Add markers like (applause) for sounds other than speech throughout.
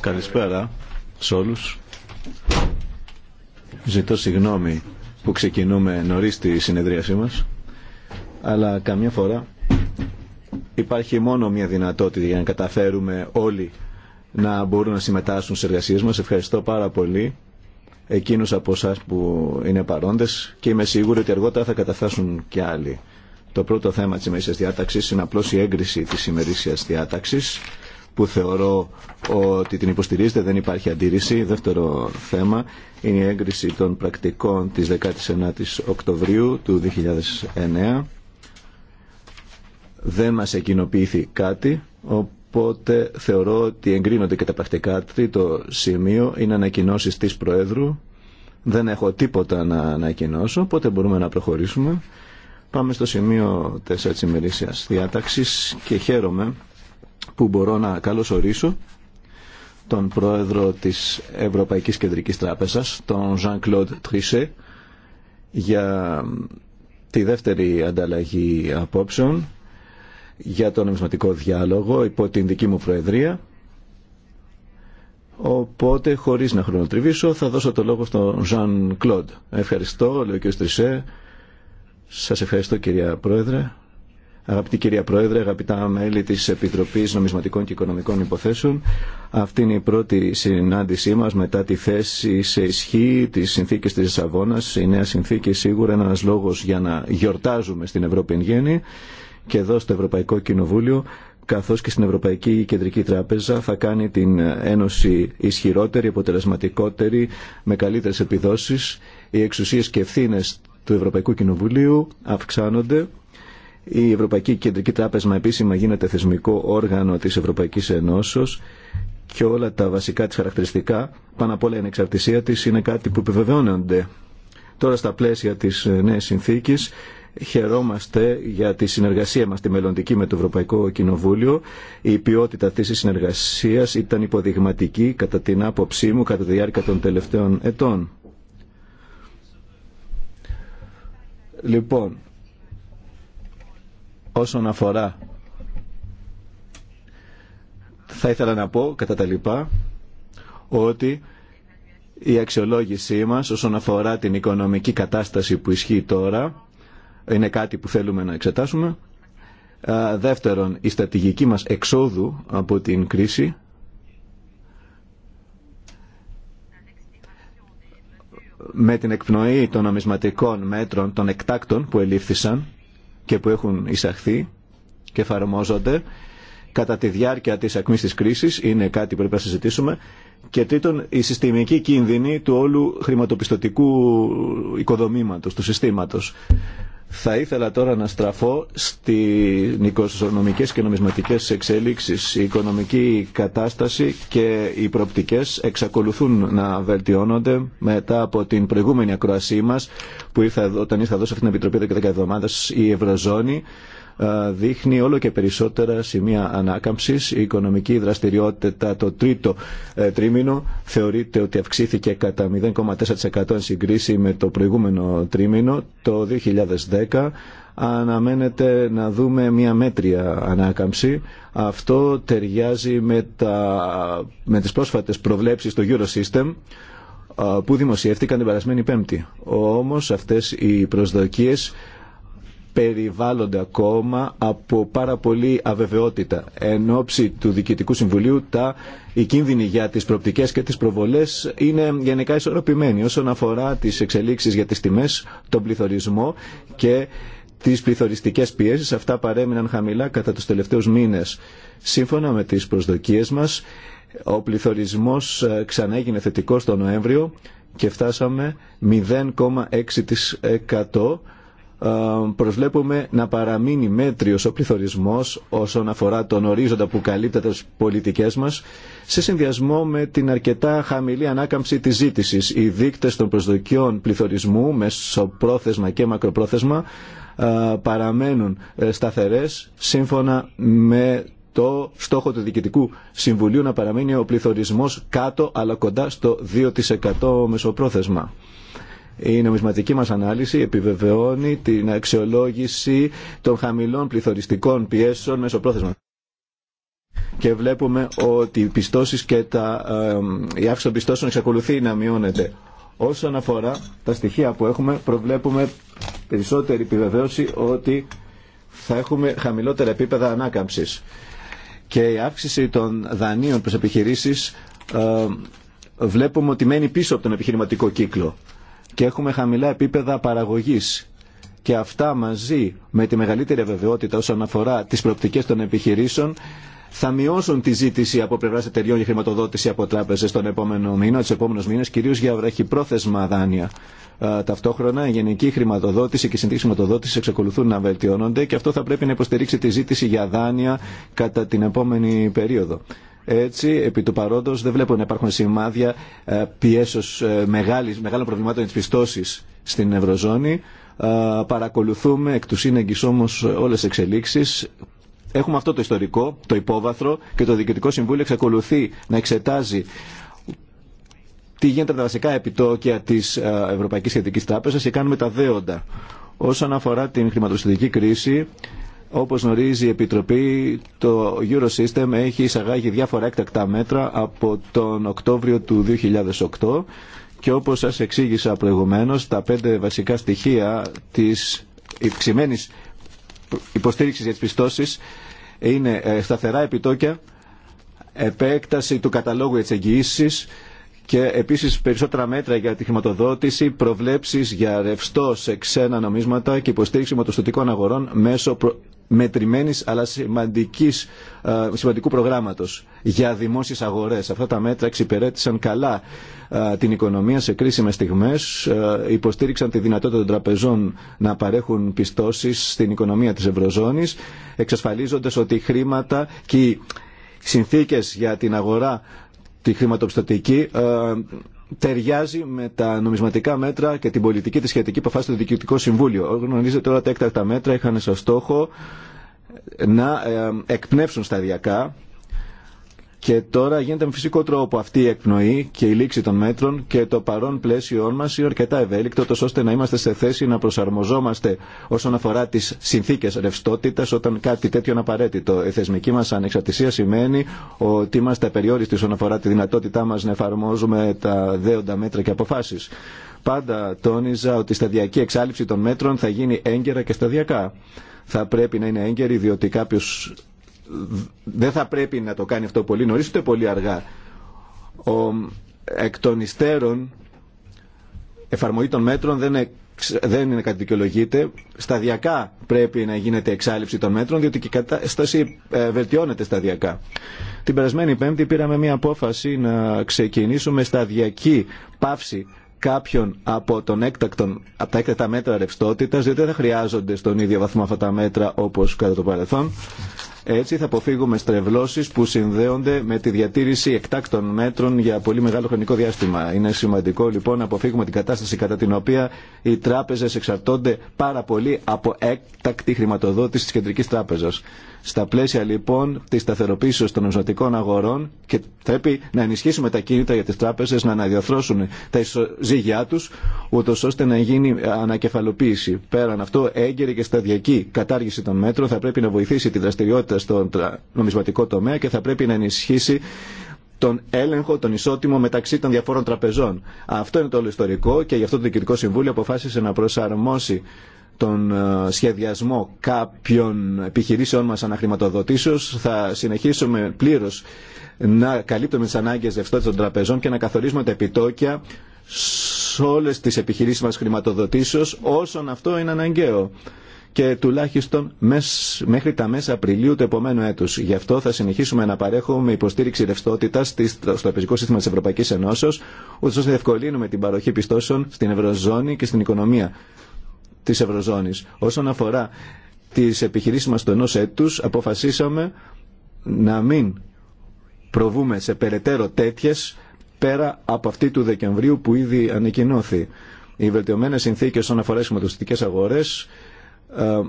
Καλησπέρα σε όλους. Ζητώ συγγνώμη που ξεκινούμε νωρίς τη συνεδρίασή μας, αλλά καμιά φορά υπάρχει μόνο μια δυνατότητα για να καταφέρουμε όλοι να μπορούν να συμμετάσχουν στις εργασίες μας. Ευχαριστώ πάρα πολύ εκείνους από εσά που είναι παρόντες και είμαι σίγουρη ότι αργότερα θα καταφτάσουν και άλλοι. Το πρώτο θέμα της ημερήσιας διάταξης είναι απλώς η έγκριση της ημερήσιας διάταξης που θεωρώ ότι την υποστηρίζετε, δεν υπάρχει αντίρρηση. Δεύτερο θέμα είναι η έγκριση των πρακτικών της 19ης Οκτωβρίου του 2009. Δεν μας εκκοινοποιήθη κάτι, οπότε θεωρώ ότι εγκρίνονται και τα πρακτικά. Τρίτο σημείο είναι ανακοινώσεις της Προέδρου. Δεν έχω τίποτα να ανακοινώσω, οπότε μπορούμε να προχωρήσουμε. Πάμε στο σημείο 4 της ημερήσιας διάταξης και χαίρομαι που μπορώ να καλωσορίσω τον πρόεδρο της Ευρωπαϊκής Κεντρικής Τράπεζας, τον Jean-Claude Trichet, για τη δεύτερη ανταλλαγή απόψεων για τον νομισματικό διάλογο υπό την δική μου προεδρία. Οπότε, χωρίς να χρονοτριβήσω, θα δώσω το λόγο στον Jean-Claude. Ευχαριστώ, λέει ο κ. Τρισέ. Σας ευχαριστώ, κυρία Πρόεδρε. Αγαπητή κυρία Πρόεδρε, αγαπητά μέλη της Επιτροπής Νομισματικών και Οικονομικών Υποθέσεων, αυτή είναι η πρώτη συνάντησή μας μετά τη θέση σε ισχύ της συνθήκης της Λισαβόνας. Η νέα συνθήκη σίγουρα είναι ένας λόγος για να γιορτάζουμε στην Ευρώπη εν γέννη και εδώ στο Ευρωπαϊκό Κοινοβούλιο καθώς και στην Ευρωπαϊκή Κεντρική Τράπεζα θα κάνει την Ένωση ισχυρότερη, αποτελεσματικότερη, με καλύτερες επιδόσεις. Οι εξουσίες και ευθύνε του Ευρωπαϊκού Κοινοβουλίου αυξάνονται η Ευρωπαϊκή Κεντρική Τράπεζα επίσημα γίνεται θεσμικό όργανο της Ευρωπαϊκής Ενώσεως και όλα τα βασικά της χαρακτηριστικά, πάνω απ' όλα η ανεξαρτησία της, είναι κάτι που επιβεβαιώνονται. Τώρα στα πλαίσια της ε, νέας συνθήκης χαιρόμαστε για τη συνεργασία μας τη μελλοντική με το Ευρωπαϊκό Κοινοβούλιο. Η ποιότητα αυτής της συνεργασίας ήταν υποδειγματική κατά την άποψή μου κατά τη διάρκεια των τελευταίων ετών. Λοιπόν, όσον αφορά θα ήθελα να πω κατά τα λοιπά ότι η αξιολόγησή μας όσον αφορά την οικονομική κατάσταση που ισχύει τώρα είναι κάτι που θέλουμε να εξετάσουμε. Δεύτερον, η στρατηγική μας εξόδου από την κρίση με την εκπνοή των νομισματικών μέτρων των εκτάκτων που ελήφθησαν και που έχουν εισαχθεί και εφαρμόζονται κατά τη διάρκεια της ακμής της κρίσης, είναι κάτι που πρέπει να συζητήσουμε, και τρίτον, η συστημική κίνδυνη του όλου χρηματοπιστωτικού οικοδομήματος, του συστήματος. Θα ήθελα τώρα να στραφώ στις οικονομικές και νομισματικές εξέλιξεις. Η οικονομική κατάσταση και οι προοπτικές εξακολουθούν να βελτιώνονται μετά από την προηγούμενη ακροασή μας που ήρθα, όταν ήρθα εδώ σε αυτήν την Επιτροπή 10 η Ευρωζώνη ε, δείχνει όλο και περισσότερα σημεία ανάκαμψης. Η οικονομική δραστηριότητα το τρίτο ε, τρίμηνο θεωρείται ότι αυξήθηκε κατά 0,4% εν συγκρίση με το προηγούμενο τρίμηνο το 2010 αναμένεται να δούμε μια μέτρια ανάκαμψη. Αυτό ταιριάζει με, τα, με τις πρόσφατες προβλέψεις στο Eurosystem ε, που δημοσιεύτηκαν την περασμένη Πέμπτη. Όμως αυτές οι προσδοκίες περιβάλλονται ακόμα από πάρα πολύ αβεβαιότητα. Εν ώψη του Διοικητικού Συμβουλίου, τα, οι κίνδυνοι για τις προπτικές και τις προβολές είναι γενικά ισορροπημένοι όσον αφορά τις εξελίξεις για τις τιμές, τον πληθωρισμό και τις πληθωριστικές πιέσεις. Αυτά παρέμειναν χαμηλά κατά τους τελευταίους μήνες. Σύμφωνα με τις προσδοκίες μας, ο πληθωρισμός ε, ξανά έγινε θετικός τον Νοέμβριο και φτάσαμε 0,6% ε, προσβλέπουμε να παραμείνει μέτριος ο πληθωρισμός όσον αφορά τον ορίζοντα που καλύπτεται τις πολιτικές μας σε συνδυασμό με την αρκετά χαμηλή ανάκαμψη της ζήτησης. Οι δείκτες των προσδοκιών πληθωρισμού μεσοπρόθεσμα και μακροπρόθεσμα ε, παραμένουν ε, σταθερές σύμφωνα με το στόχο του Διοικητικού Συμβουλίου να παραμείνει ο πληθωρισμός κάτω αλλά κοντά στο 2% μεσοπρόθεσμα. Η νομισματική μας ανάλυση επιβεβαιώνει την αξιολόγηση των χαμηλών πληθωριστικών πιέσεων μεσοπρόθεσμα. Και βλέπουμε ότι οι πιστώσεις και τα, η αύξηση των πιστώσεων εξακολουθεί να μειώνεται. Όσον αφορά τα στοιχεία που έχουμε, προβλέπουμε περισσότερη επιβεβαίωση ότι θα έχουμε χαμηλότερα επίπεδα ανάκαμψης. Και η αύξηση των δανείων προς επιχειρήσεις βλέπουμε ότι μένει πίσω από τον επιχειρηματικό κύκλο και έχουμε χαμηλά επίπεδα παραγωγής και αυτά μαζί με τη μεγαλύτερη βεβαιότητα όσον αφορά τις προοπτικές των επιχειρήσεων θα μειώσουν τη ζήτηση από πλευρά εταιριών για χρηματοδότηση από τράπεζε τον επόμενο μήνα, του επόμενου μήνε, κυρίω για βραχυπρόθεσμα δάνεια. Ε, ταυτόχρονα, η γενική χρηματοδότηση και οι συνθήκη χρηματοδότηση εξακολουθούν να βελτιώνονται και αυτό θα πρέπει να υποστηρίξει τη ζήτηση για δάνεια κατά την επόμενη περίοδο. Έτσι, επί του παρόντο δεν βλέπω να υπάρχουν σημάδια ε, πιέσεω μεγάλων προβλημάτων τη πιστώση στην Ευρωζώνη. Ε, παρακολουθούμε εκ του σύνεγγυ όμω όλε τι εξελίξει. Έχουμε αυτό το ιστορικό, το υπόβαθρο και το Διοικητικό Συμβούλιο εξακολουθεί να εξετάζει τι γίνεται με τα βασικά επιτόκια τη ε, Ευρωπαϊκή Σχετική Τράπεζα και κάνουμε τα δέοντα. Όσον αφορά την χρηματοσυντητική κρίση, όπως γνωρίζει η Επιτροπή, το Eurosystem έχει εισαγάγει διάφορα έκτακτα μέτρα από τον Οκτώβριο του 2008 και όπως σας εξήγησα προηγουμένως, τα πέντε βασικά στοιχεία της υψημένης υποστήριξης για τις πιστώσεις είναι ε, σταθερά επιτόκια, επέκταση του καταλόγου για και επίσης περισσότερα μέτρα για τη χρηματοδότηση, προβλέψεις για ρευστό σε ξένα νομίσματα και υποστήριξη μοτοστοτικών αγορών μέσω Μετρημένη αλλά σημαντικής, ε, σημαντικού προγράμματο για δημόσιες αγορές. Αυτά τα μέτρα εξυπηρέτησαν καλά ε, την οικονομία σε κρίσιμες στιγμές, ε, υποστήριξαν τη δυνατότητα των τραπεζών να παρέχουν πιστώσεις στην οικονομία της Ευρωζώνης, εξασφαλίζοντας ότι οι χρήματα και οι συνθήκες για την αγορά τη χρηματοπιστωτική ταιριάζει με τα νομισματικά μέτρα και την πολιτική τη σχετική που αφάσισε το Διοικητικό Συμβούλιο. Γνωρίζετε τώρα τα έκτακτα μέτρα είχαν σαν στόχο να ε, ε, εκπνεύσουν σταδιακά και τώρα γίνεται με φυσικό τρόπο αυτή η εκπνοή και η λήξη των μέτρων και το παρόν πλαίσιο μα είναι αρκετά ευέλικτο, ώστε να είμαστε σε θέση να προσαρμοζόμαστε όσον αφορά τι συνθήκε ρευστότητα όταν κάτι τέτοιο είναι απαραίτητο. Η θεσμική μα ανεξαρτησία σημαίνει ότι είμαστε περιόριστοι όσον αφορά τη δυνατότητά μα να εφαρμόζουμε τα δέοντα μέτρα και αποφάσει. Πάντα τόνιζα ότι η σταδιακή εξάλληψη των μέτρων θα γίνει έγκαιρα και σταδιακά θα πρέπει να είναι έγκαιρη, διότι κάποιο δεν θα πρέπει να το κάνει αυτό πολύ νωρί, ούτε πολύ αργά. Ο, εκ των υστέρων εφαρμογή των μέτρων δεν, δεν είναι κάτι Σταδιακά πρέπει να γίνεται εξάλληψη των μέτρων διότι και η κατάσταση ε, βελτιώνεται σταδιακά. Την περασμένη Πέμπτη πήραμε μια απόφαση να ξεκινήσουμε σταδιακή πάυση κάποιων από, τον έκτακτον, από τα έκτακτα μέτρα ρευστότητα, διότι δεν χρειάζονται στον ίδιο βαθμό αυτά τα μέτρα όπω κατά το παρελθόν. Έτσι θα αποφύγουμε στρεβλώσει που συνδέονται με τη διατήρηση εκτάκτων μέτρων για πολύ μεγάλο χρονικό διάστημα. Είναι σημαντικό λοιπόν να αποφύγουμε την κατάσταση κατά την οποία οι τράπεζες εξαρτώνται πάρα πολύ από έκτακτη χρηματοδότηση τη κεντρική τράπεζα. Στα πλαίσια λοιπόν τη σταθεροποίηση των νομισματικών αγορών και πρέπει να ενισχύσουμε τα κίνητα για τι τράπεζε να αναδιαθρώσουν τα ισοζύγια του, ούτω ώστε να γίνει ανακεφαλοποίηση. Πέραν αυτό, έγκαιρη και σταδιακή κατάργηση των μέτρων θα πρέπει να βοηθήσει τη δραστηριότητα στον νομισματικό τομέα και θα πρέπει να ενισχύσει τον έλεγχο, τον ισότιμο μεταξύ των διαφόρων τραπεζών. Αυτό είναι το όλο ιστορικό και γι' αυτό το Διοικητικό Συμβούλιο αποφάσισε να προσαρμόσει τον ε, σχεδιασμό κάποιων επιχειρήσεών μας αναχρηματοδοτήσεως. Θα συνεχίσουμε πλήρως να καλύπτουμε τις ανάγκες ρευστότητας των τραπεζών και να καθορίσουμε τα επιτόκια σε όλες τις επιχειρήσεις μας χρηματοδοτήσεως όσον αυτό είναι αναγκαίο και τουλάχιστον μέχρι τα μέσα Απριλίου του επόμενου έτους. Γι' αυτό θα συνεχίσουμε να παρέχουμε υποστήριξη ρευστότητα στο τραπεζικό σύστημα της Ευρωπαϊκής Ενώσεως, ούτως ώστε να ευκολύνουμε την παροχή πιστώσεων στην Ευρωζώνη και στην οικονομία τη Όσον αφορά τι επιχειρήσει μα του ενό έτου, αποφασίσαμε να μην προβούμε σε περαιτέρω τέτοιε πέρα από αυτή του Δεκεμβρίου που ήδη ανακοινώθη. Οι βελτιωμένες συνθήκες όσον αφορά τι χρηματοστικές αγορές ε,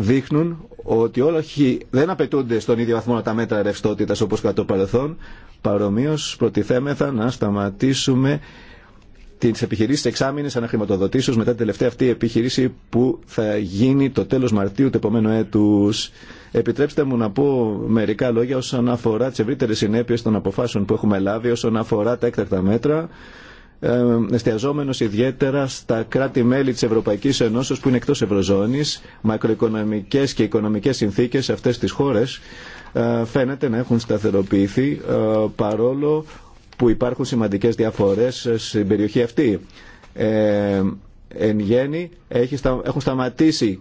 δείχνουν ότι όλα δεν απαιτούνται στον ίδιο βαθμό τα μέτρα ρευστότητα όπως κατά το παρελθόν. Παρομοίως προτιθέμεθα να σταματήσουμε τι επιχειρήσει εξάμεινε αναχρηματοδοτήσεω μετά την τελευταία αυτή επιχειρήση που θα γίνει το τέλο Μαρτίου του επόμενου έτου. Επιτρέψτε μου να πω μερικά λόγια όσον αφορά τι ευρύτερε συνέπειε των αποφάσεων που έχουμε λάβει, όσον αφορά τα έκτακτα μέτρα, ε, εστιαζόμενος ιδιαίτερα στα κράτη-μέλη της Ευρωπαϊκής Ενώσεως που είναι εκτός Ευρωζώνης, μακροοικονομικές και οικονομικές συνθήκες σε αυτές τις χώρες ε, φαίνεται να έχουν σταθεροποιηθεί ε, παρόλο που υπάρχουν σημαντικές διαφορές στην περιοχή αυτή. Ε, εν γέννη έχουν σταματήσει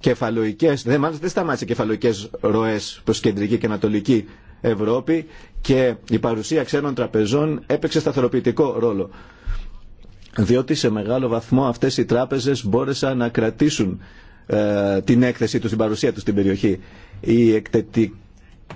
κεφαλοικές, δεν, μάλλον δεν σταμάτησε κεφαλοικές ροές προς κεντρική και ανατολική Ευρώπη και η παρουσία ξένων τραπεζών έπαιξε σταθεροποιητικό ρόλο. Διότι σε μεγάλο βαθμό αυτές οι τράπεζες μπόρεσαν να κρατήσουν ε, την έκθεση του, την παρουσία του στην περιοχή. Η εκτετική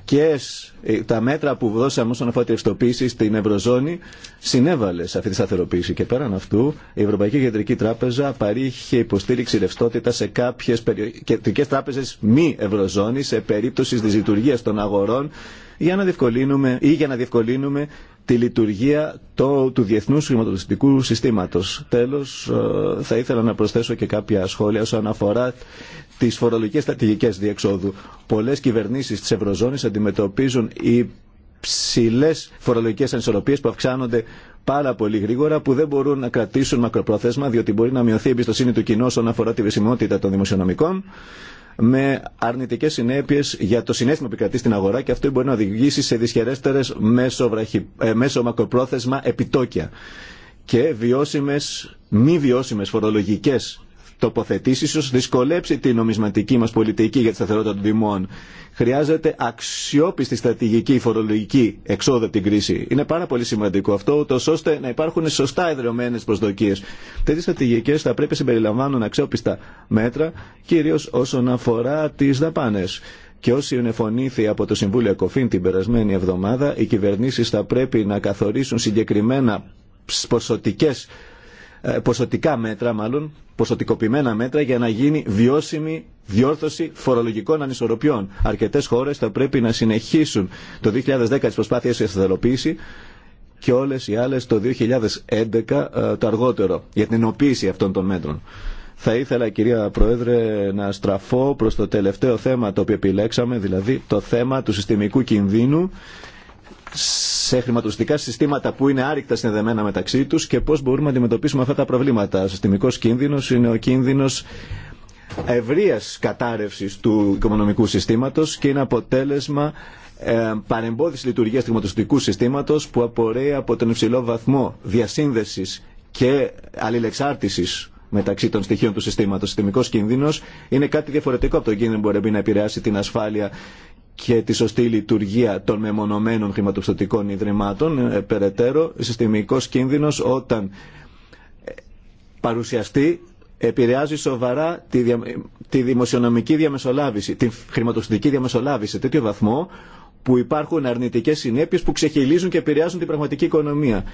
και ε, τα μέτρα που δώσαμε όσον αφορά τη ευστοποίηση στην Ευρωζώνη συνέβαλε σε αυτή τη σταθεροποίηση. Και πέραν αυτού, η Ευρωπαϊκή Κεντρική Τράπεζα παρήχε υποστήριξη ρευστότητα σε κάποιε κεντρικέ τράπεζε μη Ευρωζώνη σε περίπτωση τη λειτουργία των αγορών για να διευκολύνουμε ή για να διευκολύνουμε τη λειτουργία του διεθνούς Χρηματοδοτικού συστήματος. Τέλος, ε, θα ήθελα να προσθέσω και κάποια σχόλια όσον αφορά τις φορολογικές στρατηγικές διεξόδου. Πολλές κυβερνήσεις της Ευρωζώνης αντιμετωπίζουν υψηλές φορολογικές ανισορροπίες που αυξάνονται πάρα πολύ γρήγορα που δεν μπορούν να κρατήσουν μακροπρόθεσμα διότι μπορεί να μειωθεί η εμπιστοσύνη του κοινού όσον αφορά τη βεσιμότητα των δημοσιονομικών με αρνητικέ συνέπειε για το συνέστημα που κρατεί στην αγορά και αυτό μπορεί να οδηγήσει σε δυσχερέστερε μέσω, βραχυ... Ε, μακροπρόθεσμα επιτόκια και βιώσιμες, μη βιώσιμες φορολογικές τοποθετήσει, ίσω δυσκολέψει την νομισματική μα πολιτική για τη σταθερότητα των τιμών. Χρειάζεται αξιόπιστη στρατηγική φορολογική εξόδου από την κρίση. Είναι πάρα πολύ σημαντικό αυτό, ούτω ώστε να υπάρχουν σωστά εδρεωμένε προσδοκίε. Τέτοιε στρατηγικέ θα πρέπει να συμπεριλαμβάνουν αξιόπιστα μέτρα, κυρίω όσον αφορά τι δαπάνε. Και όσοι ενεφωνήθη από το Συμβούλιο Κοφίν την περασμένη εβδομάδα, οι κυβερνήσει θα πρέπει να καθορίσουν συγκεκριμένα ποσοτικέ ε, ποσοτικά μέτρα μάλλον, ποσοτικοποιημένα μέτρα για να γίνει βιώσιμη διόρθωση φορολογικών ανισορροπιών. Αρκετές χώρες θα πρέπει να συνεχίσουν το 2010 τις προσπάθειες για σταθεροποίηση και όλες οι άλλες το 2011 ε, το αργότερο για την ενοποίηση αυτών των μέτρων. Θα ήθελα κυρία Πρόεδρε να στραφώ προς το τελευταίο θέμα το οποίο επιλέξαμε, δηλαδή το θέμα του συστημικού κινδύνου σε χρηματοστικά συστήματα που είναι άρρηκτα συνδεδεμένα μεταξύ τους και πώς μπορούμε να αντιμετωπίσουμε αυτά τα προβλήματα. Ο συστημικός κίνδυνος είναι ο κίνδυνο ευρεία κατάρρευση του οικονομικού συστήματος και είναι αποτέλεσμα ε, παρεμπόδιση λειτουργίας του χρηματοστικού συστήματος που απορρέει από τον υψηλό βαθμό διασύνδεση και αλληλεξάρτηση μεταξύ των στοιχείων του συστήματος. Συστημικός κίνδυνος είναι κάτι διαφορετικό από τον κίνδυνο που μπορεί να επηρεάσει την ασφάλεια και τη σωστή λειτουργία των μεμονωμένων χρηματοπιστωτικών ιδρυμάτων. Ε, περαιτέρω, συστημικός κίνδυνος όταν ε, παρουσιαστεί επηρεάζει σοβαρά τη, δια... τη δημοσιονομική διαμεσολάβηση, τη χρηματοπιστωτική διαμεσολάβηση σε τέτοιο βαθμό που υπάρχουν αρνητικές συνέπειες που ξεχυλίζουν και επηρεάζουν την πραγματική οικονομία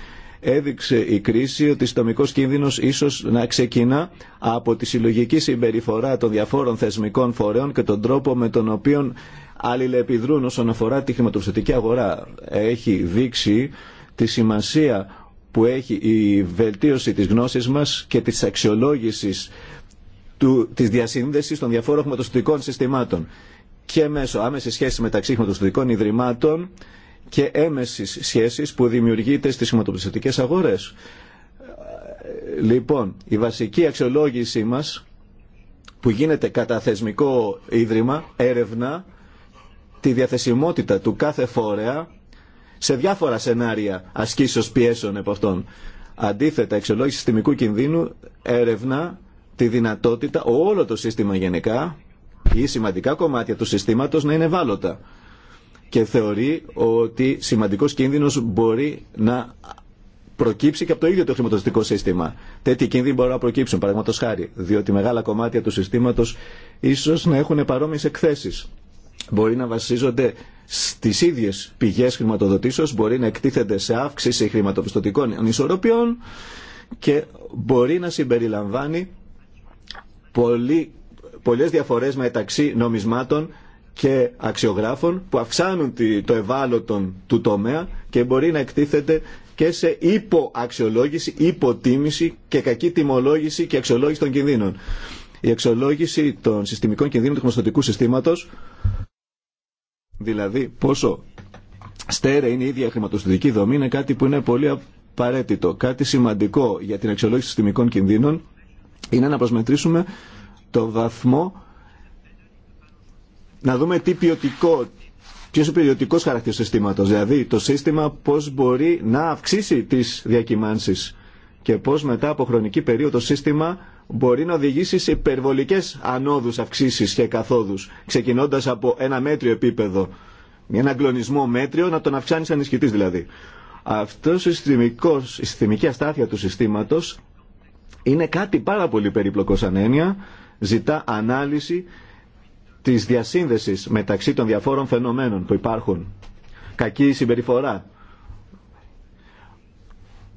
έδειξε η κρίση ότι στομικός κίνδυνος ίσως να ξεκινά από τη συλλογική συμπεριφορά των διαφόρων θεσμικών φορέων και τον τρόπο με τον οποίο αλληλεπιδρούν όσον αφορά τη χρηματοπιστωτική αγορά. Έχει δείξει τη σημασία που έχει η βελτίωση της γνώσης μας και της αξιολόγησης του, της διασύνδεσης των διαφόρων χρηματοπιστωτικών συστημάτων και μέσω άμεση σχέση μεταξύ χρηματοπιστωτικών ιδρυμάτων και έμεση σχέσης που δημιουργείται στις σηματοπιστωτικές αγορές. Λοιπόν, η βασική αξιολόγησή μας που γίνεται κατά θεσμικό ίδρυμα έρευνα τη διαθεσιμότητα του κάθε φορέα σε διάφορα σενάρια ασκήσεως πιέσεων από αυτόν. Αντίθετα, η αξιολόγηση συστημικού κινδύνου έρευνα τη δυνατότητα όλο το σύστημα γενικά ή σημαντικά κομμάτια του συστήματος να είναι βάλωτα και θεωρεί ότι σημαντικός κίνδυνος μπορεί να προκύψει και από το ίδιο το χρηματοδοτικό σύστημα. Τέτοιοι κίνδυνοι μπορούν να προκύψουν, παραδείγματο χάρη, διότι μεγάλα κομμάτια του συστήματο ίσω να έχουν παρόμοιε εκθέσει. Μπορεί να βασίζονται στι ίδιε πηγέ χρηματοδοτήσεω, μπορεί να εκτίθενται σε αύξηση χρηματοπιστωτικών ανισορροπιών και μπορεί να συμπεριλαμβάνει πολλέ διαφορέ μεταξύ νομισμάτων και αξιογράφων που αυξάνουν το ευάλωτον του τομέα και μπορεί να εκτίθεται και σε υποαξιολόγηση, υποτίμηση και κακή τιμολόγηση και αξιολόγηση των κινδύνων. Η αξιολόγηση των συστημικών κινδύνων του χρηματοδοτικού συστήματος, δηλαδή πόσο στέρεα είναι η ίδια χρηματοδοτική δομή, είναι κάτι που είναι πολύ απαραίτητο. Κάτι σημαντικό για την αξιολόγηση συστημικών κινδύνων είναι να προσμετρήσουμε το βαθμό να δούμε τι ποιοτικό, ποιο είναι ο ποιοτικό χαρακτήρα του συστήματο. Δηλαδή το σύστημα πώ μπορεί να αυξήσει τι διακυμάνσει και πώ μετά από χρονική περίοδο το σύστημα μπορεί να οδηγήσει σε υπερβολικέ ανόδου αυξήσει και καθόδου, ξεκινώντα από ένα μέτριο επίπεδο. Ένα γκλονισμό μέτριο να τον αυξάνει σαν ισχυτή δηλαδή. Αυτό η συστημική αστάθεια του συστήματο είναι κάτι πάρα πολύ περίπλοκο σαν έννοια, ζητά ανάλυση της διασύνδεσης μεταξύ των διαφόρων φαινομένων που υπάρχουν. Κακή συμπεριφορά.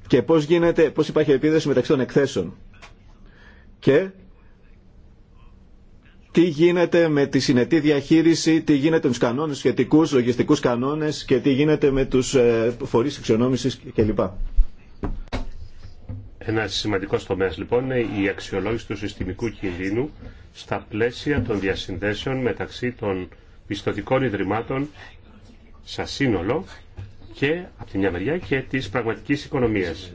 Και πώς γίνεται, πώς υπάρχει επίδεση μεταξύ των εκθέσεων. Και τι γίνεται με τη συνετή διαχείριση, τι γίνεται με τους κανόνες σχετικούς, λογιστικούς κανόνες και τι γίνεται με τους ε, φορείς εξονόμησης κλπ. Ένα σημαντικό τομέα λοιπόν είναι η αξιολόγηση του συστημικού κινδύνου στα πλαίσια των διασυνδέσεων μεταξύ των πιστοτικών ιδρυμάτων σαν σύνολο και από τη μια μεριά και της πραγματικής οικονομίας.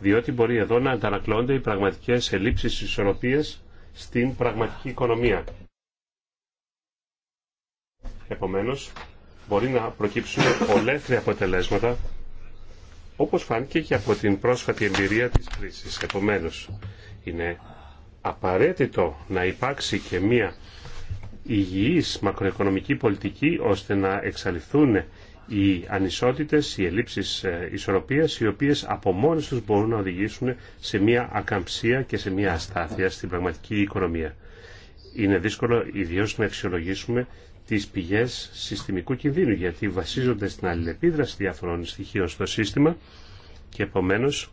Διότι μπορεί εδώ να αντανακλώνται οι πραγματικές ελλείψεις ισορροπίας στην πραγματική οικονομία. Επομένως, μπορεί να προκύψουν ολέθρια αποτελέσματα όπως φάνηκε και από την πρόσφατη εμπειρία της κρίσης. Επομένως, είναι απαραίτητο να υπάρξει και μία υγιής μακροοικονομική πολιτική ώστε να εξαλειφθούν οι ανισότητες, οι ελλείψεις ε, ισορροπίας, οι οποίες από μόνες τους μπορούν να οδηγήσουν σε μια ακαμψία και σε μια αστάθεια στην πραγματική οικονομία. Είναι δύσκολο ιδίως να αξιολογήσουμε τις πηγές συστημικού κινδύνου γιατί βασίζονται στην αλληλεπίδραση διαφορών στοιχείων στο σύστημα και επομένως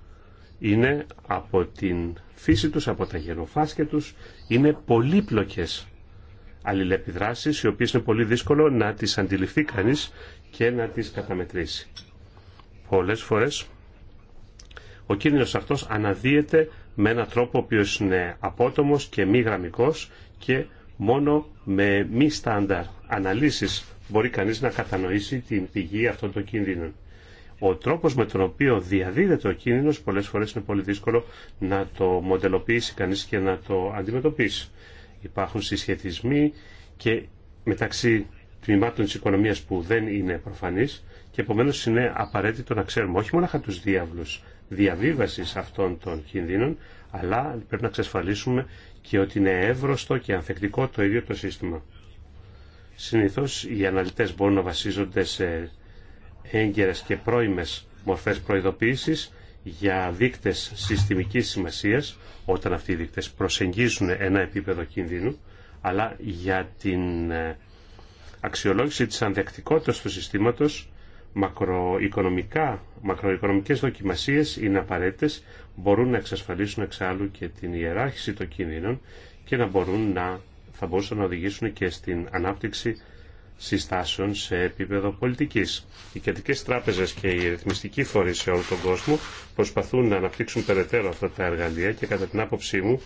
είναι από την φύση τους, από τα γενοφάσκια τους, είναι πολύπλοκες αλληλεπιδράσεις οι οποίες είναι πολύ δύσκολο να τις αντιληφθεί κανείς και να τις καταμετρήσει. Πολλές φορές ο κίνδυνος αυτός αναδύεται με έναν τρόπο ο οποίος είναι απότομος και μη γραμμικός και Μόνο με μη στάνταρ αναλύσεις μπορεί κανείς να κατανοήσει την πηγή αυτών των κίνδυνων. Ο τρόπος με τον οποίο διαδίδεται ο κίνδυνος πολλές φορές είναι πολύ δύσκολο να το μοντελοποιήσει κανείς και να το αντιμετωπίσει. Υπάρχουν συσχετισμοί και μεταξύ τμήματων της οικονομίας που δεν είναι προφανείς και επομένως είναι απαραίτητο να ξέρουμε όχι μόνο τους διάβλους διαβίβασης αυτών των κινδύνων αλλά πρέπει να εξασφαλίσουμε και ότι είναι εύρωστο και ανθεκτικό το ίδιο το σύστημα. Συνήθως οι αναλυτές μπορούν να βασίζονται σε έγκαιρες και πρώιμες μορφές προειδοποίησης για δείκτες συστημικής σημασίας, όταν αυτοί οι δείκτες προσεγγίζουν ένα επίπεδο κινδύνου, αλλά για την ε, αξιολόγηση της ανθεκτικότητας του συστήματος μακροοικονομικά, μακροοικονομικές δοκιμασίες είναι απαραίτητες, μπορούν να εξασφαλίσουν εξάλλου και την ιεράρχηση των κινδύνων και να μπορούν να, θα μπορούσαν να οδηγήσουν και στην ανάπτυξη συστάσεων σε επίπεδο πολιτικής. Οι κεντρικές τράπεζες και οι ρυθμιστικοί φορείς σε όλο τον κόσμο προσπαθούν να αναπτύξουν περαιτέρω αυτά τα εργαλεία και κατά την άποψή μου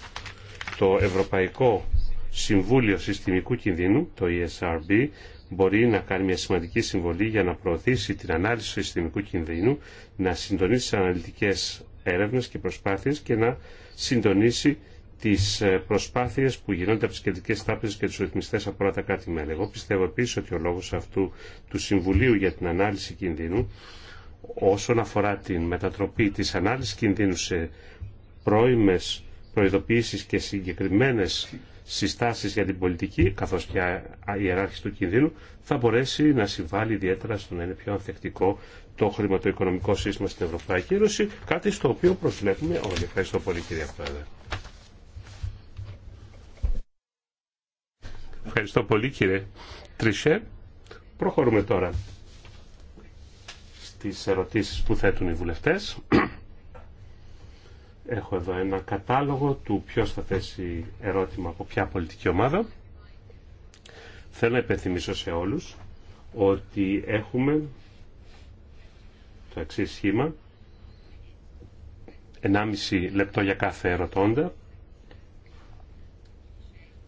το Ευρωπαϊκό Συμβούλιο Συστημικού Κινδύνου, το ESRB, μπορεί να κάνει μια σημαντική συμβολή για να προωθήσει την ανάλυση του συστημικού κινδύνου, να συντονίσει τι αναλυτικές έρευνες και προσπάθειες και να συντονίσει τις ε, προσπάθειες που γινόνται από τι κεντρικέ τράπεζες και του ρυθμιστέ από όλα τα κράτη-μέλη. Εγώ πιστεύω επίση ότι ο λόγος αυτού του Συμβουλίου για την ανάλυση κινδύνου όσον αφορά την μετατροπή της ανάλυσης κινδύνου σε πρώιμες προειδοποιήσει και συγκεκριμένε συστάσεις για την πολιτική, καθώς και η ιεράρχηση του κινδύνου, θα μπορέσει να συμβάλλει ιδιαίτερα στο να είναι πιο ανθεκτικό το χρηματοοικονομικό σύστημα στην Ευρωπαϊκή Ένωση, κάτι στο οποίο προσβλέπουμε όλοι. Ευχαριστώ πολύ κύριε Πρόεδρε. Ευχαριστώ πολύ κύριε Τρισέ. Προχωρούμε τώρα στις ερωτήσεις που θέτουν οι βουλευτές. Έχω εδώ ένα κατάλογο του ποιος θα θέσει ερώτημα από ποια πολιτική ομάδα. Θέλω να υπενθυμίσω σε όλους ότι έχουμε το εξή σχήμα 1,5 λεπτό για κάθε ερωτώντα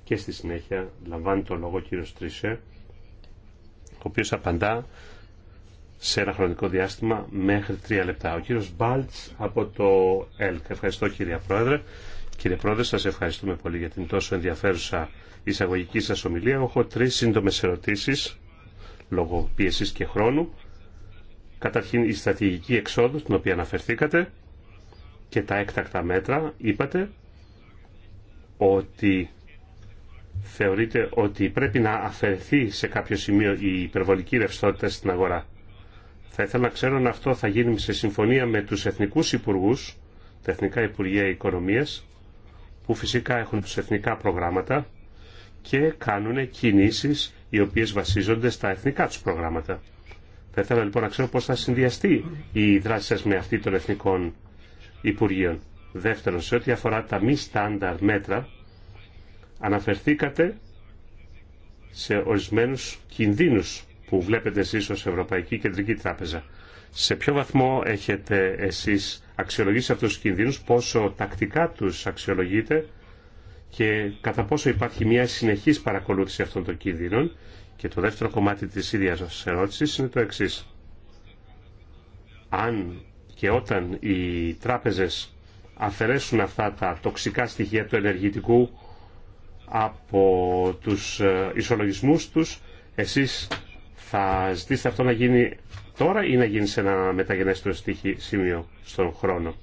και στη συνέχεια λαμβάνει το λόγο ο κύριος Τρίσε ο οποίος απαντά σε ένα χρονικό διάστημα μέχρι τρία λεπτά. Ο κύριος Μπάλτς από το ΕΛΚ. Ευχαριστώ κύριε Πρόεδρε. Κύριε Πρόεδρε, σας ευχαριστούμε πολύ για την τόσο ενδιαφέρουσα εισαγωγική σας ομιλία. Έχω τρεις σύντομες ερωτήσεις λόγω πίεσης και χρόνου. Καταρχήν η στρατηγική εξόδου, την οποία αναφερθήκατε, και τα έκτακτα μέτρα, είπατε ότι θεωρείτε ότι πρέπει να αφαιρεθεί σε κάποιο σημείο η υπερβολική ρευστότητα στην αγορά. Θα ήθελα να ξέρω αν αυτό θα γίνει σε συμφωνία με τους εθνικούς υπουργούς, τα Εθνικά Υπουργεία Οικονομίας, που φυσικά έχουν τους εθνικά προγράμματα και κάνουν κινήσεις οι οποίες βασίζονται στα εθνικά τους προγράμματα. Θα ήθελα λοιπόν να ξέρω πώς θα συνδυαστεί η δράση σας με αυτή των εθνικών υπουργείων. Δεύτερον, σε ό,τι αφορά τα μη στάνταρ μέτρα, αναφερθήκατε σε ορισμένους κινδύνους που βλέπετε εσείς ως Ευρωπαϊκή Κεντρική Τράπεζα. Σε ποιο βαθμό έχετε εσείς αξιολογήσει αυτούς τους κινδύνους, πόσο τακτικά τους αξιολογείτε και κατά πόσο υπάρχει μια συνεχής παρακολούθηση αυτών των κινδύνων. Και το δεύτερο κομμάτι της ίδιας σας ερώτησης είναι το εξής. Αν και όταν οι τράπεζες αφαιρέσουν αυτά τα τοξικά στοιχεία του ενεργητικού από τους ε, ισολογισμούς τους, εσείς θα ζητήσετε αυτό να γίνει τώρα ή να γίνει σε ένα μεταγενέστερο σημείο στον χρόνο.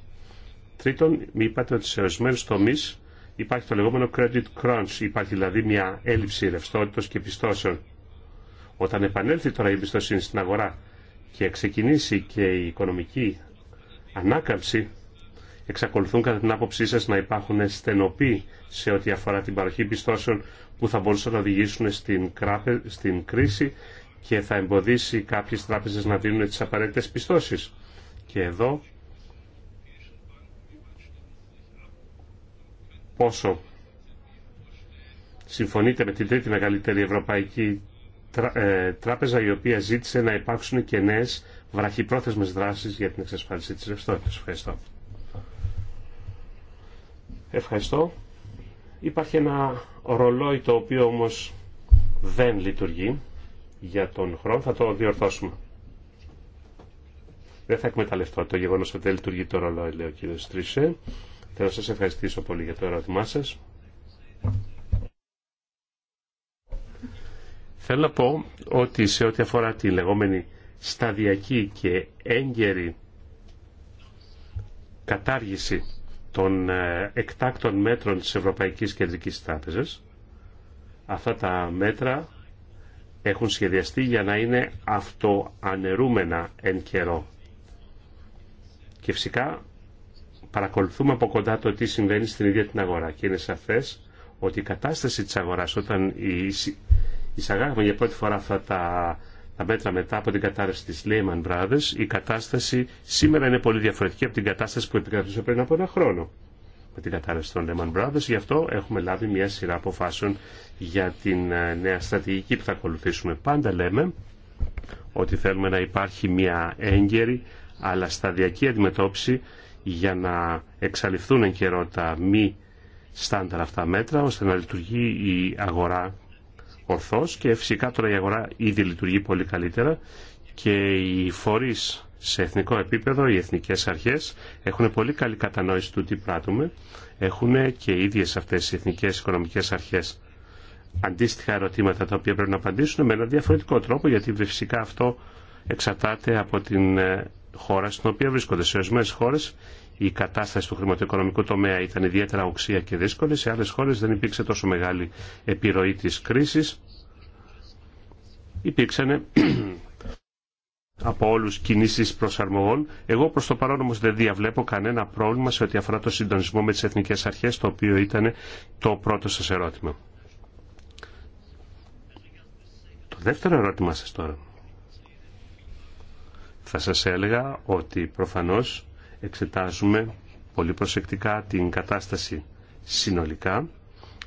Τρίτον, μη είπατε ότι σε ορισμένου τομεί υπάρχει το λεγόμενο credit crunch, υπάρχει δηλαδή μια έλλειψη ρευστότητα και πιστώσεων. Όταν επανέλθει τώρα η εμπιστοσύνη στην αγορά και ξεκινήσει και η οικονομική ανάκαμψη, εξακολουθούν κατά την άποψή σας να υπάρχουν στενοποί σε ό,τι αφορά την παροχή πιστώσεων που θα μπορούσαν να οδηγήσουν στην, κρίση και θα εμποδίσει κάποιες τράπεζες να δίνουν τις απαραίτητες πιστώσεις. Και εδώ πόσο συμφωνείτε με την τρίτη μεγαλύτερη ευρωπαϊκή ε, τράπεζα η οποία ζήτησε να υπάρξουν και νέε βραχυπρόθεσμες δράσεις για την εξασφάλιση της ρευστότητας. Ευχαριστώ. Ευχαριστώ. Υπάρχει ένα ρολόι το οποίο όμως δεν λειτουργεί για τον χρόνο, θα το διορθώσουμε. Δεν θα εκμεταλλευτώ το γεγονός ότι δεν λειτουργεί το ρολόι, λέει ο κύριο Τρίσε. Θέλω να σας ευχαριστήσω πολύ για το ερώτημά σας. Θέλω να πω ότι σε ό,τι αφορά τη λεγόμενη σταδιακή και έγκαιρη κατάργηση των ε, εκτάκτων μέτρων της Ευρωπαϊκής Κεντρικής Τράπεζας, αυτά τα μέτρα έχουν σχεδιαστεί για να είναι αυτοανερούμενα εν καιρό. Και φυσικά παρακολουθούμε από κοντά το τι συμβαίνει στην ίδια την αγορά και είναι σαφές ότι η κατάσταση της αγοράς όταν εισαγάγουμε για πρώτη φορά αυτά τα, τα μέτρα μετά από την κατάρρευση της Lehman Brothers η κατάσταση σήμερα είναι πολύ διαφορετική από την κατάσταση που επικρατούσε πριν από ένα χρόνο με την κατάρρευση των Lehman Brothers. Γι' αυτό έχουμε λάβει μια σειρά αποφάσεων για την ε, νέα στρατηγική που θα ακολουθήσουμε. Πάντα λέμε ότι θέλουμε να υπάρχει μια έγκαιρη αλλά σταδιακή αντιμετώπιση για να εξαλειφθούν εν καιρό τα μη στάνταρ αυτά μέτρα ώστε να λειτουργεί η αγορά ορθώς και φυσικά τώρα η αγορά ήδη λειτουργεί πολύ καλύτερα και οι φορείς σε εθνικό επίπεδο οι εθνικές αρχές έχουν πολύ καλή κατανόηση του τι πράττουμε. Έχουν και οι ίδιες αυτές οι εθνικές οικονομικές αρχές αντίστοιχα ερωτήματα τα οποία πρέπει να απαντήσουν με ένα διαφορετικό τρόπο γιατί φυσικά αυτό εξαρτάται από την ε, χώρα στην οποία βρίσκονται. Σε ορισμένε χώρε η κατάσταση του χρηματοοικονομικού τομέα ήταν ιδιαίτερα οξία και δύσκολη. Σε άλλε χώρε δεν υπήρξε τόσο μεγάλη επιρροή τη κρίση. Υπήρξαν από όλους κινήσεις προσαρμογών. Εγώ προς το παρόν όμως δεν διαβλέπω κανένα πρόβλημα σε ό,τι αφορά το συντονισμό με τις εθνικές αρχές, το οποίο ήταν το πρώτο σας ερώτημα. Το δεύτερο ερώτημά σας τώρα. Θα σας έλεγα ότι προφανώς εξετάζουμε πολύ προσεκτικά την κατάσταση συνολικά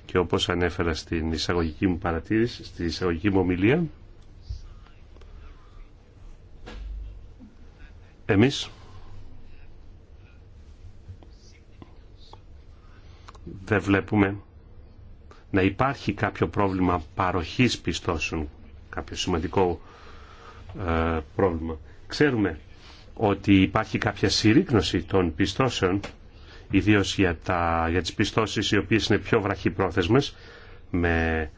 και όπως ανέφερα στην εισαγωγική μου παρατήρηση, στην εισαγωγική μου ομιλία, Εμείς δεν βλέπουμε να υπάρχει κάποιο πρόβλημα παροχής πιστώσεων, κάποιο σημαντικό ε, πρόβλημα. Ξέρουμε ότι υπάρχει κάποια συρρήκνωση των πιστώσεων, ιδίως για, τα, για τις πιστώσεις οι οποίες είναι πιο βραχυπρόθεσμες, με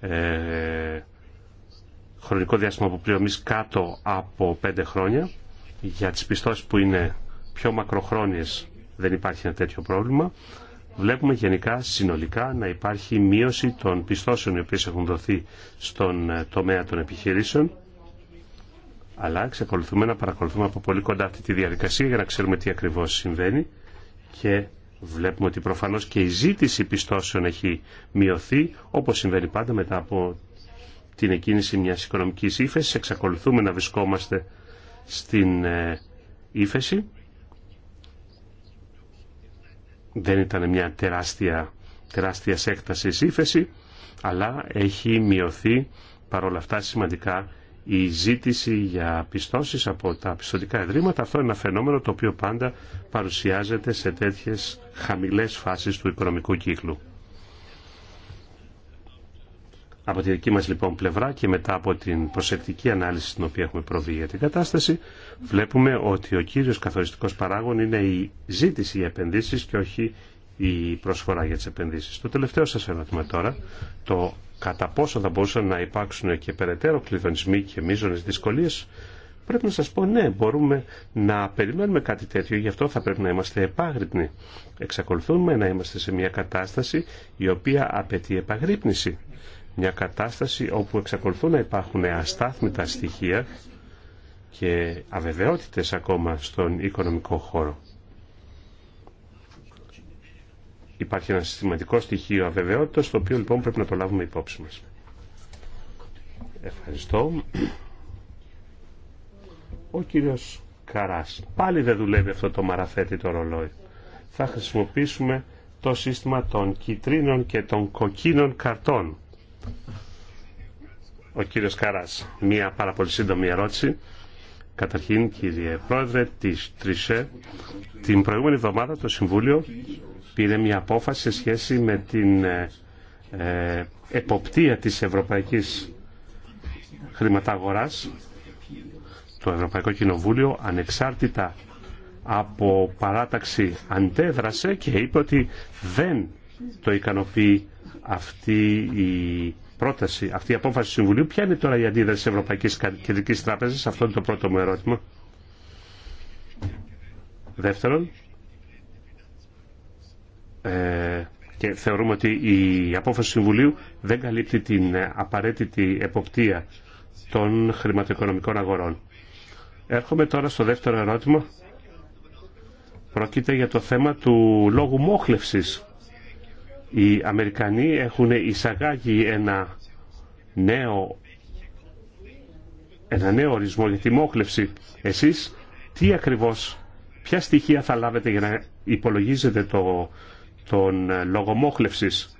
ε, χρονικό διάστημα αποπληρωμής κάτω από πέντε χρόνια για τις πιστώσεις που είναι πιο μακροχρόνιες δεν υπάρχει ένα τέτοιο πρόβλημα. Βλέπουμε γενικά συνολικά να υπάρχει μείωση των πιστώσεων οι οποίες έχουν δοθεί στον ε, τομέα των επιχειρήσεων αλλά εξακολουθούμε να παρακολουθούμε από πολύ κοντά αυτή τη διαδικασία για να ξέρουμε τι ακριβώς συμβαίνει και βλέπουμε ότι προφανώς και η ζήτηση πιστώσεων έχει μειωθεί όπως συμβαίνει πάντα μετά από την εκκίνηση μιας οικονομικής ύφεσης εξακολουθούμε να βρισκόμαστε στην ε, ύφεση. Δεν ήταν μια τεράστια, τεράστια έκταση ύφεση, αλλά έχει μειωθεί παρόλα αυτά σημαντικά η ζήτηση για πιστώσεις από τα πιστωτικά ιδρύματα. Αυτό είναι ένα φαινόμενο το οποίο πάντα παρουσιάζεται σε τέτοιες χαμηλές φάσεις του οικονομικού κύκλου. Από τη δική μας λοιπόν πλευρά και μετά από την προσεκτική ανάλυση στην οποία έχουμε προβεί για την κατάσταση, βλέπουμε ότι ο κύριος καθοριστικός παράγων είναι η ζήτηση για επενδύσεις και όχι η προσφορά για τις επενδύσεις. Το τελευταίο σας ερώτημα τώρα, το κατά πόσο θα μπορούσαν να υπάρξουν και περαιτέρω κλειδονισμοί και μείζονες δυσκολίες, πρέπει να σας πω ναι, μπορούμε να περιμένουμε κάτι τέτοιο, γι' αυτό θα πρέπει να είμαστε επάγρυπνοι. Εξακολουθούμε να είμαστε σε μια κατάσταση η οποία απαιτεί επαγρύπνηση μια κατάσταση όπου εξακολουθούν να υπάρχουν αστάθμητα στοιχεία και αβεβαιότητες ακόμα στον οικονομικό χώρο. Υπάρχει ένα συστηματικό στοιχείο αβεβαιότητας, το οποίο λοιπόν πρέπει να το λάβουμε υπόψη μας. Ευχαριστώ. Ο κύριος Καράς. Πάλι δεν δουλεύει αυτό το μαραθέτη το ρολόι. Θα χρησιμοποιήσουμε το σύστημα των κυτρίνων και των κοκκίνων καρτών. Ο κύριος Καράς, μία πάρα πολύ σύντομη ερώτηση. Καταρχήν, κύριε Πρόεδρε της Τρισέ, την προηγούμενη εβδομάδα το Συμβούλιο πήρε μια απόφαση σε σχέση με την ε, ε, εποπτεία της Ευρωπαϊκής Χρηματαγοράς. Το Ευρωπαϊκό Κοινοβούλιο ανεξάρτητα από παράταξη αντέδρασε και είπε ότι δεν το ικανοποιεί αυτή η πρόταση, αυτή η απόφαση του Συμβουλίου. Ποια είναι τώρα η αντίδραση της Ευρωπαϊκής Κεντρικής Τράπεζας, αυτό είναι το πρώτο μου ερώτημα. Δεύτερον, ε, και θεωρούμε ότι η απόφαση του Συμβουλίου δεν καλύπτει την απαραίτητη εποπτεία των χρηματοοικονομικών αγορών. Έρχομαι τώρα στο δεύτερο ερώτημα. Πρόκειται για το θέμα του λόγου μόχλευσης οι Αμερικανοί έχουν εισαγάγει ένα νέο, ένα νέο ορισμό για τη μόχλευση. Εσείς τι ακριβώς, ποια στοιχεία θα λάβετε για να υπολογίζετε το, τον λόγο μόχλευσης.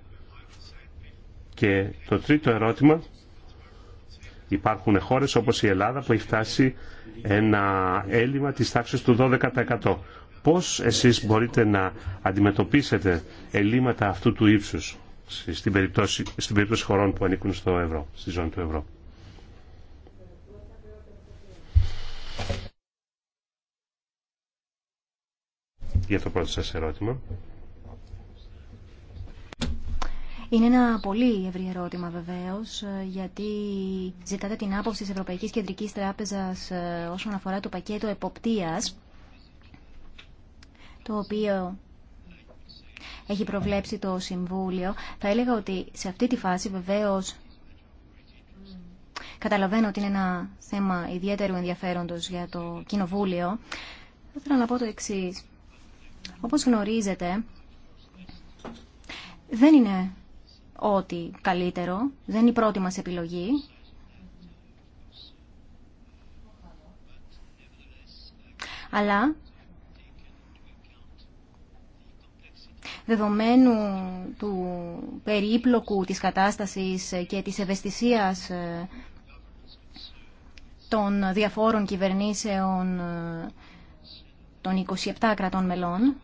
Και το τρίτο ερώτημα, υπάρχουν χώρες όπως η Ελλάδα που έχει φτάσει ένα έλλειμμα της τάξης του 12%. Πώς εσείς μπορείτε να αντιμετωπίσετε ελλείμματα αυτού του ύψους στην περίπτωση, στην περίπτωση χωρών που ανήκουν στο ευρώ, στη ζώνη του ευρώ. Για το πρώτο σας ερώτημα. Είναι ένα πολύ ευρύ ερώτημα βεβαίως, γιατί ζητάτε την άποψη της Ευρωπαϊκής Κεντρικής Τράπεζας ε, όσον αφορά το πακέτο εποπτείας το οποίο έχει προβλέψει το Συμβούλιο. Θα έλεγα ότι σε αυτή τη φάση βεβαίως καταλαβαίνω ότι είναι ένα θέμα ιδιαίτερου ενδιαφέροντος για το Κοινοβούλιο. Θα ήθελα να πω το εξή. Όπως γνωρίζετε, δεν είναι ό,τι καλύτερο, δεν είναι η πρώτη μας επιλογή. Αλλά δεδομένου του περίπλοκου της κατάστασης και της ευαισθησίας ε, των διαφόρων κυβερνήσεων ε, των 27 κρατών μελών,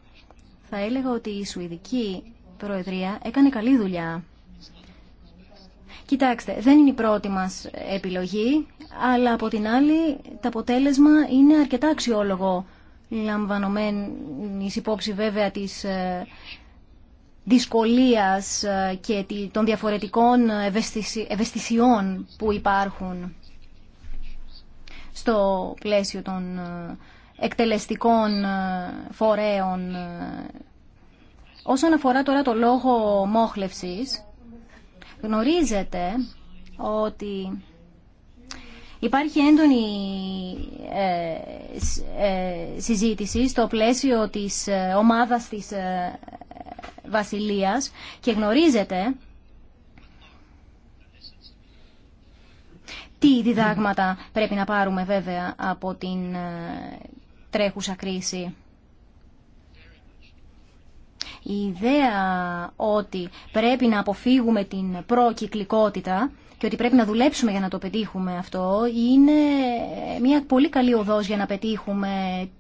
θα έλεγα ότι η Σουηδική Προεδρία έκανε καλή δουλειά. Κοιτάξτε, δεν είναι η πρώτη μας επιλογή, αλλά από την άλλη το αποτέλεσμα είναι αρκετά αξιόλογο, λαμβανομένης υπόψη βέβαια της ε, δυσκολίας ε, και των διαφορετικών ευαισθησιών που υπάρχουν στο πλαίσιο των ε, εκτελεστικών ε, φορέων. Όσον αφορά τώρα το λόγο μόχλευσης, γνωρίζετε ότι Υπάρχει έντονη συζήτηση στο πλαίσιο της ομάδας της Βασιλείας και γνωρίζετε τι διδάγματα πρέπει να πάρουμε βέβαια από την ε, τρέχουσα κρίση. Η ιδέα ότι πρέπει να αποφύγουμε την προκυκλικότητα και ότι πρέπει να δουλέψουμε για να το πετύχουμε αυτό είναι μια πολύ καλή οδός για να πετύχουμε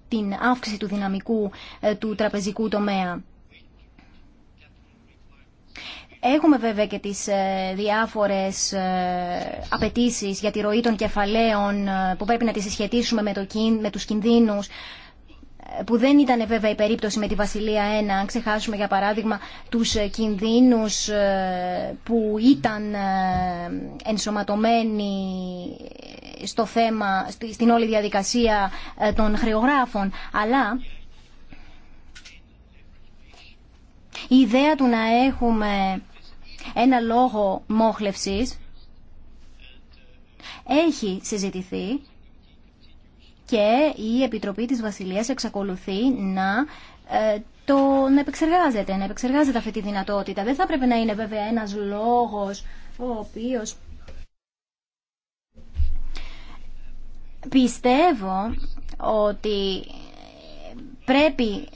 την αύξηση του δυναμικού ε, του τραπεζικού τομέα. Έχουμε βέβαια και τις ε, διάφορες ε, απαιτήσεις για τη ροή των κεφαλαίων ε, που πρέπει να τις συσχετίσουμε με, το, με τους κινδύνους που δεν ήταν βέβαια η περίπτωση με τη Βασιλεία 1, αν ξεχάσουμε για παράδειγμα τους κινδύνους που ήταν ενσωματωμένοι στο θέμα, στην όλη διαδικασία των χρεογράφων, αλλά η ιδέα του να έχουμε ένα λόγο μόχλευσης έχει συζητηθεί και η Επιτροπή της Βασιλείας εξακολουθεί να ε, το να επεξεργάζεται, να επεξεργάζεται αυτή τη δυνατότητα. Δεν θα πρέπει να είναι βέβαια ένας λόγος ο οποίος πιστεύω ότι πρέπει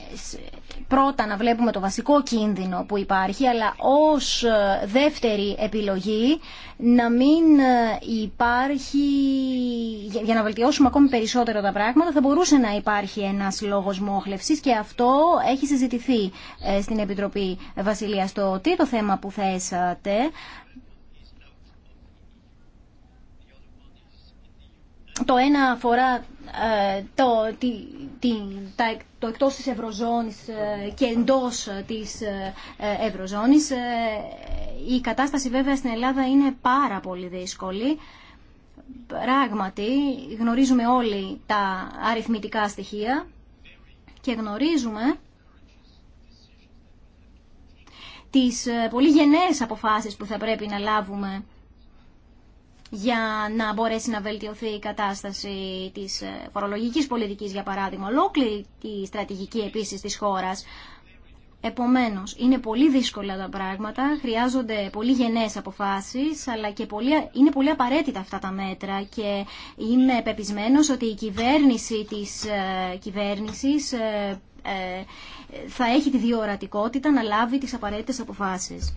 πρώτα να βλέπουμε το βασικό κίνδυνο που υπάρχει, αλλά ως ε, δεύτερη επιλογή να μην ε, υπάρχει, για να βελτιώσουμε ακόμη περισσότερο τα πράγματα, θα μπορούσε να υπάρχει ένας λόγος μόχλευσης και αυτό έχει συζητηθεί ε, στην Επιτροπή Βασιλείας Το τρίτο θέμα που θέσατε Το ένα αφορά ε, το, τη, τη, το εκτός της Ευρωζώνης ε, και εντός ε, της Ευρωζώνης. Η κατάσταση βέβαια στην Ελλάδα είναι πάρα πολύ δύσκολη. Πράγματι γνωρίζουμε όλοι τα αριθμητικά στοιχεία και γνωρίζουμε τις πολύ γενναίες αποφάσεις που θα πρέπει να λάβουμε για να μπορέσει να βελτιωθεί η κατάσταση της ε, φορολογικής πολιτικής, για παράδειγμα, ολόκληρη τη στρατηγική επίσης της χώρας. Επομένως, είναι πολύ δύσκολα τα πράγματα, χρειάζονται πολύ γενναίες αποφάσεις, αλλά και είναι πολύ απαραίτητα αυτά τα μέτρα και είμαι πεπισμένο ότι η κυβέρνηση της ε, κυβέρνησης ε, θα έχει τη διορατικότητα να λάβει τις απαραίτητες αποφάσεις.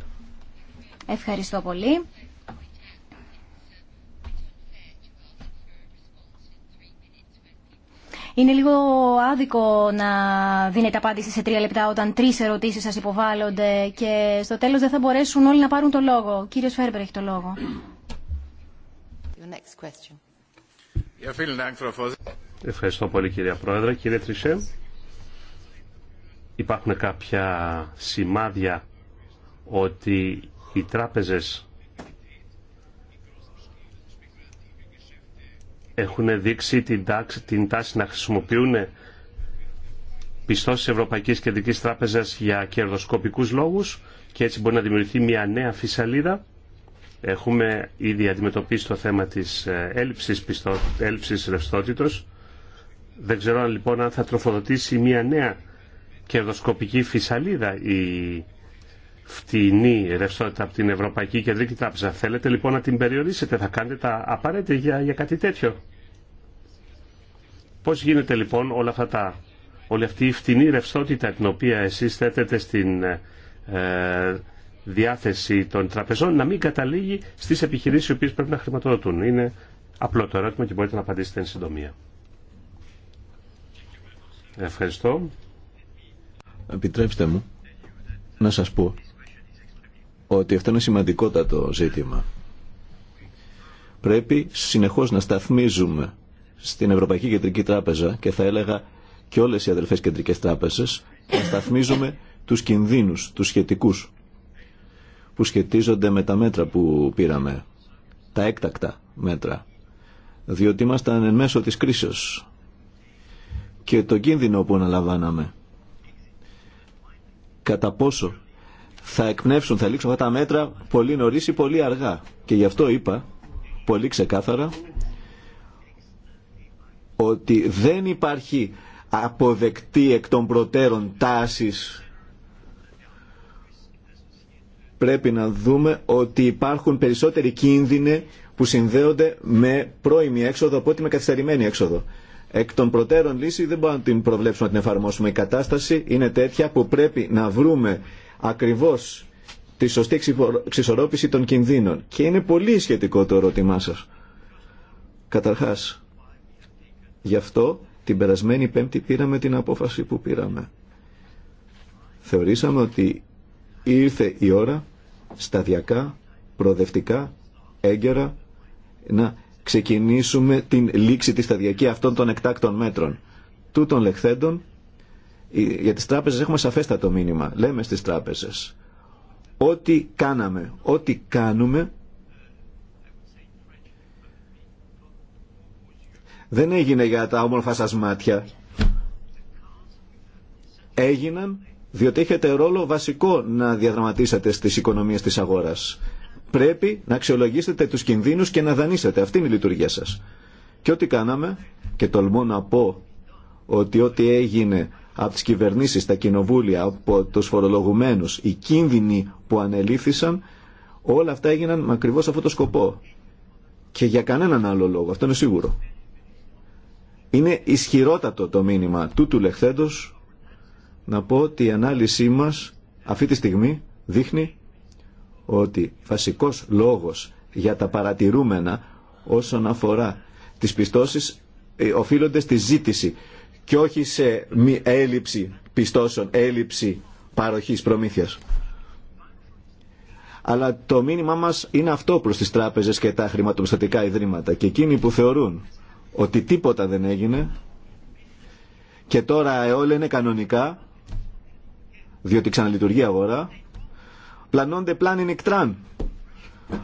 Ευχαριστώ πολύ. Είναι λίγο άδικο να δίνετε απάντηση σε τρία λεπτά όταν τρει ερωτήσει σα υποβάλλονται και στο τέλο δεν θα μπορέσουν όλοι να πάρουν το λόγο. Κύριο Φέρμπερ έχει το λόγο. Ευχαριστώ πολύ κύριε Πρόεδρε. Κύριε Τρισέ, υπάρχουν κάποια σημάδια ότι οι τράπεζες έχουν δείξει την, τάξη, την τάση να χρησιμοποιούν πιστώσεις Ευρωπαϊκής Κεντρικής Τράπεζας για κερδοσκοπικούς λόγους και έτσι μπορεί να δημιουργηθεί μια νέα φυσαλίδα. Έχουμε ήδη αντιμετωπίσει το θέμα της ε, έλλειψης, πιστο... έλλειψης ρευστότητος. Δεν ξέρω λοιπόν αν θα τροφοδοτήσει μια νέα κερδοσκοπική φυσαλίδα η φτηνή ρευστότητα από την Ευρωπαϊκή Κεντρική Τράπεζα. Θέλετε λοιπόν να την περιορίσετε, θα κάνετε τα απαραίτητα για, για κάτι τέτοιο. Πώς γίνεται λοιπόν όλα αυτά τα, όλη αυτή η φτηνή ρευστότητα την οποία εσείς θέτετε στην ε, διάθεση των τραπεζών να μην καταλήγει στις επιχειρήσεις οι οποίες πρέπει να χρηματοδοτούν. Είναι απλό το ερώτημα και μπορείτε να απαντήσετε εν συντομία. Ευχαριστώ. Επιτρέψτε μου να σας πω ότι αυτό είναι σημαντικότατο ζήτημα. Πρέπει συνεχώς να σταθμίζουμε στην Ευρωπαϊκή Κεντρική Τράπεζα και θα έλεγα και όλες οι αδελφές κεντρικές τράπεζες να σταθμίζουμε τους κινδύνους, τους σχετικούς που σχετίζονται με τα μέτρα που πήραμε, τα έκτακτα μέτρα, διότι ήμασταν εν μέσω της κρίσεως και το κίνδυνο που αναλαμβάναμε. Κατά πόσο θα εκπνεύσουν, θα λήξουν αυτά τα μέτρα πολύ νωρίς ή πολύ αργά. Και γι' αυτό είπα πολύ ξεκάθαρα ότι δεν υπάρχει αποδεκτή εκ των προτέρων τάσης πρέπει να δούμε ότι υπάρχουν περισσότεροι κίνδυνοι που συνδέονται με πρώιμη έξοδο από ότι με καθυστερημένη έξοδο. Εκ των προτέρων λύση δεν μπορούμε να την προβλέψουμε να την εφαρμόσουμε. Η κατάσταση είναι τέτοια που πρέπει να βρούμε ακριβώς τη σωστή εξισορρόπηση των κινδύνων. Και είναι πολύ σχετικό το ερώτημά σας. Καταρχάς, γι' αυτό την περασμένη Πέμπτη πήραμε την απόφαση που πήραμε. Θεωρήσαμε ότι ήρθε η ώρα σταδιακά, προοδευτικά, έγκαιρα να ξεκινήσουμε την λήξη της σταδιακή αυτών των εκτάκτων μέτρων. Τούτων λεχθέντων ε, για τις τράπεζες έχουμε σαφέστατο μήνυμα. Λέμε στις τράπεζες. Ό,τι κάναμε, ό,τι κάνουμε δεν έγινε για τα όμορφα σας μάτια. Έγιναν διότι έχετε ρόλο βασικό να διαδραματίσετε στις οικονομίες της αγοράς. Πρέπει να αξιολογήσετε τους κινδύνους και να δανείσετε. Αυτή είναι η λειτουργία σας. Και ό,τι κάναμε, και τολμώ να πω ότι ό,τι έγινε από τις κυβερνήσεις, τα κοινοβούλια, από τους φορολογουμένους, οι κίνδυνοι που ανελήφθησαν, όλα αυτά έγιναν με ακριβώς αυτό το σκοπό. Και για κανέναν άλλο λόγο, αυτό είναι σίγουρο. Είναι ισχυρότατο το μήνυμα του λεχθέντος να πω ότι η ανάλυση μας αυτή τη στιγμή δείχνει ότι βασικός λόγος για τα παρατηρούμενα όσον αφορά τις πιστώσεις ε, οφείλονται στη ζήτηση και όχι σε μη έλλειψη πιστώσεων, έλλειψη παροχής προμήθειας. Αλλά το μήνυμά μας είναι αυτό προς τις τράπεζες και τα χρηματοπιστωτικά ιδρύματα και εκείνοι που θεωρούν ότι τίποτα δεν έγινε και τώρα όλα είναι κανονικά διότι ξαναλειτουργεί η αγορά πλανώνται πλάνη νικτράν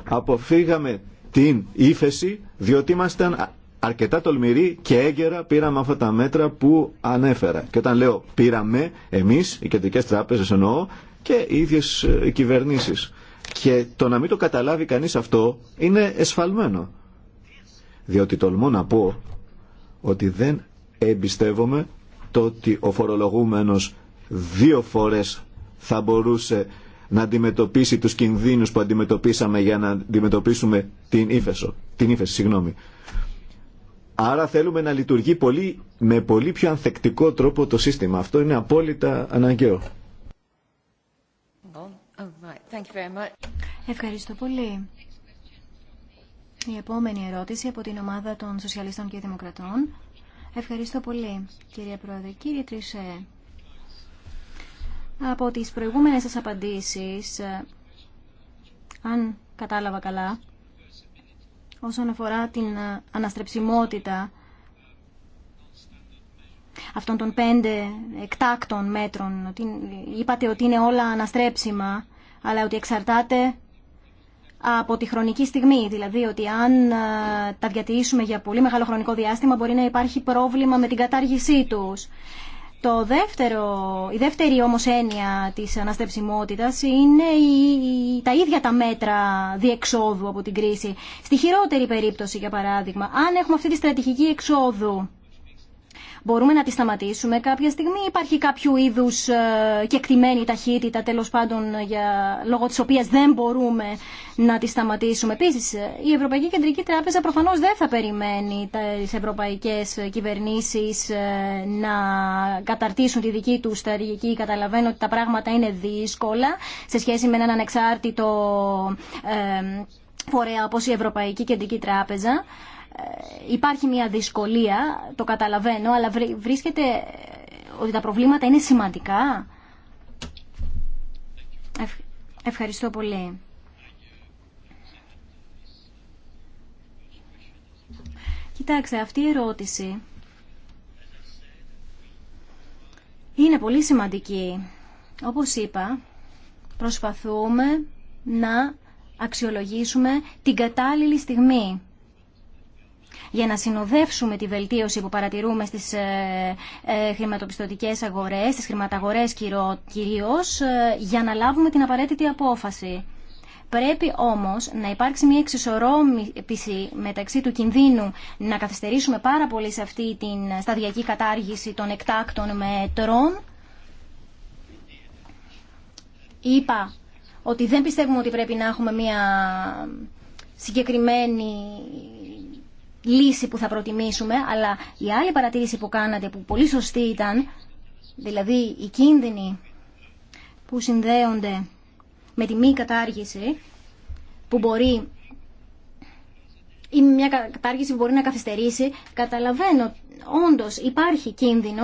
αποφύγαμε την ύφεση διότι ήμασταν αρκετά τολμηροί και έγκαιρα πήραμε αυτά τα μέτρα που ανέφερα. Και όταν λέω πήραμε, εμεί, οι κεντρικέ τράπεζε εννοώ, και οι ίδιε ε, οι κυβερνήσεις. Και το να μην το καταλάβει κανεί αυτό είναι εσφαλμένο. Διότι τολμώ να πω ότι δεν εμπιστεύομαι το ότι ο φορολογούμενος δύο φορές θα μπορούσε να αντιμετωπίσει τους κινδύνους που αντιμετωπίσαμε για να αντιμετωπίσουμε την ύφεση. Την ύφεση συγγνώμη. Άρα θέλουμε να λειτουργεί πολύ, με πολύ πιο ανθεκτικό τρόπο το σύστημα. Αυτό είναι απόλυτα αναγκαίο. Ευχαριστώ πολύ. Η επόμενη ερώτηση από την ομάδα των Σοσιαλιστών και Δημοκρατών. Ευχαριστώ πολύ, κύριε Πρόεδρε. Κύριε Τρισέ, από τις προηγούμενες σας απαντήσεις, ε, αν κατάλαβα καλά, όσον αφορά την ε, αναστρεψιμότητα αυτών των πέντε εκτάκτων μέτρων. είπατε ότι είναι όλα αναστρέψιμα, αλλά ότι εξαρτάται από τη χρονική στιγμή. Δηλαδή ότι αν ε, τα διατηρήσουμε για πολύ μεγάλο χρονικό διάστημα μπορεί να υπάρχει πρόβλημα με την κατάργησή τους. Το δεύτερο, η δεύτερη όμως έννοια της αναστεψιμότητας είναι η, τα ίδια τα μέτρα διεξόδου από την κρίση. Στη χειρότερη περίπτωση, για παράδειγμα, αν έχουμε αυτή τη στρατηγική εξόδου Μπορούμε να τη σταματήσουμε κάποια στιγμή. Υπάρχει κάποιο είδου ε, κεκτημένη ταχύτητα τέλο πάντων για... λόγω τη οποία δεν μπορούμε να τη σταματήσουμε. Επίση, ε, η Ευρωπαϊκή Κεντρική Τράπεζα προφανώ δεν θα περιμένει τι ευρωπαϊκέ κυβερνήσει ε, να καταρτήσουν τη δική του στρατηγική. Καταλαβαίνω ότι τα πράγματα είναι δύσκολα σε σχέση με έναν ανεξάρτητο φορέα όπως η Ευρωπαϊκή Κεντρική Τράπεζα. Ε, υπάρχει μια δυσκολία, το καταλαβαίνω, αλλά βρίσκεται ε, ότι τα προβλήματα είναι σημαντικά. Ευχαριστώ πολύ. Κοιτάξτε, αυτή η ερώτηση είναι πολύ σημαντική. Όπως είπα, προσπαθούμε να αξιολογήσουμε την κατάλληλη στιγμή για να συνοδεύσουμε τη βελτίωση που παρατηρούμε στις ε, ε, χρηματοπιστωτικές αγορές, στις χρηματαγορές κυρίως, ε, για να λάβουμε την απαραίτητη απόφαση. Πρέπει όμως να υπάρξει μια εξισορρόμηση μεταξύ του κινδύνου να καθυστερήσουμε πάρα πολύ σε αυτή την σταδιακή κατάργηση των εκτάκτων μετρών. Είπα ότι δεν πιστεύουμε ότι πρέπει να έχουμε μια συγκεκριμένη λύση που θα προτιμήσουμε, αλλά η άλλη παρατήρηση που κάνατε που πολύ σωστή ήταν, δηλαδή οι κίνδυνοι που συνδέονται με τη μη κατάργηση που μπορεί ή μια κατάργηση που μπορεί να καθυστερήσει. Καταλαβαίνω, όντω υπάρχει κίνδυνο,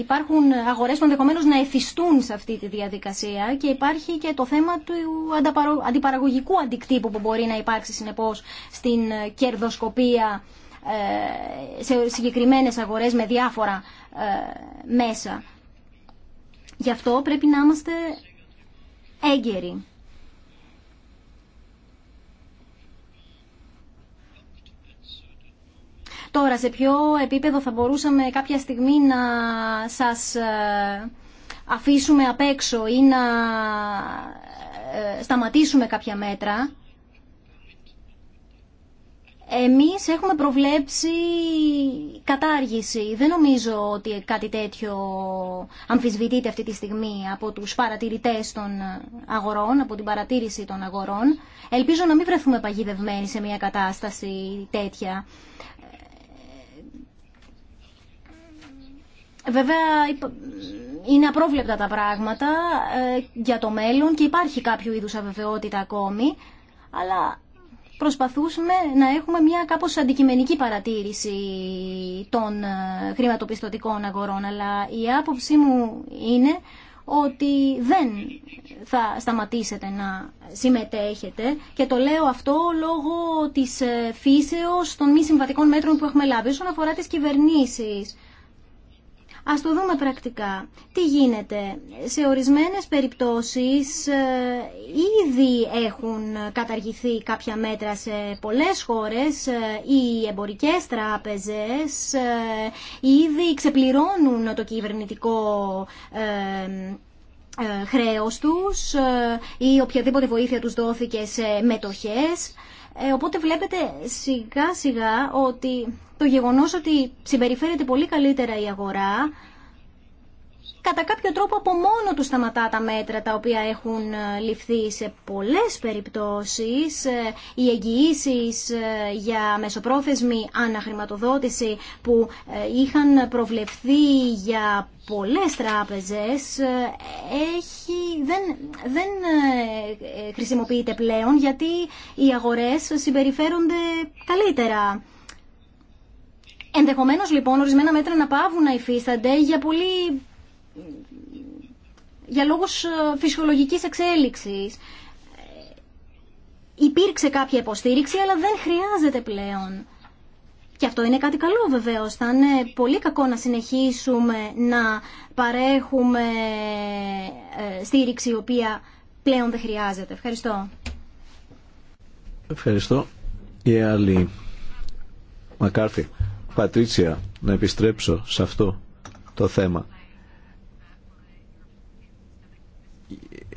υπάρχουν αγορέ που ενδεχομένω να εφιστούν σε αυτή τη διαδικασία και υπάρχει και το θέμα του αντιπαραγωγικού αντικτύπου που μπορεί να υπάρξει συνεπώ στην κερδοσκοπία ε, σε συγκεκριμένε αγορές με διάφορα ε, μέσα. Γι' αυτό πρέπει να είμαστε έγκαιροι. Τώρα, σε ποιο επίπεδο θα μπορούσαμε κάποια στιγμή να σας ε, αφήσουμε απ' έξω ή να ε, σταματήσουμε κάποια μέτρα. Εμείς έχουμε προβλέψει κατάργηση. Δεν νομίζω ότι κάτι τέτοιο αμφισβητείται αυτή τη στιγμή από τους παρατηρητές των αγορών, από την παρατήρηση των αγορών. Ελπίζω να μην βρεθούμε παγιδευμένοι σε μια κατάσταση τέτοια. Βέβαια είναι απρόβλεπτα τα πράγματα ε, για το μέλλον και υπάρχει κάποιο είδους αβεβαιότητα ακόμη, αλλά προσπαθούσαμε να έχουμε μια κάπως αντικειμενική παρατήρηση των ε, χρηματοπιστωτικών αγορών, αλλά η άποψή μου είναι ότι δεν θα σταματήσετε να συμμετέχετε και το λέω αυτό λόγω της ε, φύσεως των μη συμβατικών μέτρων που έχουμε λάβει όσον αφορά τις κυβερνήσεις. Ας το δούμε πρακτικά. Τι γίνεται. Σε ορισμένες περιπτώσεις ε, ήδη έχουν καταργηθεί κάποια μέτρα σε πολλές χώρες. Ε, οι εμπορικές τράπεζες ε, ήδη ξεπληρώνουν το κυβερνητικό χρέος τους ή οποιαδήποτε βοήθεια τους δόθηκε σε μετοχές. Ε, οπότε βλέπετε σιγά σιγά ότι το γεγονός ότι συμπεριφέρεται πολύ καλύτερα η αγορά κατά κάποιο τρόπο από μόνο του σταματά τα μέτρα τα οποία έχουν ε, ληφθεί σε πολλές περιπτώσεις. Ε, οι εγγυήσει ε, για μεσοπρόθεσμη αναχρηματοδότηση που είχαν προβλεφθεί για πολλές τράπεζες έχει, δεν, δεν χρησιμοποιείται πλέον γιατί οι αγορές συμπεριφέρονται καλύτερα. Ενδεχομένως λοιπόν ορισμένα μέτρα να πάβουν να υφίστανται για πολύ για λόγους ε, φυσιολογικής εξέλιξης. Ε, υπήρξε κάποια υποστήριξη, αλλά δεν χρειάζεται πλέον. Και αυτό είναι κάτι καλό βεβαίως. Θα είναι πολύ κακό να συνεχίσουμε να παρέχουμε ε, στήριξη η οποία πλέον δεν χρειάζεται. Ευχαριστώ. Ευχαριστώ. Η άλλη Μακάρθη. Πατρίτσια, να επιστρέψω σε αυτό το θέμα.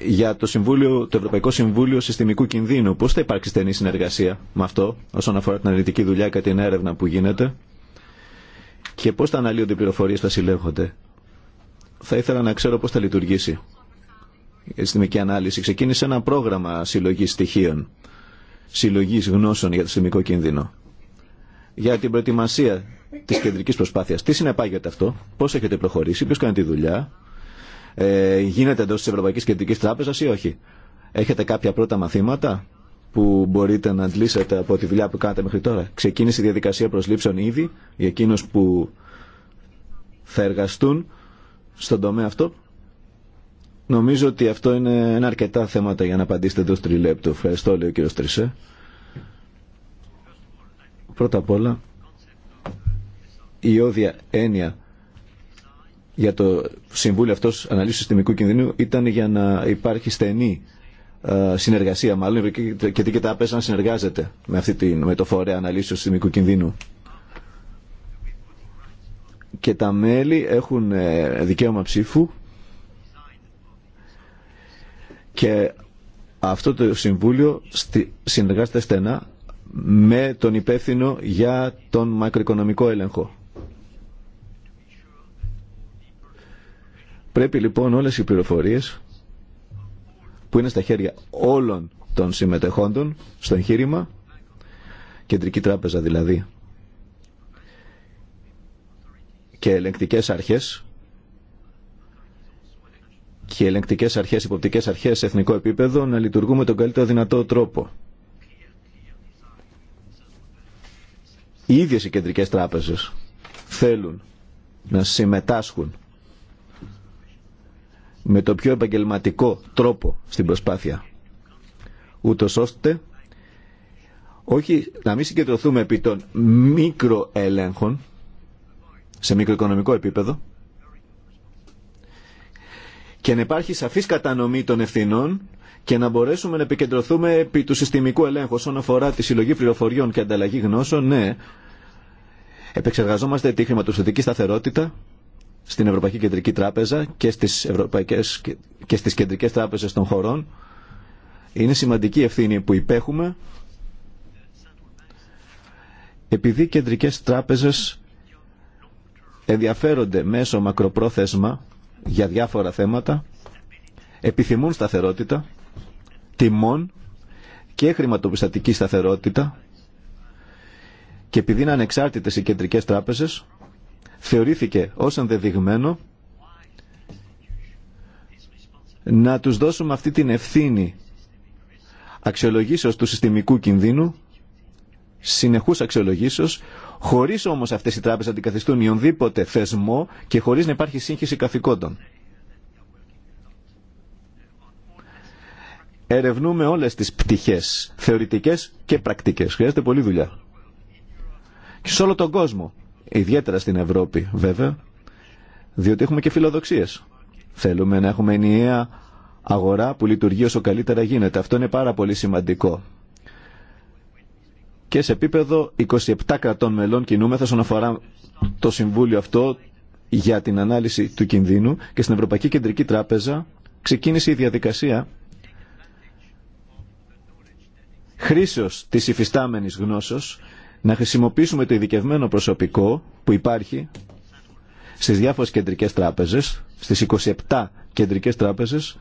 για το, Συμβούλιο, το Ευρωπαϊκό Συμβούλιο Συστημικού Κινδύνου. Πώς θα υπάρξει στενή συνεργασία με αυτό όσον αφορά την αρνητική δουλειά και την έρευνα που γίνεται και πώς θα αναλύονται οι πληροφορίες που θα συλλέγονται. Θα ήθελα να ξέρω πώς θα λειτουργήσει η συστημική ανάλυση. Ξεκίνησε ένα πρόγραμμα συλλογής στοιχείων, συλλογής γνώσεων για το συστημικό κίνδυνο. Για την προετοιμασία της κεντρικής προσπάθειας. Τι συνεπάγεται αυτό, πώς έχετε προχωρήσει, ποιος κάνει τη δουλειά, ε, γίνεται εντό τη Ευρωπαϊκή Κεντρική Τράπεζα ή όχι. Έχετε κάποια πρώτα μαθήματα που μπορείτε να αντλήσετε από τη δουλειά που κάνατε μέχρι τώρα. Ξεκίνησε η διαδικασία προσλήψεων ήδη για εκείνου που θα εργαστούν στον τομέα αυτό. Νομίζω ότι αυτό είναι ένα αρκετά θέματα για να απαντήσετε εντό τριλέπτου. Ευχαριστώ, λέει ο κύριο Τρισέ. Πρώτα απ' όλα, η όδια έννοια για το Συμβούλιο αυτός Αναλύσεως Συστημικού Κινδυνού ήταν για να υπάρχει στενή ε, συνεργασία, μάλλον και τα ΚΕΤΑΠΕΣ να συνεργάζεται με, αυτή την, με το Φορέα Αναλύσεως Συστημικού Κινδύνου. Και τα μέλη έχουν ε, δικαίωμα ψήφου και αυτό το Συμβούλιο συνεργάζεται στενά με τον υπεύθυνο για τον μακροοικονομικό έλεγχο. Πρέπει λοιπόν όλες οι πληροφορίες που είναι στα χέρια όλων των συμμετεχόντων στο εγχείρημα, κεντρική τράπεζα δηλαδή, και ελεγκτικές αρχές και ελεγκτικές αρχές, υποπτικές αρχές σε εθνικό επίπεδο να λειτουργούμε τον καλύτερο δυνατό τρόπο. Οι ίδιες οι κεντρικές τράπεζες θέλουν να συμμετάσχουν με το πιο επαγγελματικό τρόπο στην προσπάθεια. Ούτως ώστε όχι να μην συγκεντρωθούμε επί των μικροελέγχων σε μικροοικονομικό επίπεδο και να υπάρχει σαφής κατανομή των ευθυνών και να μπορέσουμε να επικεντρωθούμε επί του συστημικού ελέγχου όσον αφορά τη συλλογή πληροφοριών και ανταλλαγή γνώσεων, ναι. Επεξεργαζόμαστε τη χρηματοδοτική σταθερότητα στην Ευρωπαϊκή Κεντρική Τράπεζα και στις, ευρωπαϊκές, και στις κεντρικές τράπεζες των χωρών. Είναι σημαντική ευθύνη που υπέχουμε επειδή οι κεντρικές τράπεζες ενδιαφέρονται μέσω μακροπρόθεσμα για διάφορα θέματα, επιθυμούν σταθερότητα, τιμών και χρηματοπιστατική σταθερότητα και επειδή είναι ανεξάρτητες οι κεντρικές τράπεζες, θεωρήθηκε ως ενδεδειγμένο να τους δώσουμε αυτή την ευθύνη αξιολογήσεως του συστημικού κινδύνου, συνεχούς αξιολογήσεως, χωρίς όμως αυτές οι τράπεζες να αντικαθιστούν ιονδήποτε θεσμό και χωρίς να υπάρχει σύγχυση καθηκόντων. Ερευνούμε όλες τις πτυχές, θεωρητικές και πρακτικές. Χρειάζεται πολλή δουλειά. Και σε όλο τον κόσμο ιδιαίτερα στην Ευρώπη βέβαια, διότι έχουμε και φιλοδοξίες. Θέλουμε να έχουμε ενιαία αγορά που λειτουργεί όσο καλύτερα γίνεται. Αυτό είναι πάρα πολύ σημαντικό. Και σε επίπεδο 27 κρατών μελών κινούμεθα όσον αφορά το Συμβούλιο αυτό για την ανάλυση του κινδύνου και στην Ευρωπαϊκή Κεντρική Τράπεζα ξεκίνησε η διαδικασία χρήσεως της υφιστάμενης γνώσεως να χρησιμοποιήσουμε το ειδικευμένο προσωπικό που υπάρχει στις διάφορες κεντρικές τράπεζες, στις 27 κεντρικές τράπεζες,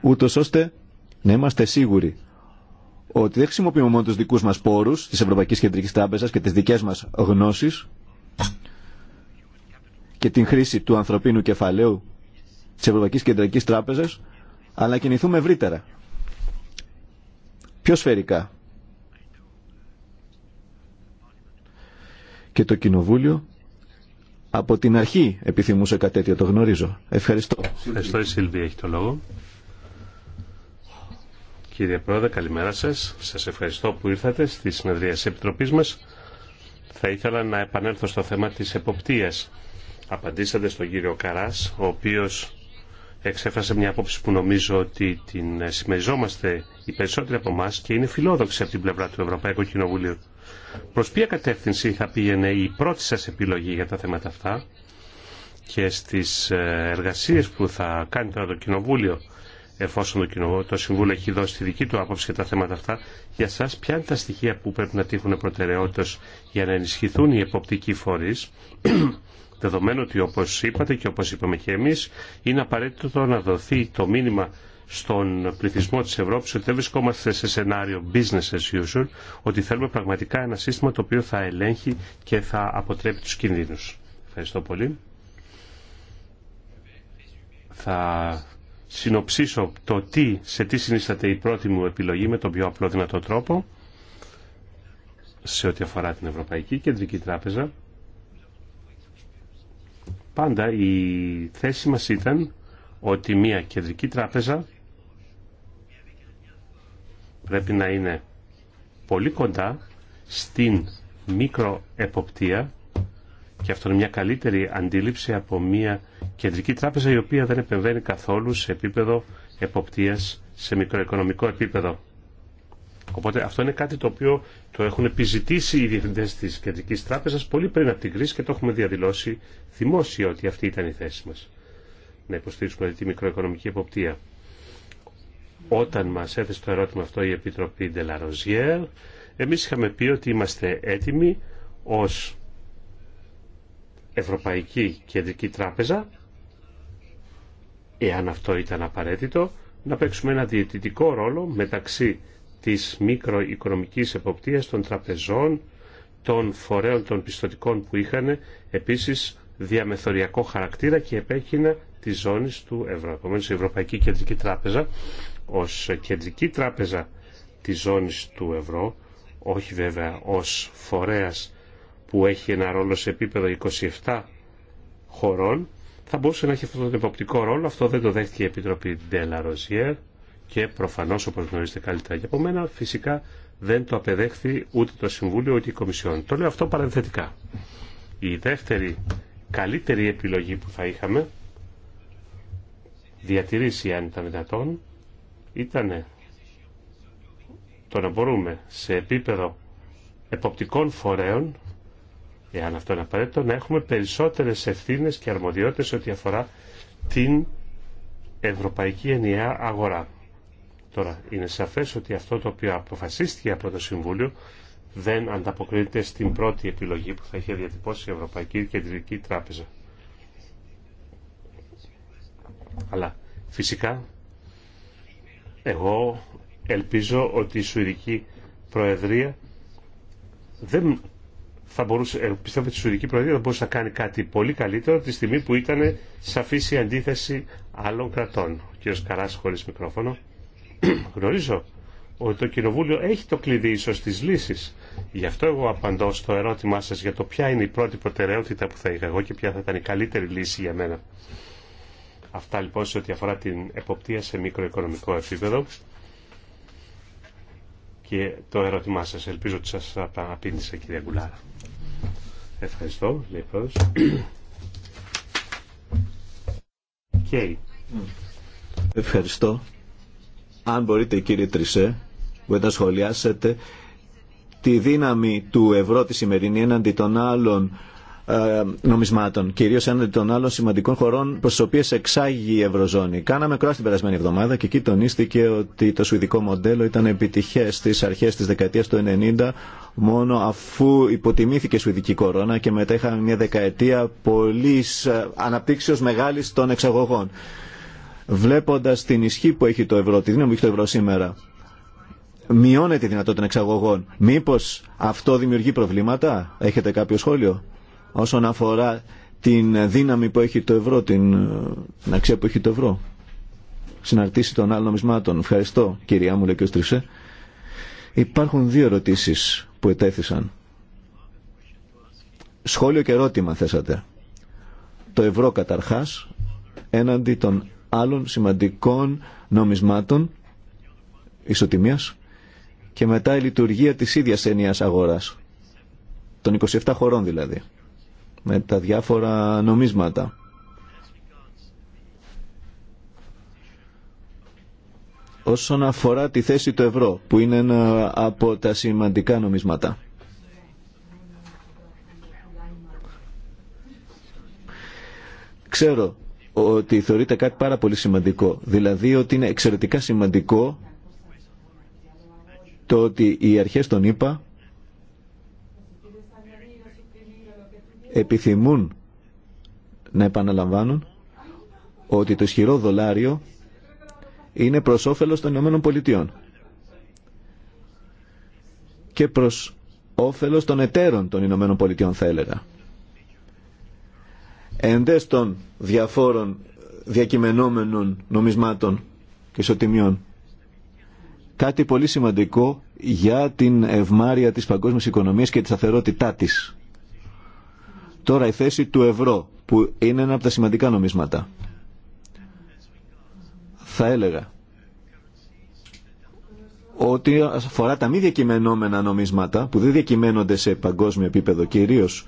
ούτω ώστε να είμαστε σίγουροι ότι δεν χρησιμοποιούμε μόνο τους δικούς μας πόρους της Ευρωπαϊκής Κεντρικής Τράπεζας και τις δικές μας γνώσεις και την χρήση του ανθρωπίνου κεφαλαίου της Ευρωπαϊκής Κεντρικής Τράπεζας, αλλά κινηθούμε ευρύτερα. Πιο σφαιρικά. Και το Κοινοβούλιο από την αρχή επιθυμούσε κάτι τέτοιο, το γνωρίζω. Ευχαριστώ. Ευχαριστώ η Σίλβη, έχει το λόγο. Κύριε Πρόεδρε, καλημέρα σας. Σας ευχαριστώ που ήρθατε στη συνεδρία της Επιτροπής μας. Θα ήθελα να επανέλθω στο θέμα της εποπτείας. Απαντήσατε στον κύριο Καράς, ο οποίος εξέφρασε μια απόψη που νομίζω ότι την συμμεριζόμαστε οι περισσότεροι από εμά και είναι φιλόδοξη από την πλευρά του Ευρωπαϊκού Κοινοβουλίου. Προς ποια κατεύθυνση θα πήγαινε η πρώτη σας επιλογή για τα θέματα αυτά και στις ε, εργασίες που θα κάνει τώρα το Κοινοβούλιο εφόσον το, κοινοβούλιο, το Συμβούλιο έχει δώσει τη δική του άποψη για τα θέματα αυτά, για σας ποια είναι τα στοιχεία που πρέπει να τύχουν προτεραιότητας για να ενισχυθούν οι εποπτικοί φορείς, (clears throat) δεδομένου ότι όπως είπατε και όπως είπαμε και εμείς, είναι απαραίτητο να δοθεί το μήνυμα στον πληθυσμό της Ευρώπης ότι δεν βρισκόμαστε σε σενάριο business as usual, ότι θέλουμε πραγματικά ένα σύστημα το οποίο θα ελέγχει και θα αποτρέπει τους κινδύνους. Ευχαριστώ πολύ. Θα συνοψίσω το τι, σε τι συνίσταται η πρώτη μου επιλογή με τον πιο απλό δυνατό τρόπο σε ό,τι αφορά την Ευρωπαϊκή Κεντρική Τράπεζα. Πάντα η θέση μας ήταν ότι μια κεντρική τράπεζα πρέπει να είναι πολύ κοντά στην μικροεποπτεία και αυτό είναι μια καλύτερη αντίληψη από μια κεντρική τράπεζα η οποία δεν επεμβαίνει καθόλου σε επίπεδο εποπτείας σε μικροοικονομικό επίπεδο. Οπότε αυτό είναι κάτι το οποίο το έχουν επιζητήσει οι διευθυντές της Κεντρικής Τράπεζας πολύ πριν από την κρίση και το έχουμε διαδηλώσει δημόσια ότι αυτή ήταν η θέση μας. Να υποστήριξουμε τη μικροοικονομική εποπτεία. Όταν μας έθεσε το ερώτημα αυτό η Επιτροπή Ντελαροζιέρ, εμείς είχαμε πει ότι είμαστε έτοιμοι ως Ευρωπαϊκή Κεντρική Τράπεζα, εάν αυτό ήταν απαραίτητο, να παίξουμε ένα διαιτητικό ρόλο μεταξύ της μικροοικονομικής εποπτείας των τραπεζών, των φορέων των πιστοτικών που είχαν, επίσης διαμεθοριακό χαρακτήρα και επέκεινα τη ζώνη του ευρώ. Επομένως, η Ευρωπαϊκή Κεντρική Τράπεζα ως κεντρική τράπεζα της ζώνης του ευρώ, όχι βέβαια ως φορέας που έχει ένα ρόλο σε επίπεδο 27 χωρών, θα μπορούσε να έχει αυτόν τον υποπτικό ρόλο. Αυτό δεν το δέχτηκε η Επιτροπή Ντέλα και προφανώς όπως γνωρίζετε καλύτερα για από μένα φυσικά δεν το απεδέχθη ούτε το Συμβούλιο ούτε η Κομισιόν. Το λέω αυτό παρενθετικά. Η δεύτερη καλύτερη επιλογή που θα είχαμε διατηρήσει αν ήταν δυνατόν ήταν το να μπορούμε σε επίπεδο εποπτικών φορέων, εάν αυτό είναι απαραίτητο, να έχουμε περισσότερες ευθύνες και αρμοδιότητες ό,τι αφορά την ευρωπαϊκή ενιαία αγορά. Τώρα, είναι σαφές ότι αυτό το οποίο αποφασίστηκε από το Συμβούλιο δεν ανταποκρίνεται στην πρώτη επιλογή που θα είχε διατυπώσει η Ευρωπαϊκή Κεντρική Τράπεζα. Αλλά φυσικά εγώ ελπίζω ότι η Σουηδική Προεδρία δεν θα μπορούσε, ε, πιστεύω ότι η Σουηδική Προεδρία θα μπορούσε να κάνει κάτι πολύ καλύτερο τη στιγμή που ήταν σαφής η αντίθεση άλλων κρατών. Ο κ. Καράς χωρίς μικρόφωνο. Γνωρίζω ότι το Κοινοβούλιο έχει το κλειδί ίσω της λύσης. Γι' αυτό εγώ απαντώ στο ερώτημά σα για το ποια είναι η πρώτη προτεραιότητα που θα είχα εγώ και ποια θα ήταν η καλύτερη λύση για μένα. Αυτά λοιπόν σε ό,τι αφορά την εποπτεία σε μικροοικονομικό επίπεδο. Και το ερώτημά σας, ελπίζω ότι σας απήντησα κυρία Γκουλάρα. Ναι. Ευχαριστώ, λέει Ευχαριστώ. Αν μπορείτε κύριε Τρισέ, μπορείτε να σχολιάσετε τη δύναμη του ευρώ τη σημερινή έναντι των άλλων ε, νομισμάτων, κυρίω έναντι των άλλων σημαντικών χωρών προ τι οποίε εξάγει η Ευρωζώνη. Κάναμε κρόα την περασμένη εβδομάδα και εκεί τονίστηκε ότι το σουηδικό μοντέλο ήταν επιτυχέ στι αρχέ τη δεκαετία του 90 μόνο αφού υποτιμήθηκε η σουηδική κορώνα και μετά είχαμε μια δεκαετία πολύ ε, αναπτύξεω μεγάλη των εξαγωγών. Βλέποντα την ισχύ που έχει το ευρώ, τη δύναμη που έχει το ευρώ σήμερα, μειώνεται η δυνατότητα εξαγωγών. Μήπω αυτό δημιουργεί προβλήματα, έχετε κάποιο σχόλιο όσον αφορά την δύναμη που έχει το ευρώ, την, αξία που έχει το ευρώ. Συναρτήσει των άλλων νομισμάτων. Ευχαριστώ κυρία μου, λέει και ο Στρισέ. Υπάρχουν δύο ερωτήσεις που ετέθησαν. Σχόλιο και ερώτημα θέσατε. Το ευρώ καταρχάς έναντι των άλλων σημαντικών νομισμάτων ισοτιμίας και μετά η λειτουργία της ίδια ενιαία αγοράς των 27 χωρών δηλαδή με τα διάφορα νομίσματα. Όσον αφορά τη θέση του ευρώ, που είναι ένα από τα σημαντικά νομίσματα. Ξέρω ότι θεωρείται κάτι πάρα πολύ σημαντικό, δηλαδή ότι είναι εξαιρετικά σημαντικό το ότι οι αρχές των ΗΠΑ επιθυμούν να επαναλαμβάνουν ότι το ισχυρό δολάριο είναι προς όφελος των Ηνωμένων Πολιτειών και προς όφελος των εταίρων των Ηνωμένων Πολιτειών θα έλεγα. Εντές των διαφόρων διακειμενόμενων νομισμάτων και ισοτιμιών. Κάτι πολύ σημαντικό για την ευμάρεια της παγκόσμιας οικονομίας και τη σταθερότητά της. Τώρα η θέση του ευρώ που είναι ένα από τα σημαντικά νομίσματα. Θα έλεγα ότι αφορά τα μη διακειμενόμενα νομίσματα που δεν διακειμένονται σε παγκόσμιο επίπεδο κυρίως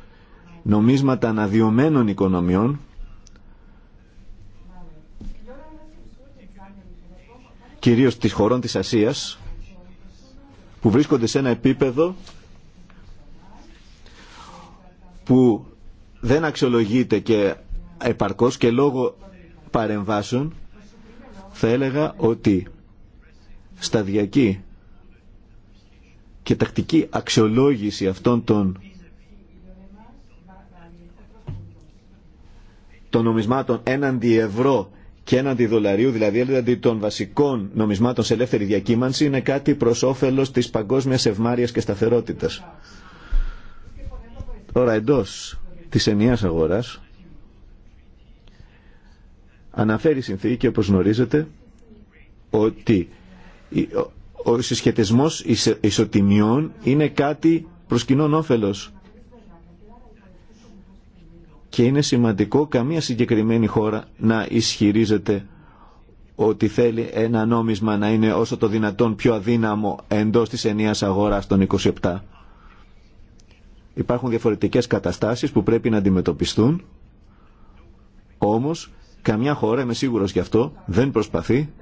νομίσματα αναδειωμένων οικονομιών κυρίως της χωρών της Ασίας που βρίσκονται σε ένα επίπεδο που δεν αξιολογείται και επαρκώς και λόγω παρεμβάσεων θα έλεγα ότι σταδιακή και τακτική αξιολόγηση αυτών των των νομισμάτων έναντι ευρώ και έναντι δολαρίου, δηλαδή έναντι των βασικών νομισμάτων σε ελεύθερη διακύμανση, είναι κάτι προ όφελο τη παγκόσμια ευμάρεια και σταθερότητα. Τώρα εντό της ενιαίας αγοράς αναφέρει η συνθήκη όπως γνωρίζετε ότι ο συσχετισμός ισοτιμιών είναι κάτι προς κοινών όφελος και είναι σημαντικό καμία συγκεκριμένη χώρα να ισχυρίζεται ότι θέλει ένα νόμισμα να είναι όσο το δυνατόν πιο αδύναμο εντός της ενίας αγοράς των 27. Υπάρχουν διαφορετικές καταστάσεις που πρέπει να αντιμετωπιστούν, όμως καμιά χώρα, είμαι σίγουρος γι' αυτό, δεν προσπαθεί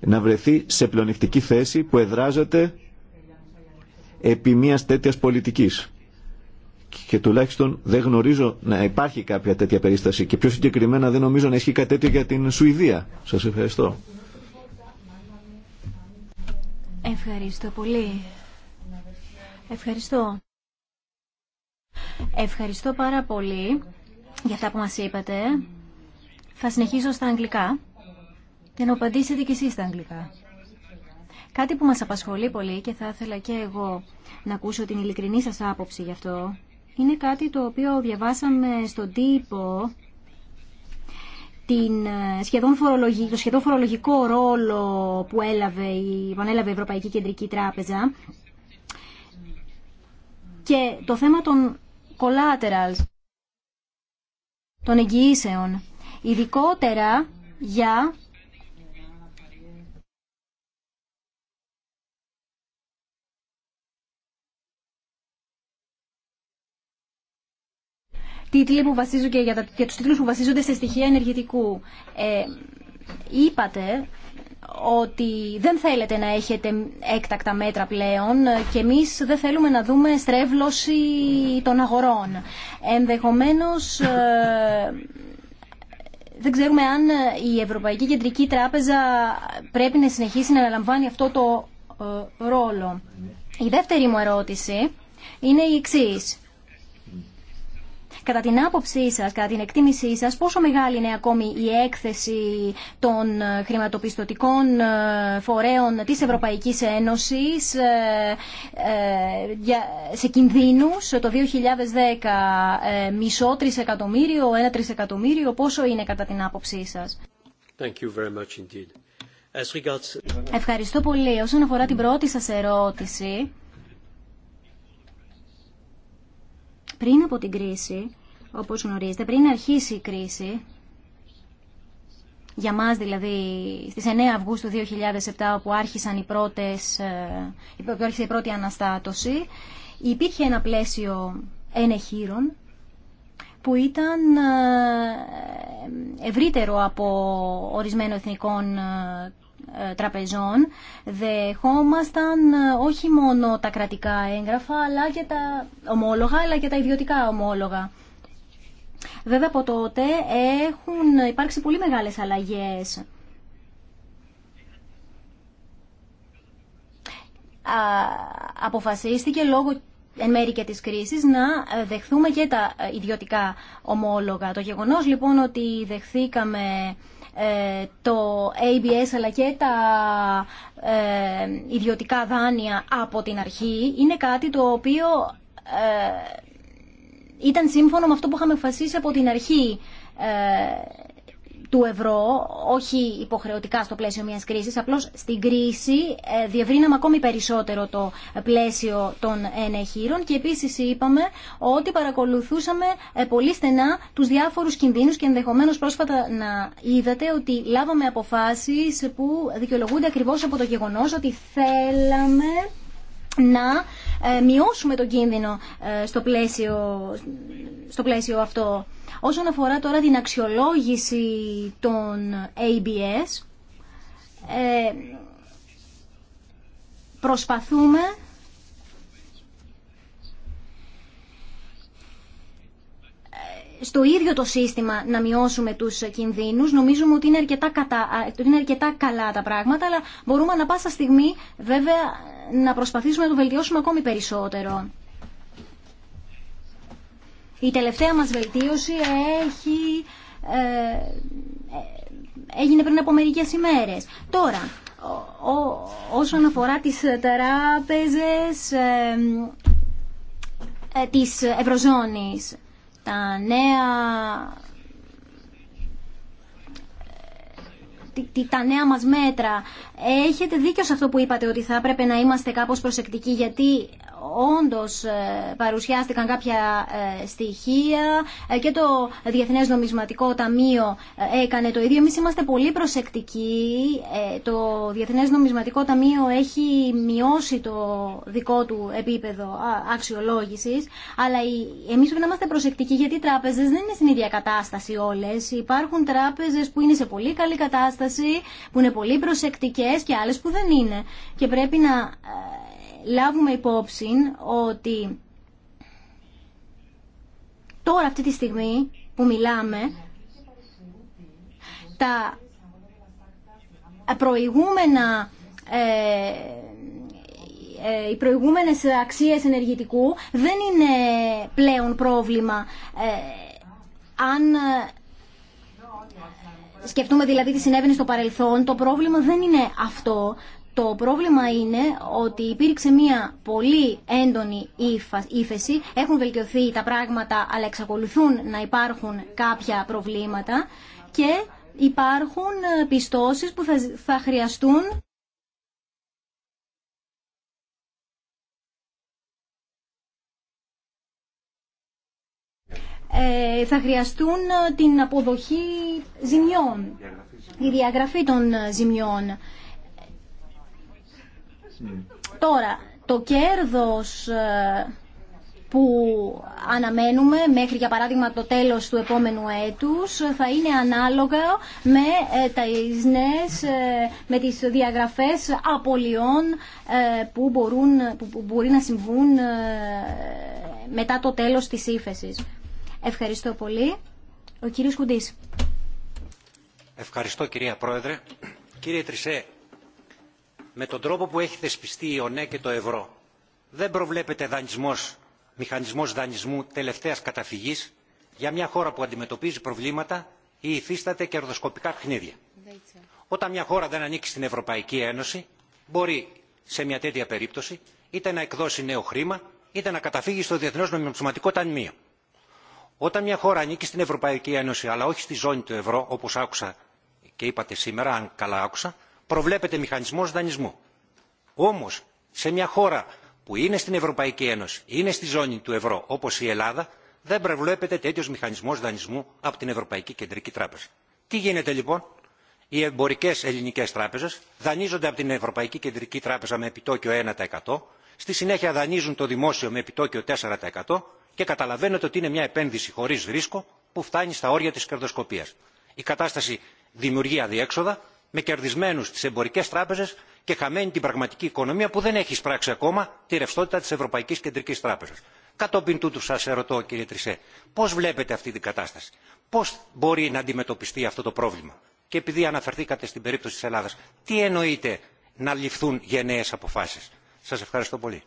να βρεθεί σε πλεονεκτική θέση που εδράζεται επί μιας τέτοιας πολιτικής. Και τουλάχιστον δεν γνωρίζω να υπάρχει κάποια τέτοια περίσταση και πιο συγκεκριμένα δεν νομίζω να ισχύει κάτι τέτοιο για την Σουηδία. Σας ευχαριστώ. Ευχαριστώ πολύ. Ευχαριστώ. Ευχαριστώ πάρα πολύ για αυτά που μας είπατε. Θα συνεχίσω στα αγγλικά και να απαντήσετε κι εσείς στα αγγλικά. Κάτι που μας απασχολεί πολύ και θα ήθελα και εγώ να ακούσω την ειλικρινή σας άποψη γι' αυτό, είναι κάτι το οποίο διαβάσαμε στον τύπο την ε, σχεδόν το σχεδόν φορολογικό ρόλο που έλαβε, που ανέλαβε η Ευρωπαϊκή Κεντρική Τράπεζα και το θέμα των collaterals, των εγγυήσεων, ειδικότερα για τίτλοι που βασίζονται για, τα, τίτλους που βασίζονται σε στοιχεία ενεργητικού. Ε, είπατε ότι δεν θέλετε να έχετε έκτακτα μέτρα πλέον και εμείς δεν θέλουμε να δούμε στρέβλωση των αγορών. Ενδεχομένως ε, δεν ξέρουμε αν η Ευρωπαϊκή Κεντρική Τράπεζα πρέπει να συνεχίσει να αναλαμβάνει αυτό το ε, ρόλο. Η δεύτερη μου ερώτηση είναι η εξής. Κατά την άποψή σας, κατά την εκτίμησή σας, πόσο μεγάλη είναι ακόμη η έκθεση των ε, χρηματοπιστωτικών ε, φορέων της Ευρωπαϊκής Ένωσης ε, σε κινδύνους το 2010 μισό τρισεκατομμύριο, ένα τρισεκατομμύριο, πόσο είναι κατά την άποψή σας. Thank you very much indeed. Ευχαριστώ πολύ. Όσον αφορά την πρώτη σας ερώτηση, Πριν από την κρίση, όπως γνωρίζετε, πριν αρχίσει η κρίση, για μας δηλαδή στις 9 Αυγούστου 2007 όπου άρχισαν οι πρώτες, ε, άρχισε η πρώτη αναστάτωση, υπήρχε ένα πλαίσιο ενεχείρων που ήταν ε, ευρύτερο από ορισμένων εθνικών ε, τραπεζών δεχόμασταν ε, όχι μόνο τα κρατικά έγγραφα αλλά και τα ομόλογα αλλά και τα ιδιωτικά ομόλογα. Βέβαια από τότε έχουν υπάρξει πολύ μεγάλες αλλαγές. Αποφασίστηκε λόγω εν μέρη και της κρίσης να ε, δεχθούμε και τα ε, ιδιωτικά ομόλογα. Το γεγονός λοιπόν ότι δεχθήκαμε ε, το ABS αλλά και τα ε, ιδιωτικά δάνεια από την αρχή είναι κάτι το οποίο ε, ήταν σύμφωνο με αυτό που είχαμε φασίσει από την αρχή του ευρώ, όχι υποχρεωτικά στο πλαίσιο μιας κρίσης, απλώς στην κρίση ε, διευρύναμε ακόμη περισσότερο το πλαίσιο των ενεχείρων και επίσης είπαμε ότι παρακολουθούσαμε ε, πολύ στενά τους διάφορους κινδύνους και ενδεχομένως πρόσφατα να είδατε ότι λάβαμε αποφάσεις που δικαιολογούνται ακριβώς από το γεγονός ότι θέλαμε να ε, μειώσουμε τον κίνδυνο ε, στο πλαίσιο, στο πλαίσιο αυτό. Όσον αφορά τώρα την αξιολόγηση των ABS, ε, προσπαθούμε στο ίδιο το σύστημα να μειώσουμε τους κινδύνους. Νομίζουμε ότι είναι αρκετά, κατα... είναι αρκετά καλά τα πράγματα, αλλά μπορούμε ανα πάσα στιγμή βέβαια να προσπαθήσουμε να το βελτιώσουμε ακόμη περισσότερο. Η τελευταία μας βελτίωση έχει, ε, ε έγινε πριν από μερικές ημέρες. Τώρα, ο, ο, όσον αφορά τις τράπεζες ε, ε, της Ευρωζώνης, τα νέα τα νέα μας μέτρα. Έχετε δίκιο σε αυτό που είπατε ότι θα έπρεπε να είμαστε κάπως προσεκτικοί γιατί όντως ε, παρουσιάστηκαν κάποια ε, στοιχεία ε, και το Διεθνές Νομισματικό Ταμείο έκανε το ίδιο. Εμείς είμαστε πολύ προσεκτικοί. Το Διεθνές Νομισματικό Ταμείο έχει μειώσει το δικό του επίπεδο αξιολόγησης, αλλά εμείς πρέπει να είμαστε προσεκτικοί γιατί οι τράπεζες δεν είναι στην ίδια κατάσταση όλες. Υπάρχουν τράπεζες που είναι σε πολύ καλή κατάσταση, που είναι πολύ προσεκτικές και άλλες που δεν είναι. Και πρέπει να λάβουμε υπόψη ότι τώρα αυτή τη στιγμή που μιλάμε τα προηγούμενα ε, ε, οι προηγούμενες αξίες ενεργητικού δεν είναι πλέον πρόβλημα ε, αν σκεφτούμε δηλαδή τι συνέβαινε στο παρελθόν, το πρόβλημα δεν είναι αυτό. Το πρόβλημα είναι ότι υπήρξε μια πολύ έντονη ύφεση, έχουν βελτιωθεί τα πράγματα αλλά εξακολουθούν να υπάρχουν κάποια προβλήματα και υπάρχουν ε, πιστώσεις που θα χρειαστούν θα χρειαστούν ε, ε, την αποδοχή ζημιών, η διαγραφή των ζημιών. Τώρα, το κέρδος ε, που αναμένουμε μέχρι για παράδειγμα το τέλος του επόμενου έτους θα είναι ανάλογα με ε, τα νέες, με τις διαγραφές απολειών ε, που, μπορούν, που μπορεί να συμβούν μετά το τέλος της ύφεσης. Ευχαριστώ πολύ. Ο κύριος Κουντής. Ευχαριστώ κυρία Πρόεδρε. Κύριε Τρισέ, με τον τρόπο που έχει θεσπιστεί η ονέ και το ευρώ δεν προβλέπεται δανεισμός, μηχανισμός δανεισμού τελευταίας καταφυγής για μια χώρα που αντιμετωπίζει προβλήματα ή υφίσταται κερδοσκοπικά παιχνίδια. Όταν μια χώρα δεν ανήκει στην Ευρωπαϊκή Ένωση, μπορεί σε μια τέτοια περίπτωση είτε να εκδώσει νέο χρήμα, είτε να καταφύγει στο Διεθνές Νομισματικό Ταμείο. Όταν μια χώρα ανήκει στην Ευρωπαϊκή Ένωση, αλλά όχι στη ζώνη του ευρώ, όπως άκουσα και είπατε σήμερα, αν καλά άκουσα, προβλέπεται μηχανισμός δανεισμού. Όμως, σε μια χώρα που είναι στην Ευρωπαϊκή Ένωση, είναι στη ζώνη του ευρώ, όπως η Ελλάδα, δεν προβλέπεται τέτοιος μηχανισμός δανεισμού από την Ευρωπαϊκή Κεντρική Τράπεζα. Τι γίνεται λοιπόν, οι εμπορικές ελληνικές τράπεζες δανείζονται από την Ευρωπαϊκή Κεντρική Τράπεζα με επιτόκιο 1%, στη συνέχεια δανείζουν το δημόσιο με επιτόκιο 4% και καταλαβαίνετε ότι είναι μια επένδυση χωρίς ρίσκο που φτάνει στα όρια της κερδοσκοπία. Η κατάσταση δημιουργεί αδιέξοδα με κερδισμένους τις εμπορικές τράπεζες και χαμένη την πραγματική οικονομία που δεν έχει εισπράξει ακόμα τη ρευστότητα της Ευρωπαϊκής Κεντρικής Τράπεζας. Κατόπιν τούτου σας ερωτώ κύριε Τρισέ, πώς βλέπετε αυτή την κατάσταση, πώς μπορεί να αντιμετωπιστεί αυτό το πρόβλημα και επειδή αναφερθήκατε στην περίπτωση της Ελλάδας, τι εννοείτε να ληφθούν γενναίες αποφάσεις. Σας ευχαριστώ πολύ.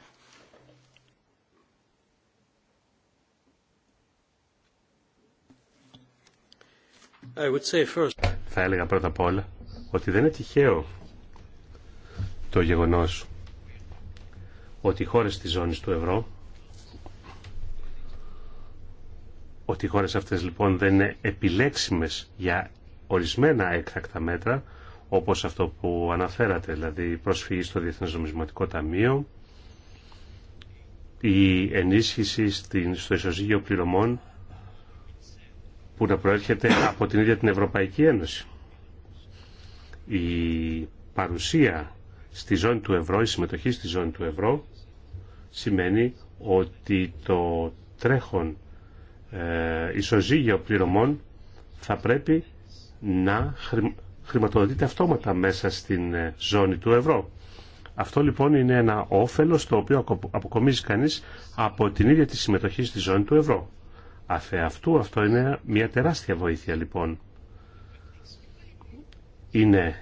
Θα έλεγα πρώτα απ' όλα ότι δεν είναι τυχαίο το γεγονός ότι οι χώρες της ζώνης του ευρώ ότι οι χώρες αυτές λοιπόν δεν είναι επιλέξιμες για ορισμένα έκτακτα μέτρα όπως αυτό που αναφέρατε, δηλαδή η προσφυγή στο Διεθνές Νομισματικό Ταμείο, η ενίσχυση στο ισοζύγιο πληρωμών που να προέρχεται από την ίδια την Ευρωπαϊκή Ένωση η παρουσία στη ζώνη του ευρώ, η συμμετοχή στη ζώνη του ευρώ σημαίνει ότι το τρέχον ε, ισοζύγιο πληρωμών θα πρέπει να χρηματοδοτείται αυτόματα μέσα στην ε, ζώνη του ευρώ. Αυτό λοιπόν είναι ένα όφελος το οποίο αποκομίζει κανείς από την ίδια τη συμμετοχή στη ζώνη του ευρώ. Αφ' αυτού αυτό είναι μια τεράστια βοήθεια λοιπόν είναι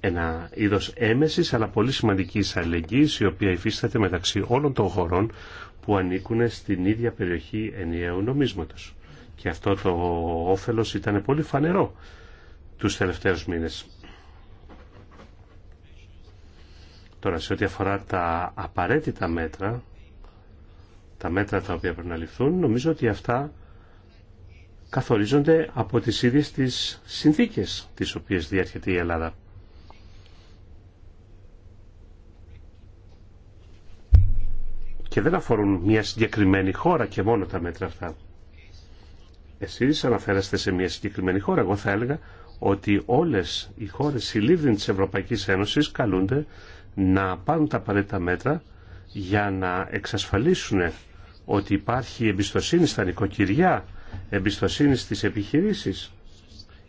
ένα είδος έμεσης αλλά πολύ σημαντικής αλληλεγγύης η οποία υφίσταται μεταξύ όλων των χωρών που ανήκουν στην ίδια περιοχή ενιαίου νομίσματος. Και αυτό το όφελος ήταν πολύ φανερό τους τελευταίους μήνες. Τώρα σε ό,τι αφορά τα απαραίτητα μέτρα, τα μέτρα τα οποία πρέπει να ληφθούν, νομίζω ότι αυτά καθορίζονται από τις ίδιες τις συνθήκες τις οποίες διέρχεται η Ελλάδα. Και δεν αφορούν μια συγκεκριμένη χώρα και μόνο τα μέτρα αυτά. Εσείς αναφέραστε σε μια συγκεκριμένη χώρα. Εγώ θα έλεγα ότι όλες οι χώρες συλλήβδιν της Ευρωπαϊκής Ένωσης καλούνται να πάρουν τα απαραίτητα μέτρα για να εξασφαλίσουν ότι υπάρχει εμπιστοσύνη στα νοικοκυριά εμπιστοσύνη στις επιχειρήσεις,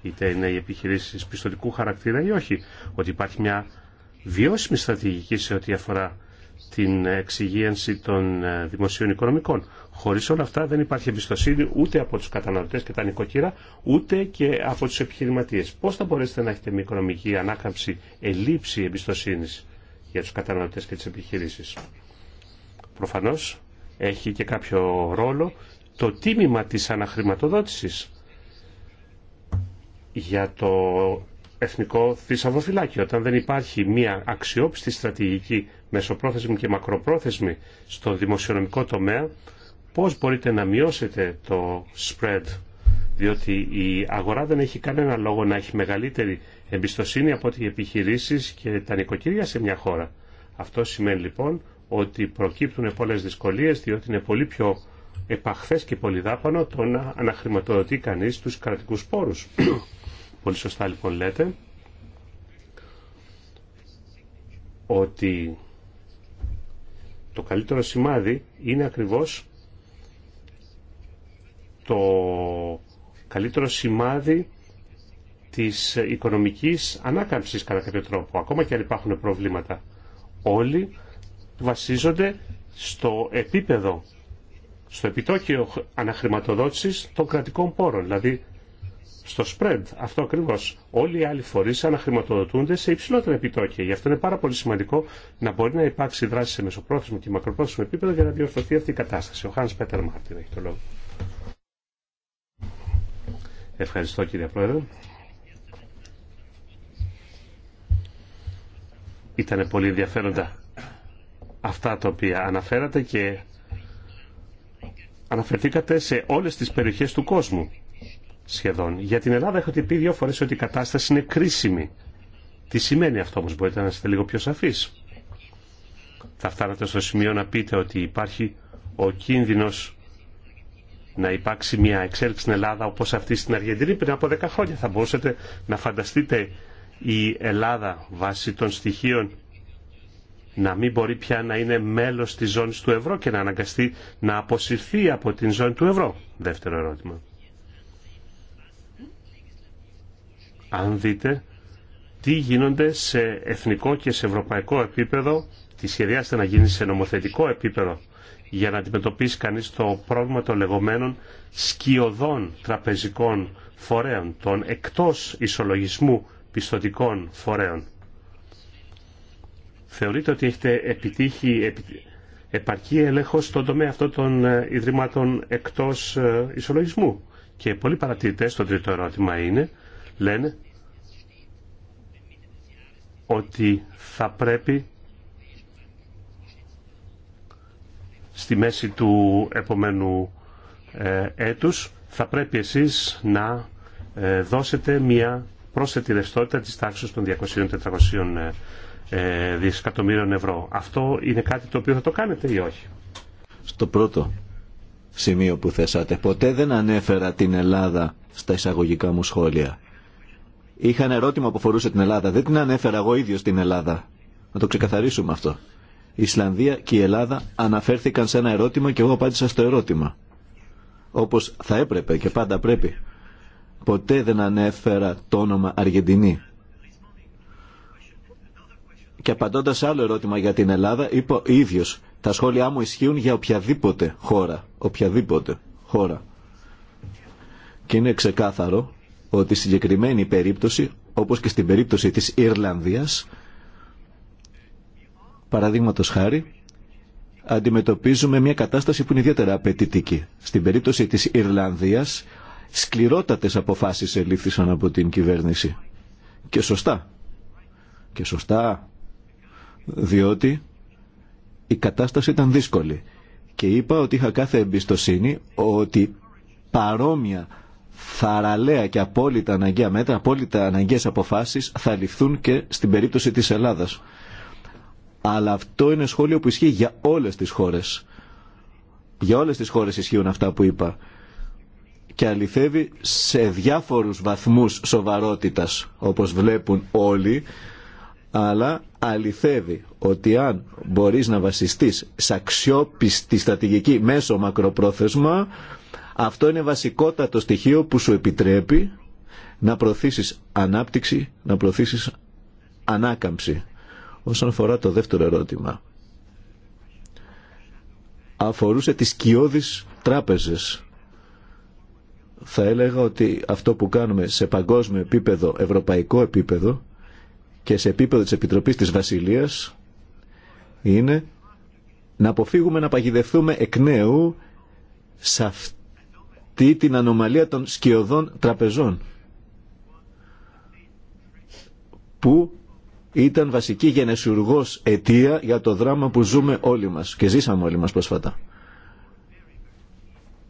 είτε είναι οι επιχειρήσει πιστοτικού χαρακτήρα ή όχι, ότι υπάρχει μια βιώσιμη στρατηγική σε ό,τι αφορά την εξυγίανση των ε, δημοσίων οικονομικών. Χωρίς όλα αυτά δεν υπάρχει εμπιστοσύνη ούτε από τους καταναλωτές και τα νοικοκύρα, ούτε και από τους επιχειρηματίες. Πώς θα μπορέσετε να έχετε μια οικονομική ανάκαμψη, ελήψη εμπιστοσύνη για τους καταναλωτές και τις επιχειρήσεις. Προφανώς έχει και κάποιο ρόλο το τίμημα της αναχρηματοδότησης για το εθνικό θησαυροφυλάκιο. Όταν δεν υπάρχει μια αξιόπιστη στρατηγική μεσοπρόθεσμη και μακροπρόθεσμη στο δημοσιονομικό τομέα, πώς μπορείτε να μειώσετε το spread, διότι η αγορά δεν έχει κανένα λόγο να έχει μεγαλύτερη εμπιστοσύνη από ότι οι επιχειρήσεις και τα νοικοκυριά σε μια χώρα. Αυτό σημαίνει λοιπόν ότι προκύπτουν πολλές δυσκολίες, διότι είναι πολύ πιο επαχθές και πολυδάπανο το να αναχρηματοδοτεί κανείς τους κρατικούς πόρους. (clears throat) Πολύ σωστά λοιπόν λέτε ότι το καλύτερο σημάδι είναι ακριβώς το καλύτερο σημάδι της οικονομικής ανάκαμψης κατά κάποιο τρόπο, ακόμα και αν υπάρχουν προβλήματα. Όλοι βασίζονται στο επίπεδο στο επιτόκιο αναχρηματοδότησης των κρατικών πόρων, δηλαδή στο spread. Αυτό ακριβώ. Όλοι οι άλλοι φορεί αναχρηματοδοτούνται σε υψηλότερα επιτόκια. Γι' αυτό είναι πάρα πολύ σημαντικό να μπορεί να υπάρξει δράση σε μεσοπρόθεσμο και μακροπρόθεσμο επίπεδο για να διορθωθεί αυτή η κατάσταση. Ο Χάνς Πέτερ Μάρτιν έχει το λόγο. Ευχαριστώ κύριε Πρόεδρε. Ήταν πολύ ενδιαφέροντα αυτά τα οποία αναφέρατε και αναφερθήκατε σε όλες τις περιοχές του κόσμου σχεδόν. Για την Ελλάδα έχετε πει δύο φορές ότι η κατάσταση είναι κρίσιμη. Τι σημαίνει αυτό όμως, μπορείτε να είστε λίγο πιο σαφείς. Θα φτάνατε στο σημείο να πείτε ότι υπάρχει ο κίνδυνος να υπάρξει μια εξέλιξη στην Ελλάδα όπως αυτή στην Αργεντινή πριν από 10 χρόνια. Θα μπορούσατε να φανταστείτε η Ελλάδα βάσει των στοιχείων να μην μπορεί πια να είναι μέλος της ζώνης του ευρώ και να αναγκαστεί να αποσυρθεί από την ζώνη του ευρώ. Δεύτερο ερώτημα. Αν δείτε τι γίνονται σε εθνικό και σε ευρωπαϊκό επίπεδο, τι σχεδιάζεται να γίνει σε νομοθετικό επίπεδο για να αντιμετωπίσει κανείς το πρόβλημα των λεγόμενων σκιωδών τραπεζικών φορέων, των εκτός ισολογισμού πιστοτικών φορέων. Θεωρείτε ότι έχετε επιτύχει επαρκή έλεγχο στον τομέα αυτών των ε, ιδρυμάτων εκτός ε, ισολογισμού. Και πολλοί παρατηρητές, το τρίτο ερώτημα είναι, λένε ότι θα πρέπει στη μέση του επομένου ε, έτους θα πρέπει εσείς να δώσετε μια πρόσθετη ρευστότητα της τάξης των 200-400 ε, δισεκατομμύριων ευρώ. Αυτό είναι κάτι το οποίο θα το κάνετε ή όχι. Στο πρώτο σημείο που θέσατε, ποτέ δεν ανέφερα την Ελλάδα στα εισαγωγικά μου σχόλια. Είχα ένα ερώτημα που αφορούσε την Ελλάδα. Δεν την ανέφερα εγώ ίδιο στην Ελλάδα. Να το ξεκαθαρίσουμε αυτό. Η Ισλανδία και η Ελλάδα αναφέρθηκαν σε ένα ερώτημα και εγώ απάντησα στο ερώτημα. Όπω θα έπρεπε και πάντα πρέπει. Ποτέ δεν ανέφερα το όνομα Αργεντινή. Και απαντώντα άλλο ερώτημα για την Ελλάδα, είπε ο ίδιο. Τα σχόλιά μου ισχύουν για οποιαδήποτε χώρα. Οποιαδήποτε χώρα. Και είναι ξεκάθαρο ότι στη συγκεκριμένη περίπτωση, όπως και στην περίπτωση της Ιρλανδίας, παραδείγματο χάρη, αντιμετωπίζουμε μια κατάσταση που είναι ιδιαίτερα απαιτητική. Στην περίπτωση τη Ιρλανδία, σκληρότατε αποφάσει ελήφθησαν από την κυβέρνηση. Και σωστά. Και σωστά διότι η κατάσταση ήταν δύσκολη και είπα ότι είχα κάθε εμπιστοσύνη ότι παρόμοια θαραλέα και απόλυτα αναγκαία μέτρα, απόλυτα αναγκαίες αποφάσεις θα ληφθούν και στην περίπτωση της Ελλάδας. Αλλά αυτό είναι σχόλιο που ισχύει για όλες τις χώρες. Για όλες τις χώρες ισχύουν αυτά που είπα. Και αληθεύει σε διάφορους βαθμούς σοβαρότητας, όπως βλέπουν όλοι, αλλά αληθεύει ότι αν μπορείς να βασιστείς σε αξιόπιστη στρατηγική μέσω μακροπρόθεσμα, αυτό είναι βασικότατο στοιχείο που σου επιτρέπει να προωθήσεις ανάπτυξη, να προωθήσεις ανάκαμψη. Όσον αφορά το δεύτερο ερώτημα, αφορούσε τις σκιώδεις τράπεζες. Θα έλεγα ότι αυτό που κάνουμε σε παγκόσμιο επίπεδο, ευρωπαϊκό επίπεδο, και σε επίπεδο της Επιτροπής της Βασιλείας είναι να αποφύγουμε να παγιδευτούμε εκ νέου σε αυτή την ανομαλία των σκιωδών τραπεζών που ήταν βασική γενεσιουργός αιτία για το δράμα που ζούμε όλοι μας και ζήσαμε όλοι μας πρόσφατα.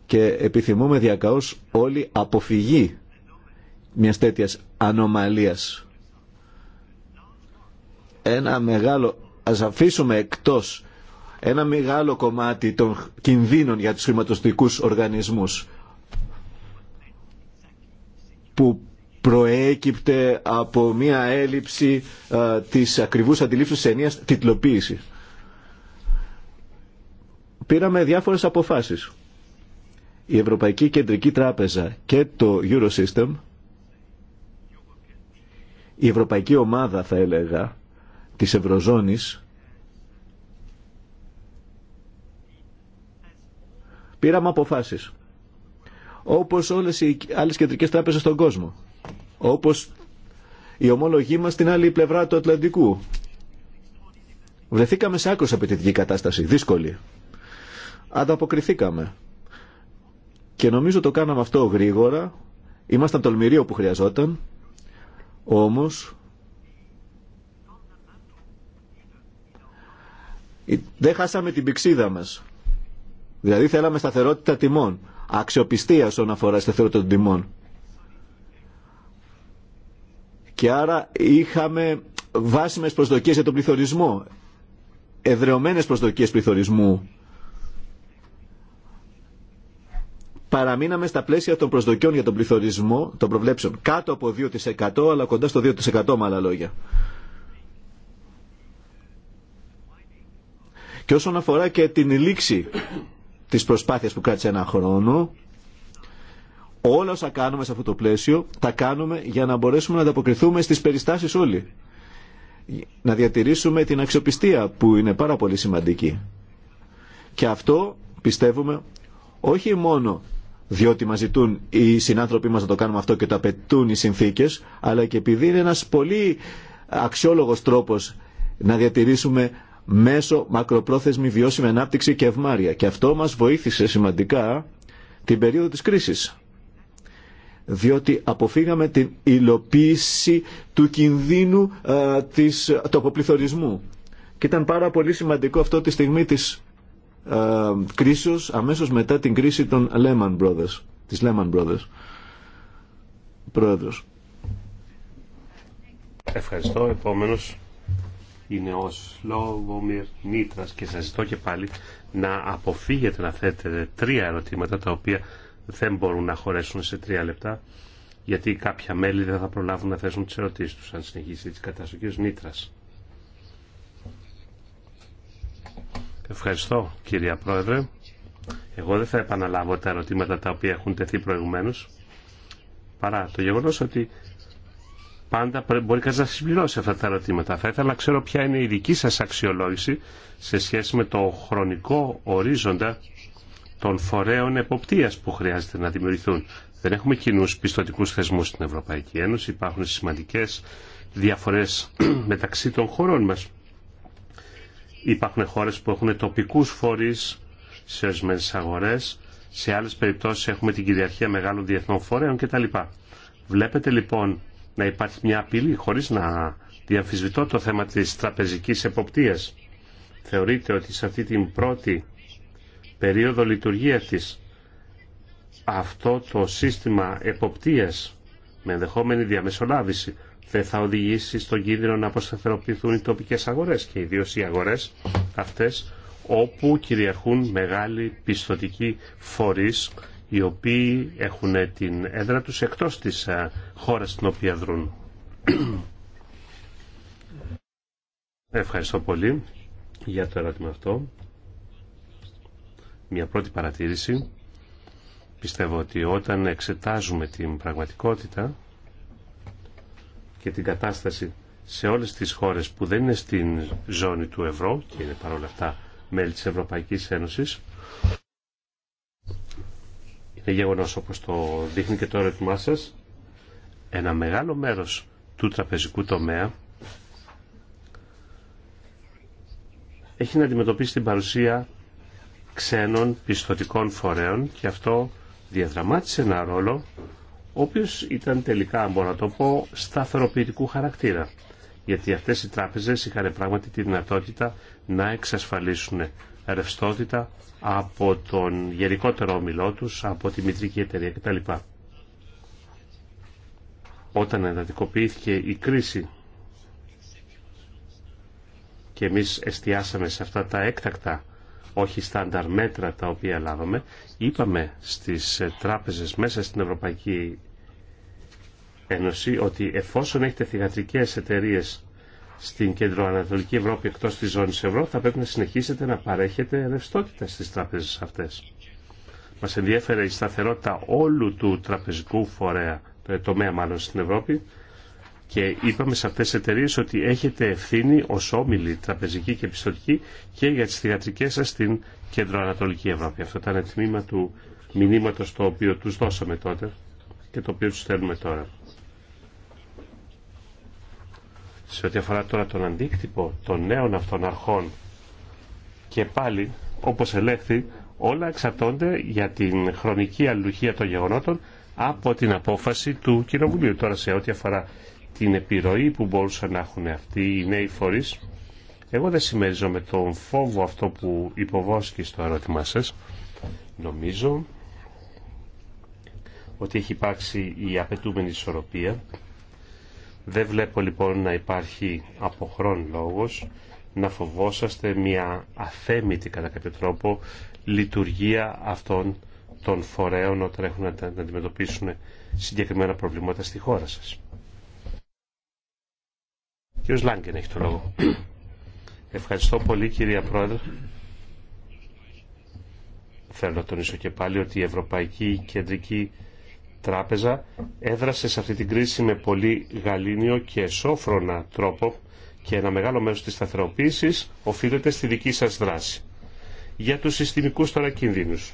Και επιθυμούμε διακαώς όλη αποφυγή μιας τέτοιας ανομαλίας ένα μεγάλο, ας αφήσουμε εκτός ένα μεγάλο κομμάτι των κινδύνων για τους χρηματοστικούς οργανισμούς που προέκυπτε από μια έλλειψη της ακριβούς αντιλήψης της ενίας Πήραμε διάφορες αποφάσεις. Η Ευρωπαϊκή Κεντρική Τράπεζα και το Eurosystem, η Ευρωπαϊκή Ομάδα θα έλεγα, της Ευρωζώνης πήραμε αποφάσεις όπως όλες οι άλλες κεντρικές τράπεζες στον κόσμο όπως η ομολογή μας στην άλλη πλευρά του Ατλαντικού βρεθήκαμε σε άκρως απαιτητική κατάσταση δύσκολη ανταποκριθήκαμε και νομίζω το κάναμε αυτό γρήγορα ήμασταν τολμηροί όπου χρειαζόταν όμως Δεν χάσαμε την πηξίδα μα. Δηλαδή θέλαμε σταθερότητα τιμών. Αξιοπιστία όσον αφορά σταθερότητα των τιμών. Και άρα είχαμε βάσιμες προσδοκίες για τον πληθωρισμό. Εδρεωμένες προσδοκίες πληθωρισμού. Παραμείναμε στα πλαίσια των προσδοκιών για τον πληθωρισμό, των προβλέψεων, κάτω από 2% αλλά κοντά στο 2% με άλλα λόγια. Και όσον αφορά και την λήξη της προσπάθειας που κράτησε ένα χρόνο, όλα όσα κάνουμε σε αυτό το πλαίσιο, τα κάνουμε για να μπορέσουμε να ανταποκριθούμε στις περιστάσεις όλοι. Να διατηρήσουμε την αξιοπιστία που είναι πάρα πολύ σημαντική. Και αυτό πιστεύουμε όχι μόνο διότι μας ζητούν οι συνάνθρωποι μας να το κάνουμε αυτό και το απαιτούν οι συνθήκες, αλλά και επειδή είναι ένας πολύ αξιόλογος τρόπος να διατηρήσουμε μέσω μακροπρόθεσμη βιώσιμη ανάπτυξη και ευμάρεια. Και αυτό μας βοήθησε σημαντικά την περίοδο της κρίσης. Διότι αποφύγαμε την υλοποίηση του κινδύνου της, του αποπληθωρισμού. Και ήταν πάρα πολύ σημαντικό αυτό τη στιγμή της α, αμέσως μετά την κρίση των Lehman Brothers. Της Lehman Brothers. Πρόεδρος. Ευχαριστώ. Επόμενος είναι ο Σλόβομιρ νίτρα. και σα ζητώ και πάλι να αποφύγετε να θέτετε τρία ερωτήματα τα οποία δεν μπορούν να χωρέσουν σε τρία λεπτά γιατί κάποια μέλη δεν θα προλάβουν να θέσουν τι ερωτήσει του. αν συνεχίσει έτσι κατάσταση ο κ. Ευχαριστώ κυρία Πρόεδρε. Εγώ δεν θα επαναλάβω τα ερωτήματα τα οποία έχουν τεθεί προηγουμένω, παρά το γεγονό ότι πάντα μπορεί κανεί να συμπληρώσει αυτά τα ερωτήματα. Θα ήθελα να ξέρω ποια είναι η δική σα αξιολόγηση σε σχέση με το χρονικό ορίζοντα των φορέων εποπτείας που χρειάζεται να δημιουργηθούν. Δεν έχουμε κοινού πιστοτικού θεσμού στην Ευρωπαϊκή Ένωση. Υπάρχουν σημαντικέ διαφορέ (clears throat) μεταξύ των χωρών μα. Υπάρχουν χώρε που έχουν τοπικού φορεί σε ορισμένε αγορέ. Σε άλλε περιπτώσει έχουμε την κυριαρχία μεγάλων διεθνών φορέων κτλ. Βλέπετε λοιπόν να υπάρχει μια απειλή χωρίς να διαμφισβητώ το θέμα της τραπεζικής εποπτείας. Θεωρείτε ότι σε αυτή την πρώτη περίοδο λειτουργία της αυτό το σύστημα εποπτείας με ενδεχόμενη διαμεσολάβηση δεν θα οδηγήσει στον κίνδυνο να αποσταθεροποιηθούν οι τοπικές αγορές και ιδίω οι αγορές αυτές όπου κυριαρχούν μεγάλοι πιστοτικοί φορείς οι οποίοι έχουν την έδρα τους εκτός της ε, χώρας στην οποία δρούν. Ευχαριστώ πολύ για το ερώτημα αυτό. Μια πρώτη παρατήρηση. Πιστεύω ότι όταν εξετάζουμε την πραγματικότητα και την κατάσταση σε όλες τις χώρες που δεν είναι στην ζώνη του ευρώ και είναι παρόλα αυτά μέλη της Ευρωπαϊκής Ένωσης γεγονός όπω το δείχνει και το ερώτημά σα, ένα μεγάλο μέρος του τραπεζικού τομέα έχει να αντιμετωπίσει την παρουσία ξένων πιστοτικών φορέων και αυτό διαδραμάτισε ένα ρόλο ο οποίος ήταν τελικά, αν μπορώ να το πω, σταθεροποιητικού χαρακτήρα. Γιατί αυτές οι τράπεζες είχαν πράγματι τη δυνατότητα να εξασφαλίσουν ρευστότητα από τον γενικότερο όμιλό τους, από τη μητρική εταιρεία κτλ. Όταν εντατικοποιήθηκε η κρίση και εμείς εστιάσαμε σε αυτά τα έκτακτα όχι στάνταρ μέτρα τα οποία λάβαμε, είπαμε στις τράπεζες μέσα στην Ευρωπαϊκή Ένωση ότι εφόσον έχετε θηγατρικές εταιρείες στην κεντροανατολική Ευρώπη εκτός της ζώνης ευρώ θα πρέπει να συνεχίσετε να παρέχετε ρευστότητα στις τράπεζες αυτές. Μας ενδιέφερε η σταθερότητα όλου του τραπεζικού φορέα, το τομέα μάλλον στην Ευρώπη και είπαμε σε αυτές τις εταιρείες ότι έχετε ευθύνη ως όμιλη τραπεζική και επιστοτική και για τις θηγατρικές σας στην κεντροανατολική Ευρώπη. Αυτό ήταν το τμήμα του μηνύματος το οποίο τους δώσαμε τότε και το οποίο τους θέλουμε τώρα. Σε ό,τι αφορά τώρα τον αντίκτυπο των νέων αυτών αρχών και πάλι, όπως ελέγχθη, όλα εξαρτώνται για την χρονική αλλουχία των γεγονότων από την απόφαση του Κοινοβουλίου. Τώρα σε ό,τι αφορά την επιρροή που μπορούσαν να έχουν αυτοί οι νέοι φορείς, εγώ δεν με τον φόβο αυτό που υποβόσκει στο ερώτημά σας. Νομίζω ότι έχει υπάρξει η απαιτούμενη ισορροπία δεν βλέπω λοιπόν να υπάρχει από χρόνο λόγος να φοβόσαστε μια αθέμητη κατά κάποιο τρόπο λειτουργία αυτών των φορέων όταν έχουν να αντιμετωπίσουν συγκεκριμένα προβλήματα στη χώρα σας. Κύριος Λάγκεν έχει το λόγο. Ευχαριστώ πολύ κυρία Πρόεδρε. Θέλω να τονίσω και πάλι ότι η Ευρωπαϊκή Κεντρική τράπεζα έδρασε σε αυτή την κρίση με πολύ γαλήνιο και σόφρονα τρόπο και ένα μεγάλο μέρος της σταθεροποίησης οφείλεται στη δική σας δράση. Για τους συστημικούς τώρα κινδύνους.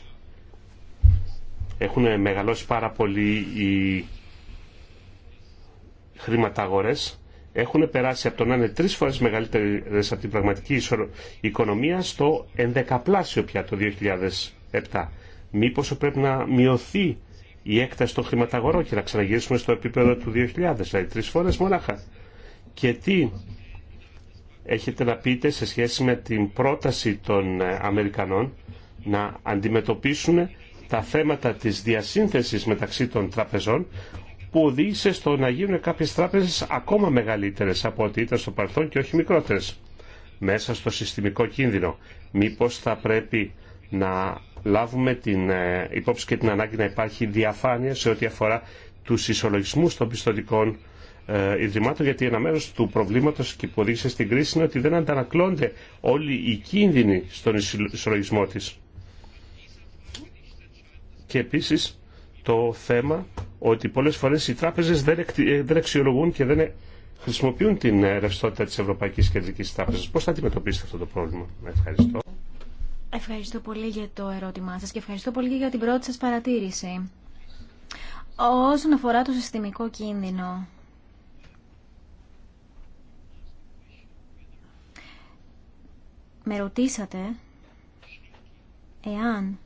Έχουν μεγαλώσει πάρα πολύ οι χρηματαγορές. Έχουν περάσει από το να είναι τρεις φορές μεγαλύτερες από την πραγματική οικονομία στο ενδεκαπλάσιο πια το 2007. Μήπως πρέπει να μειωθεί η έκταση των χρηματαγορών και να ξαναγυρίσουμε στο επίπεδο του 2000, δηλαδή τρεις φορές μονάχα. Και τι έχετε να πείτε σε σχέση με την πρόταση των ε, Αμερικανών να αντιμετωπίσουν τα θέματα της διασύνθεσης μεταξύ των τραπεζών που οδήγησε στο να γίνουν κάποιες τράπεζες ακόμα μεγαλύτερες από ό,τι ήταν στο παρελθόν και όχι μικρότερες μέσα στο συστημικό κίνδυνο. Μήπως θα πρέπει να λάβουμε την ε, υπόψη και την ανάγκη να υπάρχει διαφάνεια σε ό,τι αφορά τους ισολογισμούς των πιστοτικών ε, ιδρυμάτων, γιατί ένα μέρος του προβλήματος και που οδήγησε στην κρίση είναι ότι δεν αντανακλώνται όλοι οι κίνδυνοι στον ισολογισμό της. Και επίσης το θέμα ότι πολλές φορές οι τράπεζες δεν ε, αξιολογούν και δεν χρησιμοποιούν την ρευστότητα της Ευρωπαϊκής Κεντρικής Τράπεζας. Πώς θα αντιμετωπίσετε αυτό το πρόβλημα. Ευχαριστώ. Ευχαριστώ πολύ για το ερώτημά σας και ευχαριστώ πολύ και για την πρώτη σας παρατήρηση. Όσον αφορά το συστημικό κίνδυνο, με ρωτήσατε εάν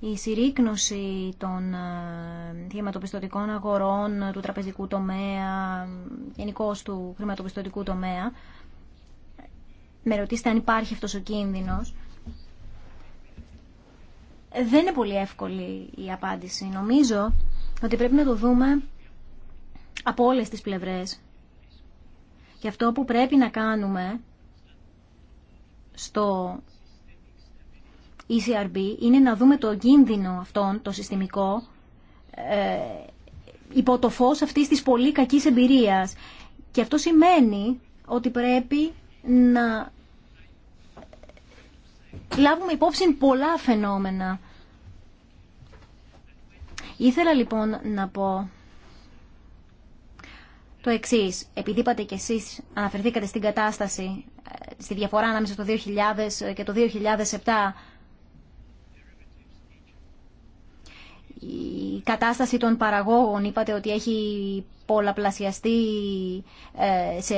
η συρρήκνωση των ε, χρηματοπιστωτικών αγορών, του τραπεζικού τομέα, γενικώ του χρηματοπιστωτικού τομέα, με ρωτήσετε αν υπάρχει αυτός ο κίνδυνος, δεν είναι πολύ εύκολη η απάντηση. Νομίζω ότι πρέπει να το δούμε από όλες τις πλευρές. Και αυτό που πρέπει να κάνουμε στο ECRB είναι να δούμε το κίνδυνο αυτόν, το συστημικό, ε, υπό το φως αυτής της πολύ κακής εμπειρίας. Και αυτό σημαίνει ότι πρέπει να λάβουμε υπόψη πολλά φαινόμενα. Ήθελα λοιπόν να πω το εξή. Επειδή είπατε και εσεί, αναφερθήκατε στην κατάσταση, ε, στη διαφορά ανάμεσα στο 2000 και το 2007, κατάσταση των παραγόγων. Είπατε ότι έχει πολλαπλασιαστεί ε, σε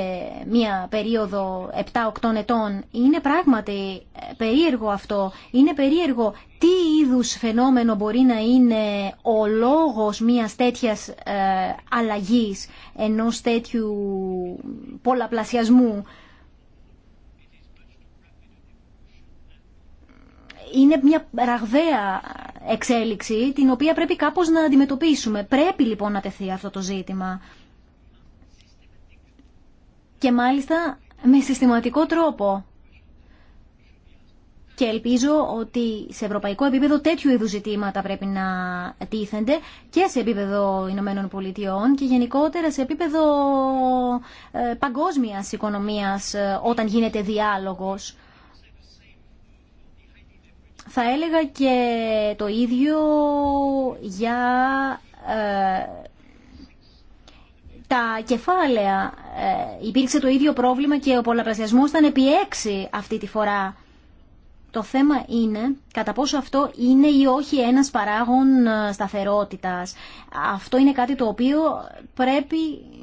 μία περίοδο 7-8 ετών. Είναι πράγματι ε, περίεργο αυτό. Είναι περίεργο τι είδους φαινόμενο μπορεί να είναι ο λόγος μιας τέτοιας ε, αλλαγής, ενός τέτοιου πολλαπλασιασμού είναι μια ραγδαία εξέλιξη την οποία πρέπει κάπως να αντιμετωπίσουμε. Πρέπει λοιπόν να τεθεί αυτό το ζήτημα. Και μάλιστα με συστηματικό τρόπο. Και ελπίζω ότι σε ευρωπαϊκό επίπεδο τέτοιου είδους ζητήματα πρέπει να τίθενται και σε επίπεδο Ηνωμένων Πολιτειών και γενικότερα σε επίπεδο ε, παγκόσμιας οικονομίας ε, όταν γίνεται διάλογος. Θα έλεγα και το ίδιο για ε, τα κεφάλαια. Ε, υπήρξε το ίδιο πρόβλημα και ο πολλαπλασιασμός ήταν επί έξι αυτή τη φορά. Το θέμα είναι κατά πόσο αυτό είναι ή όχι ένας παράγων ε, σταθερότητας. Αυτό είναι κάτι το οποίο πρέπει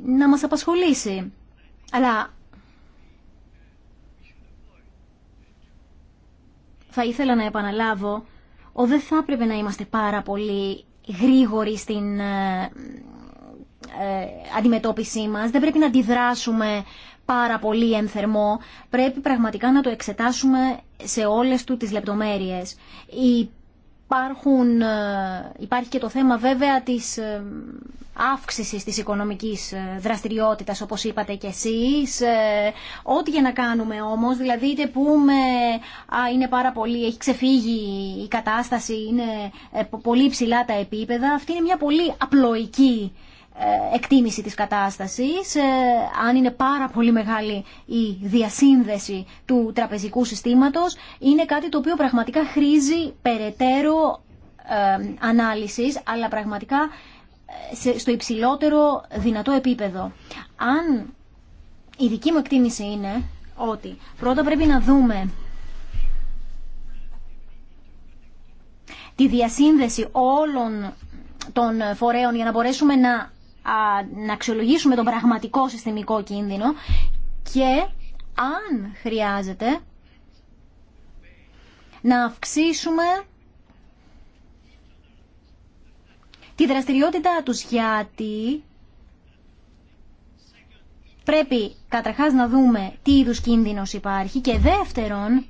να μας απασχολήσει. Αλλά θα ήθελα να επαναλάβω ότι δεν θα έπρεπε να είμαστε πάρα πολύ γρήγοροι στην ε, ε, αντιμετώπιση μας. Δεν πρέπει να αντιδράσουμε πάρα πολύ ενθερμό. Πρέπει πραγματικά να το εξετάσουμε σε όλες του τις λεπτομέρειες υπάρχουν, ε, υπάρχει και το θέμα βέβαια της ε, αύξησης της οικονομικής ε, δραστηριότητας όπως είπατε και εσείς ό,τι για να κάνουμε όμως δηλαδή είτε πούμε α, είναι πάρα πολύ, έχει ξεφύγει η κατάσταση είναι πολύ ψηλά τα επίπεδα αυτή είναι μια πολύ απλοϊκή ε, εκτίμηση της κατάστασης, ε, αν είναι πάρα πολύ μεγάλη η διασύνδεση του τραπεζικού συστήματος, είναι κάτι το οποίο πραγματικά χρήζει περαιτέρω ε, ανάλυσης, αλλά πραγματικά στο υψηλότερο δυνατό επίπεδο. Αν η δική μου εκτίμηση είναι ότι πρώτα πρέπει να δούμε τη διασύνδεση όλων των φορέων για να μπορέσουμε να να αξιολογήσουμε τον πραγματικό συστημικό κίνδυνο και αν χρειάζεται να αυξήσουμε τη δραστηριότητά τους γιατί πρέπει καταρχάς να δούμε τι είδους κίνδυνος υπάρχει και δεύτερον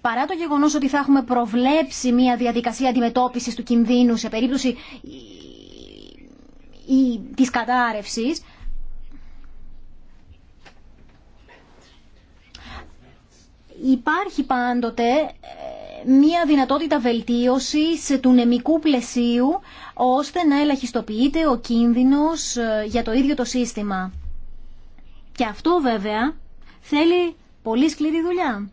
παρά το γεγονός ότι θα έχουμε προβλέψει μια διαδικασία αντιμετώπισης του κινδύνου σε περίπτωση ε, ε, ε, της κατάρρευσης, υπάρχει πάντοτε μία δυνατότητα βελτίωσης του νεμικού πλαισίου ώστε να ελαχιστοποιείται ο κίνδυνος για το ίδιο το σύστημα. Και αυτό βέβαια θέλει πολύ σκληρή δουλειά.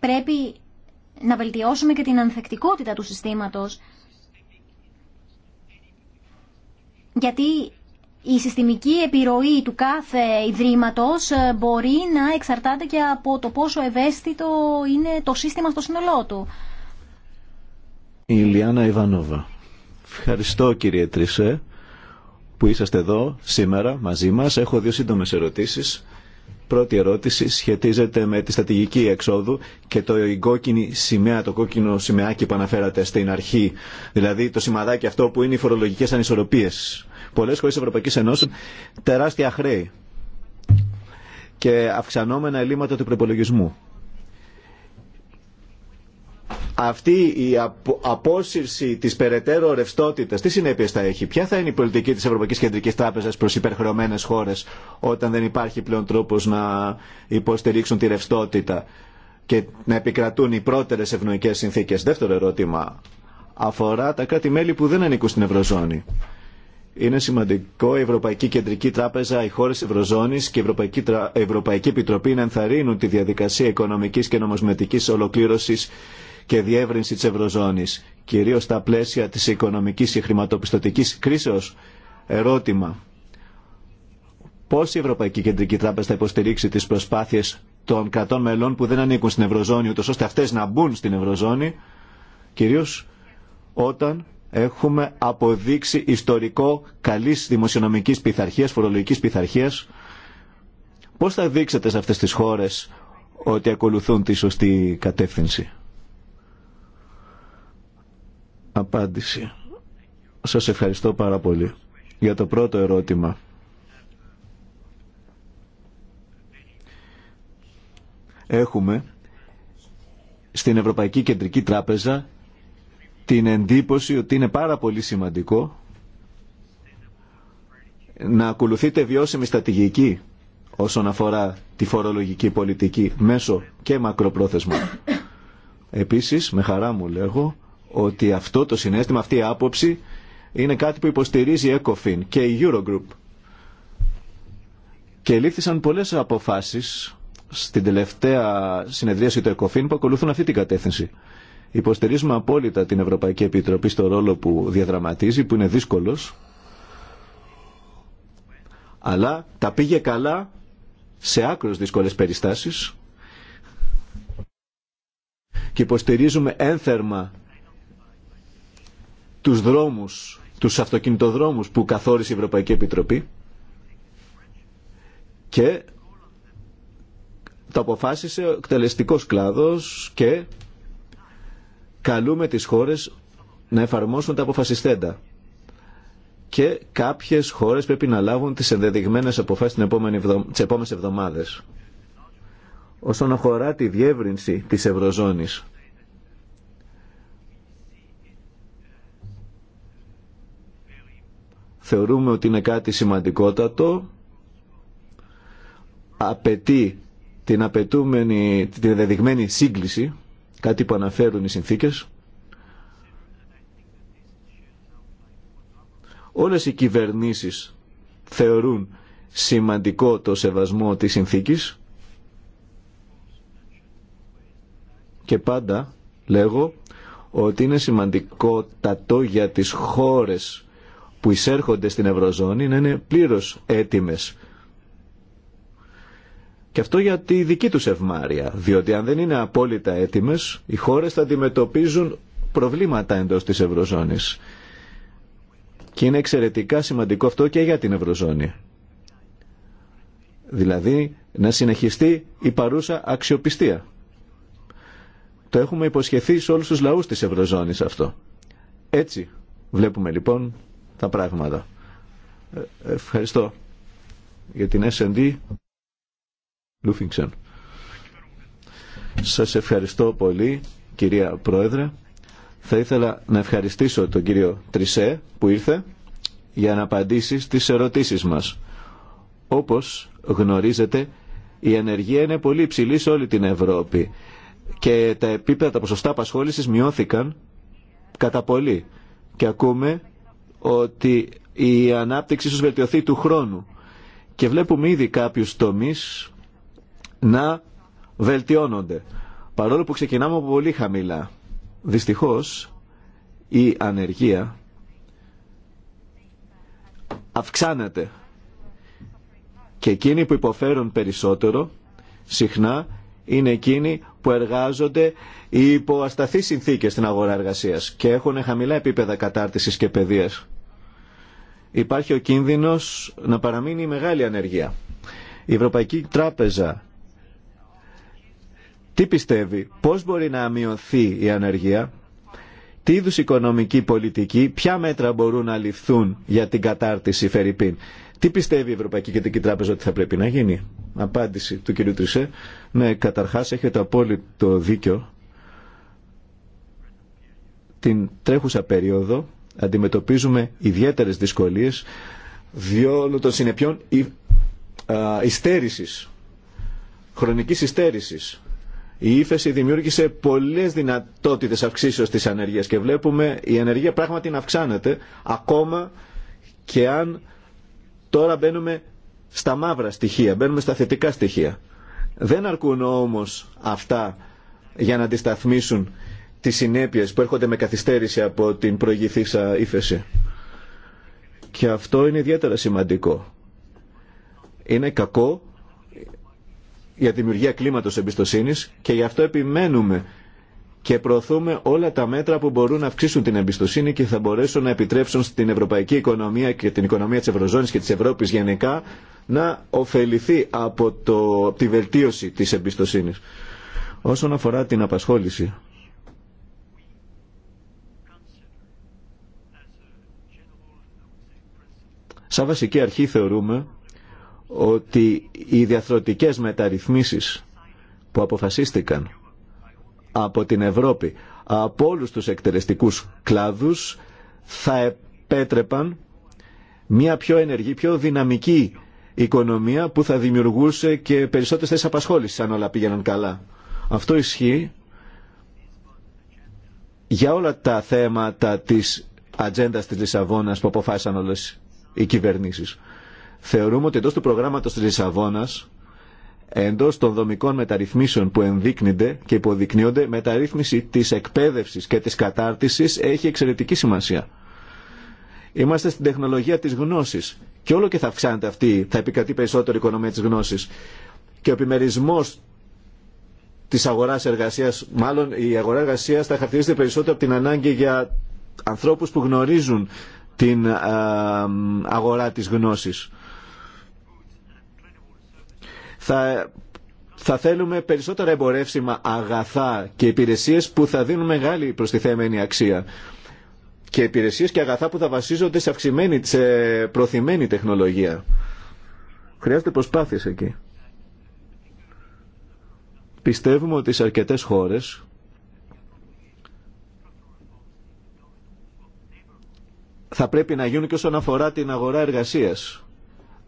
πρέπει να βελτιώσουμε και την ανθεκτικότητα του συστήματος. Γιατί η συστημική επιρροή του κάθε ιδρύματος ε, μπορεί να εξαρτάται και από το πόσο ευαίσθητο είναι το σύστημα στο σύνολό του. Η Ιλιάνα Ιβανόβα. Ευχαριστώ κύριε Τρισέ που είσαστε εδώ σήμερα μαζί μας. Έχω δύο σύντομες ερωτήσεις. Πρώτη ερώτηση σχετίζεται με τη στατηγική εξόδου και το κόκκινη σημαία, το κόκκινο σημαίακι που αναφέρατε στην αρχή, δηλαδή το σημαδάκι αυτό που είναι οι φορολογικές ανισορροπίες. Πολλές χώρες Ευρωπαϊκή Ενώσης τεράστια χρέη και αυξανόμενα ελλείμματα του προπολογισμού αυτή η απόσυρση της περαιτέρω ρευστότητα, τι συνέπειες θα έχει, ποια θα είναι η πολιτική της Ευρωπαϊκής Κεντρικής Τράπεζας προς υπερχρεωμένες χώρες όταν δεν υπάρχει πλέον τρόπος να υποστηρίξουν τη ρευστότητα και να επικρατούν οι πρώτερες ευνοϊκές συνθήκες. Δεύτερο ερώτημα αφορά τα κράτη-μέλη που δεν ανήκουν στην Ευρωζώνη. Είναι σημαντικό η Ευρωπαϊκή Κεντρική Τράπεζα, οι χώρε Ευρωζώνη και η Ευρωπαϊκή, Ευρωπαϊκή Επιτροπή να ενθαρρύνουν τη διαδικασία οικονομική και νομοσμετική ολοκλήρωση και διεύρυνση της Ευρωζώνης, κυρίως στα πλαίσια της οικονομικής και χρηματοπιστωτικής κρίσεως. Ερώτημα. Πώς η Ευρωπαϊκή Κεντρική Τράπεζα θα υποστηρίξει τις προσπάθειες των κρατών μελών που δεν ανήκουν στην Ευρωζώνη, ούτως ώστε αυτές να μπουν στην Ευρωζώνη, κυρίως όταν έχουμε αποδείξει ιστορικό καλής δημοσιονομικής πειθαρχίας, φορολογικής πειθαρχίας. Πώς θα δείξετε σε αυτές τις χώρες ότι ακολουθούν τη σωστή κατεύθυνση. Απάντηση. Σας ευχαριστώ πάρα πολύ για το πρώτο ερώτημα. Έχουμε στην Ευρωπαϊκή Κεντρική Τράπεζα την εντύπωση ότι είναι πάρα πολύ σημαντικό να ακολουθείτε βιώσιμη στρατηγική όσον αφορά τη φορολογική πολιτική μέσω και μακροπρόθεσμα. Επίσης, με χαρά μου λέγω, ότι αυτό το συνέστημα, αυτή η άποψη είναι κάτι που υποστηρίζει η ECOFIN και η Eurogroup. Και λήφθησαν πολλές αποφάσεις στην τελευταία συνεδρίαση του ECOFIN που ακολουθούν αυτή την κατεύθυνση. Υποστηρίζουμε απόλυτα την Ευρωπαϊκή Επιτροπή στο ρόλο που διαδραματίζει, που είναι δύσκολος. Αλλά τα πήγε καλά σε άκρως δύσκολες περιστάσεις και υποστηρίζουμε ένθερμα τους δρόμους, τους αυτοκινητοδρόμους που καθόρισε η Ευρωπαϊκή Επιτροπή και το αποφάσισε ο εκτελεστικός κλάδος και καλούμε τις χώρες να εφαρμόσουν τα αποφασιστέντα. Και κάποιες χώρες πρέπει να λάβουν τις ενδεδειγμένες αποφάσεις τις επόμενες εβδομάδες. Όσον αφορά τη διεύρυνση της Ευρωζώνης, θεωρούμε ότι είναι κάτι σημαντικότατο, απαιτεί την απαιτούμενη, την δεδειγμένη σύγκληση, κάτι που αναφέρουν οι συνθήκες. Όλες οι κυβερνήσεις θεωρούν σημαντικό το σεβασμό της συνθήκης και πάντα λέγω ότι είναι σημαντικότατο για τις χώρες που εισέρχονται στην Ευρωζώνη να είναι πλήρως έτοιμες. Και αυτό για τη δική τους ευμάρεια, διότι αν δεν είναι απόλυτα έτοιμες, οι χώρες θα αντιμετωπίζουν προβλήματα εντός της Ευρωζώνης. Και είναι εξαιρετικά σημαντικό αυτό και για την Ευρωζώνη. Δηλαδή να συνεχιστεί η παρούσα αξιοπιστία. Το έχουμε υποσχεθεί σε όλους τους λαούς της Ευρωζώνης αυτό. Έτσι βλέπουμε λοιπόν τα πράγματα. Ε, ευχαριστώ για την S&D Λούφινξεν. Σας ευχαριστώ πολύ κυρία Πρόεδρε. Θα ήθελα να ευχαριστήσω τον κύριο Τρισέ που ήρθε για να απαντήσει στις ερωτήσεις μας. Όπως γνωρίζετε η ενεργία είναι πολύ υψηλή σε όλη την Ευρώπη και τα επίπεδα, τα ποσοστά απασχόλησης μειώθηκαν κατά πολύ και ακούμε ότι η ανάπτυξη ίσως βελτιωθεί του χρόνου και βλέπουμε ήδη κάποιους τομείς να βελτιώνονται παρόλο που ξεκινάμε από πολύ χαμηλά. Δυστυχώς η ανεργία αυξάνεται και εκείνοι που υποφέρουν περισσότερο συχνά είναι εκείνοι που εργάζονται υπό ασταθείς συνθήκες στην αγορά εργασίας και έχουν χαμηλά επίπεδα κατάρτισης και παιδείας. Υπάρχει ο κίνδυνος να παραμείνει μεγάλη ανεργία. Η Ευρωπαϊκή Τράπεζα τι πιστεύει, πώς μπορεί να μειωθεί η ανεργία, τι είδους οικονομική πολιτική, ποια μέτρα μπορούν να ληφθούν για την κατάρτιση Φερρυπίν. Τι πιστεύει η Ευρωπαϊκή Κεντρική Τράπεζα ότι θα πρέπει να γίνει. Απάντηση του κ. Τρισέ. Ναι, καταρχάς έχετε απόλυτο δίκιο. Την τρέχουσα περίοδο αντιμετωπίζουμε ιδιαίτερες δυσκολίες διόλου των συνεπειών υστέρηση, χρονική υστέρηση. Η ύφεση δημιούργησε πολλές δυνατότητες αυξήσεω της ανεργία και βλέπουμε η ανεργία πράγματι να αυξάνεται ακόμα και αν Τώρα μπαίνουμε στα μαύρα στοιχεία, μπαίνουμε στα θετικά στοιχεία. Δεν αρκούν όμως αυτά για να αντισταθμίσουν τις συνέπειες που έρχονται με καθυστέρηση από την προηγηθήσα ύφεση. Και αυτό είναι ιδιαίτερα σημαντικό. Είναι κακό για τη δημιουργία κλίματος εμπιστοσύνης και γι' αυτό επιμένουμε και προωθούμε όλα τα μέτρα που μπορούν να αυξήσουν την εμπιστοσύνη και θα μπορέσουν να επιτρέψουν στην ευρωπαϊκή οικονομία και την οικονομία της Ευρωζώνης και της Ευρώπης γενικά να ωφεληθεί από, το, τη βελτίωση της εμπιστοσύνης. Όσον αφορά την απασχόληση, σαν βασική αρχή θεωρούμε ότι οι διαθροτικές μεταρρυθμίσεις που αποφασίστηκαν από την Ευρώπη, από όλους τους εκτελεστικούς κλάδους, θα επέτρεπαν μια πιο ενεργή, πιο δυναμική οικονομία που θα δημιουργούσε και περισσότερες θέσεις απασχόλησης αν όλα πήγαιναν καλά. Αυτό ισχύει για όλα τα θέματα της ατζέντα της Λισαβόνας που αποφάσισαν όλες οι κυβερνήσεις. Θεωρούμε ότι εντός του προγράμματος της Λισαβόνας Εντό των δομικών μεταρρυθμίσεων που ενδείκνυνται και υποδεικνύονται, μεταρρύθμιση τη εκπαίδευση και τη κατάρτιση έχει εξαιρετική σημασία. Είμαστε στην τεχνολογία τη γνώση και όλο και θα αυξάνεται αυτή, θα επικρατεί περισσότερο η οικονομία τη γνώση. Και ο επιμερισμό τη αγορά εργασία, μάλλον η αγορά εργασια θα χαρακτηρίζεται περισσότερο από την ανάγκη για ανθρώπου που γνωρίζουν την αγορά της γνώση θα, θα θέλουμε περισσότερα εμπορεύσιμα αγαθά και υπηρεσίες που θα δίνουν μεγάλη προστιθέμενη αξία και υπηρεσίες και αγαθά που θα βασίζονται σε αυξημένη, σε προθυμένη τεχνολογία. Χρειάζεται προσπάθειες εκεί. Πιστεύουμε ότι σε αρκετές χώρες θα πρέπει να γίνουν και όσον αφορά την αγορά εργασίας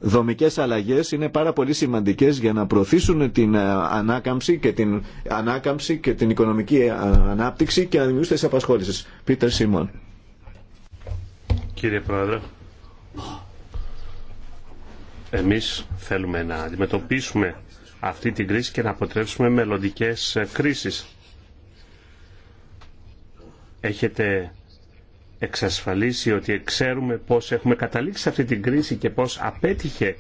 δομικές αλλαγές είναι πάρα πολύ σημαντικές για να προωθήσουν την ε, ανάκαμψη και την, ανάκαμψη και την οικονομική ε, ανάπτυξη και να δημιουργήσουν τις απασχόλησεις. Πίτερ Σίμων. Κύριε Πρόεδρε, εμείς θέλουμε να αντιμετωπίσουμε αυτή την κρίση και να αποτρέψουμε μελλοντικές ε, κρίσεις. Έχετε εξασφαλίσει ότι ξέρουμε πώς έχουμε καταλήξει αυτή την κρίση και πώς απέτυχε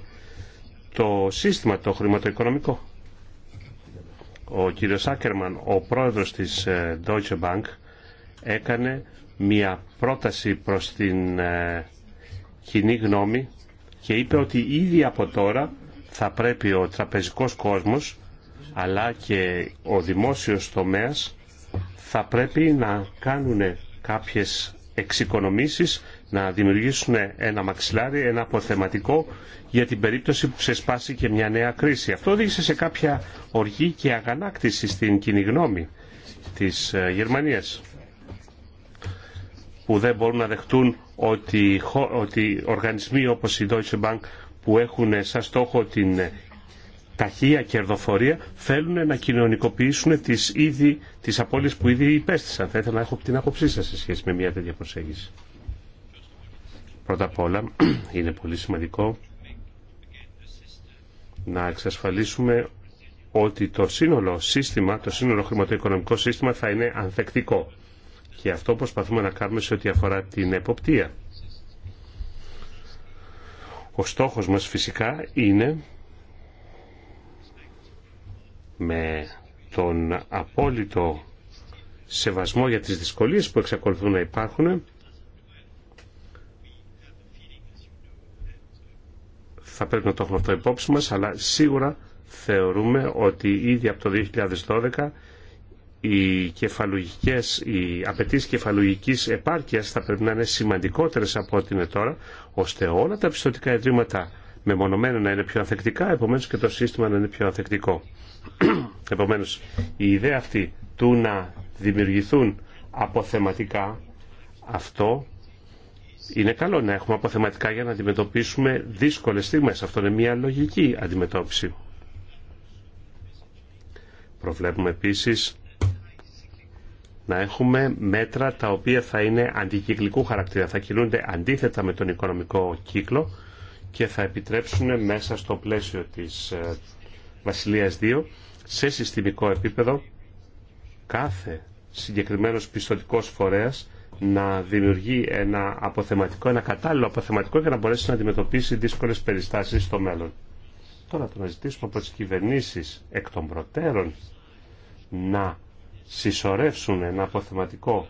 το σύστημα το χρηματοοικονομικό. Ο κύριος Άκερμαν, ο πρόεδρος της ε, Deutsche Bank, έκανε μια πρόταση προς την ε, κοινή γνώμη και είπε ότι ήδη από τώρα θα πρέπει ο τραπεζικός κόσμος αλλά και ο δημόσιος τομέας θα πρέπει να κάνουν κάποιες εξοικονομήσεις να δημιουργήσουν ένα μαξιλάρι, ένα αποθεματικό για την περίπτωση που ξεσπάσει και μια νέα κρίση. Αυτό οδήγησε σε κάποια οργή και αγανάκτηση στην κοινή γνώμη της ε, Γερμανίας που δεν μπορούν να δεχτούν ότι, ότι οργανισμοί όπως η Deutsche Bank που έχουν σαν στόχο την ταχεία κερδοφορία θέλουν να κοινωνικοποιήσουν τις, ήδη, τις που ήδη υπέστησαν. Θα ήθελα να έχω την άποψή σας σε σχέση με μια τέτοια προσέγγιση. Πρώτα απ' όλα (clears throat) είναι πολύ σημαντικό να εξασφαλίσουμε ότι το σύνολο σύστημα, το σύνολο χρηματοοικονομικό σύστημα θα είναι ανθεκτικό. Και αυτό προσπαθούμε να κάνουμε σε ό,τι αφορά την εποπτεία. Ο στόχος μας φυσικά είναι με τον απόλυτο σεβασμό για τις δυσκολίες που εξακολουθούν να υπάρχουν θα πρέπει να το έχουμε αυτό υπόψη μας αλλά σίγουρα θεωρούμε ότι ήδη από το 2012 οι, κεφαλουγικές, οι απαιτήσει κεφαλουγικής επάρκειας θα πρέπει να είναι σημαντικότερες από ό,τι είναι τώρα, ώστε όλα τα πιστοτικά ιδρύματα μεμονωμένα να είναι πιο ανθεκτικά, επομένως και το σύστημα να είναι πιο ανθεκτικό. (clears throat) Επομένως, η ιδέα αυτή του να δημιουργηθούν αποθεματικά, αυτό είναι καλό να έχουμε αποθεματικά για να αντιμετωπίσουμε δύσκολες στιγμές. Αυτό είναι μια λογική αντιμετώπιση. Προβλέπουμε επίσης να έχουμε μέτρα τα οποία θα είναι αντικυκλικού χαρακτήρα, θα κινούνται αντίθετα με τον οικονομικό κύκλο και θα επιτρέψουν μέσα στο πλαίσιο της ε, Βασιλείας 2 σε συστημικό επίπεδο κάθε συγκεκριμένος πιστοτικός φορέας να δημιουργεί ένα αποθεματικό, ένα κατάλληλο αποθεματικό για να μπορέσει να αντιμετωπίσει δύσκολες περιστάσεις στο μέλλον. Τώρα το να ζητήσουμε από τις κυβερνήσεις εκ των προτέρων να συσσωρεύσουν ένα αποθεματικό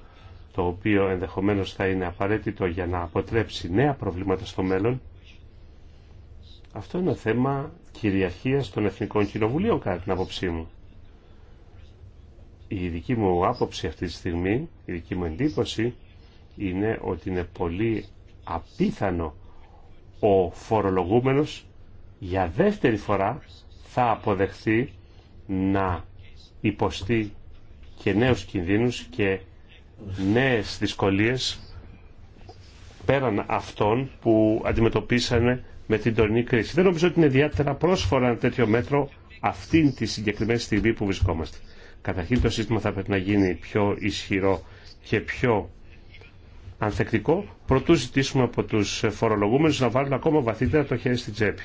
το οποίο ενδεχομένως θα είναι απαραίτητο για να αποτρέψει νέα προβλήματα στο μέλλον αυτό είναι θέμα κυριαρχίας των Εθνικών Κοινοβουλίων κατά την άποψή μου. Η δική μου άποψη αυτή τη στιγμή, η δική μου εντύπωση είναι ότι είναι πολύ απίθανο ο φορολογούμενος για δεύτερη φορά θα αποδεχθεί να υποστεί και νέους κινδύνους και νέες δυσκολίες πέραν αυτών που αντιμετωπίσανε με την τωρινή κρίση. Δεν νομίζω ότι είναι ιδιαίτερα πρόσφορα ένα τέτοιο μέτρο αυτήν τη συγκεκριμένη στιγμή που βρισκόμαστε. Καταρχήν το σύστημα θα πρέπει να γίνει πιο ισχυρό και πιο ανθεκτικό, προτού ζητήσουμε από του φορολογούμενου να βάλουν ακόμα βαθύτερα το χέρι στην τσέπη.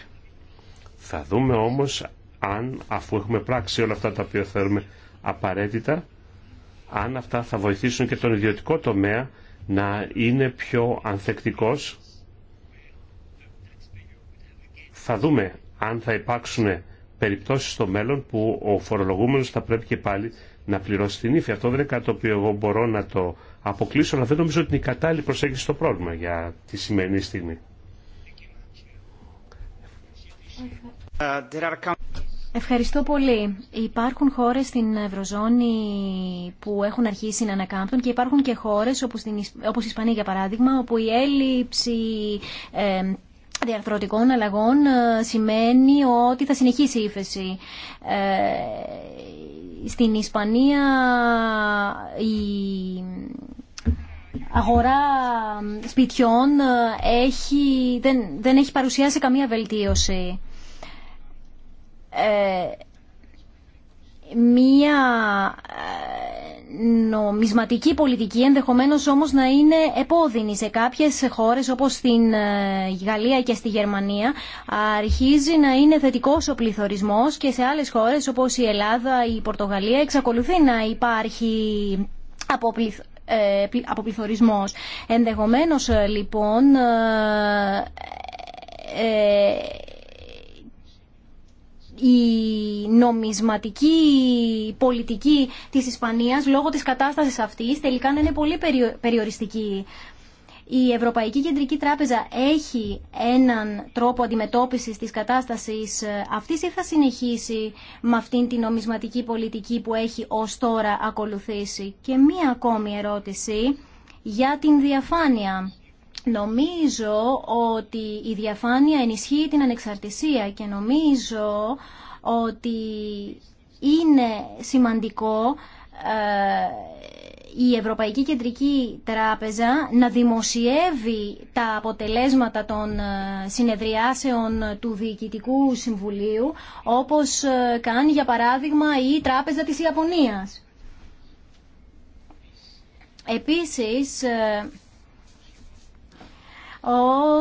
Θα δούμε όμω αν, αφού έχουμε πράξει όλα αυτά τα οποία θέλουμε απαραίτητα, αν αυτά θα βοηθήσουν και τον ιδιωτικό τομέα να είναι πιο ανθεκτικός θα δούμε αν θα υπάρξουν περιπτώσεις στο μέλλον που ο φορολογούμενος θα πρέπει και πάλι να πληρώσει την ύφη. Αυτό δεν είναι κάτι το οποίο εγώ μπορώ να το αποκλείσω, αλλά δεν νομίζω ότι είναι η κατάλληλη προσέγγιση στο πρόβλημα για τη σημερινή στιγμή. Ευχαριστώ πολύ. Υπάρχουν χώρες στην Ευρωζώνη που έχουν αρχίσει να ανακάμπτουν και υπάρχουν και χώρες όπως, η Ισπανία για παράδειγμα όπου η έλλειψη ε, διαρθρωτικών αλλαγών ε, σημαίνει ότι θα συνεχίσει η ύφεση. Ε, στην Ισπανία η αγορά ε, σπιτιών έχει, δεν, δεν έχει παρουσιάσει καμία βελτίωση μία ε, νομισματική πολιτική, ενδεχομένως όμως να είναι επώδυνη σε κάποιες χώρες όπως στην ε, Γαλλία και στη Γερμανία. Αρχίζει να είναι θετικός ο πληθωρισμός και σε άλλες χώρες όπως η Ελλάδα, η Πορτογαλία εξακολουθεί να υπάρχει αποπληθ ε, αποπληθωρισμός. Ενδεχομένως λοιπόν η νομισματική πολιτική της Ισπανίας λόγω της κατάστασης αυτής τελικά να είναι πολύ περιοριστική. Η Ευρωπαϊκή Κεντρική Τράπεζα έχει έναν τρόπο αντιμετώπισης της κατάστασης αυτής ή θα συνεχίσει με αυτήν την νομισματική πολιτική που έχει ως τώρα ακολουθήσει. Και μία ακόμη ερώτηση για την διαφάνεια. Νομίζω ότι η διαφάνεια ενισχύει την ανεξαρτησία και νομίζω ότι είναι σημαντικό ε, η Ευρωπαϊκή Κεντρική Τράπεζα να δημοσιεύει τα αποτελέσματα των ε, συνεδριάσεων του Διοικητικού Συμβουλίου, όπως ε, κάνει για παράδειγμα η Τράπεζα της Ιαπωνίας. Επίσης,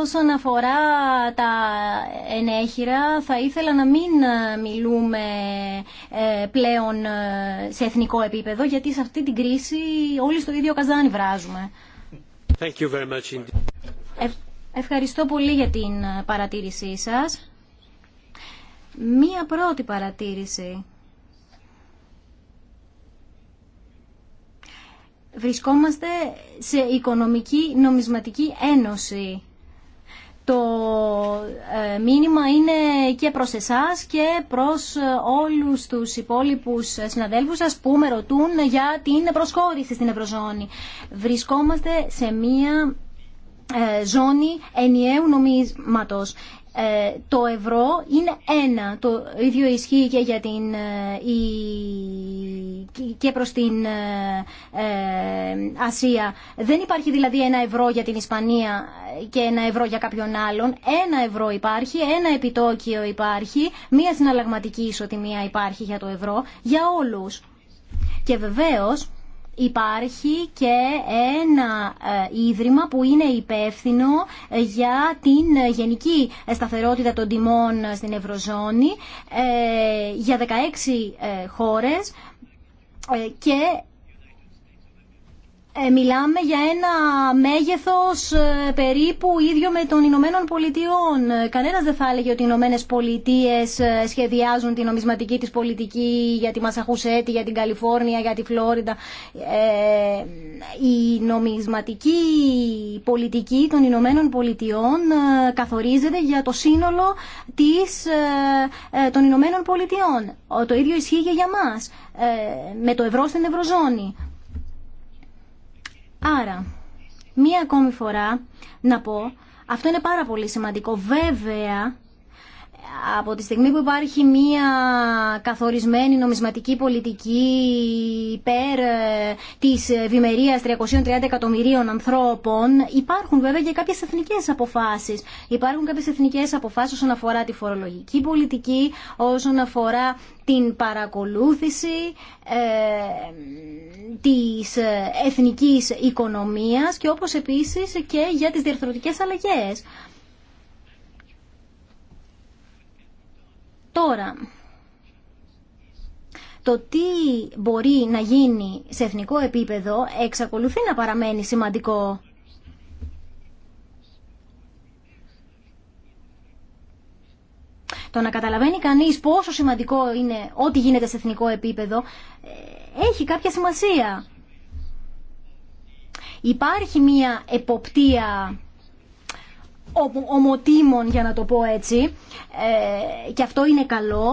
Όσον αφορά τα ενέχειρα, θα ήθελα να μην ε, μιλούμε ε, πλέον ε, σε εθνικό επίπεδο, γιατί σε αυτή την κρίση όλοι στο ίδιο καζάνι βράζουμε. Thank you very ευχαριστώ πολύ για την παρατήρησή σας. Μία πρώτη παρατήρηση. βρισκόμαστε σε οικονομική νομισματική ένωση. Το ε, μήνυμα είναι και προς εσάς και προς ε, όλους τους υπόλοιπους ε, συναδέλφους σας που με ρωτούν για την προσχώρηση στην Ευρωζώνη. Βρισκόμαστε σε μία ζώνη ενιαίου νομίσματος. Ε, το ευρώ είναι ένα. Το ίδιο ισχύει και, για την, ε, και προς την ε, Ασία. Δεν υπάρχει δηλαδή ένα ευρώ για την Ισπανία και ένα ευρώ για κάποιον άλλον. Ένα ευρώ υπάρχει, ένα επιτόκιο υπάρχει, μία συναλλαγματική ισοτιμία υπάρχει για το ευρώ, για όλους. Και βεβαίως υπάρχει και ένα ε, ίδρυμα που είναι υπεύθυνο ε, για την ε, γενική σταθερότητα των τιμών στην Ευρωζώνη για 16 χώρες και ε, μιλάμε για ένα μέγεθος ε, περίπου ίδιο με των Ηνωμένων Πολιτειών. Ε, κανένας δεν θα έλεγε ότι οι Ηνωμένε Πολιτείε σχεδιάζουν την νομισματική της πολιτική για τη Μασαχουσέτη, για την Καλιφόρνια, για τη Φλόριντα. η νομισματική πολιτική των Ηνωμένων Πολιτειών καθορίζεται για το σύνολο της, των Ηνωμένων Πολιτειών. Το ίδιο ισχύει και για μας. με το ευρώ στην Ευρωζώνη. Άρα, μία ακόμη φορά να πω, αυτό είναι πάρα πολύ σημαντικό. Βέβαια, από τη στιγμή που υπάρχει μία καθορισμένη νομισματική πολιτική υπέρ ε, της ευημερίας 330 εκατομμυρίων ανθρώπων, υπάρχουν βέβαια και κάποιες εθνικές αποφάσεις. Υπάρχουν κάποιες εθνικές αποφάσεις όσον αφορά τη φορολογική πολιτική, όσον αφορά την παρακολούθηση ε, της ε, εθνικής οικονομίας και όπως επίσης και για τις διαρθρωτικές αλλαγές. Τώρα, το τι μπορεί να γίνει σε εθνικό επίπεδο εξακολουθεί να παραμένει σημαντικό. Το να καταλαβαίνει κανείς πόσο σημαντικό είναι ό,τι γίνεται σε εθνικό επίπεδο ε, έχει κάποια σημασία. Υπάρχει μία εποπτεία ομοτήμων για να το πω έτσι ε, και αυτό είναι καλό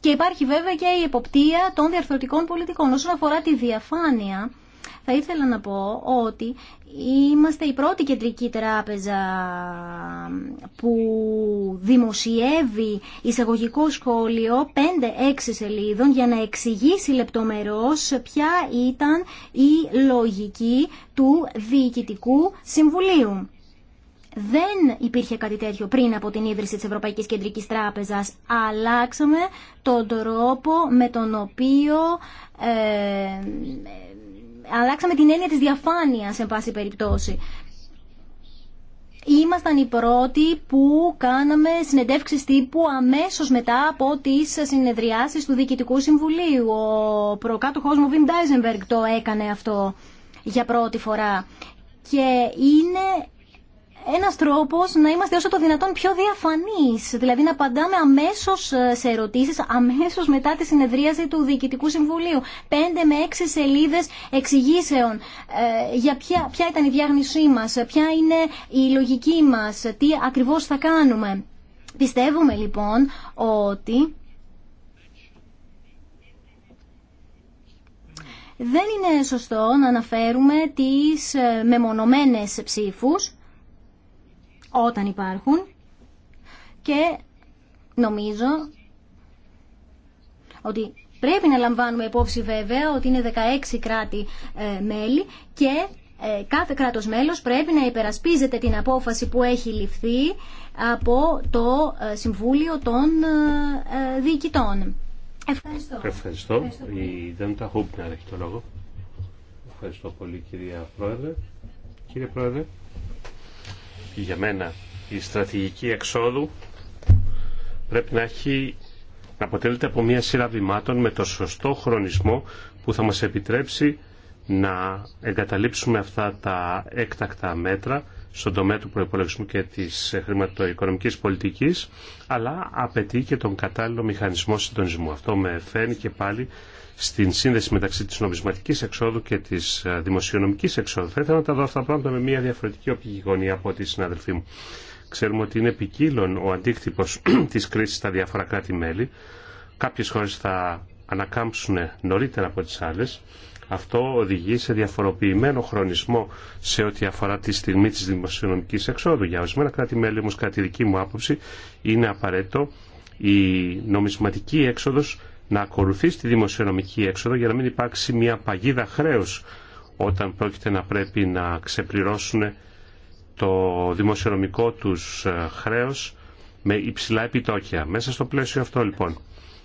και υπάρχει βέβαια και η εποπτεία των διαρθρωτικών πολιτικών όσον αφορά τη διαφάνεια θα ήθελα να πω ότι Είμαστε η πρώτη κεντρική τράπεζα που δημοσιεύει εισαγωγικό σχόλιο 5-6 σελίδων για να εξηγήσει λεπτομερώς ποια ήταν η λογική του Διοικητικού Συμβουλίου. Δεν υπήρχε κάτι τέτοιο πριν από την ίδρυση της Ευρωπαϊκής Κεντρικής Τράπεζας. Αλλάξαμε τον τρόπο με τον οποίο ε, αλλάξαμε την έννοια της διαφάνειας, σε πάση περιπτώσει. Ήμασταν οι πρώτοι που κάναμε συνεντεύξεις τύπου αμέσως μετά από τις συνεδριάσεις του Διοικητικού Συμβουλίου. Ο προκάτοχός μου, Βιμ Ντάιζενμπεργκ, το έκανε αυτό για πρώτη φορά. Και είναι ένας τρόπος να είμαστε όσο το δυνατόν πιο διαφανείς, δηλαδή να απαντάμε αμέσως ε, σε ερωτήσεις, αμέσως μετά τη συνεδρίαση του Διοικητικού Συμβουλίου. Πέντε με έξι σελίδες εξηγήσεων ε, για ποια, ποια ήταν η διάγνωσή μα, ποια είναι η λογική μας, τι ακριβώς θα κάνουμε. Πιστεύουμε λοιπόν ότι... Δεν είναι σωστό να αναφέρουμε τις ε, μεμονωμένες ψήφους, όταν υπάρχουν και νομίζω ότι πρέπει να λαμβάνουμε υπόψη βέβαια ότι είναι 16 κράτη ε, μέλη και ε, κάθε κράτος μέλος πρέπει να υπερασπίζεται την απόφαση που έχει ληφθεί από το ε, Συμβούλιο των Διοικητών. Ευχαριστώ. Ευχαριστώ. Ευχαριστώ Η έχει το πολύ κυρία Πρόεδρε. Κύριε Πρόεδρε για μένα η στρατηγική εξόδου πρέπει να έχει να αποτελείται από μια σειρά βημάτων με το σωστό χρονισμό που θα μας επιτρέψει να εγκαταλείψουμε αυτά τα έκτακτα μέτρα στον τομέα του προϋπολογισμού και της χρηματοοικονομικής πολιτικής, αλλά απαιτεί και τον κατάλληλο μηχανισμό συντονισμού. Αυτό με φέρνει και πάλι στην σύνδεση μεταξύ της νομισματικής εξόδου και της ε, δημοσιονομικής εξόδου. Θα ήθελα να τα δω αυτά τα πράγματα με μια διαφορετική οπτική γωνία από ό,τι συναδελφή μου. Ξέρουμε ότι είναι επικύλων ο αντίκτυπος (clears throat) της κρίσης στα διάφορα κράτη-μέλη. Κάποιες χώρες θα ανακάμψουν νωρίτερα από τις άλλες. Αυτό οδηγεί σε διαφοροποιημένο χρονισμό σε ό,τι αφορά τη στιγμή της δημοσιονομικής εξόδου. Για ορισμένα κράτη-μέλη, όμως, κατά τη δική μου άποψη, είναι απαραίτητο η νομισματική έξοδο να ακολουθεί τη δημοσιονομική έξοδο για να μην υπάρξει μια παγίδα χρέους όταν πρόκειται να πρέπει να ξεπληρώσουν το δημοσιονομικό τους ε, χρέος με υψηλά επιτόκια. Μέσα στο πλαίσιο αυτό λοιπόν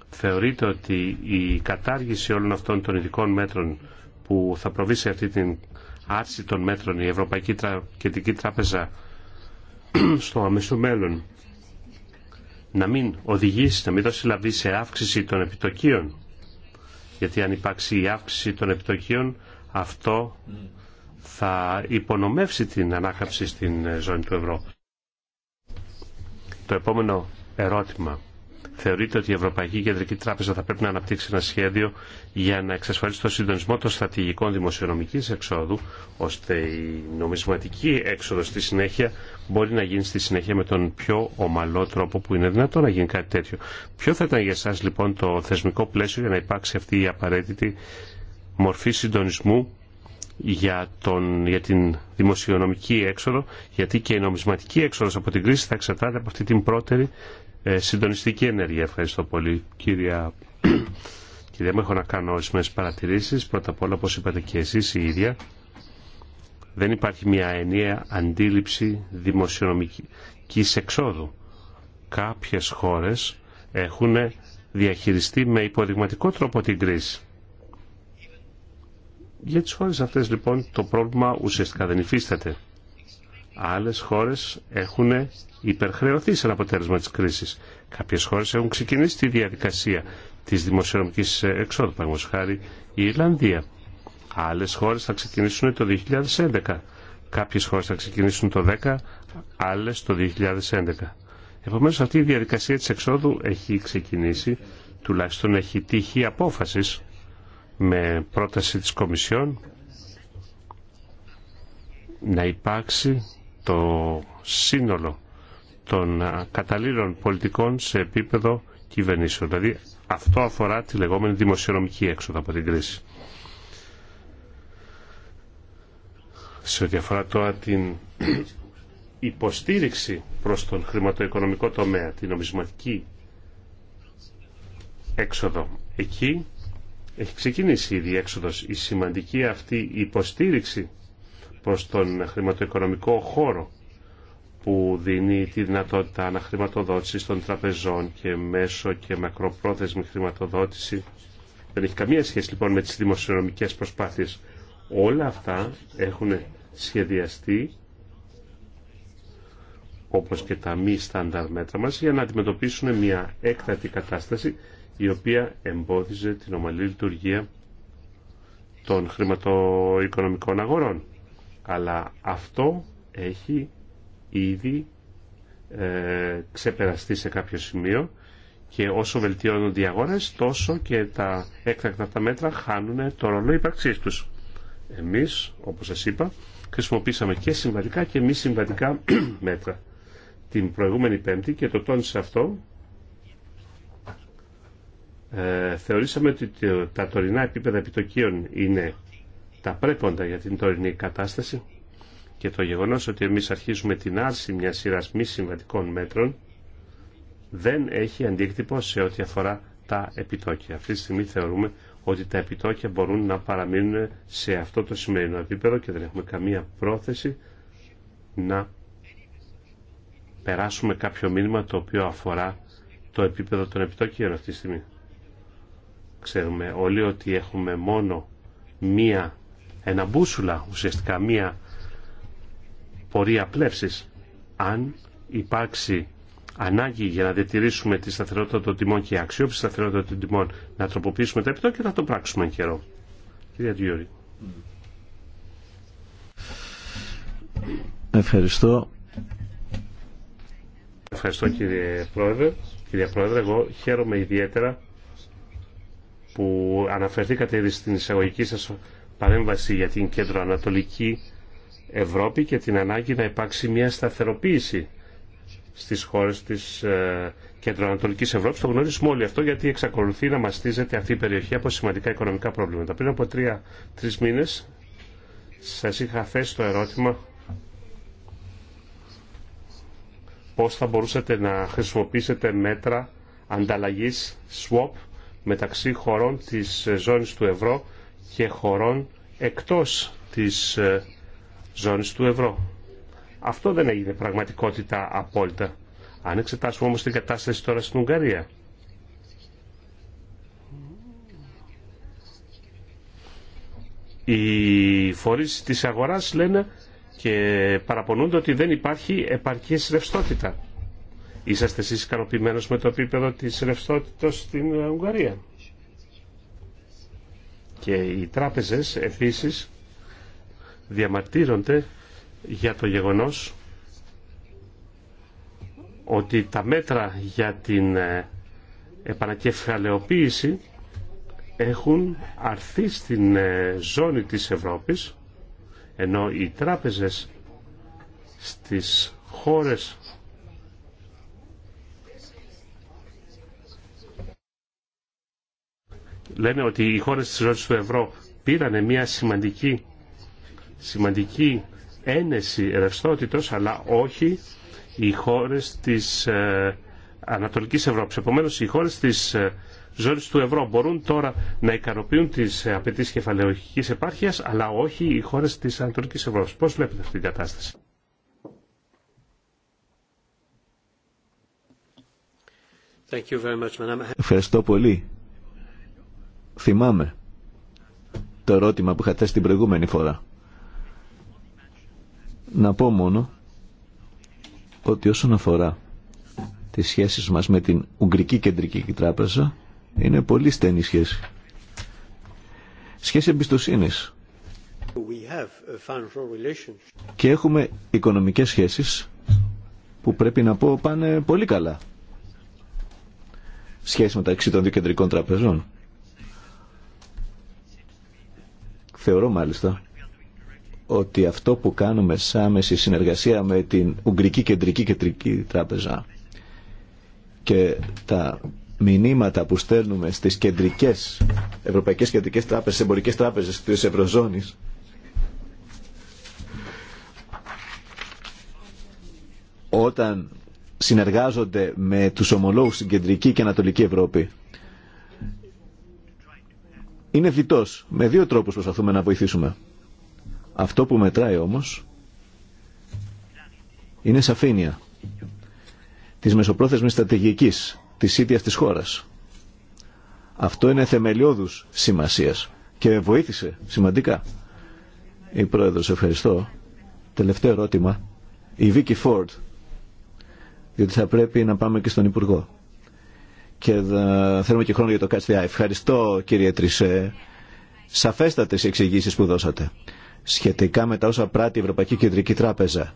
θεωρείται ότι η κατάργηση όλων αυτών των ειδικών μέτρων που θα προβεί σε αυτή την άρση των μέτρων η Ευρωπαϊκή Κεντρική Τράπεζα (clears throat) στο μέλλον να μην οδηγήσει, να μην δώσει λαβή σε αύξηση των επιτοκίων. Γιατί αν υπάρξει η αύξηση των επιτοκίων, αυτό θα υπονομεύσει την ανάκαμψη στην ε, ζώνη του ευρώ. Το επόμενο ερώτημα Θεωρείτε ότι η Ευρωπαϊκή Κεντρική Τράπεζα θα πρέπει να αναπτύξει ένα σχέδιο για να εξασφαλίσει το συντονισμό των στρατηγικών δημοσιονομικής εξόδου, ώστε η νομισματική έξοδο στη συνέχεια μπορεί να γίνει στη συνέχεια με τον πιο ομαλό τρόπο που είναι δυνατό να γίνει κάτι τέτοιο. Ποιο θα ήταν για εσά λοιπόν το θεσμικό πλαίσιο για να υπάρξει αυτή η απαραίτητη μορφή συντονισμού για, τον, για την δημοσιονομική έξοδο, γιατί και η νομισματική έξοδος από την κρίση θα εξαρτάται από αυτή την πρώτερη ε, συντονιστική ενέργεια. Ευχαριστώ πολύ κυρία. Κυρία μου, έχω να κάνω ορισμένε παρατηρήσεις. Πρώτα απ' όλα, όπως είπατε και εσείς η ίδια, δεν υπάρχει μια ενιαία αντίληψη δημοσιονομικής εξόδου. Κάποιες χώρες έχουν διαχειριστεί με υποδειγματικό τρόπο την κρίση. Για τις χώρες αυτές λοιπόν το πρόβλημα ουσιαστικά δεν υφίσταται. Άλλες χώρες έχουν υπερχρεωθεί σαν αποτέλεσμα της κρίσης. Κάποιες χώρες έχουν ξεκινήσει τη διαδικασία της δημοσιονομικής εξόδου, παραγωγός χάρη η Ιρλανδία. Άλλες χώρες θα ξεκινήσουν το 2011. Κάποιες χώρες θα ξεκινήσουν το 10, άλλες το 2011. Επομένως αυτή η διαδικασία της εξόδου έχει ξεκινήσει, τουλάχιστον έχει τύχει απόφαση με πρόταση της Κομισιόν να υπάρξει το σύνολο των καταλήλων πολιτικών σε επίπεδο κυβερνήσεων. Δηλαδή αυτό αφορά τη λεγόμενη δημοσιονομική έξοδο από την κρίση. Σε ό,τι αφορά τώρα την υποστήριξη προς τον χρηματοοικονομικό τομέα, την νομισματική έξοδο. Εκεί έχει ξεκινήσει η διέξοδος, η σημαντική αυτή υποστήριξη προς τον χρηματοοικονομικό χώρο που δίνει τη δυνατότητα χρηματοδότηση των τραπεζών και μέσω και μακροπρόθεσμη χρηματοδότηση. Δεν έχει καμία σχέση λοιπόν με τις δημοσιονομικές προσπάθειες. Όλα αυτά έχουν σχεδιαστεί όπως και τα μη στάνταρ μέτρα μας για να αντιμετωπίσουν μια έκτατη κατάσταση η οποία εμπόδιζε την ομαλή λειτουργία των χρηματοοικονομικών αγορών αλλά αυτό έχει ήδη ε, ξεπεραστεί σε κάποιο σημείο και όσο βελτιώνονται οι αγορές τόσο και τα έκτακτα αυτά μέτρα χάνουν το ρολό ύπαρξής τους. Εμείς, όπως σας είπα, χρησιμοποίησαμε και συμβατικά και μη συμβατικά (clears throat) μέτρα. Την προηγούμενη Πέμπτη και το τόνισε αυτό ε, θεωρήσαμε ότι τα τωρινά επίπεδα επιτοκίων είναι τα πρέποντα για την τωρινή κατάσταση και το γεγονός ότι εμείς αρχίζουμε την άρση μιας σειράς μη συμβατικών μέτρων δεν έχει αντίκτυπο σε ό,τι αφορά τα επιτόκια. Αυτή τη στιγμή θεωρούμε ότι τα επιτόκια μπορούν να παραμείνουν σε αυτό το σημερινό επίπεδο και δεν έχουμε καμία πρόθεση να περάσουμε κάποιο μήνυμα το οποίο αφορά το επίπεδο των επιτόκιων αυτή τη στιγμή. Ξέρουμε όλοι ότι έχουμε μόνο μία ένα μπούσουλα, ουσιαστικά μία πορεία πλεύσης. Αν υπάρξει ανάγκη για να διατηρήσουμε τη σταθερότητα των τιμών και η αξιόπιση σταθερότητα των τιμών να τροποποιήσουμε τα επιτόκια, να το πράξουμε εν καιρό. Κυρία Ευχαριστώ. Ευχαριστώ κύριε Πρόεδρε. Κυρία Πρόεδρε, εγώ χαίρομαι ιδιαίτερα που αναφερθήκατε στην εισαγωγική σας παρέμβαση για την κεντροανατολική Ευρώπη και την ανάγκη να υπάρξει μια σταθεροποίηση στις χώρες της ε, κεντροανατολικής Ευρώπης. Το γνωρίζουμε όλοι αυτό γιατί εξακολουθεί να μαστίζεται αυτή η περιοχή από σημαντικά οικονομικά προβλήματα. Πριν από τρία-τρεις μήνες σας είχα θέσει το ερώτημα πώς θα μπορούσατε να χρησιμοποιήσετε μέτρα ανταλλαγής swap μεταξύ χωρών της ζώνης του ευρώ και χωρών εκτός της ε, ζώνης του ευρώ. Αυτό δεν έγινε πραγματικότητα απόλυτα. Αν εξετάσουμε όμως την κατάσταση τώρα στην Ουγγαρία. Οι φορείς της αγοράς λένε και παραπονούνται ότι δεν υπάρχει επαρκής ρευστότητα. Είσαστε εσείς ικανοποιημένος με το επίπεδο της ρευστότητας στην ε, Ουγγαρία. Και οι τράπεζες επίσης διαμαρτύρονται για το γεγονός ότι τα μέτρα για την ε, επανακεφαλαιοποίηση έχουν αρθεί στην ε, ζώνη της Ευρώπης ενώ οι τράπεζες στις χώρες λένε ότι οι χώρες της ζώνη του ευρώ πήραν μια σημαντική, σημαντική ένεση ρευστότητος, αλλά όχι οι χώρες της ε, Ανατολικής Ευρώπης. Επομένως, οι χώρες της ε, ζώνης του ευρώ μπορούν τώρα να ικανοποιούν τις ε, απαιτήσεις κεφαλαιοχικής επάρχειας, αλλά όχι οι χώρες της Ανατολικής Ευρώπης. Πώς βλέπετε αυτή την κατάσταση. Ευχαριστώ πολύ. Θυμάμαι το ερώτημα που είχα θέσει την προηγούμενη φορά. Να πω μόνο ότι όσον αφορά τις σχέσεις μας με την Ουγγρική Κεντρική Τράπεζα είναι πολύ στενή σχέση. Σχέση εμπιστοσύνης. Και έχουμε οικονομικές σχέσεις που πρέπει να πω πάνε πολύ καλά. Σχέση μεταξύ των δύο κεντρικών τραπεζών. Θεωρώ μάλιστα ότι αυτό που κάνουμε σαν άμεση συνεργασία με την Ουγγρική Κεντρική Κεντρική Τράπεζα και τα μηνύματα που στέλνουμε στις κεντρικές, ευρωπαϊκές κεντρικές τράπεζες, εμπορικές τράπεζες της Ευρωζώνης όταν συνεργάζονται με τους ομολόγους στην Κεντρική και Ανατολική Ευρώπη είναι διτός. Με δύο τρόπους προσπαθούμε να βοηθήσουμε. Αυτό που μετράει όμως είναι σαφήνεια της μεσοπρόθεσμης στρατηγικής της ίδιας της χώρας. Αυτό είναι θεμελιώδους σημασίας και βοήθησε σημαντικά. Η Πρόεδρος, ευχαριστώ. Τελευταίο ερώτημα. Η Βίκη Φόρτ, Διότι θα πρέπει να πάμε και στον Υπουργό και ε, θέλουμε και χρόνο για το Eye. Ευχαριστώ κύριε Τρισέ. Σαφέστατες οι εξηγήσεις που δώσατε σχετικά με τα όσα πράττει η Ευρωπαϊκή Κεντρική Τράπεζα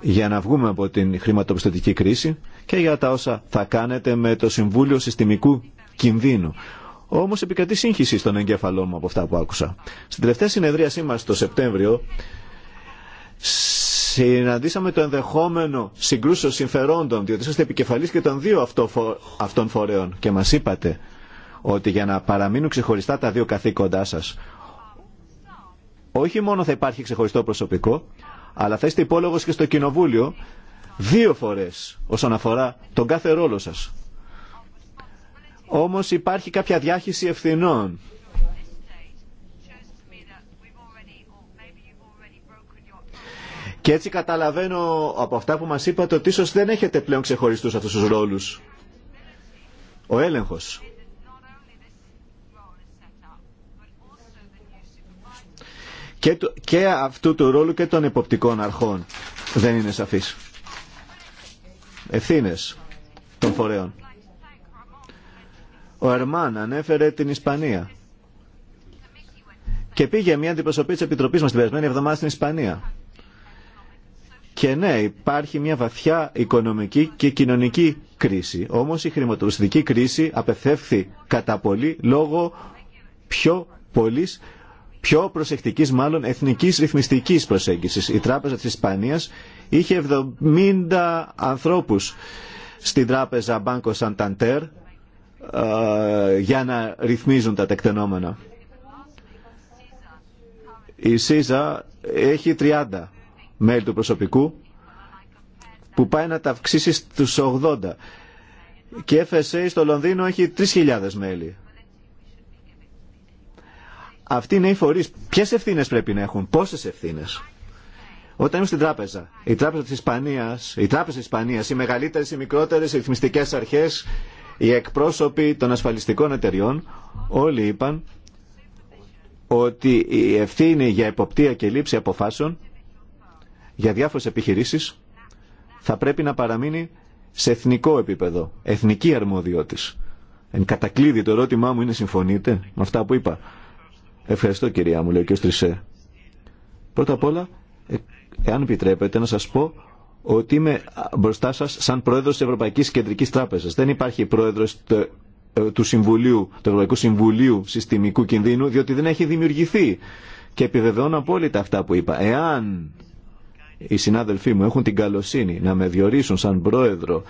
για να βγούμε από την χρηματοπιστωτική κρίση και για τα όσα θα κάνετε με το Συμβούλιο Συστημικού Κινδύνου. Όμω επικρατεί σύγχυση στον εγκέφαλό μου από αυτά που άκουσα. Στην τελευταία συνεδρίασή μα το Σεπτέμβριο συναντήσαμε το ενδεχόμενο συγκρούσεως συμφερόντων, διότι είστε επικεφαλής και των δύο αυτών φορέων και μας είπατε ότι για να παραμείνουν ξεχωριστά τα δύο καθήκοντά σας, όχι μόνο θα υπάρχει ξεχωριστό προσωπικό, αλλά θα είστε υπόλογος και στο Κοινοβούλιο δύο φορές όσον αφορά τον κάθε ρόλο σας. Όμως υπάρχει κάποια διάχυση ευθυνών Και έτσι καταλαβαίνω από αυτά που μας είπατε ότι ίσως δεν έχετε πλέον ξεχωριστούς αυτούς τους ρόλους. Ο έλεγχος. Και, αυτού του ρόλου και των εποπτικών αρχών δεν είναι σαφής. Ευθύνες των φορέων. Ο Ερμάν ανέφερε την Ισπανία. Και πήγε μια αντιπροσωπή τη Επιτροπή μα την περασμένη εβδομάδα στην Ισπανία. Και ναι, υπάρχει μια βαθιά οικονομική και κοινωνική κρίση. Όμως η χρηματοπιστική κρίση απεθέυθη κατά πολύ λόγω πιο πολλής πιο προσεκτική, μάλλον εθνικής ρυθμιστικής προσέγγισης. Η Τράπεζα τη Ισπανίας είχε 70 ανθρώπου στην Τράπεζα Banco Santander ε, για να ρυθμίζουν τα τεκτενόμενα. Η ΣΥΖΑ έχει μέλη του προσωπικού που πάει να τα αυξήσει στους 80. Και FSA στο Λονδίνο έχει 3.000 μέλη. Αυτοί είναι οι φορείς. Ποιες ευθύνες πρέπει να έχουν, πόσες ευθύνες. Όταν είμαι στην τράπεζα, η τράπεζα της Ισπανίας, η τράπεζα της Ισπανίας, οι μεγαλύτερες, οι μικρότερες, οι ρυθμιστικές αρχές, οι εκπρόσωποι των ασφαλιστικών εταιριών, όλοι είπαν ότι η ευθύνη για υποπτία και λήψη αποφάσεων για διάφορε επιχειρήσει θα πρέπει να παραμείνει σε εθνικό επίπεδο, εθνική αρμοδιότης. Εν κατακλείδη το ερώτημά μου είναι συμφωνείτε με αυτά που είπα. Ευχαριστώ κυρία μου, λέει ο κ. Τρισέ. Πρώτα απ' όλα, ε, εάν επιτρέπετε να σας πω ότι είμαι μπροστά σας σαν πρόεδρος της Ευρωπαϊκής Κεντρικής Τράπεζας. Δεν υπάρχει πρόεδρος ε, του Συμβουλίου, του Ευρωπαϊκού Συμβουλίου Συστημικού Κινδύνου, διότι δεν έχει δημιουργηθεί. Και επιβεβαιώνω απόλυτα αυτά που είπα. Εάν οι συνάδελφοί μου έχουν την καλοσύνη να με διορίσουν σαν πρόεδρο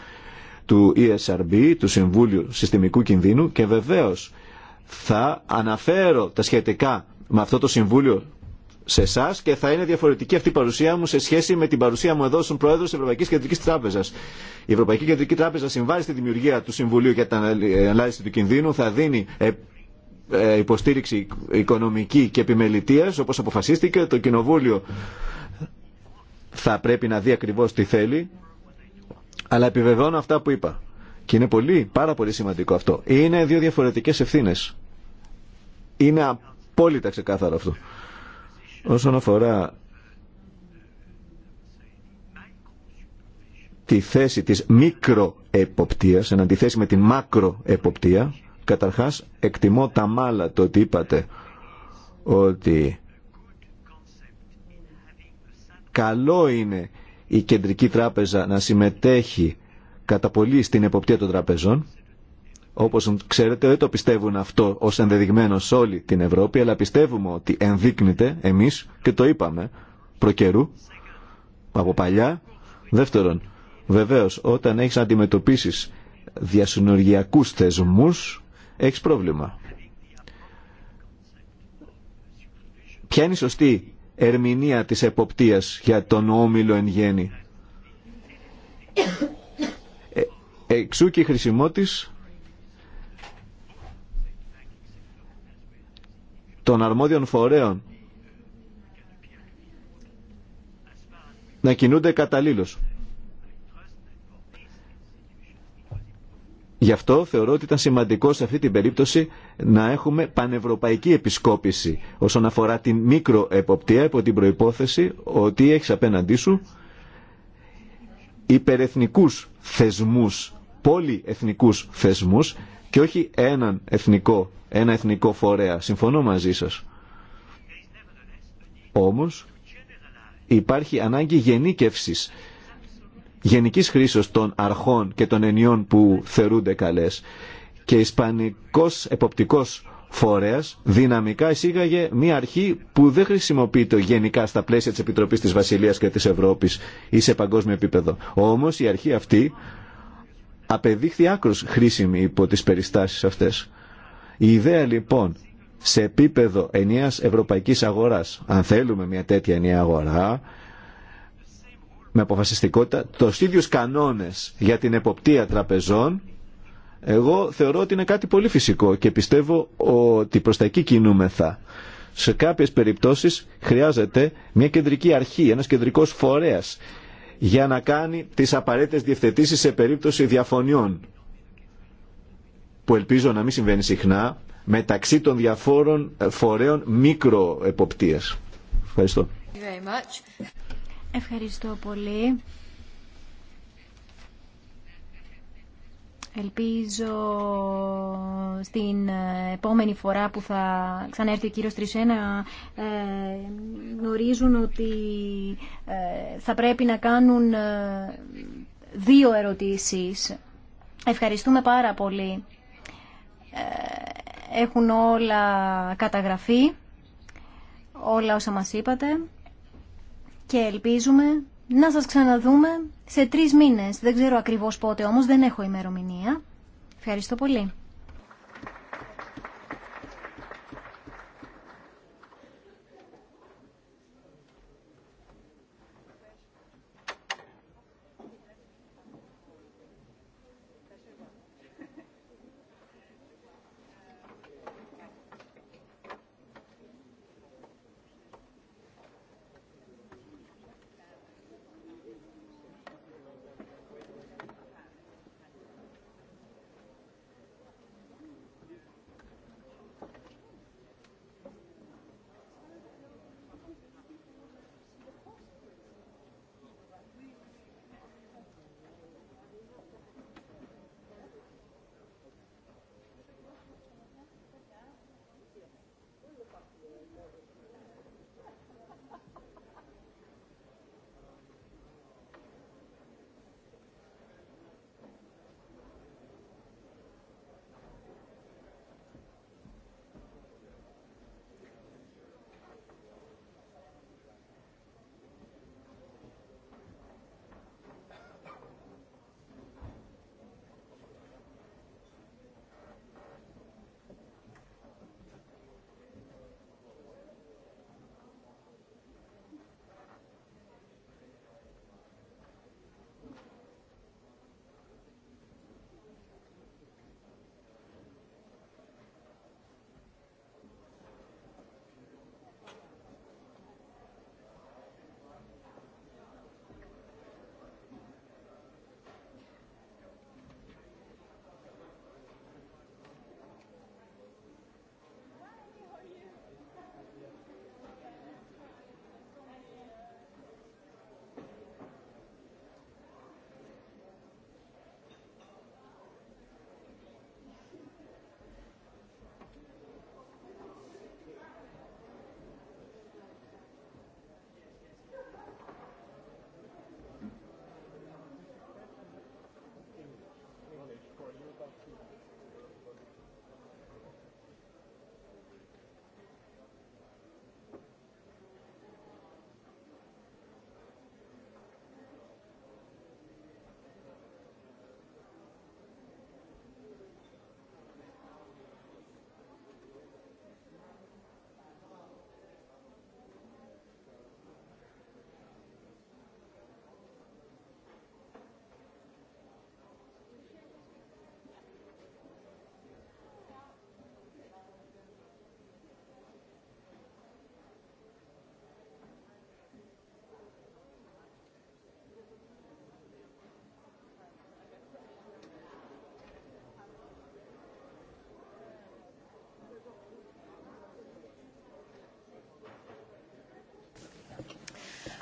του ESRB, του Συμβούλιου Συστημικού Κινδύνου και βεβαίως θα αναφέρω τα σχετικά με αυτό το Συμβούλιο σε εσά και θα είναι διαφορετική αυτή η παρουσία μου σε σχέση με την παρουσία μου εδώ στον Πρόεδρο τη Ευρωπαϊκή Κεντρική Τράπεζα. Η Ευρωπαϊκή Κεντρική Τράπεζα συμβάλλει στη δημιουργία του Συμβουλίου για την Ανάλυση του Κινδύνου, θα δίνει ε, ε, υποστήριξη οικονομική και επιμελητία, όπω αποφασίστηκε. Το Κοινοβούλιο θα πρέπει να δει ακριβώς τι θέλει, αλλά επιβεβαιώνω αυτά που είπα. Και είναι πολύ, πάρα πολύ σημαντικό αυτό. Είναι δύο διαφορετικές ευθύνε. Είναι απόλυτα ξεκάθαρο αυτό. Όσον αφορά τη θέση της μικροεποπτείας, εν αντιθέσει με την μακροεποπτεία, καταρχάς εκτιμώ τα μάλα το ότι είπατε ότι Καλό είναι η Κεντρική Τράπεζα να συμμετέχει κατά πολύ στην εποπτεία των τραπεζών. Όπως ξέρετε δεν το πιστεύουν αυτό ως ενδεδειγμένο σε όλη την Ευρώπη, αλλά πιστεύουμε ότι ενδείκνυται εμείς και το είπαμε προκαιρού από παλιά. Δεύτερον, βεβαίως όταν έχεις αντιμετωπίσει αντιμετωπίσεις διασυνοριακούς θεσμούς, έχεις πρόβλημα. Ποια είναι η σωστή ερμηνεία της εποπτείας για τον όμιλο εν γέννη. Ε, εξού και η χρησιμότης των αρμόδιων φορέων να κινούνται καταλήλως. Γι' αυτό θεωρώ ότι ήταν σημαντικό σε αυτή την περίπτωση να έχουμε πανευρωπαϊκή επισκόπηση όσον αφορά την μικροεποπτεία υπό την προϋπόθεση ότι έχεις απέναντί σου υπερεθνικούς θεσμούς, πολυεθνικούς θεσμούς και όχι έναν εθνικό, ένα εθνικό φορέα. Συμφωνώ μαζί σας. Όμως υπάρχει ανάγκη γενίκευσης γενικής χρήσεως των αρχών και των ενιών που θεωρούνται καλές. Και ισπανικός εποπτικός φορέας δυναμικά εισήγαγε μια αρχή που δεν χρησιμοποιείται γενικά στα πλαίσια της Επιτροπής της Βασιλείας και της Ευρώπης ή σε παγκόσμιο επίπεδο. Όμως η αρχή αυτή απεδείχθη άκρως χρήσιμη υπό τις περιστάσεις αυτές. Η ιδέα λοιπόν σε επίπεδο ενιαίας ευρωπαϊκής αγοράς, αν θέλουμε μια τέτοια ενιαία αγορά, με αποφασιστικότητα το ίδιου κανόνες για την εποπτεία τραπεζών εγώ θεωρώ ότι είναι κάτι πολύ φυσικό και πιστεύω ότι προ τα εκεί κινούμεθα. Σε κάποιες περιπτώσεις χρειάζεται μια κεντρική αρχή, ένας κεντρικός φορέας για να κάνει τις απαραίτητε διευθετήσεις σε περίπτωση διαφωνιών που ελπίζω να μην συμβαίνει συχνά μεταξύ των διαφόρων φορέων μικροεποπτείας. Ευχαριστώ. Ευχαριστώ πολύ. Ελπίζω στην επόμενη φορά που θα ξανάρθει ο κύριος Τρισένα να ε, γνωρίζουν ότι ε, θα πρέπει να κάνουν ε, δύο ερωτήσεις. Ευχαριστούμε πάρα πολύ. Έχουν όλα καταγραφεί, όλα όσα μας είπατε και ελπίζουμε να σας ξαναδούμε σε τρεις μήνες. Δεν ξέρω ακριβώς πότε όμως, δεν έχω ημερομηνία. Ευχαριστώ πολύ.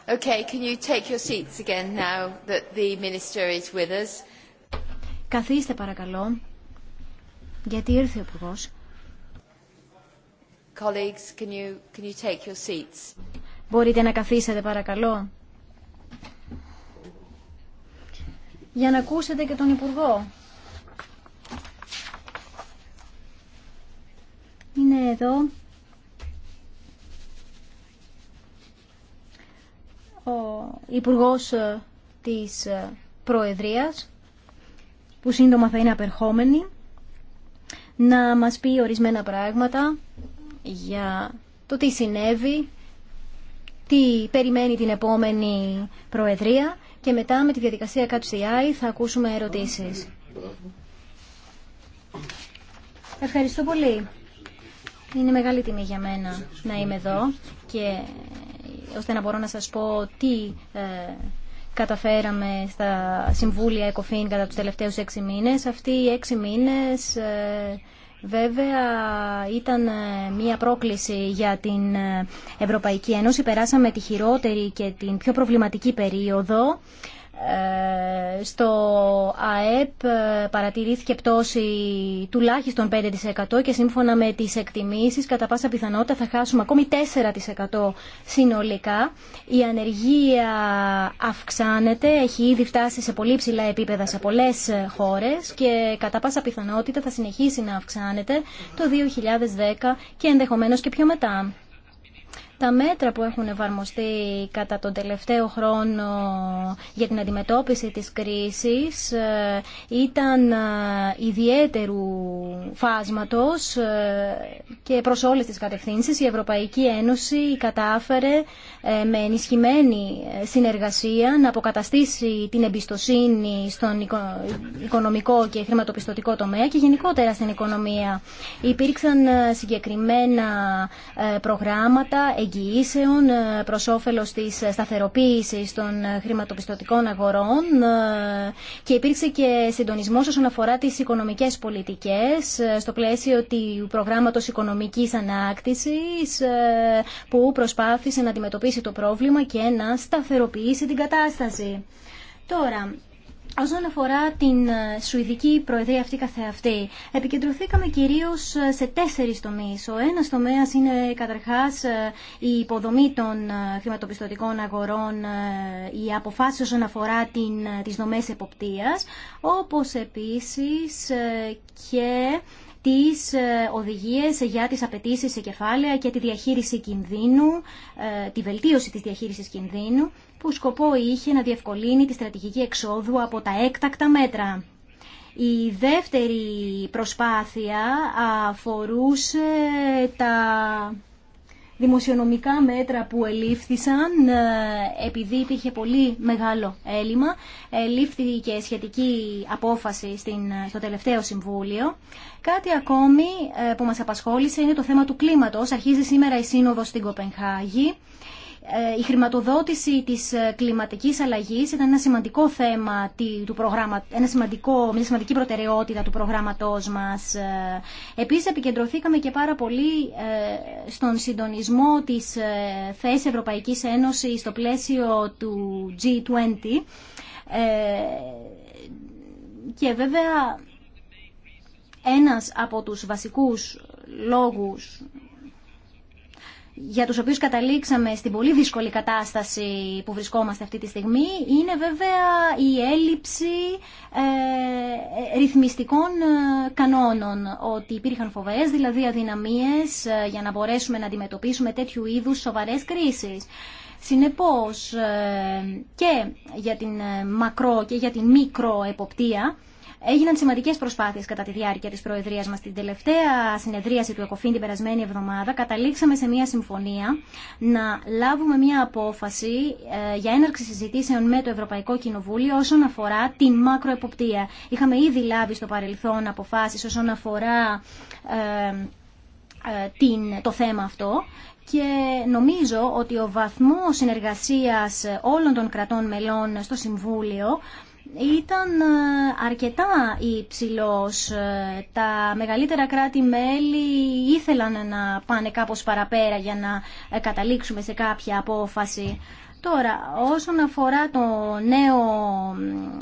Okay, can you take your seats again now that the minister is with us? Καθίστε παρακαλώ, γιατί ήρθε ο Υπουργός. Colleagues, can you, can you take your seats? Μπορείτε να καθίσετε παρακαλώ. Για να ακούσετε και τον Υπουργό. Είναι εδώ υπουργός ε, της ε, Προεδρίας, που σύντομα θα είναι απερχόμενη, να μας πει ορισμένα πράγματα για το τι συνέβη, τι περιμένει την επόμενη Προεδρία και μετά με τη διαδικασία ΚΑΤΣΙΑΙ θα ακούσουμε ερωτήσεις. Ευχαριστώ πολύ. Είναι μεγάλη τιμή για μένα να είμαι εδώ και ώστε να μπορώ να σας πω τι ε, καταφέραμε στα συμβούλια ΕΚΟΦΗΝ κατά τους τελευταίους έξι μήνες. Αυτοί οι έξι μήνες ε, Βέβαια ήταν ε, μια πρόκληση για την Ευρωπαϊκή Ένωση. Περάσαμε τη χειρότερη και την πιο προβληματική περίοδο ε, στο ΑΕΠ ε, παρατηρήθηκε πτώση τουλάχιστον 5% και σύμφωνα με τις εκτιμήσεις κατά πάσα πιθανότητα θα χάσουμε ακόμη 4% συνολικά. Η ανεργία αυξάνεται, έχει ήδη φτάσει σε πολύ ψηλά επίπεδα σε πολλές χώρες και κατά πάσα πιθανότητα θα συνεχίσει να αυξάνεται το 2010 και ενδεχομένως και πιο μετά. Τα μέτρα που έχουν εφαρμοστεί κατά τον τελευταίο χρόνο για την αντιμετώπιση της κρίσης ε, ήταν ε, ιδιαίτερου φάσματος ε, και προς όλες τις κατευθύνσεις η Ευρωπαϊκή Ένωση κατάφερε με ενισχυμένη συνεργασία να αποκαταστήσει την εμπιστοσύνη στον οικονομικό και χρηματοπιστωτικό τομέα και γενικότερα στην οικονομία. Υπήρξαν συγκεκριμένα προγράμματα εγγυήσεων ε, προ τη της ε, σταθεροποίησης των ε, χρηματοπιστωτικών αγορών και υπήρξε και συντονισμό όσον αφορά τι οικονομικές πολιτικέ στο πλαίσιο του προγράμματο οικονομικής ανάκτηση που προσπάθησε να αντιμετωπίσει το πρόβλημα και να σταθεροποιήσει την κατάσταση. Τώρα, Όσον αφορά την ε, Σουηδική Προεδρία αυτή καθεαυτή, επικεντρωθήκαμε κυρίως ε, σε τέσσερις τομείς. Ο ένας τομέας είναι καταρχάς ε, η υποδομή των χρηματοπιστωτικών αγορών, η αποφάσει όσον αφορά την, τις νομές εποπτείας, όπως επίσης και τις οδηγίες για τις απαιτήσει σε κεφάλαια και τη διαχείριση κινδύνου, τη βελτίωση της διαχείρισης κινδύνου που σκοπό είχε να διευκολύνει τη στρατηγική εξόδου από τα έκτακτα μέτρα. Η δεύτερη προσπάθεια αφορούσε τα δημοσιονομικά μέτρα που ελήφθησαν ε, επειδή υπήρχε πολύ μεγάλο έλλειμμα. και σχετική απόφαση στην, στο τελευταίο Συμβούλιο. Κάτι ακόμη ε, που μας απασχόλησε είναι το θέμα του κλίματος. Αρχίζει σήμερα η Σύνοδος στην Κοπενχάγη ε, η χρηματοδότηση της ε, κλιματικής αλλαγής ήταν ένα σημαντικό θέμα του προγράμμα, ένα σημαντικό, μια σημαντική προτεραιότητα του προγράμματός μας. Ε, επίσης επικεντρωθήκαμε και πάρα πολύ στον συντονισμό της θέσης Ευρωπαϊκής Ένωσης στο πλαίσιο του G20 και βέβαια ένας από τους βασικούς λόγους για τους οποίους καταλήξαμε στην πολύ δύσκολη κατάσταση που βρισκόμαστε αυτή τη στιγμή είναι βέβαια η έλλειψη ε, ε ρυθμιστικών ε, κανόνων, ότι υπήρχαν φοβές, δηλαδή αδυναμίες ε, για να μπορέσουμε να αντιμετωπίσουμε τέτοιου είδους σοβαρές κρίσεις. Συνεπώς και για την μακρό και για την μικρό εποπτεία, Έγιναν σημαντικέ προσπάθειε κατά τη διάρκεια τη Προεδρία μα. Στην τελευταία συνεδρίαση του ΕΚΟΦΗΝ την περασμένη εβδομάδα καταλήξαμε σε μια συμφωνία να λάβουμε μια απόφαση ε, για έναρξη συζητήσεων με το Ευρωπαϊκό Κοινοβούλιο όσον αφορά την μακροεποπτεία. Είχαμε ήδη λάβει στο παρελθόν αποφάσει όσον αφορά ε, ε, το θέμα αυτό και νομίζω ότι ο βαθμός συνεργασίας όλων των κρατών μελών στο Συμβούλιο ήταν ε, αρκετά υψηλός. Ε, τα μεγαλύτερα κράτη-μέλη ήθελαν να πάνε κάπως παραπέρα για να ε, καταλήξουμε σε κάποια απόφαση. Τώρα, όσον αφορά το νέο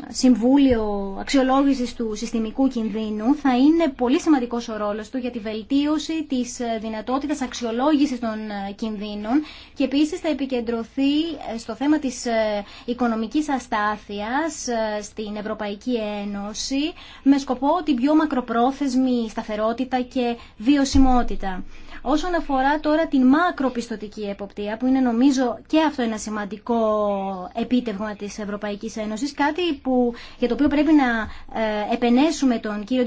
Συμβούλιο Αξιολόγησης του Συστημικού Κινδύνου, θα είναι πολύ σημαντικός ο ρόλος του για τη βελτίωση της ε, δυνατότητας αξιολόγησης των ε, κινδύνων και επίσης θα επικεντρωθεί ε, στο θέμα της οικονομικής αστάθειας στην Ευρωπαϊκή Ένωση με σκοπό την πιο μακροπρόθεσμη σταθερότητα και βιωσιμότητα. Όσον αφορά τώρα την μακροπιστωτική εποπτεία, που είναι νομίζω και αυτό ένα σημαντικό επίτευγμα της Ευρωπαϊκής Ένωσης, κάτι που, για το οποίο πρέπει να ε, επενέσουμε τον κύριο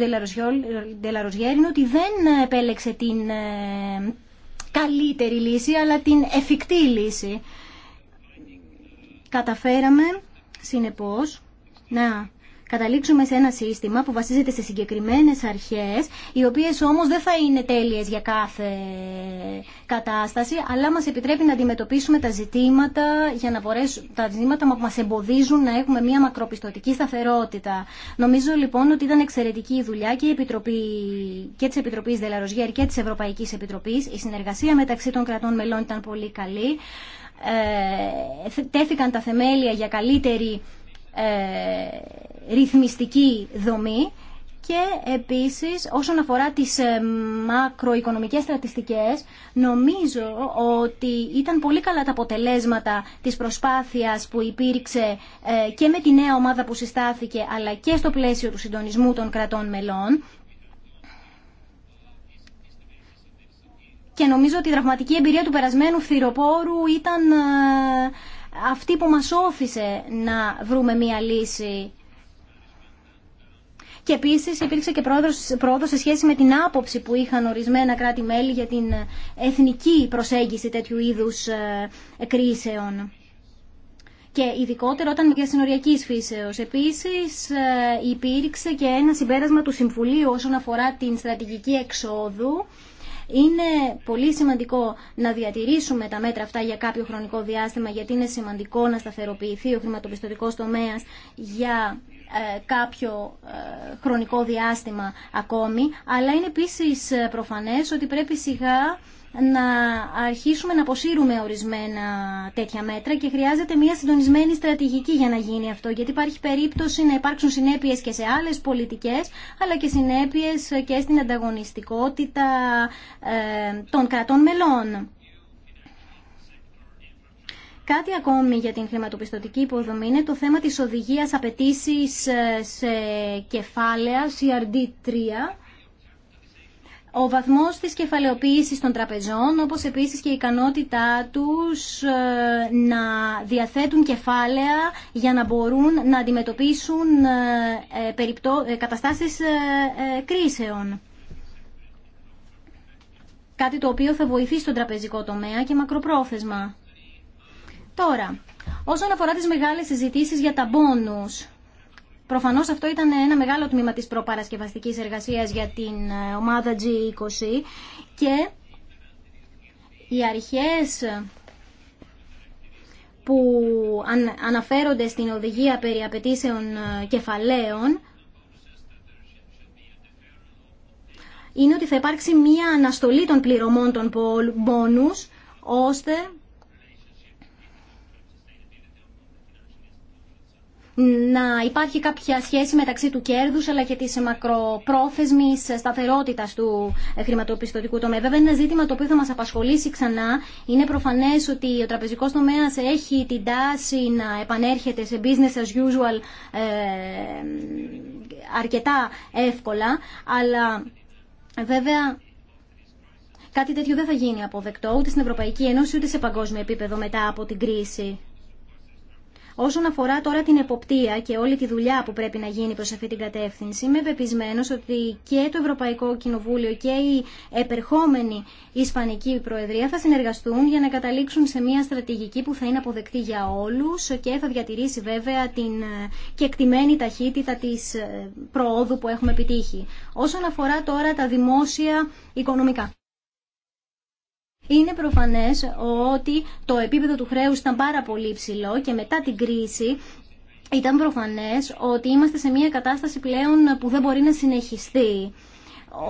Ντελαροζιέρη, είναι ότι δεν επέλεξε την ε, καλύτερη λύση, αλλά την εφικτή λύση. Καταφέραμε, συνεπώς, να καταλήξουμε σε ένα σύστημα που βασίζεται σε συγκεκριμένες αρχές, οι οποίες όμως δεν θα είναι τέλειες για κάθε κατάσταση, αλλά μας επιτρέπει να αντιμετωπίσουμε τα ζητήματα, για να μπορέσουν, τα ζητήματα που μας εμποδίζουν να έχουμε μια μακροπιστωτική σταθερότητα. Νομίζω λοιπόν ότι ήταν εξαιρετική η δουλειά και, η Επιτροπή, και της Επιτροπής Δελαροζιέρ και της Ευρωπαϊκής Επιτροπής. Η συνεργασία μεταξύ των κρατών μελών ήταν πολύ καλή. Ε, τέθηκαν τα θεμέλια για καλύτερη ε, ρυθμιστική δομή και επίσης όσον αφορά τις ε, μακροοικονομικές στατιστικές νομίζω ότι ήταν πολύ καλά τα αποτελέσματα της προσπάθειας που υπήρξε ε, και με τη νέα ομάδα που συστάθηκε αλλά και στο πλαίσιο του συντονισμού των κρατών μελών και νομίζω ότι η δραματική εμπειρία του περασμένου φθυροπόρου ήταν αυτή που μας όφησε να βρούμε μία λύση. Και επίσης υπήρξε και πρόοδος σε σχέση με την άποψη που είχαν ορισμένα κράτη-μέλη για την εθνική προσέγγιση τέτοιου είδους ε, κρίσεων και ειδικότερα όταν για συνοριακή φύσεω. Επίση, ε, υπήρξε και ένα συμπέρασμα του Συμβουλίου όσον αφορά την στρατηγική εξόδου είναι πολύ σημαντικό να διατηρήσουμε τα μέτρα αυτά για κάποιο χρονικό διάστημα, γιατί είναι σημαντικό να σταθεροποιηθεί ο χρηματοπιστωτικό τομέα για ε, κάποιο ε, χρονικό διάστημα ακόμη, αλλά είναι επίσης ε, προφανές ότι πρέπει σιγά να αρχίσουμε να αποσύρουμε ορισμένα τέτοια μέτρα και χρειάζεται μια συντονισμένη στρατηγική για να γίνει αυτό, γιατί υπάρχει περίπτωση να υπάρξουν συνέπειες και σε άλλες πολιτικές, αλλά και συνέπειες και στην ανταγωνιστικότητα ε, των κρατών μελών. Κάτι ακόμη για την χρηματοπιστωτική υποδομή είναι το θέμα της οδηγίας απαιτήσει ε, σε κεφάλαια CRD3 ο βαθμός της κεφαλαιοποίησης των τραπεζών, όπως επίσης και η ικανότητά τους ε, να διαθέτουν κεφάλαια για να μπορούν να αντιμετωπίσουν ε, ε, καταστάσεις κρίσεων. Κάτι το οποίο θα βοηθήσει τον τραπεζικό τομέα και μακροπρόθεσμα. Τώρα, όσον αφορά τις μεγάλες συζητήσεις για τα μπόνους, Προφανώς αυτό ήταν ένα μεγάλο τμήμα τη προπαρασκευαστικής εργασίας για την ε, ομάδα G20 και οι αρχές που αναφέρονται στην οδηγία περί απαιτήσεων ε, κεφαλαίων είναι ότι θα υπάρξει μία αναστολή των πληρωμών των πόνους ώστε να υπάρχει κάποια σχέση μεταξύ του κέρδους αλλά και τη μακροπρόθεσμη σταθερότητας του χρηματοπιστωτικού τομέα. Βέβαια είναι ένα ζήτημα το οποίο θα μα απασχολήσει ξανά. Είναι προφανές ότι ο τραπεζικός τομέα έχει την τάση να επανέρχεται σε business as usual ε, αρκετά εύκολα, αλλά βέβαια κάτι τέτοιο δεν θα γίνει αποδεκτό ούτε στην Ευρωπαϊκή Ένωση ούτε σε παγκόσμιο επίπεδο μετά από την κρίση. Όσον αφορά τώρα την εποπτεία και όλη τη δουλειά που πρέπει να γίνει προς αυτή την κατεύθυνση, είμαι πεπισμένο ότι και το Ευρωπαϊκό Κοινοβούλιο και η επερχόμενη Ισπανική Προεδρία θα συνεργαστούν για να καταλήξουν σε μια στρατηγική που θα είναι αποδεκτή για όλους και θα διατηρήσει βέβαια την ε, κεκτημένη ταχύτητα της ε, προόδου που έχουμε επιτύχει. Όσον αφορά τώρα τα δημόσια οικονομικά. Είναι προφανές ότι το επίπεδο του χρέους ήταν πάρα πολύ ψηλό και μετά την κρίση ήταν προφανές ότι είμαστε σε μια κατάσταση πλέον που δεν μπορεί να συνεχιστεί.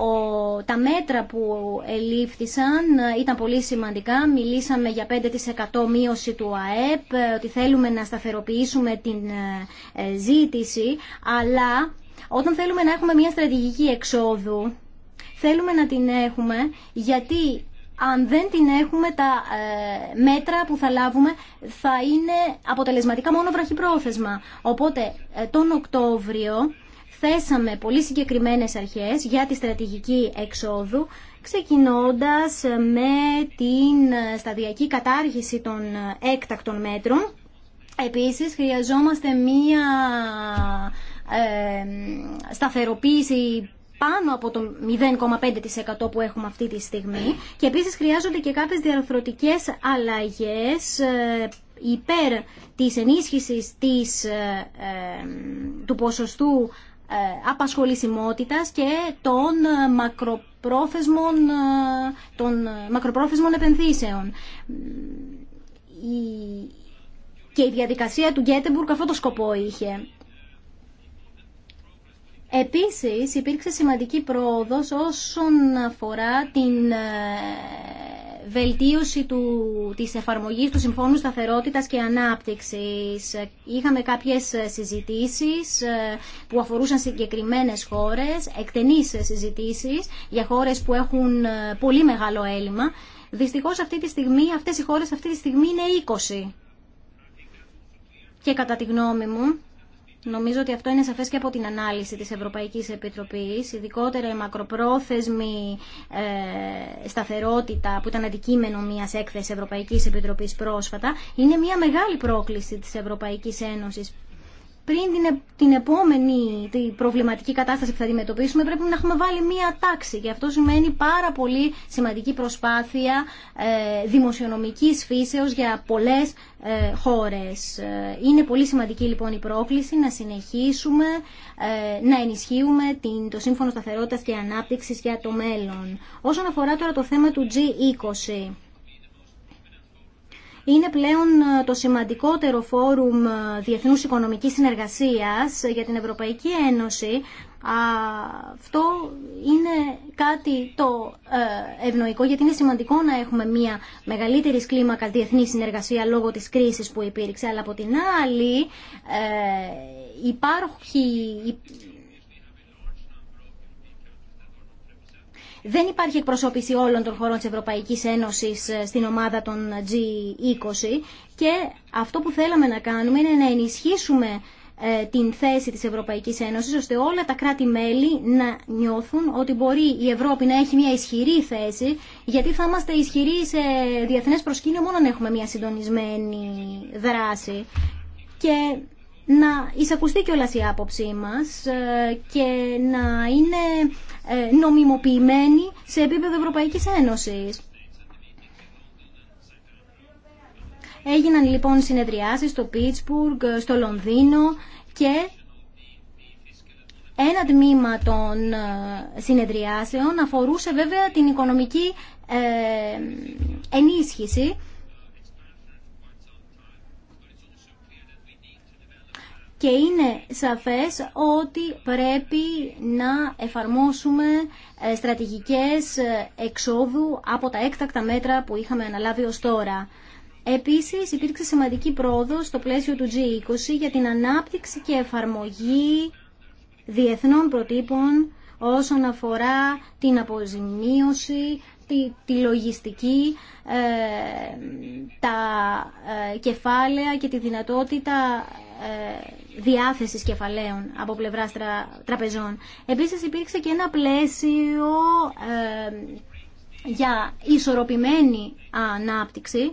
Ο, τα μέτρα που ελήφθησαν ήταν πολύ σημαντικά. Μιλήσαμε για 5% μείωση του ΑΕΠ, ότι θέλουμε να σταθεροποιήσουμε την ε, ζήτηση, αλλά όταν θέλουμε να έχουμε μια στρατηγική εξόδου, θέλουμε να την έχουμε γιατί αν δεν την έχουμε τα ε, μέτρα που θα λάβουμε θα είναι αποτελεσματικά μόνο βραχυπρόθεσμα. Οπότε ε, τον Οκτώβριο θέσαμε πολύ συγκεκριμένες αρχές για τη στρατηγική εξόδου ξεκινώντας ε, με την σταδιακή κατάργηση των έκτακτων μέτρων. Επίσης χρειαζόμαστε μία ε, σταθεροποίηση πάνω από το 0,5% που έχουμε αυτή τη στιγμή και επίσης χρειάζονται και κάποιες διαρθρωτικές αλλαγές ε, υπέρ της ενίσχυσης της, ε, του ποσοστού ε, απασχολησιμότητας και των μακροπρόθεσμων, των μακροπρόθεσμων επενδύσεων. και η διαδικασία του Γκέτεμπουργκ αυτό το σκοπό είχε. Επίσης υπήρξε σημαντική πρόοδος όσον αφορά την ε, βελτίωση του, της εφαρμογής του Συμφώνου Σταθερότητας και Ανάπτυξης. Είχαμε κάποιες συζητήσεις ε, που αφορούσαν συγκεκριμένες χώρες, εκτενείς συζητήσεις για χώρες που έχουν ε, πολύ μεγάλο έλλειμμα. Δυστυχώς αυτή τη στιγμή, αυτές οι χώρες αυτή τη στιγμή είναι 20. Και κατά τη γνώμη μου, Νομίζω ότι αυτό είναι σαφές και από την ανάλυση της Ευρωπαϊκής Επιτροπής, ειδικότερα η μακροπρόθεσμη ε, σταθερότητα που ήταν αντικείμενο μιας έκθεσης Ευρωπαϊκής Επιτροπής πρόσφατα, είναι μια μεγάλη πρόκληση της Ευρωπαϊκής Ένωσης πριν την, επόμενη την προβληματική κατάσταση που θα αντιμετωπίσουμε πρέπει να έχουμε βάλει μία τάξη και αυτό σημαίνει πάρα πολύ σημαντική προσπάθεια ε, δημοσιονομικής φύσεως για πολλές ε, χώρες. Ε, είναι πολύ σημαντική λοιπόν η πρόκληση να συνεχίσουμε να ενισχύουμε το Σύμφωνο Σταθερότητας και Ανάπτυξης για το μέλλον. Όσον αφορά τώρα το θέμα του G20 είναι πλέον ε, το σημαντικότερο φόρουμ ε, διεθνούς οικονομικής συνεργασίας ε, για την Ευρωπαϊκή Ένωση. Αυτό είναι κάτι το ευνοϊκό γιατί είναι σημαντικό να έχουμε μια μεγαλύτερη κλίμακα διεθνή συνεργασία λόγω της κρίσης που υπήρξε. Αλλά από την άλλη υπάρχει Δεν υπάρχει εκπροσώπηση όλων των χωρών της Ευρωπαϊκής Ένωσης ε, στην ομάδα των G20 και αυτό που θέλαμε να κάνουμε είναι να ενισχύσουμε ε, την θέση της Ευρωπαϊκής Ένωσης ώστε όλα τα κράτη-μέλη να νιώθουν ότι μπορεί η Ευρώπη να έχει μια ισχυρή θέση γιατί θα είμαστε ισχυροί σε διεθνές προσκήνιο μόνο να έχουμε μια συντονισμένη δράση και να εισακουστεί κιόλας η άποψή μας ε, και να είναι ε, νομιμοποιημένη σε επίπεδο Ευρωπαϊκής Ένωσης. Έγιναν λοιπόν συνεδριάσεις στο Πίτσπουργκ, στο Λονδίνο και ένα τμήμα των ε, συνεδριάσεων αφορούσε βέβαια την οικονομική ε, ενίσχυση και είναι σαφές ότι πρέπει να εφαρμόσουμε ε, στρατηγικές ε, εξόδου από τα έκτακτα μέτρα που είχαμε αναλάβει ως τώρα. Επίσης υπήρξε σημαντική πρόοδος στο πλαίσιο του G20 για την ανάπτυξη και εφαρμογή διεθνών προτύπων όσον αφορά την αποζημίωση, τη, τη λογιστική, ε, τα κεφάλαια και τη δυνατότητα ε, διάθεσης κεφαλαίων από πλευράς τραπεζών. Επίσης υπήρξε και ένα πλαίσιο ε, για ισορροπημένη ανάπτυξη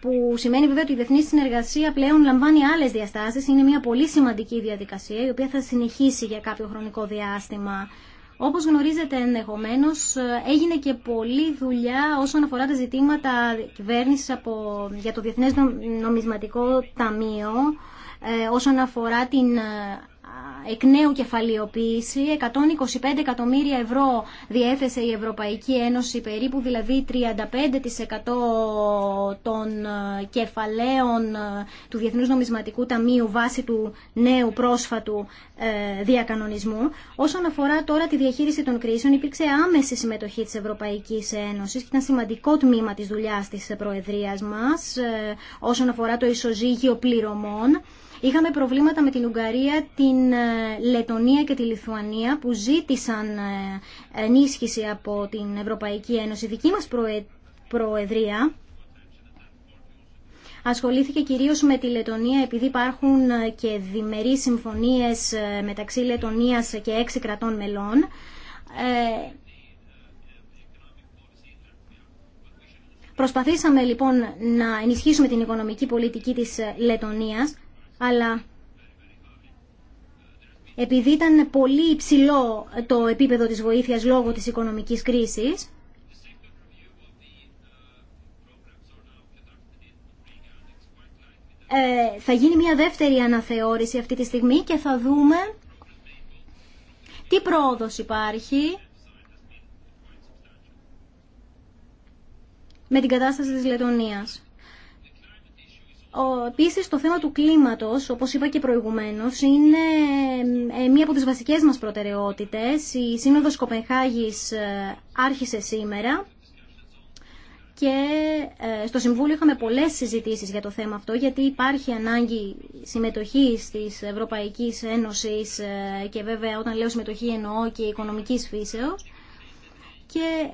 που σημαίνει βέβαια ότι η διεθνή συνεργασία πλέον λαμβάνει άλλε διαστάσει. Είναι μια πολύ σημαντική διαδικασία, η οποία θα συνεχίσει για κάποιο χρονικό διάστημα. Όπως γνωρίζετε ενδεχομένως ε, έγινε και πολλή δουλειά όσον αφορά τα ζητήματα κυβέρνησης από, για το Διεθνές Νομισματικό Ταμείο ε, όσον αφορά την ε, εκ νέου κεφαλαιοποίηση. 125 εκατομμύρια ευρώ διέθεσε η Ευρωπαϊκή Ένωση, περίπου δηλαδή 35% των ε, κεφαλαίων ε, του Διεθνούς Νομισματικού Ταμείου βάσει του νέου πρόσφατου ε, διακανονισμού. Όσον αφορά τώρα τη διαχείριση των κρίσεων, υπήρξε άμεση συμμετοχή της Ευρωπαϊκής Ένωσης και ήταν σημαντικό τμήμα της δουλειάς της Προεδρίας μας όσον αφορά το ισοζύγιο πληρωμών. Είχαμε προβλήματα με την Ουγγαρία, την ε, Λετωνία και τη Λιθουανία που ζήτησαν ε, ενίσχυση από την Ευρωπαϊκή Ένωση. Δική μας Προεδρία ασχολήθηκε κυρίως με τη Λετωνία επειδή υπάρχουν ε, και διμερείς συμφωνίες μεταξύ Λετωνίας και έξι κρατών μελών. Προσπαθήσαμε λοιπόν να ενισχύσουμε την οικονομική πολιτική της Λετωνίας αλλά επειδή ήταν πολύ υψηλό το επίπεδο της βοήθειας λόγω της οικονομικής κρίσης, ε, θα γίνει μια δεύτερη αναθεώρηση αυτή τη στιγμή και θα δούμε τι πρόοδος υπάρχει με την κατάσταση της Λετωνίας. Επίση, το θέμα του κλίματο, όπω είπα και προηγουμένω, είναι ε, ε, μία από τι βασικές μας προτεραιότητες. Η Σύνοδο Κοπενχάγη ε, άρχισε σήμερα και στο Συμβούλιο είχαμε πολλέ συζητήσει για το θέμα αυτό, γιατί υπάρχει ανάγκη συμμετοχή τη Ευρωπαϊκή Ένωση και βέβαια όταν λέω συμμετοχή εννοώ και οικονομική φύσεω. Και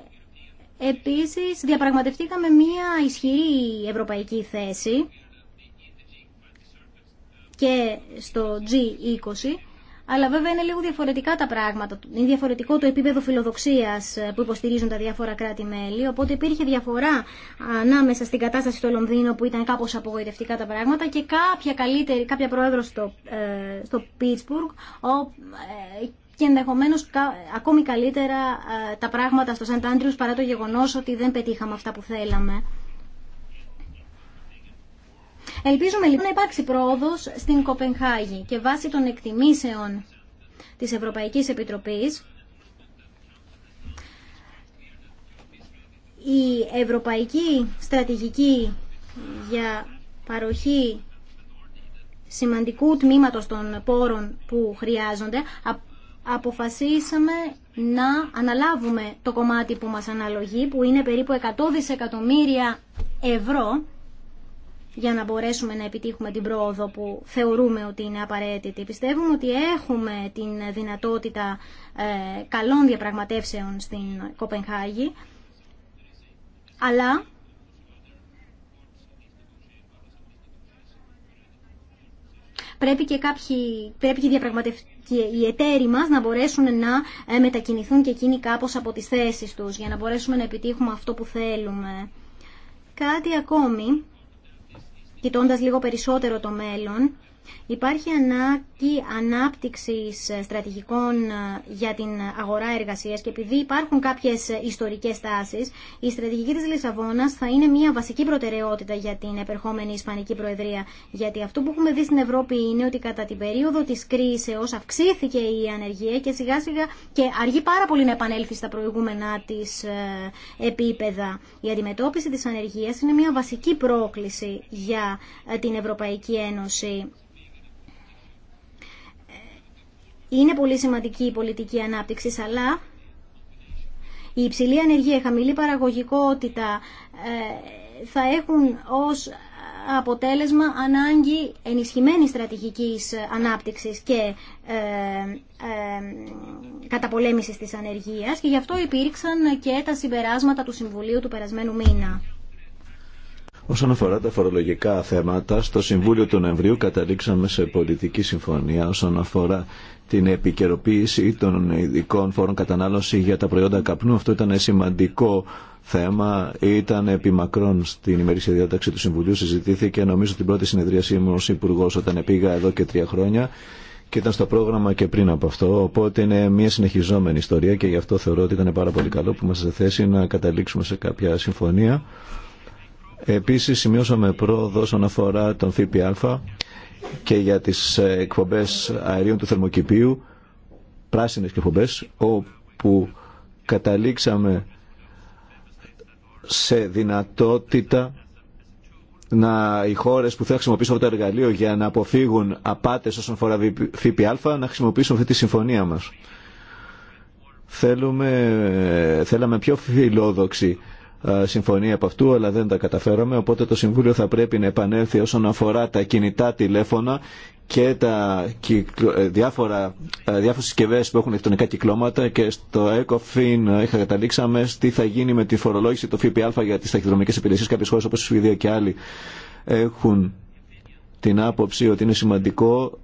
επίσης διαπραγματευτήκαμε μία ισχυρή ευρωπαϊκή θέση και στο G20. Αλλά βέβαια είναι λίγο διαφορετικά τα πράγματα. Είναι διαφορετικό το επίπεδο φιλοδοξία ε, που υποστηρίζουν τα διάφορα κράτη-μέλη. Οπότε υπήρχε διαφορά ανάμεσα στην κατάσταση στο Λονδίνο που ήταν κάπω απογοητευτικά τα πράγματα και κάποια, καλύτερη, κάποια πρόεδρο στο, ε, στο ε, και ενδεχομένω ακόμη καλύτερα ε, τα πράγματα στο Σαντ Άντριου παρά το γεγονό ότι δεν πετύχαμε αυτά που θέλαμε. Ελπίζουμε λοιπόν να υπάρξει πρόοδος στην Κοπενχάγη και βάσει των εκτιμήσεων της Ευρωπαϊκής Επιτροπής η Ευρωπαϊκή Στρατηγική για παροχή σημαντικού τμήματος των πόρων που χρειάζονται αποφασίσαμε να αναλάβουμε το κομμάτι που μας αναλογεί που είναι περίπου 100 δισεκατομμύρια ευρώ για να μπορέσουμε να επιτύχουμε την πρόοδο που θεωρούμε ότι είναι απαραίτητη. Πιστεύουμε ότι έχουμε την δυνατότητα ε, καλών διαπραγματεύσεων στην Κοπενχάγη, αλλά πρέπει και κάποιοι, πρέπει και οι εταίροι μας να μπορέσουν να ε, μετακινηθούν και εκείνοι κάπως από τις θέσεις τους για να μπορέσουμε να επιτύχουμε αυτό που θέλουμε. Κάτι ακόμη κοιτώντας λίγο περισσότερο το μέλλον Υπάρχει ανάγκη ανάπτυξη ε, στρατηγικών ε, για την αγορά εργασία και επειδή υπάρχουν κάποιε ιστορικέ τάσει, η στρατηγική τη Λισαβόνα θα είναι μια βασική προτεραιότητα για την επερχόμενη Ισπανική Προεδρία. Γιατί αυτό που έχουμε δει στην Ευρώπη είναι ότι κατά την περίοδο της κρίσεω αυξήθηκε η ανεργία και σιγά σιγά και αργεί πάρα πολύ να επανέλθει στα προηγούμενα τη ε, επίπεδα. Η αντιμετώπιση τη ανεργία είναι μια βασική πρόκληση για την Ευρωπαϊκή Ένωση. Είναι πολύ σημαντική η πολιτική ανάπτυξη, αλλά η υψηλή ανεργία, η χαμηλή παραγωγικότητα ε, θα έχουν ως αποτέλεσμα ανάγκη ενισχυμένης στρατηγικής ανάπτυξης και ε, ε, καταπολέμησης της ανεργίας και γι' αυτό υπήρξαν και τα συμπεράσματα του Συμβουλίου του περασμένου μήνα. Όσον αφορά τα φορολογικά θέματα, στο Συμβούλιο του Νευρίου καταλήξαμε σε πολιτική συμφωνία όσον αφορά την επικαιροποίηση των ειδικών φόρων κατανάλωση για τα προϊόντα καπνού. Αυτό ήταν σημαντικό θέμα. Ήταν επιμακρών στην ημερήσια διάταξη του Συμβουλίου. Συζητήθηκε νομίζω την πρώτη συνεδρίασή μου ως Υπουργό όταν πήγα εδώ και τρία χρόνια και ήταν στο πρόγραμμα και πριν από αυτό. Οπότε είναι μια συνεχιζόμενη ιστορία και γι' αυτό θεωρώ ότι ήταν πάρα πολύ καλό που είμαστε σε θέση να καταλήξουμε σε κάποια συμφωνία. Επίσης σημειώσαμε πρόοδο όσον αφορά τον ΦΠΑ και για τις ε, εκπομπές αερίων του θερμοκηπίου, πράσινες εκπομπές, όπου καταλήξαμε σε δυνατότητα να οι χώρες που θα χρησιμοποιήσουν αυτό το εργαλείο για να αποφύγουν απάτες όσον αφορά ΦΠΑ να χρησιμοποιήσουν αυτή τη συμφωνία μας. Θέλουμε, θέλαμε πιο φιλόδοξη ε, συμφωνία από αυτού, αλλά δεν τα καταφέραμε. Οπότε το Συμβούλιο θα πρέπει να επανέλθει όσον αφορά τα κινητά τηλέφωνα και τα ε, διάφορα, ε, διάφορες συσκευέ που έχουν ηλεκτρονικά κυκλώματα και στο ECOFIN είχα καταλήξαμε τι θα γίνει με τη φορολόγηση του ΦΠΑ για τις ταχυδρομικές υπηρεσίες. Κάποιες χώρες όπως η Σουηδία και άλλοι έχουν την άποψη ότι είναι σημαντικό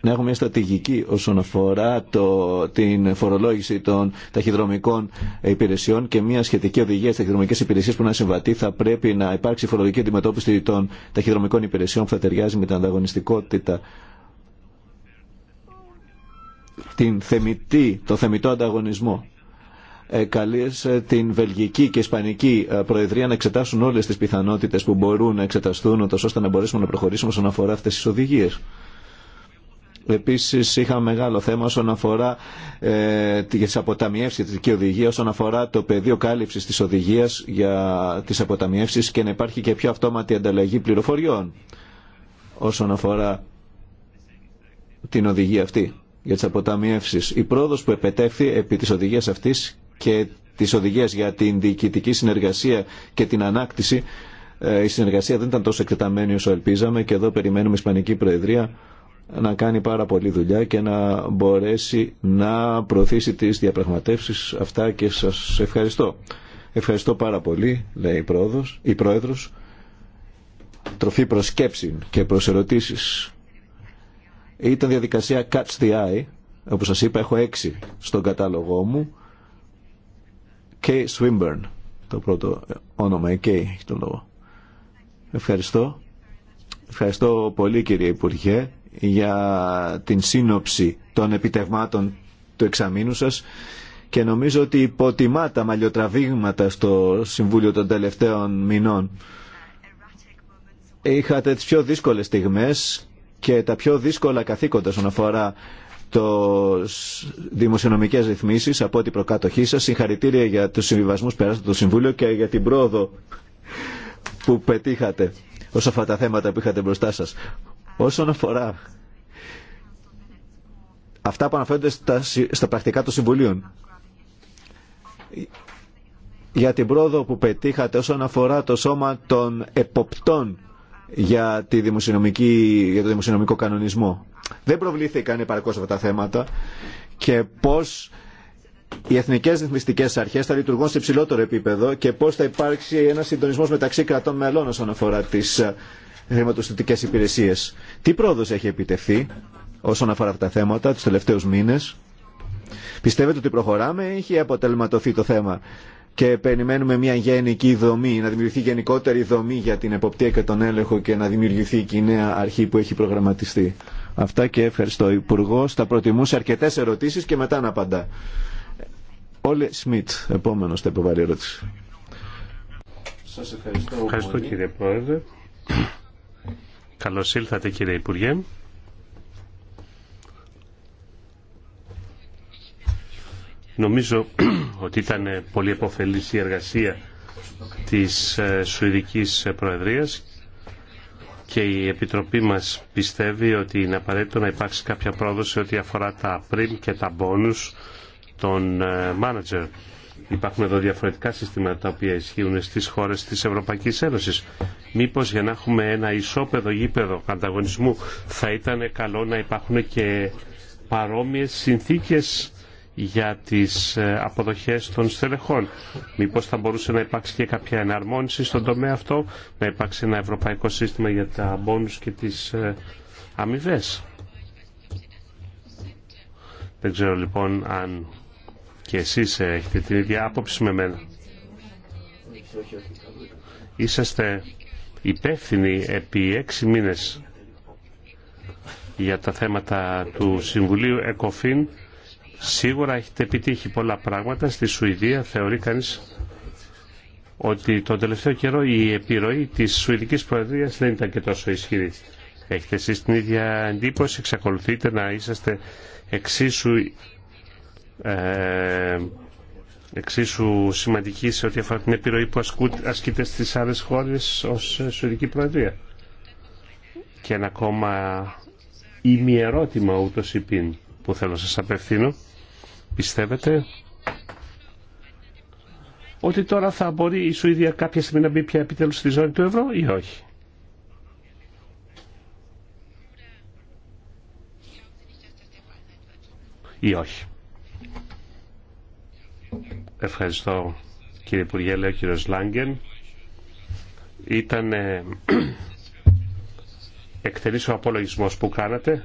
να έχουμε μια στρατηγική όσον αφορά το, την φορολόγηση των ταχυδρομικών υπηρεσιών και μια σχετική οδηγία στι ταχυδρομικέ υπηρεσίε που να συμβατεί. Θα πρέπει να υπάρξει φορολογική αντιμετώπιση των ταχυδρομικών υπηρεσιών που θα ταιριάζει με την ανταγωνιστικότητα την θεμητή, το θεμητό ανταγωνισμό. Ε, καλείς ε, την Βελγική και Ισπανική ε, Προεδρία να εξετάσουν όλες τις πιθανότητες που μπορούν να εξεταστούν ώστε να μπορέσουμε να προχωρήσουμε όσον αφορά αυτές τι οδηγίε. Επίσης είχα μεγάλο θέμα όσον αφορά ε, τις αποταμιεύσεις, τη δική οδηγία, όσον αφορά το πεδίο κάλυψης της οδηγίας για τις αποταμιεύσεις και να υπάρχει και πιο αυτόματη ανταλλαγή πληροφοριών όσον αφορά την οδηγία αυτή για τις αποταμιεύσεις. Η πρόοδος που επετέφθη επί της οδηγίας αυτής και της οδηγίας για την διοικητική συνεργασία και την ανάκτηση ε, η συνεργασία δεν ήταν τόσο εκτεταμένη όσο ελπίζαμε και εδώ περιμένουμε η Ισπανική Προεδρία να κάνει πάρα πολλή δουλειά και να μπορέσει να προωθήσει τις διαπραγματεύσεις αυτά και σας ευχαριστώ. Ευχαριστώ πάρα πολύ, λέει η, πρόεδρος, η Πρόεδρος. Τροφή προς και προς ερωτήσεις. Ήταν διαδικασία Catch the Eye. Όπως σας είπα, έχω έξι στον κατάλογό μου. Kay Swinburne, το πρώτο όνομα. Kay τον λόγο. Ευχαριστώ. Ευχαριστώ πολύ κύριε Υπουργέ για την σύνοψη των επιτευμάτων του εξαμήνου σας και νομίζω ότι υποτιμά τα μαλλιοτραβήγματα στο Συμβούλιο των τελευταίων μηνών. Είχατε τις πιο δύσκολες στιγμές και τα πιο δύσκολα καθήκοντα όσον αφορά το δημοσιονομικές ρυθμίσεις από την προκάτοχή σας. Συγχαρητήρια για τους συμβιβασμούς περάσατε το Συμβούλιο και για την πρόοδο που πετύχατε όσο αυτά τα θέματα που είχατε μπροστά σας. Όσον αφορά αυτά που αναφέρονται στα, στα πρακτικά των Συμβουλίων, για την πρόοδο που πετύχατε όσον αφορά το σώμα των εποπτών για, τη δημοσιονομική, για το δημοσιονομικό κανονισμό. Δεν προβλήθηκαν επαρκώς αυτά τα θέματα και πώς οι εθνικέ ρυθμιστικέ αρχέ θα λειτουργούν σε υψηλότερο επίπεδο και πώ θα υπάρξει ένα συντονισμό μεταξύ κρατών μελών όσον αφορά τι χρηματοστατικέ υπηρεσίε. Τι πρόοδος έχει επιτευχθεί όσον αφορά αυτά τα θέματα του τελευταίου μήνε. Πιστεύετε ότι προχωράμε έχει αποτελματωθεί το θέμα και περιμένουμε μια γενική δομή, να δημιουργηθεί γενικότερη δομή για την εποπτεία και τον έλεγχο και να δημιουργηθεί η νέα αρχή που έχει προγραμματιστεί. Αυτά και ευχαριστώ. Υπουργό θα προτιμούσε αρκετέ ερωτήσει και μετά να απαντά. Όλε Σμιτ, επόμενο θα υποβάλει ερώτηση. Σα ευχαριστώ. Ευχαριστώ κύριε Πρόεδρε. Καλώς ήλθατε κύριε Υπουργέ. Νομίζω (clears throat) ότι ήταν πολύ επωφελής η εργασία της ε, Σουηδικής Προεδρίας και η Επιτροπή μας πιστεύει ότι είναι απαραίτητο να υπάρξει κάποια πρόοδος σε ό,τι αφορά τα πριμ και τα μπόνους των μάνατζερ Υπάρχουν εδώ διαφορετικά συστήματα τα οποία ισχύουν στις χώρες της Ευρωπαϊκής Ένωσης. Μήπως για να έχουμε ένα ισόπεδο γήπεδο ανταγωνισμού θα ήταν καλό να υπάρχουν και παρόμοιες συνθήκες για τις ε, αποδοχές των στελεχών. Μήπως θα μπορούσε να υπάρξει και κάποια εναρμόνιση στον τομέα αυτό, να υπάρξει ένα ευρωπαϊκό σύστημα για τα μπόνους και τις ε, αμοιβέ. Δεν ξέρω λοιπόν αν και εσείς ε, έχετε την ίδια άποψη με μένα. Είσαστε υπεύθυνοι επί έξι μήνες για τα θέματα του Συμβουλίου ΕΚΟΦΗΝ. Σίγουρα έχετε επιτύχει πολλά πράγματα. Στη Σουηδία θεωρεί κανείς ότι τον τελευταίο καιρό η επιρροή της Σουηδικής Προεδρίας δεν ήταν και τόσο ισχυρή. Έχετε εσείς την ίδια εντύπωση, εξακολουθείτε να είσαστε εξίσου ε, εξίσου σημαντική σε ό,τι αφορά την επιρροή που ασκείται στις άλλες χώρες ως ε, Σουηδική Προεδρία. Και ένα ακόμα ημιερώτημα ούτως πίν που θέλω να σας απευθύνω. Πιστεύετε ότι τώρα θα μπορεί η Σουηδία κάποια στιγμή να μπει πια επιτέλους στη ζώνη του ευρώ ή όχι. Ή όχι. Ευχαριστώ κύριε Υπουργέ, λέει ο κύριος Λάγκεν. Ήταν (clears throat) εκτελής ο απολογισμός που κάνατε.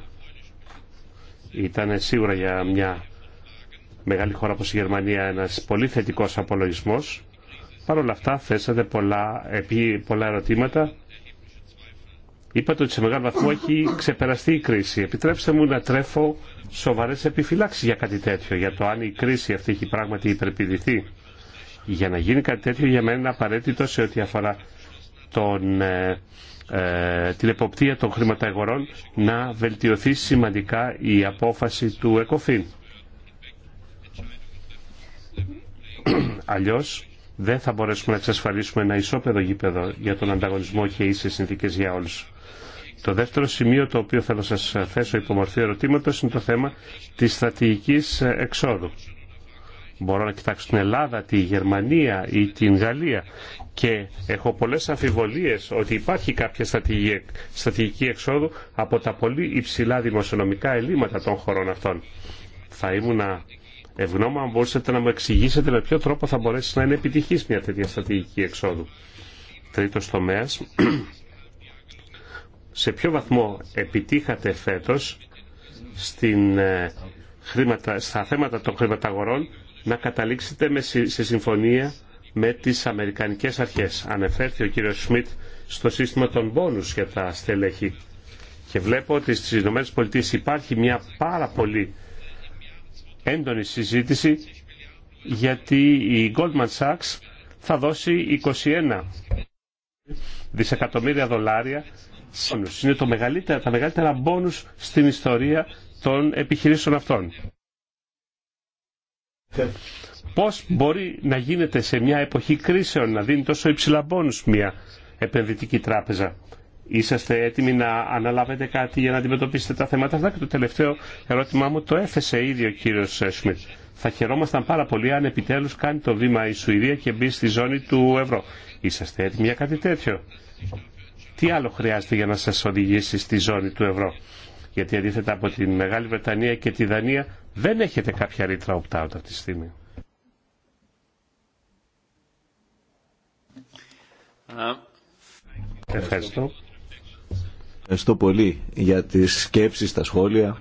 Ήταν σίγουρα για μια μεγάλη χώρα όπως η Γερμανία ένας πολύ θετικός απολογισμός. Παρ' όλα αυτά θέσατε πολλά ερωτήματα Είπατε ότι σε μεγάλο βαθμό έχει ξεπεραστεί η κρίση. Επιτρέψτε μου να τρέφω σοβαρέ επιφυλάξει για κάτι τέτοιο, για το αν η κρίση αυτή έχει πράγματι υπερπηδηθεί. Για να γίνει κάτι τέτοιο για μένα είναι απαραίτητο σε ό,τι αφορά τον, ε, ε, την εποπτεία των χρηματαγορών να βελτιωθεί σημαντικά η απόφαση του ΕΚΟΦΗΝ. Αλλιώς δεν θα μπορέσουμε να εξασφαλίσουμε ένα ισόπεδο γήπεδο για τον ανταγωνισμό και ίσες συνθήκες για όλους. Το δεύτερο σημείο το οποίο θέλω να σας θέσω υπομορφή ερωτήματο ερωτήματος είναι το θέμα της στρατηγικής εξόδου. Μπορώ να κοιτάξω την Ελλάδα, τη Γερμανία ή την Γαλλία και έχω πολλές αμφιβολίες ότι υπάρχει κάποια στρατηγική εξόδου από τα πολύ υψηλά δημοσιονομικά ελλείμματα των χωρών αυτών. Θα ήμουν ευγνώμα αν μπορούσατε να μου εξηγήσετε με ποιο τρόπο θα μπορέσει να είναι επιτυχής μια τέτοια στρατηγική εξόδου. Τρίτος τομέας σε ποιο βαθμό επιτύχατε φέτος στην, ε, στα θέματα των χρηματαγορών να καταλήξετε σε συμφωνία με τις Αμερικανικές αρχές. Ανεφέρθη ο κύριος Σμιτ στο σύστημα των πόνους για τα στελέχη και βλέπω ότι στις ΗΠΑ υπάρχει μια πάρα πολύ έντονη συζήτηση γιατί η Goldman Sachs θα δώσει 21 δισεκατομμύρια δολάρια bonus. Είναι το μεγαλύτερα, τα μεγαλύτερα bonus στην ιστορία των επιχειρήσεων αυτών. Πώς μπορεί να γίνεται σε μια εποχή κρίσεων να δίνει τόσο υψηλά bonus μια επενδυτική τράπεζα. Είσαστε έτοιμοι να αναλάβετε κάτι για να αντιμετωπίσετε τα θέματα αυτά και το τελευταίο ερώτημά μου το έθεσε ήδη ο κύριος Σμιτ. Θα χαιρόμασταν πάρα πολύ αν επιτέλους κάνει το βήμα η Σουηδία και μπει στη ζώνη του ευρώ. Είσαστε έτοιμοι για κάτι τέτοιο. Τι άλλο χρειάζεται για να σας οδηγήσει στη ζώνη του ευρώ. Γιατί αντίθετα από τη Μεγάλη Βρετανία και τη Δανία δεν έχετε κάποια ρήτρα opt-out αυτή τη στιγμή. Ευχαριστώ. Ευχαριστώ πολύ για τις σκέψεις, τα σχόλια.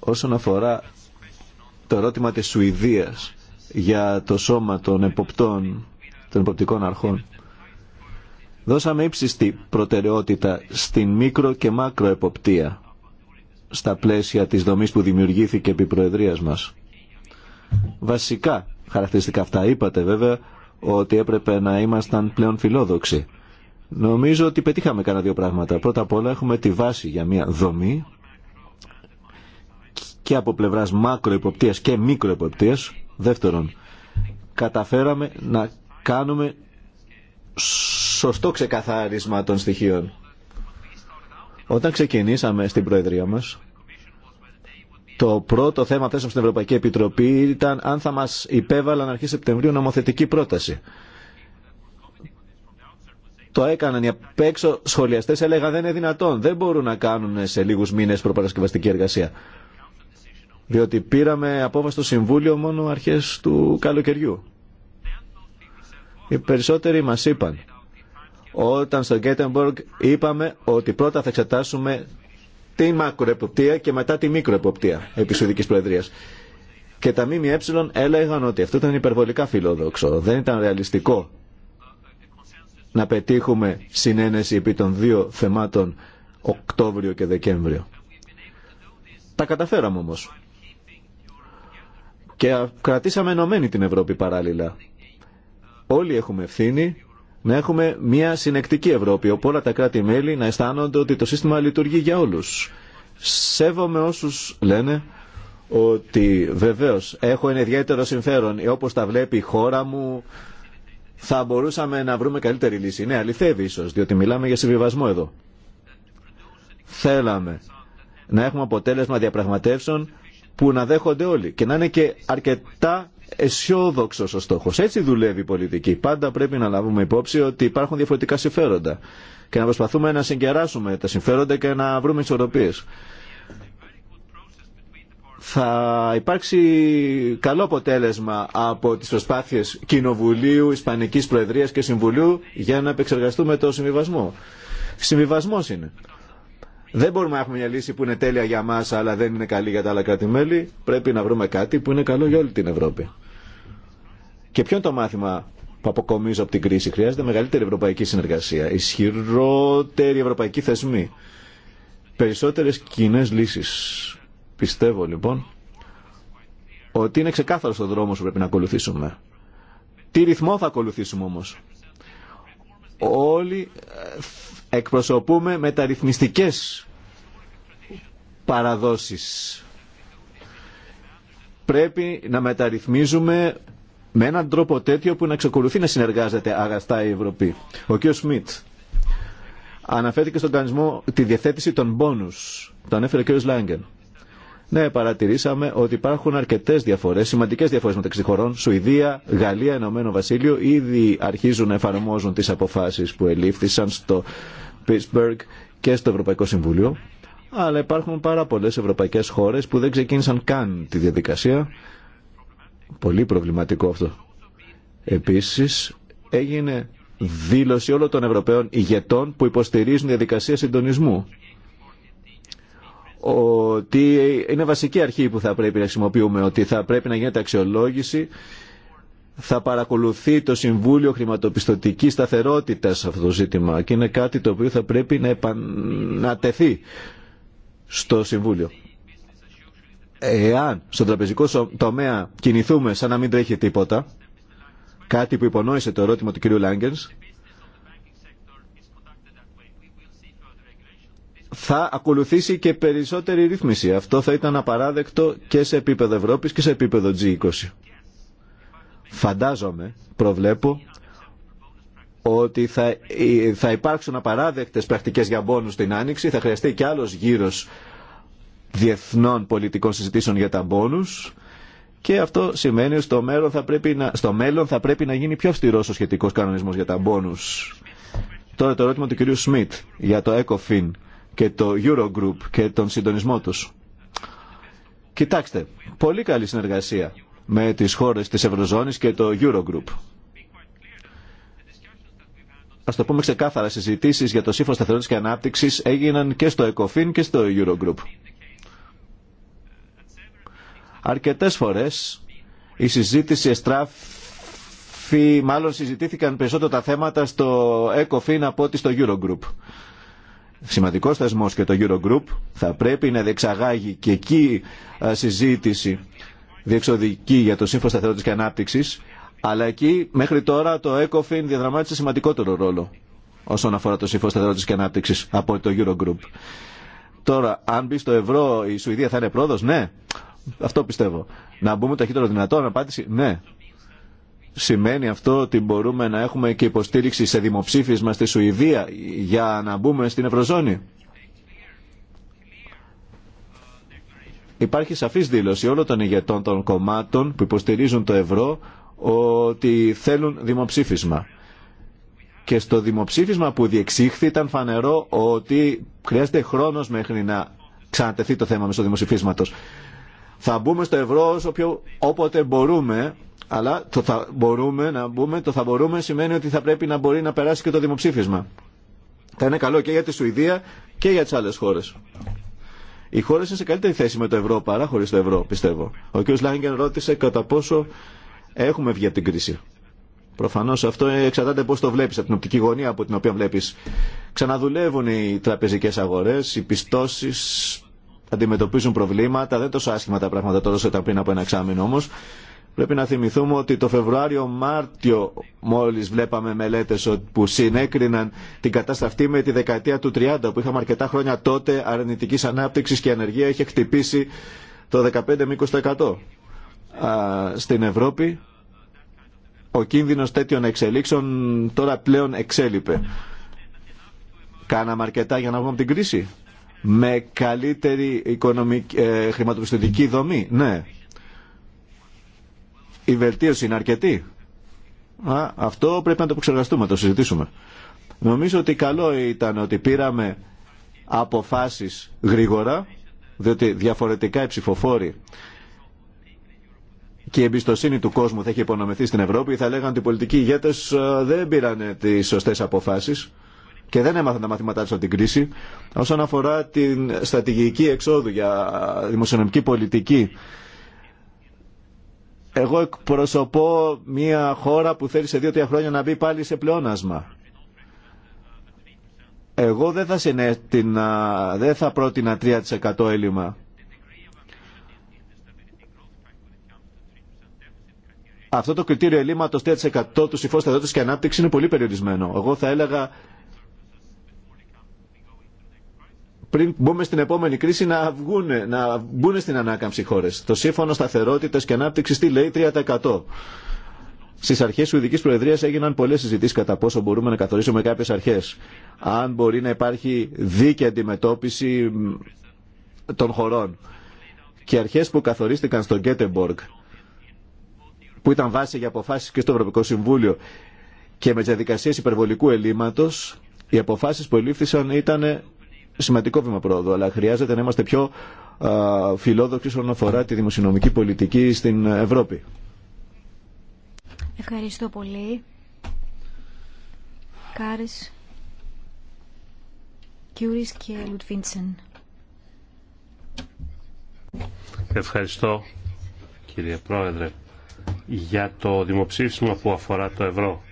Όσον αφορά το ερώτημα της Σουηδίας για το σώμα των εποπτών, των εποπτικών αρχών, Δώσαμε ύψιστη προτεραιότητα στην μικρο και μακροεποπτεία στα πλαίσια της δομής που δημιουργήθηκε επί Προεδρίας μας. Βασικά χαρακτηριστικά αυτά είπατε βέβαια ότι έπρεπε να ήμασταν πλέον φιλόδοξοι. Νομίζω ότι πετύχαμε κάνα δύο πράγματα. Πρώτα απ' όλα έχουμε τη βάση για μια δομή και από πλευράς μακροεποπτείας και μικροεποπτείας. Δεύτερον, καταφέραμε να κάνουμε σωστό ξεκαθάρισμα των στοιχείων. Όταν ξεκινήσαμε στην Προεδρία μας, το πρώτο θέμα θέσαμε στην Ευρωπαϊκή Επιτροπή ήταν αν θα μας υπέβαλαν αρχή Σεπτεμβρίου νομοθετική πρόταση. Το έκαναν οι απ' σχολιαστές, έλεγαν δεν είναι δυνατόν, δεν μπορούν να κάνουν σε λίγους μήνες προπαρασκευαστική εργασία. Διότι πήραμε απόφαση στο Συμβούλιο μόνο αρχές του καλοκαιριού. Οι περισσότεροι μας είπαν όταν στο Γκέτεμπορκ είπαμε ότι πρώτα θα εξετάσουμε τη μακροεποπτεία και μετά τη μικροεποπτεία επί Σουηδικής Και τα ΜΜΕ έλεγαν ότι αυτό ήταν υπερβολικά φιλόδοξο, δεν ήταν ρεαλιστικό να πετύχουμε συνένεση επί των δύο θεμάτων Οκτώβριο και Δεκέμβριο. Τα καταφέραμε όμως. Και κρατήσαμε ενωμένη την Ευρώπη παράλληλα. Όλοι έχουμε ευθύνη να έχουμε μια συνεκτική Ευρώπη, όπου όλα τα κράτη-μέλη να αισθάνονται ότι το σύστημα λειτουργεί για όλους. Σέβομαι όσους λένε ότι βεβαίως έχω βεβαίω ιδιαίτερο συμφέρον ή όπως τα βλέπει η χώρα μου θα μπορούσαμε να βρούμε καλύτερη λύση. Ναι, αληθεύει ίσω, διότι μιλάμε για συμβιβασμό εδώ. Θέλαμε να έχουμε αποτέλεσμα διαπραγματεύσεων που να δέχονται όλοι και να είναι και αρκετά αισιόδοξο ο στόχο. Έτσι δουλεύει η πολιτική. Πάντα πρέπει να λάβουμε υπόψη ότι υπάρχουν διαφορετικά συμφέροντα και να προσπαθούμε να συγκεράσουμε τα συμφέροντα και να βρούμε ισορροπίε. Θα υπάρξει καλό αποτέλεσμα από τις προσπάθειες Κοινοβουλίου, Ισπανικής Προεδρίας και Συμβουλίου για να επεξεργαστούμε το συμβιβασμό. Συμβιβασμός είναι. Δεν μπορούμε να έχουμε μια λύση που είναι τέλεια για μα, αλλά δεν είναι καλή για τα άλλα κράτη-μέλη. Πρέπει να βρούμε κάτι που είναι καλό για όλη την Ευρώπη. Και ποιο είναι το μάθημα που αποκομίζω από την κρίση. Χρειάζεται μεγαλύτερη ευρωπαϊκή συνεργασία, ισχυρότερη ευρωπαϊκή θεσμή, περισσότερε κοινέ λύσει. Πιστεύω λοιπόν ότι είναι ξεκάθαρο ο δρόμο που πρέπει να ακολουθήσουμε. Τι ρυθμό θα ακολουθήσουμε όμω. Όλοι ε, εκπροσωπούμε μεταρρυθμιστικές παραδόσεις. Πρέπει να μεταρρυθμίζουμε με έναν τρόπο τέτοιο που να εξακολουθεί να συνεργάζεται αγαστά η Ευρωπή. Ο κ. Σμιτ αναφέρθηκε στον κανονισμό τη διαθέτηση των μπόνους. Το ανέφερε ο κ. Λάγκεν. Ναι, παρατηρήσαμε ότι υπάρχουν αρκετέ διαφορέ, σημαντικέ διαφορέ μεταξύ χωρών. Σουηδία, Γαλλία, Ενωμένο Βασίλειο ήδη αρχίζουν να εφαρμόζουν τι αποφάσει που ελήφθησαν στο Pittsburgh και στο Ευρωπαϊκό Συμβούλιο αλλά υπάρχουν πάρα πολλές ευρωπαϊκές χώρες που δεν ξεκίνησαν καν τη διαδικασία. Πολύ προβληματικό αυτό. Επίσης, έγινε δήλωση όλων των Ευρωπαίων ηγετών που υποστηρίζουν διαδικασία συντονισμού ότι είναι βασική αρχή που θα πρέπει να χρησιμοποιούμε, ότι θα πρέπει να γίνεται αξιολόγηση, θα παρακολουθεί το Συμβούλιο Χρηματοπιστωτικής Σταθερότητας αυτό το ζήτημα και είναι κάτι το οποίο θα πρέπει να τεθεί στο Συμβούλιο. Εάν στον τραπεζικό τομέα κινηθούμε σαν να μην τρέχει τίποτα, κάτι που υπονόησε το ερώτημα του κ. Λάγκενς, θα ακολουθήσει και περισσότερη ρύθμιση. Αυτό θα ήταν απαράδεκτο και σε επίπεδο Ευρώπης και σε επίπεδο G20. Φαντάζομαι, προβλέπω, ότι ε, θα, υπάρξουν απαράδεκτες πρακτικές για μπόνους στην Άνοιξη, θα χρειαστεί και άλλος γύρος διεθνών πολιτικών συζητήσεων για τα μπόνους και αυτό σημαίνει ότι στο, μέλλον θα πρέπει να, στο μέλλον θα πρέπει να γίνει πιο αυστηρός ο σχετικός κανονισμός για τα μπόνους. Τώρα το ερώτημα του κυρίου Σμιτ για το ECOFIN και το Eurogroup και τον συντονισμό τους. Κοιτάξτε, πολύ καλή συνεργασία με τις χώρες της Ευρωζώνης και το Eurogroup α το πούμε ξεκάθαρα, συζητήσει για το Σύμφωνο Σταθερότητα και Ανάπτυξη έγιναν και στο ΕΚΟΦΗΝ και στο Eurogroup. Αρκετέ φορέ η συζήτηση εστράφη, μάλλον συζητήθηκαν περισσότερο τα θέματα στο ΕΚΟΦΗΝ από ότι στο Eurogroup. Σημαντικό θεσμό και το Eurogroup θα πρέπει να διεξαγάγει και εκεί συζήτηση διεξοδική για το Σύμφωνο Σταθερότητα και Ανάπτυξη αλλά εκεί μέχρι τώρα το ECOFIN διαδραμάτισε σημαντικότερο ρόλο όσον αφορά το Σύμφωνο Σταθερότητα και Ανάπτυξη από το Eurogroup. Τώρα, αν μπει στο ευρώ, η Σουηδία θα είναι πρόοδο, ναι. Αυτό πιστεύω. Να μπούμε το ταχύτερο να απάντηση, ναι. Σημαίνει αυτό ότι μπορούμε να έχουμε και υποστήριξη σε δημοψήφισμα στη Σουηδία για να μπούμε στην Ευρωζώνη. Υπάρχει σαφής δήλωση όλων των ηγετών των κομμάτων που υποστηρίζουν το ευρώ ότι θέλουν δημοψήφισμα. Και στο δημοψήφισμα που διεξήχθη ήταν φανερό ότι χρειάζεται χρόνος μέχρι να ξανατεθεί το θέμα μέσω δημοψηφίσματος. Θα μπούμε στο ευρώ όσο όποτε μπορούμε, αλλά το θα μπορούμε να μπούμε, το θα μπορούμε σημαίνει ότι θα πρέπει να μπορεί να περάσει και το δημοψήφισμα. Θα είναι καλό και για τη Σουηδία και για τις άλλες χώρες. Οι χώρε είναι σε καλύτερη θέση με το ευρώ παρά χωρί το ευρώ, πιστεύω. Ο κ. Λάγκεν ρώτησε κατά πόσο Έχουμε βγει από την κρίση. Προφανώ αυτό εξαρτάται πώ το βλέπει, από την οπτική γωνία από την οποία βλέπει. Ξαναδουλεύουν οι τραπεζικέ αγορέ, οι πιστώσει αντιμετωπίζουν προβλήματα. Δεν τόσο άσχημα τα πράγματα τώρα όσο ήταν πριν από ένα εξάμεινο όμω. Πρέπει να θυμηθούμε ότι το Φεβρουάριο-Μάρτιο μόλι βλέπαμε μελέτε που συνέκριναν την κατάσταση αυτή με τη δεκαετία του 30 που είχαμε αρκετά χρόνια τότε αρνητική ανάπτυξη και ανεργία είχε χτυπήσει το 15 20% στην Ευρώπη ο κίνδυνος τέτοιων εξελίξεων τώρα πλέον εξέλιπε. Κάναμε αρκετά για να βγούμε από την κρίση. Με καλύτερη οικονομική, ε, χρηματοπιστωτική δομή. Ναι. Η βελτίωση είναι αρκετή. Α, αυτό πρέπει να το εξεργαστούμε, να το συζητήσουμε. Νομίζω ότι καλό ήταν ότι πήραμε αποφάσεις γρήγορα, διότι διαφορετικά οι ψηφοφόροι και η εμπιστοσύνη του κόσμου θα έχει υπονομεθεί στην Ευρώπη, θα λέγανε ότι οι πολιτικοί ηγέτε ε, δεν πήραν τι σωστέ αποφάσει και δεν έμαθαν τα μαθήματά του από την κρίση. Όσον αφορά την στρατηγική εξόδου για δημοσιονομική πολιτική, εγώ εκπροσωπώ μια χώρα που θέλει σε δύο-τρία χρόνια να μπει πάλι σε πλεόνασμα. Εγώ δεν θα, ε, δεν θα πρότεινα 3% έλλειμμα Αυτό το κριτήριο ελλείμματο 3% του συμφώνου σταθερότητα και ανάπτυξη είναι πολύ περιορισμένο. Εγώ θα έλεγα πριν μπούμε στην επόμενη κρίση να, βγουν, να μπουν στην ανάκαμψη χώρε. Το σύμφωνο σταθερότητα και ανάπτυξη τι λέει 3%. Στι αρχέ τη Ουδική Προεδρία έγιναν πολλέ συζητήσει κατά πόσο μπορούμε να καθορίσουμε κάποιε αρχέ. Αν μπορεί να υπάρχει δίκαιη αντιμετώπιση των χωρών. Και αρχέ που καθορίστηκαν στο Γκέτεμποργκ που ήταν βάση για αποφάσεις και στο Ευρωπαϊκό Συμβούλιο και με τι διαδικασίε υπερβολικού ελλείμματο, οι αποφάσει που ελήφθησαν ήταν σημαντικό βήμα πρόοδο. Αλλά χρειάζεται να είμαστε πιο φιλόδοξοι όσον αφορά τη δημοσιονομική πολιτική στην Ευρώπη. Ευχαριστώ πολύ. Κάρις, Κιούρις και Λουτβίντσεν. Ευχαριστώ, κύριε Πρόεδρε για το δημοψήφισμα που αφορά το ευρώ.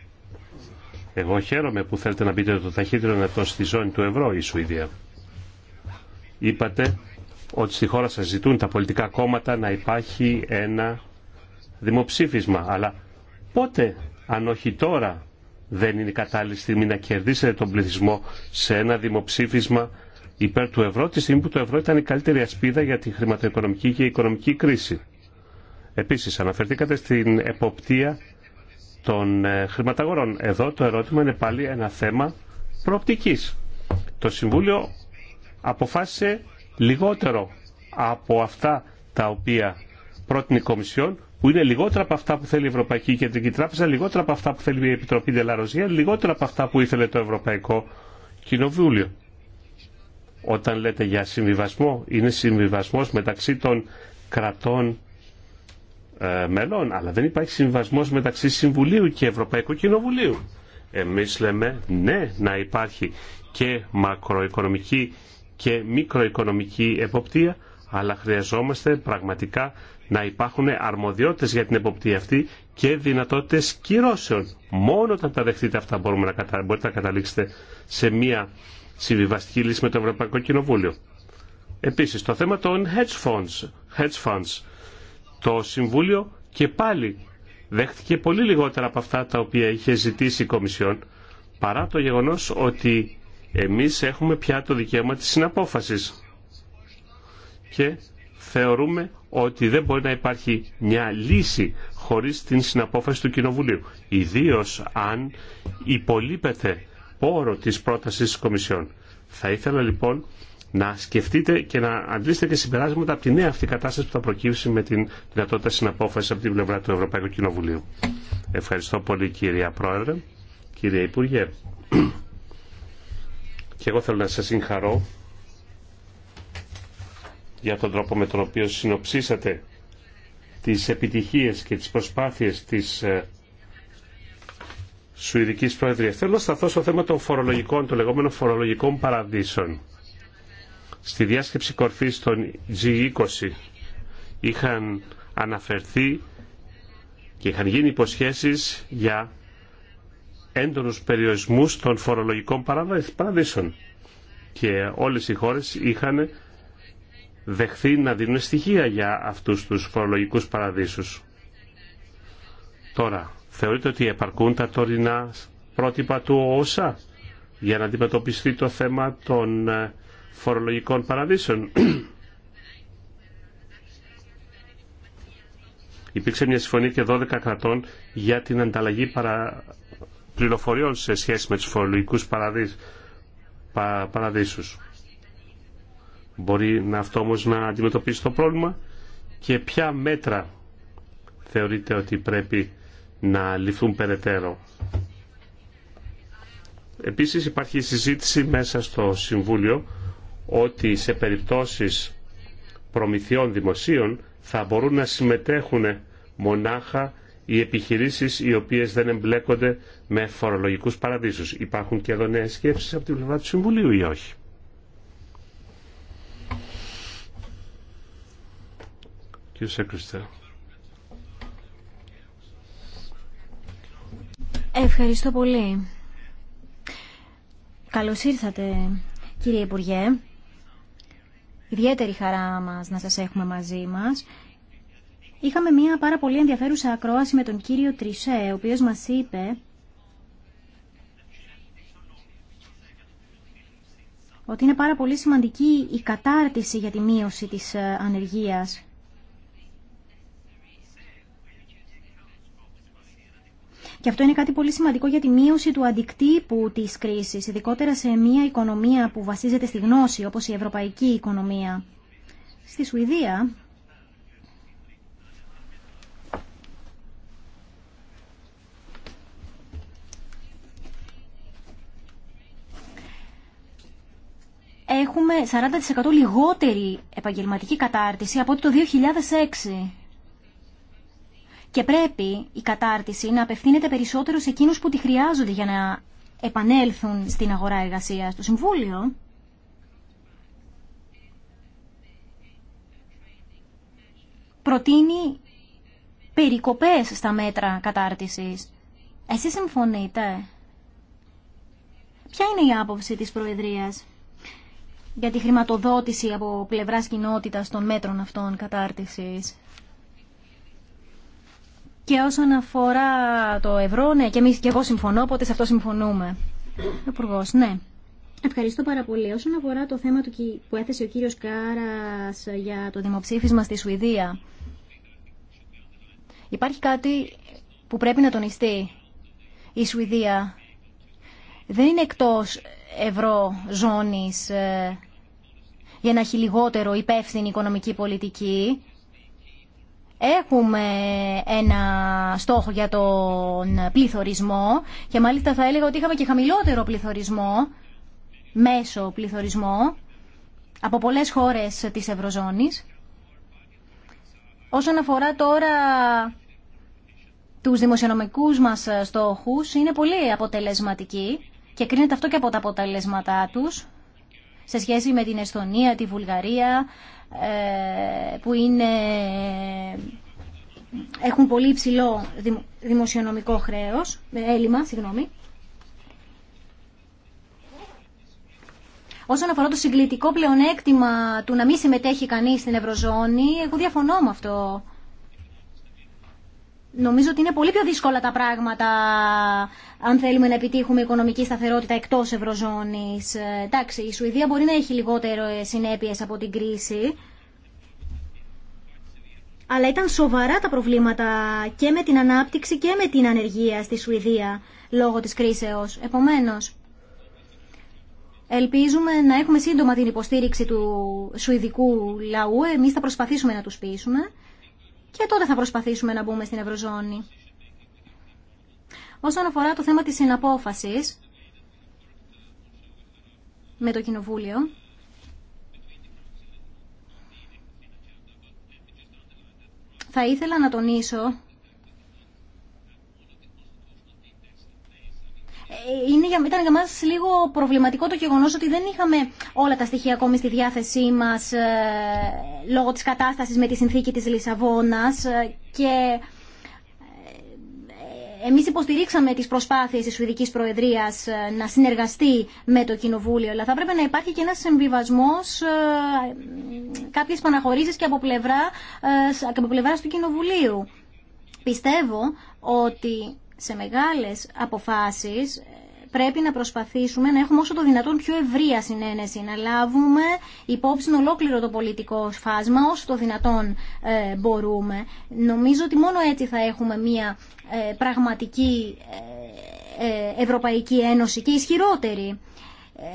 Εγώ χαίρομαι που θέλετε να μπείτε το ταχύτερο να στη ζώνη του ευρώ η Σουηδία. Είπατε ότι στη χώρα σας ζητούν τα πολιτικά κόμματα να υπάρχει ένα δημοψήφισμα. Αλλά πότε, αν όχι τώρα, δεν είναι κατάλληλη στιγμή να κερδίσετε τον πληθυσμό σε ένα δημοψήφισμα υπέρ του ευρώ, τη στιγμή που το ευρώ ήταν η καλύτερη ασπίδα για τη χρηματοοικονομική και οικονομική κρίση. Επίσης, αναφερθήκατε στην εποπτεία των ε, χρηματαγορών. Εδώ το ερώτημα είναι πάλι ένα θέμα προοπτικής. Το Συμβούλιο αποφάσισε λιγότερο από αυτά τα οποία πρότεινε η Κομισιόν, που είναι λιγότερα από αυτά που θέλει η Ευρωπαϊκή Κεντρική Τράπεζα, λιγότερα από αυτά που θέλει η Επιτροπή Δελαροζία, λιγότερα από αυτά που ήθελε το Ευρωπαϊκό Κοινοβούλιο. Όταν λέτε για συμβιβασμό, είναι συμβιβασμός μεταξύ των κρατών ε, μελών, αλλά δεν υπάρχει συμβασμός μεταξύ Συμβουλίου και Ευρωπαϊκού Κοινοβουλίου. Εμείς λέμε ναι να υπάρχει και μακροοικονομική και μικροοικονομική εποπτεία, αλλά χρειαζόμαστε πραγματικά να υπάρχουν αρμοδιότητες για την εποπτεία αυτή και δυνατότητες κυρώσεων. Μόνο όταν τα δεχτείτε αυτά μπορούμε να κατα... μπορείτε να καταλήξετε σε μια συμβιβαστική λύση με το Ευρωπαϊκό Κοινοβούλιο. Επίσης, το θέμα των hedge funds, hedge funds το Συμβούλιο και πάλι δέχτηκε πολύ λιγότερα από αυτά τα οποία είχε ζητήσει η Κομισιόν, παρά το γεγονός ότι εμείς έχουμε πια το δικαίωμα της συναπόφασης. Και θεωρούμε ότι δεν μπορεί να υπάρχει μια λύση χωρίς την συναπόφαση του Κοινοβουλίου, ιδίω αν υπολείπεται πόρο της πρότασης της Κομισιόν. Θα ήθελα λοιπόν να σκεφτείτε και να αντλήσετε και συμπεράσματα από τη νέα αυτή κατάσταση που θα προκύψει με την δυνατότητα συναπόφαση από την πλευρά του Ευρωπαϊκού Κοινοβουλίου. Ευχαριστώ πολύ κυρία Πρόεδρε, κύριε Υπουργέ. Και εγώ θέλω να σας συγχαρώ για τον τρόπο με τον οποίο συνοψίσατε τις επιτυχίες και τις προσπάθειες της ε, Σουηδικής Προεδρίας. Θέλω να σταθώ στο θέμα των φορολογικών, των λεγόμενων φορολογικών παραδείσων. Στη διάσκεψη κορφής των G20 είχαν αναφερθεί και είχαν γίνει υποσχέσεις για έντονους περιορισμούς των φορολογικών παραδείσων και όλες οι χώρες είχαν δεχθεί να δίνουν στοιχεία για αυτούς τους φορολογικούς παραδείσους. Τώρα, θεωρείτε ότι επαρκούν τα τωρινά πρότυπα του ΟΣΑ για να αντιμετωπιστεί το θέμα των ε, φορολογικών παραδείσων. Υπήρξε μια συμφωνία και 12 κρατών για την ανταλλαγή παρα... πληροφοριών σε σχέση με τους φορολογικούς παραδείς... παραδείσους. Μπορεί να αυτό όμως να αντιμετωπίσει το πρόβλημα και ποια μέτρα θεωρείτε ότι πρέπει να ληφθούν περαιτέρω. Επίσης υπάρχει συζήτηση μέσα στο Συμβούλιο ότι σε περιπτώσεις προμηθειών δημοσίων θα μπορούν να συμμετέχουν μονάχα οι επιχειρήσεις οι οποίες δεν εμπλέκονται με φορολογικούς παραδείσους. Υπάρχουν και εδώ νέες σκέψεις από την πλευρά του Συμβουλίου ή όχι. Ευχαριστώ πολύ. Καλώς ήρθατε κύριε Υπουργέ ιδιαίτερη χαρά μας να σας έχουμε μαζί μας. Είχαμε μια πάρα πολύ ενδιαφέρουσα ακρόαση με τον κύριο Τρισέ, ο οποίος μας είπε ότι είναι πάρα πολύ σημαντική η κατάρτιση για τη μείωση της ε, ανεργίας. Και αυτό είναι κάτι πολύ σημαντικό για τη μείωση του αντικτύπου της κρίσης, ειδικότερα σε μια οικονομία που βασίζεται στη γνώση, όπως η ευρωπαϊκή οικονομία. Στη Σουηδία, έχουμε 40% λιγότερη επαγγελματική κατάρτιση από ότι το 2006. Και πρέπει η κατάρτιση να απευθύνεται περισσότερο σε εκείνους που τη χρειάζονται για να επανέλθουν στην αγορά εργασίας. Το Συμβούλιο προτείνει περικοπές στα μέτρα κατάρτισης. Εσείς συμφωνείτε. Ποια είναι η άποψη της Προεδρίας για τη χρηματοδότηση από πλευράς κοινότητας των μέτρων αυτών κατάρτισης. Και όσον αφορά το ευρώ, ναι, και, εμείς, και εγώ συμφωνώ, οπότε σε αυτό συμφωνούμε. Υπουργό, ναι. Ευχαριστώ πάρα πολύ. Όσον αφορά το θέμα του, που έθεσε ο κύριος Κάρας για το δημοψήφισμα στη Σουηδία, υπάρχει κάτι που πρέπει να τονιστεί. Η Σουηδία δεν είναι εκτός ευρωζώνης ε, για να έχει λιγότερο υπεύθυνη οικονομική πολιτική. Έχουμε ένα στόχο για τον πληθωρισμό και μάλιστα θα έλεγα ότι είχαμε και χαμηλότερο πληθωρισμό, μέσο πληθωρισμό, από πολλές χώρες της Ευρωζώνης. Όσον αφορά τώρα τους δημοσιονομικούς μας στόχους, είναι πολύ αποτελεσματικοί και κρίνεται αυτό και από τα αποτελέσματά τους σε σχέση με την Εστονία, τη Βουλγαρία, ε, που είναι, έχουν πολύ υψηλό δημοσιονομικό χρέος, έλλειμμα, συγγνώμη. Όσον αφορά το συγκλητικό πλεονέκτημα του να μην συμμετέχει κανείς στην Ευρωζώνη, εγώ διαφωνώ με αυτό. Νομίζω ότι είναι πολύ πιο δύσκολα τα πράγματα αν θέλουμε να επιτύχουμε οικονομική σταθερότητα εκτός Ευρωζώνης. Ε, εντάξει, η Σουηδία μπορεί να έχει λιγότερε συνέπειε από την κρίση, αλλά ήταν σοβαρά τα προβλήματα και με την ανάπτυξη και με την ανεργία στη Σουηδία λόγω της κρίσεως. Επομένως, ελπίζουμε να έχουμε σύντομα την υποστήριξη του σουηδικού λαού. Εμείς θα προσπαθήσουμε να τους πείσουμε και τότε θα προσπαθήσουμε να μπούμε στην Ευρωζώνη. Όσον αφορά το θέμα της συναπόφασης με το Κοινοβούλιο, θα ήθελα να τονίσω Ε, είναι, ήταν για μας λίγο προβληματικό το γεγονός ότι δεν είχαμε όλα τα στοιχεία ακόμη στη διάθεσή μας ε, λόγω της κατάστασης με τη συνθήκη της Λισαβόνας ε, και εμείς υποστηρίξαμε τις προσπάθειες της Σουηδικής Προεδρίας να συνεργαστεί με το Κοινοβούλιο, αλλά θα πρέπει να υπάρχει και ένας συμβιβασμός, κάποιες παναχωρήσεις και από, πλευρά, και από πλευράς του Κοινοβουλίου. Πιστεύω ότι σε μεγάλες αποφάσεις ε, πρέπει να προσπαθήσουμε να έχουμε όσο το δυνατόν πιο ευρία συνένεση, να λάβουμε υπόψη ολόκληρο το πολιτικό σφάσμα όσο το δυνατόν ε, μπορούμε. Νομίζω ότι μόνο έτσι θα έχουμε μια ε, πραγματική Ευρωπαϊκή Ένωση και ισχυρότερη.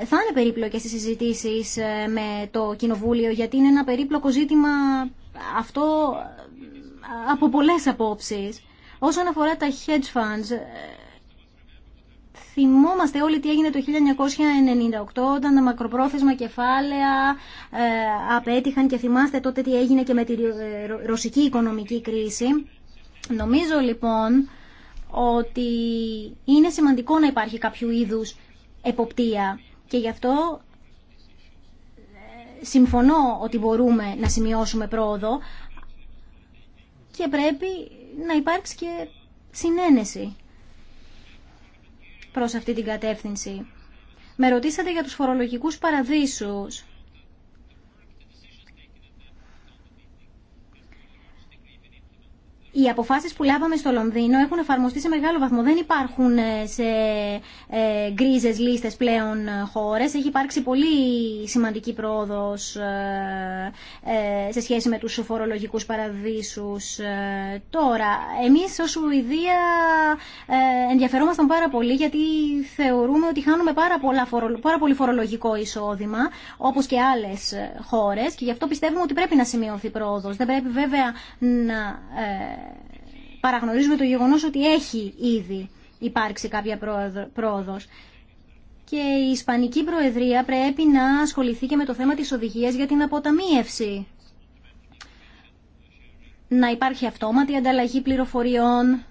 Θα είναι περίπλοκες οι συζητήσεις με το Κοινοβούλιο γιατί είναι ένα περίπλοκο ζήτημα αυτό από πολλές απόψεις. Όσον αφορά τα hedge funds, ε, θυμόμαστε όλοι τι έγινε το 1998 όταν τα μακροπρόθεσμα κεφάλαια ε, απέτυχαν και θυμάστε τότε τι έγινε και με τη ε, ρωσική οικονομική κρίση. Νομίζω λοιπόν ότι είναι σημαντικό να υπάρχει κάποιο είδους εποπτεία και γι' αυτό συμφωνώ ότι μπορούμε να σημειώσουμε πρόοδο και πρέπει να υπάρξει και συνένεση προς αυτή την κατεύθυνση. Με ρωτήσατε για τους φορολογικούς παραδείσους. οι αποφάσεις που λάβαμε στο Λονδίνο έχουν εφαρμοστεί σε μεγάλο βαθμό. Δεν υπάρχουν ε, σε ε, γκρίζες λίστες πλέον ε, χώρες. Έχει υπάρξει πολύ σημαντική πρόοδος σε σχέση με τους φορολογικούς παραδείσους. Τώρα, εμείς ως Σουηδία ενδιαφερόμασταν πάρα πολύ γιατί θεωρούμε ότι χάνουμε πάρα, πάρα πολύ φορολογικό εισόδημα όπως και άλλες χώρες και γι' αυτό πιστεύουμε ότι πρέπει να σημειωθεί πρόοδος. Δεν πρέπει βέβαια να παραγνωρίζουμε το γεγονός ότι έχει ήδη υπάρξει κάποια πρόοδος. Και η Ισπανική Προεδρία πρέπει να ασχοληθεί και με το θέμα της οδηγίας για την αποταμίευση. Να υπάρχει αυτόματη ανταλλαγή πληροφοριών,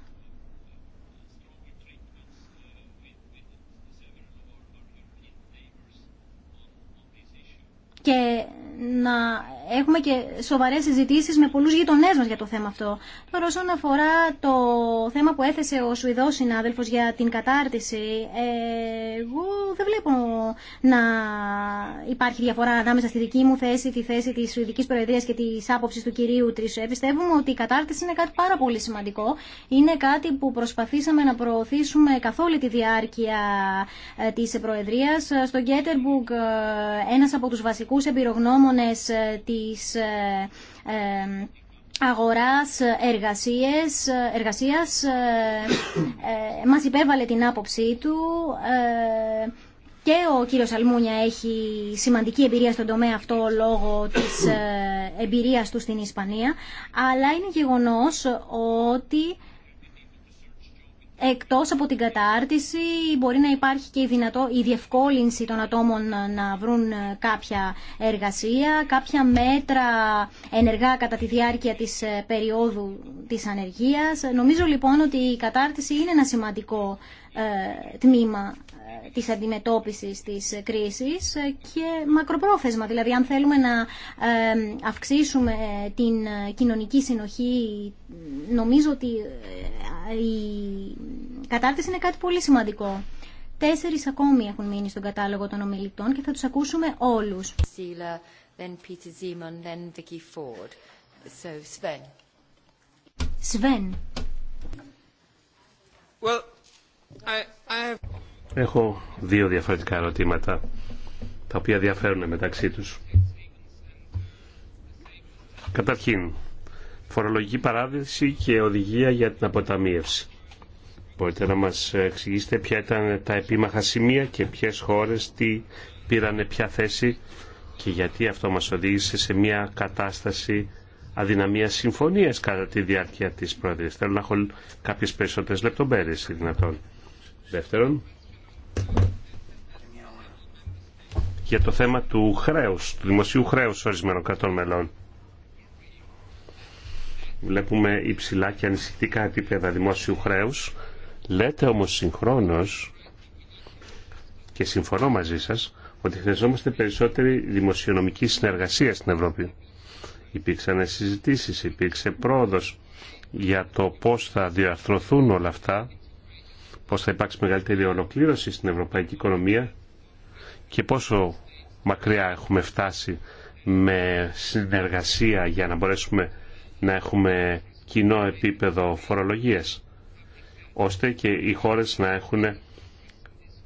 και να έχουμε και σοβαρές συζητήσεις με πολλούς γειτονές μας για το θέμα αυτό. Τώρα όσον αφορά το θέμα που έθεσε ο Σουηδός συνάδελφος για την κατάρτιση, εγώ δεν βλέπω να υπάρχει διαφορά ανάμεσα στη δική μου θέση, τη θέση της Σουηδικής Προεδρίας και της άποψης του κυρίου Τρισέ. Πιστεύουμε ότι η κατάρτιση είναι κάτι πάρα πολύ σημαντικό. Είναι κάτι που προσπαθήσαμε να προωθήσουμε καθ' όλη τη διάρκεια ε, της Προεδρίας. Στο Γκέτερμπουργκ ε, ένας από τους βασικούς εμπειρογνώμονες ε, τη της ε, αγοράς εργασίες, εργασίας ε, ε, μας υπέβαλε την άποψή του και ο κύριος Αλμούνια έχει σημαντική εμπειρία στον τομέα αυτό λόγω της εμπειρίας του στην Ισπανία αλλά είναι γεγονός ότι Εκτός από την κατάρτιση μπορεί να υπάρχει και η, δυνατό, η διευκόλυνση των ατόμων να βρουν ε, κάποια εργασία, κάποια μέτρα ενεργά κατά τη διάρκεια της ε, περίοδου της ανεργίας. Νομίζω λοιπόν ότι η κατάρτιση είναι ένα σημαντικό ε, τμήμα της αντιμετώπισης της κρίσης και μακροπρόθεσμα. Δηλαδή, αν θέλουμε να αυξήσουμε την κοινωνική συνοχή, νομίζω ότι ε, η κατάρτιση είναι κάτι πολύ σημαντικό. Τέσσερις ακόμη έχουν μείνει στον κατάλογο των ομιλητών και θα τους ακούσουμε όλους. Σβέν. Well, I, I have... Έχω δύο διαφορετικά ερωτήματα, τα οποία διαφέρουν μεταξύ τους. Καταρχήν, φορολογική παράδειση και οδηγία για την αποταμίευση. Μπορείτε να μας εξηγήσετε ποια ήταν τα επίμαχα σημεία και ποιες χώρες τι πήρανε ποια θέση και γιατί αυτό μας οδήγησε σε μια κατάσταση αδυναμίας συμφωνίας κατά τη διάρκεια της πρόεδρης. Θέλω να έχω κάποιες περισσότερες λεπτομέρειες δυνατόν. Δεύτερον, για το θέμα του χρέους, του δημοσίου χρέους ορισμένων κρατών μελών. Βλέπουμε υψηλά και ανησυχητικά επίπεδα δημόσιου χρέους. Λέτε όμως συγχρόνως, και συμφωνώ μαζί σας, ότι χρειαζόμαστε περισσότερη δημοσιονομική συνεργασία στην Ευρώπη. Υπήρξαν συζητήσεις, υπήρξε πρόοδος για το πώς θα διαρθρωθούν όλα αυτά πώς θα υπάρξει μεγαλύτερη ολοκλήρωση στην ευρωπαϊκή οικονομία και πόσο μακριά έχουμε φτάσει με συνεργασία για να μπορέσουμε να έχουμε κοινό επίπεδο φορολογίας ώστε και οι χώρες να έχουν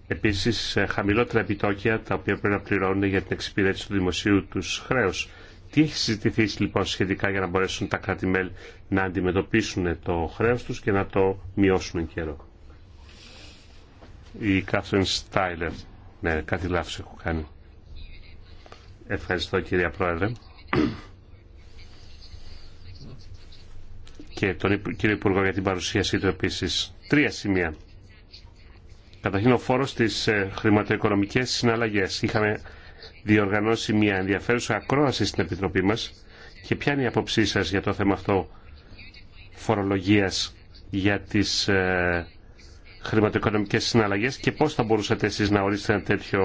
επίσης χαμηλότερα επιτόκια τα οποία πρέπει να πληρώνουν για την εξυπηρέτηση του δημοσίου τους χρέους. Τι έχει συζητηθεί λοιπόν σχετικά για να μπορέσουν τα κράτη-μέλη να αντιμετωπίσουν το χρέος τους και να το μειώσουν καιρό η Κάθριν Στάιλερ. Ναι, κάτι λάθος έχω κάνει. Ευχαριστώ κυρία Πρόεδρε. Και τον κύριο Υπουργό για την παρουσίασή του επίσης. Τρία σημεία. Καταρχήν ο φόρος στις ε, χρηματοοικονομικές συναλλαγές. Είχαμε διοργανώσει μια ενδιαφέρουσα ακρόαση στην Επιτροπή μας και ποια είναι η αποψή σας για το θέμα αυτό φορολογίας για τις ε, χρηματοοικονομικές συναλλαγές και πώς θα μπορούσατε εσείς να ορίσετε ένα τέτοιο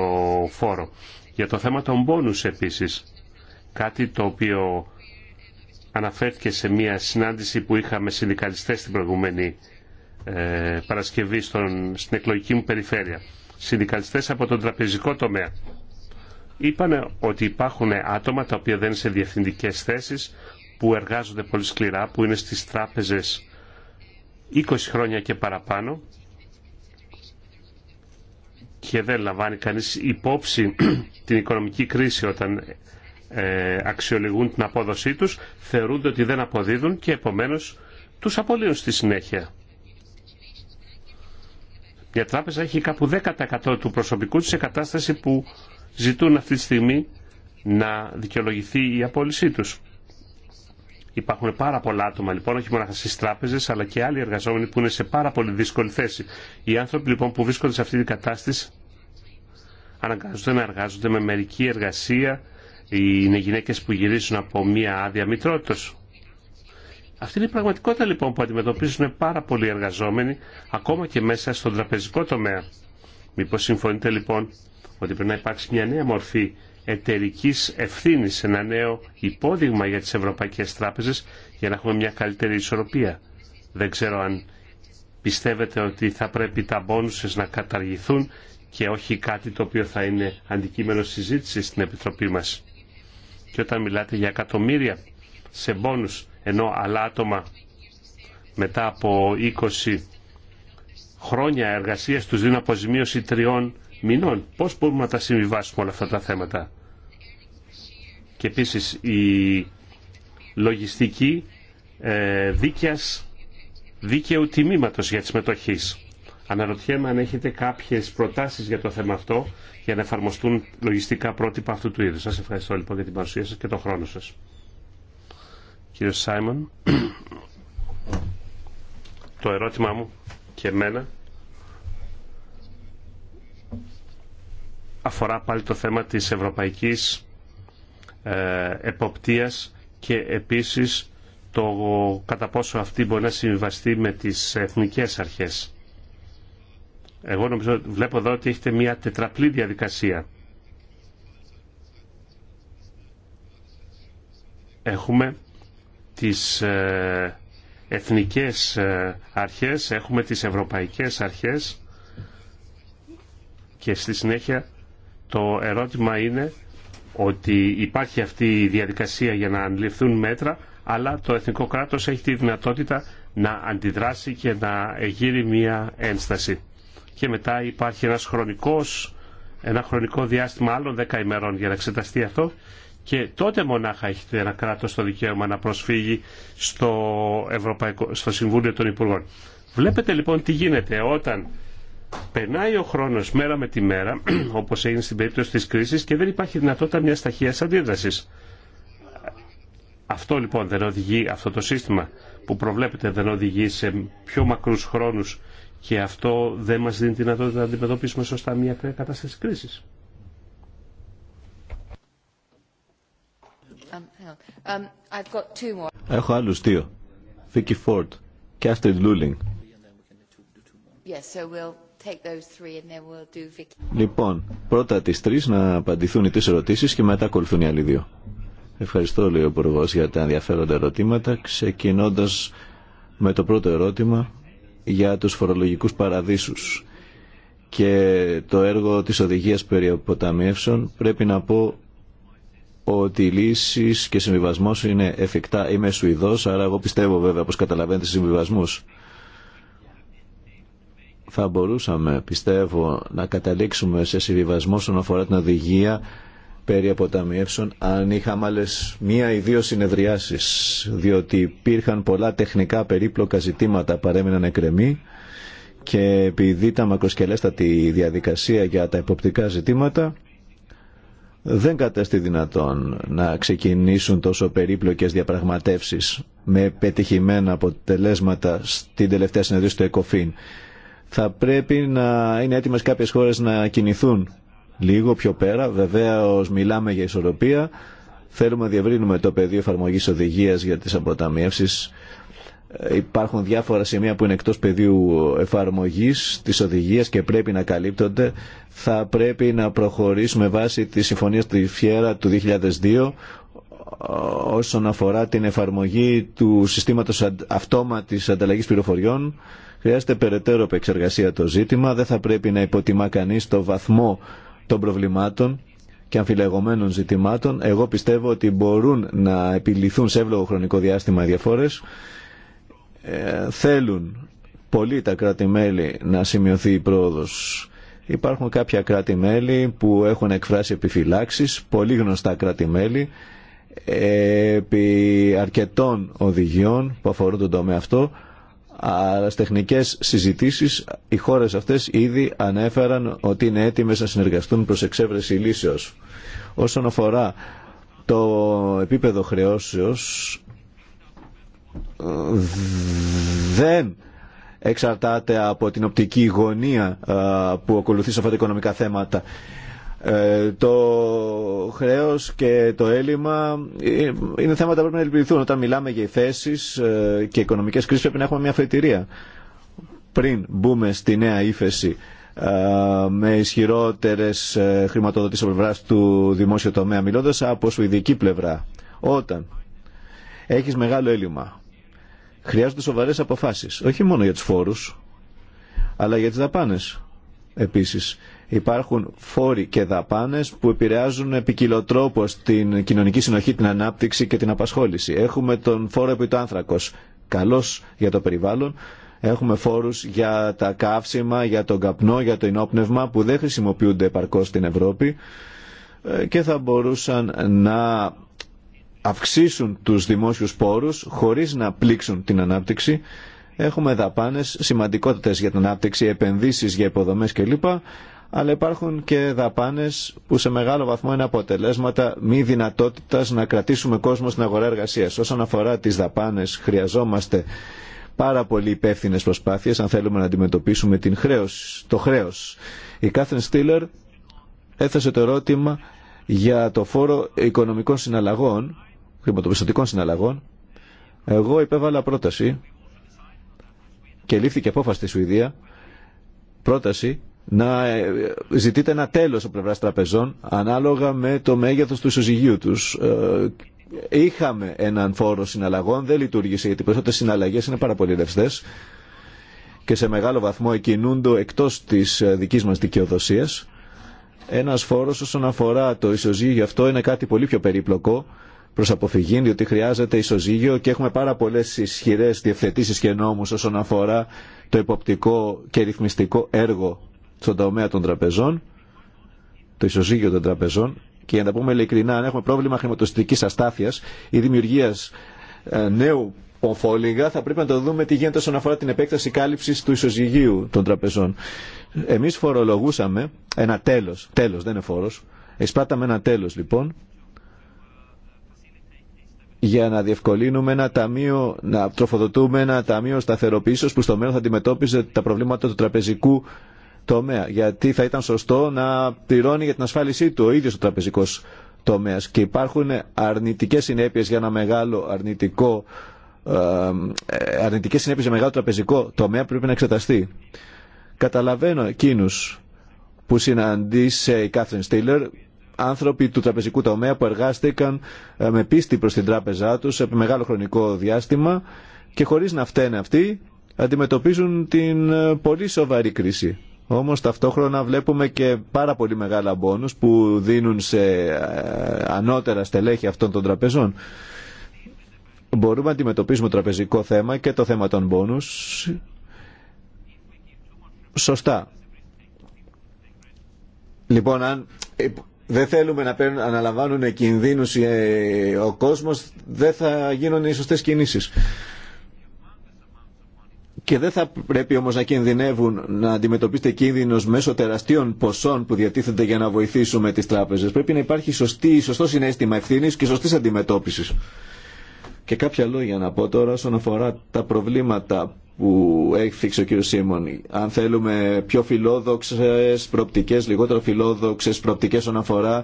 φόρο. Για το θέμα των πόνους επίσης, κάτι το οποίο αναφέρθηκε σε μια συνάντηση που είχαμε συνδικαλιστές την προηγούμενη ε, Παρασκευή στον, στην εκλογική μου περιφέρεια. Συνδικαλιστές από τον τραπεζικό τομέα. Είπαν ότι υπάρχουν άτομα τα οποία δεν είναι σε διευθυντικές θέσεις, που εργάζονται πολύ σκληρά, που είναι στις τράπεζες 20 χρόνια και παραπάνω και δεν λαμβάνει κανείς υπόψη (clears throat) την οικονομική κρίση όταν ε, αξιολογούν την απόδοσή τους, θεωρούνται ότι δεν αποδίδουν και επομένως τους απολύουν στη συνέχεια. Μια τράπεζα έχει κάπου 10% του προσωπικού της σε κατάσταση που ζητούν αυτή τη στιγμή να δικαιολογηθεί η απόλυσή τους. Υπάρχουν πάρα πολλά άτομα λοιπόν, όχι μόνο στι τράπεζε, αλλά και άλλοι εργαζόμενοι που είναι σε πάρα πολύ δύσκολη θέση. Οι άνθρωποι λοιπόν που βρίσκονται σε αυτή την κατάσταση αναγκάζονται να εργάζονται με μερική εργασία. Είναι γυναίκε που γυρίζουν από μία άδεια μητρότητα. Αυτή είναι η πραγματικότητα λοιπόν που αντιμετωπίζουν πάρα πολλοί εργαζόμενοι, ακόμα και μέσα στον τραπεζικό τομέα. Μήπω συμφωνείτε λοιπόν ότι πρέπει να υπάρξει μια νέα μορφή εταιρικής ευθύνης, ένα νέο υπόδειγμα για τις ευρωπαϊκές τράπεζες για να έχουμε μια καλύτερη ισορροπία. Δεν ξέρω αν πιστεύετε ότι θα πρέπει τα μπόνουσες να καταργηθούν και όχι κάτι το οποίο θα είναι αντικείμενο συζήτηση στην Επιτροπή μας. Και όταν μιλάτε για εκατομμύρια σε μπόνους, ενώ άλλα άτομα μετά από 20 χρόνια εργασίας τους δίνουν αποζημίωση τριών μηνών. Πώς μπορούμε να τα συμβιβάσουμε όλα αυτά τα θέματα. Και επίσης η λογιστική ε, δίκαιου τιμήματος για τις μετοχέ. Αναρωτιέμαι αν έχετε κάποιες προτάσεις για το θέμα αυτό για να εφαρμοστούν λογιστικά πρότυπα αυτού του είδους. Σας ευχαριστώ λοιπόν για την παρουσία σας και τον χρόνο σας. Κύριος Σάιμον, το ερώτημά μου και εμένα αφορά πάλι το θέμα της ευρωπαϊκής ε, εποπτείας και επίσης το κατά πόσο αυτή μπορεί να συμβιβαστεί με τις εθνικές αρχές. Εγώ νομίζω, βλέπω εδώ ότι έχετε μια τετραπλή διαδικασία. Έχουμε τις ε, εθνικές ε, αρχές, έχουμε τις ευρωπαϊκές αρχές και στη συνέχεια το ερώτημα είναι ότι υπάρχει αυτή η διαδικασία για να αντιληφθούν μέτρα, αλλά το εθνικό κράτος έχει τη δυνατότητα να αντιδράσει και να εγείρει μια ένσταση. Και μετά υπάρχει ένας χρονικός, ένα χρονικό διάστημα άλλων δέκα ημερών για να εξεταστεί αυτό και τότε μονάχα έχει ένα κράτος το δικαίωμα να προσφύγει στο, Ευρωπαϊκό, στο Συμβούλιο των Υπουργών. Βλέπετε λοιπόν τι γίνεται όταν περνάει ο χρόνος μέρα με τη μέρα, (clears throat) όπως έγινε στην περίπτωση της κρίσης και δεν υπάρχει δυνατότητα μια ταχεία αντίδρασης. Αυτό λοιπόν δεν οδηγεί, αυτό το σύστημα που προβλέπεται δεν οδηγεί σε πιο μακρού χρόνου, και αυτό δεν μας δίνει τη δυνατότητα να αντιμετωπίσουμε σωστά μια κατάσταση κρίσης. Um, um, Έχω άλλους δύο. Vicky Ford και Astrid Λοιπόν, πρώτα τις τρεις να απαντηθούν οι τρεις ερωτήσεις και μετά ακολουθούν οι άλλοι δύο. Ευχαριστώ, λέει ο Υπουργό για τα ενδιαφέροντα ερωτήματα, ξεκινώντας με το πρώτο ερώτημα για τους φορολογικούς παραδείσους και το έργο της οδηγίας περί αποταμιεύσεων πρέπει να πω ότι οι λύσει και συμβιβασμός είναι εφικτά. Είμαι Σουηδός, άρα εγώ πιστεύω βέβαια πως καταλαβαίνετε συμβιβασμούς θα μπορούσαμε, πιστεύω, να καταλήξουμε σε συμβιβασμό όσον αφορά την οδηγία περί αποταμιεύσεων αν είχαμε άλλε μία ή δύο συνεδριάσεις διότι υπήρχαν πολλά τεχνικά περίπλοκα ζητήματα παρέμειναν εκκρεμή και επειδή ήταν μακροσκελέστατη διαδικασία για τα υποπτικά ζητήματα δεν κατέστη δυνατόν να ξεκινήσουν τόσο περίπλοκες διαπραγματεύσεις με πετυχημένα αποτελέσματα στην τελευταία συνεδρίαση του ΕΚΟΦΗΝ θα πρέπει να είναι έτοιμες κάποιες χώρες να κινηθούν λίγο πιο πέρα. Βεβαίως μιλάμε για ισορροπία. Θέλουμε να διευρύνουμε το πεδίο εφαρμογής οδηγίας για τις αποταμιεύσεις. Ε, υπάρχουν διάφορα σημεία που είναι εκτός πεδίου εφαρμογής της οδηγίας και πρέπει να καλύπτονται. Θα πρέπει να προχωρήσουμε βάσει τη συμφωνία του Φιέρα του 2002 ε, όσον αφορά την εφαρμογή του συστήματος αυτόματης ανταλλαγής πληροφοριών Χρειάζεται περαιτέρω επεξεργασία το ζήτημα. Δεν θα πρέπει να υποτιμά κανεί το βαθμό των προβλημάτων και αμφιλεγωμένων ζητημάτων. Εγώ πιστεύω ότι μπορούν να επιληθούν σε εύλογο χρονικό διάστημα οι διαφόρες. Ε, θέλουν πολλοί τα κράτη-μέλη να σημειωθεί η πρόοδο. υπαρχουν Υπάρχουν κάποια κράτη-μέλη που έχουν επιφυλάξει επιφυλάξεις, πολύ γνωστά κράτη-μέλη, επί αρκετών οδηγιών που αφορούν τον τομέα αυτό αλλά τεχνικές συζητήσεις οι χώρες αυτές ήδη ανέφεραν ότι είναι έτοιμες να συνεργαστούν προς εξέβρεση λύσεως. Όσον αφορά το επίπεδο χρεώσεως δεν εξαρτάται από την οπτική γωνία ε, που ακολουθεί σε αυτά τα οικονομικά θέματα. Ε, το χρέος και το έλλειμμα είναι θέματα που πρέπει να ελπιδηθούν. Όταν μιλάμε για θέσεις ε, και οικονομικές κρίσεις πρέπει να έχουμε μια αφετηρία Πριν μπούμε στη νέα ύφεση ε, με ισχυρότερες χρηματοδοτήσεις από πλευράς του δημόσιου τομέα, μιλώντας από ειδική πλευρά. Όταν έχεις μεγάλο έλλειμμα, χρειάζονται σοβαρές αποφάσεις, όχι μόνο για τους φόρους, αλλά για τις δαπάνες επίσης Υπάρχουν φόροι και δαπάνες που επηρεάζουν επικοινωτρόπο την κοινωνική συνοχή, την ανάπτυξη και την απασχόληση. Έχουμε τον φόρο επί του άνθρακος, καλός για το περιβάλλον. Έχουμε φόρους για τα καύσιμα, για τον καπνό, για το ενόπνευμα που δεν χρησιμοποιούνται επαρκώς στην Ευρώπη ε, και θα μπορούσαν να αυξήσουν τους δημόσιους πόρους χωρίς να πλήξουν την ανάπτυξη. Έχουμε δαπάνες σημαντικότητες για την ανάπτυξη, επενδύσεις για υποδομές κλπ αλλά υπάρχουν και δαπάνες που σε μεγάλο βαθμό είναι αποτελέσματα μη δυνατότητας να κρατήσουμε κόσμο στην αγορά εργασίας. Όσον αφορά τις δαπάνες χρειαζόμαστε πάρα πολύ υπεύθυνε προσπάθειες αν θέλουμε να αντιμετωπίσουμε την χρέος, το χρέος. Η Κάθριν Στήλερ έθεσε το ερώτημα για το φόρο οικονομικών συναλλαγών, χρηματοπιστωτικών συναλλαγών. Εγώ υπέβαλα πρόταση και λήφθηκε απόφαση στη Σουηδία, πρόταση να ε, ζητείται ένα τέλος από πλευράς τραπεζών ανάλογα με το μέγεθος του ισοζυγίου τους. Ε, είχαμε έναν φόρο συναλλαγών, δεν λειτουργήσε γιατί περισσότερε συναλλαγές είναι πάρα πολύ ρευστές και σε μεγάλο βαθμό εκκινούνται εκτός της ε, δικής μας δικαιοδοσίας. Ένας φόρος όσον αφορά το ισοζύγιο αυτό είναι κάτι πολύ πιο περίπλοκο προ αποφυγή, διότι χρειάζεται ισοζύγιο και έχουμε πάρα πολλέ ισχυρέ διευθετήσει και νόμου όσον αφορά το υποπτικό και ρυθμιστικό έργο στον τομέα των τραπεζών, το ισοζύγιο των τραπεζών και για να πούμε ειλικρινά, αν έχουμε πρόβλημα χρηματοστικής αστάθεια ή δημιουργίας ε, νέου ομφόλιγα, θα πρέπει να το δούμε τι γίνεται όσον αφορά την επέκταση κάλυψης του ισοζυγίου των τραπεζών. Εμεί φορολογούσαμε ένα τέλο, τέλο, δεν είναι φόρο. εισπράταμε ένα τέλο, λοιπόν, για να διευκολύνουμε ένα ταμείο, να τροφοδοτούμε ένα ταμείο σταθεροποίησεως που στο μέλλον θα αντιμετώπιζε τα προβλήματα του τραπεζικού τομέα. Γιατί θα ήταν σωστό να πληρώνει για την ασφάλισή του ο ίδιο ο τραπεζικό τομέα. Και υπάρχουν αρνητικέ συνέπειε για ένα μεγάλο αρνητικό. Ε, αρνητικές συνέπειες για μεγάλο τραπεζικό τομέα πρέπει να εξεταστεί. Καταλαβαίνω εκείνου που συναντήσε η Κάθριν Στήλερ, άνθρωποι του τραπεζικού τομέα που εργάστηκαν ε, με πίστη προς την τράπεζά τους σε μεγάλο χρονικό διάστημα και χωρίς να φταίνε αυτοί αντιμετωπίζουν την ε, πολύ σοβαρή κρίση. Όμως ταυτόχρονα βλέπουμε και πάρα πολύ μεγάλα μπόνους που δίνουν σε ε, ανώτερα στελέχη αυτών των τραπεζών. Μπορούμε να αντιμετωπίσουμε το τραπεζικό θέμα και το θέμα των μπόνους σωστά. Λοιπόν, αν δεν θέλουμε να παίρνουν, αναλαμβάνουν κινδύνους ε, ο κόσμος, δεν θα γίνουν οι σωστές κινήσεις και δεν θα πρέπει όμως να κινδυνεύουν να αντιμετωπίσετε κίνδυνος μέσω τεραστίων ποσών που διατίθενται για να βοηθήσουμε τις τράπεζες. Πρέπει να υπάρχει σωστή, σωστό συνέστημα ευθύνης και σωστής αντιμετώπισης. Και κάποια λόγια να πω τώρα όσον αφορά τα προβλήματα που έφυξε ο κ. Σίμων. Αν θέλουμε πιο φιλόδοξες προπτικές, λιγότερο φιλόδοξες προπτικές όσον αφορά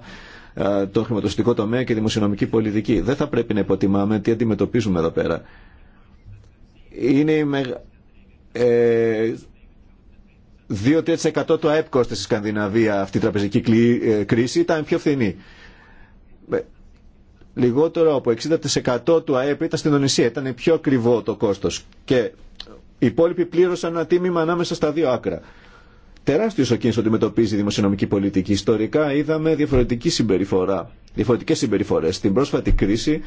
το χρηματοστικό τομέα και δημοσιονομική πολιτική. Δεν θα πρέπει να υποτιμάμε τι αντιμετωπίζουμε εδώ πέρα. Είναι ε, 2-3% του ΑΕΠ κόστησε στη Σκανδιναβία αυτή η τραπεζική ε, κρίση ήταν πιο φθηνή. Ε, λιγότερο από 60% του ΑΕΠ ήταν στην Ονησία. Ήταν πιο ακριβό το κόστος. Και οι υπόλοιποι πλήρωσαν ένα τίμημα ανάμεσα στα δύο άκρα. Τεράστιο ο κίνδυνο αντιμετωπίζει η δημοσιονομική πολιτική. Ιστορικά είδαμε διαφορετική συμπεριφορά, διαφορετικέ συμπεριφορέ. Στην πρόσφατη κρίση,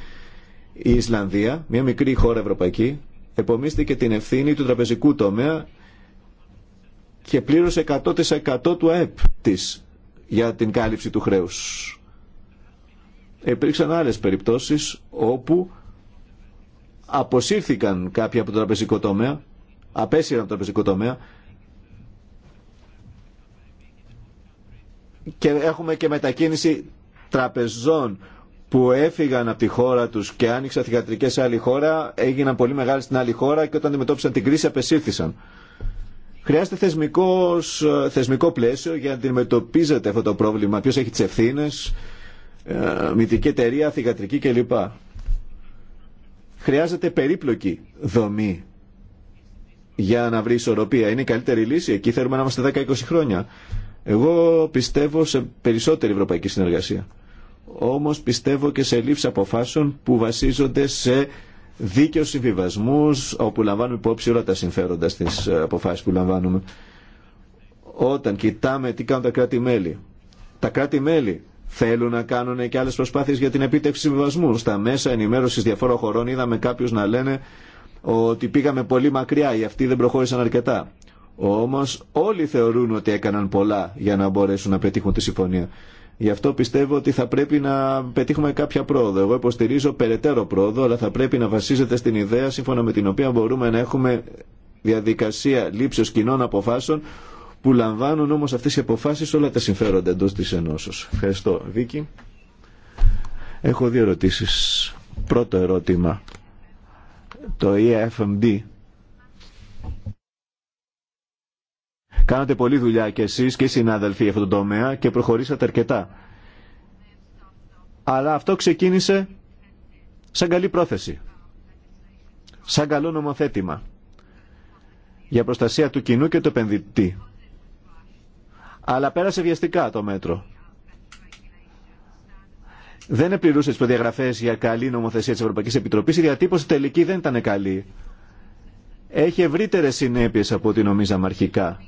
η Ισλανδία, μια μικρή χώρα ευρωπαϊκή, επομίστηκε την ευθύνη του τραπεζικού τομέα και πλήρωσε 100% του ΑΕΠ της για την κάλυψη του χρέους. Υπήρξαν άλλες περιπτώσεις όπου αποσύρθηκαν κάποια από το τραπεζικό τομέα, απέσυραν από το τραπεζικό τομέα και έχουμε και μετακίνηση τραπεζών που έφυγαν από τη χώρα του και άνοιξαν θηγατρικέ σε άλλη χώρα, έγιναν πολύ μεγάλες στην άλλη χώρα και όταν αντιμετώπισαν την κρίση απεσύρθησαν. Χρειάζεται θεσμικός, θεσμικό πλαίσιο για να αντιμετωπίζετε αυτό το πρόβλημα. Ποιο έχει τι ευθύνε, ε, μυθική εταιρεία, θηγατρική κλπ. Χρειάζεται περίπλοκη δομή για να βρει ισορροπία. Είναι η καλύτερη λύση. Εκεί θέλουμε να είμαστε 10-20 χρόνια. Εγώ πιστεύω σε περισσότερη ευρωπαϊκή συνεργασία όμως πιστεύω και σε λήψη αποφάσεων που βασίζονται σε δίκαιο συμβιβασμού όπου λαμβάνουμε υπόψη όλα τα συμφέροντα στις ε, αποφάσεις που λαμβάνουμε. Όταν κοιτάμε τι κάνουν τα κράτη-μέλη, τα κράτη-μέλη θέλουν να κάνουν και άλλες προσπάθειες για την επίτευξη συμβιβασμού. Στα μέσα ενημέρωσης διαφόρων χωρών είδαμε κάποιους να λένε ότι πήγαμε πολύ μακριά, οι αυτοί δεν προχώρησαν αρκετά. Όμως όλοι θεωρούν ότι έκαναν πολλά για να μπορέσουν να πετύχουν τη συμφωνία. Γι' αυτό πιστεύω ότι θα πρέπει να πετύχουμε κάποια πρόοδο. Εγώ υποστηρίζω περαιτέρω πρόοδο, αλλά θα πρέπει να βασίζεται στην ιδέα σύμφωνα με την οποία μπορούμε να έχουμε διαδικασία λήψεως κοινών αποφάσεων που λαμβάνουν όμως αυτές οι αποφάσει όλα τα συμφέροντα εντό της ενώσεω. Ευχαριστώ. Βίκη. Έχω δύο ερωτήσει. Πρώτο ερώτημα. Το EFMD Κάνατε πολλή δουλειά κι εσείς και οι συνάδελφοι αυτό τον τομέα και προχωρήσατε αρκετά. Αλλά αυτό ξεκίνησε σαν καλή πρόθεση, σαν καλό νομοθέτημα για προστασία του κοινού και του επενδυτή. Αλλά πέρασε βιαστικά το μέτρο. Δεν επληρούσε τι προδιαγραφέ για καλή νομοθεσία τη Ευρωπαϊκή Επιτροπή. Η διατύπωση τελική δεν ήταν καλή. Έχει ευρύτερε συνέπειε από ό,τι νομίζαμε αρχικά.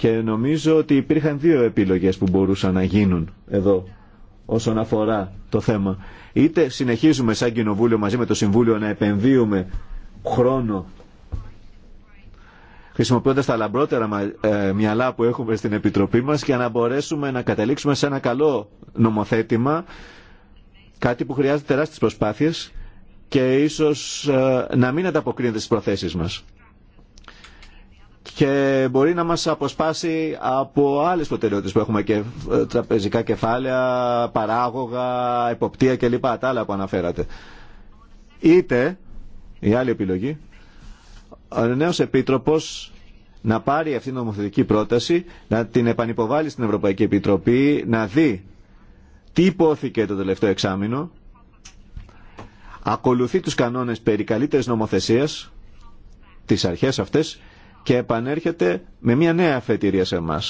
Και νομίζω ότι υπήρχαν δύο επιλογές που μπορούσαν να γίνουν εδώ όσον αφορά το θέμα. Είτε συνεχίζουμε σαν Κοινοβούλιο μαζί με το Συμβούλιο να επενδύουμε χρόνο χρησιμοποιώντας τα λαμπρότερα ε, μυαλά που έχουμε στην Επιτροπή μας για να μπορέσουμε να καταλήξουμε σε ένα καλό νομοθέτημα, κάτι που χρειάζεται τεράστιες προσπάθειες και ίσως ε, να μην ανταποκρίνεται στις προθέσεις μας και μπορεί να μας αποσπάσει από άλλες προτεραιότητες που έχουμε και ε, τραπεζικά κεφάλαια, παράγωγα, εποπτεία κλπ. Τα άλλα που αναφέρατε. Είτε, η άλλη επιλογή, ο νέος επίτροπος να πάρει αυτήν την νομοθετική πρόταση, να την επανυποβάλει στην Ευρωπαϊκή Επιτροπή, να δει τι υπόθηκε το τελευταίο εξάμεινο, ακολουθεί τους κανόνες περί καλύτερης νομοθεσίας, τις αρχές αυτές και επανέρχεται με μια νέα αφετηρία σε εμά.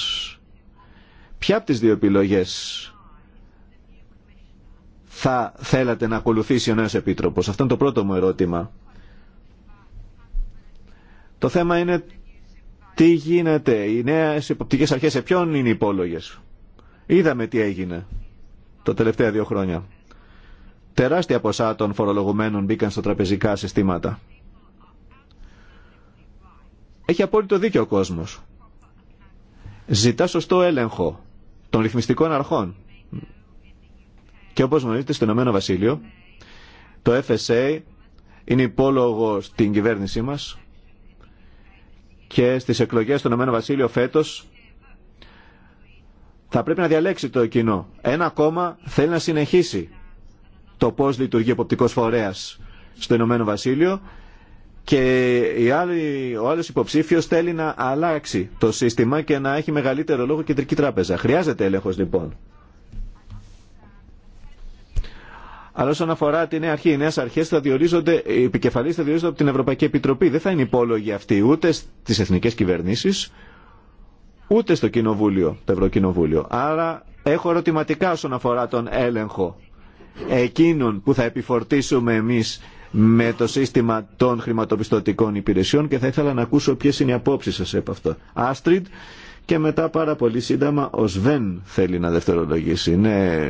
Ποια από τις δύο επιλογές θα θέλατε να ακολουθήσει ο νέος Επίτροπος. Αυτό είναι το πρώτο μου ερώτημα. Το θέμα είναι τι γίνεται. Οι νέες υποπτικές αρχές σε ποιον είναι υπόλογες. Είδαμε τι έγινε τα τελευταία δύο χρόνια. Τεράστια ποσά των φορολογουμένων μπήκαν στα τραπεζικά συστήματα. Έχει απόλυτο δίκιο ο κόσμος. Ζητά σωστό έλεγχο των ρυθμιστικών αρχών. Και όπως γνωρίζετε στο Ηνωμένο Βασίλειο, το FSA είναι υπόλογο στην κυβέρνησή μας και στις εκλογές στο Ηνωμένο Βασίλειο φέτος θα πρέπει να διαλέξει το κοινό. Ένα κόμμα θέλει να συνεχίσει το πώς λειτουργεί ο ποπτικός φορέας στο Ηνωμένο Βασίλειο και η άλλη, ο άλλος υποψήφιος θέλει να αλλάξει το σύστημα και να έχει μεγαλύτερο λόγο κεντρική τράπεζα. Χρειάζεται έλεγχος λοιπόν. Αλλά όσον αφορά τη νέα αρχή, οι νέε αρχέ θα διορίζονται, οι επικεφαλεί θα διορίζονται από την Ευρωπαϊκή Επιτροπή. Δεν θα είναι υπόλογοι αυτοί ούτε στι εθνικέ κυβερνήσει, ούτε στο Κοινοβούλιο, το Ευρωκοινοβούλιο. Άρα έχω ερωτηματικά όσον αφορά τον έλεγχο εκείνων που θα επιφορτήσουμε εμεί με το σύστημα των χρηματοπιστωτικών υπηρεσιών και θα ήθελα να ακούσω ποιες είναι οι απόψεις σας από αυτό. Άστριντ και μετά πάρα πολύ σύντομα ο Σβέν θέλει να δευτερολογήσει. Ναι.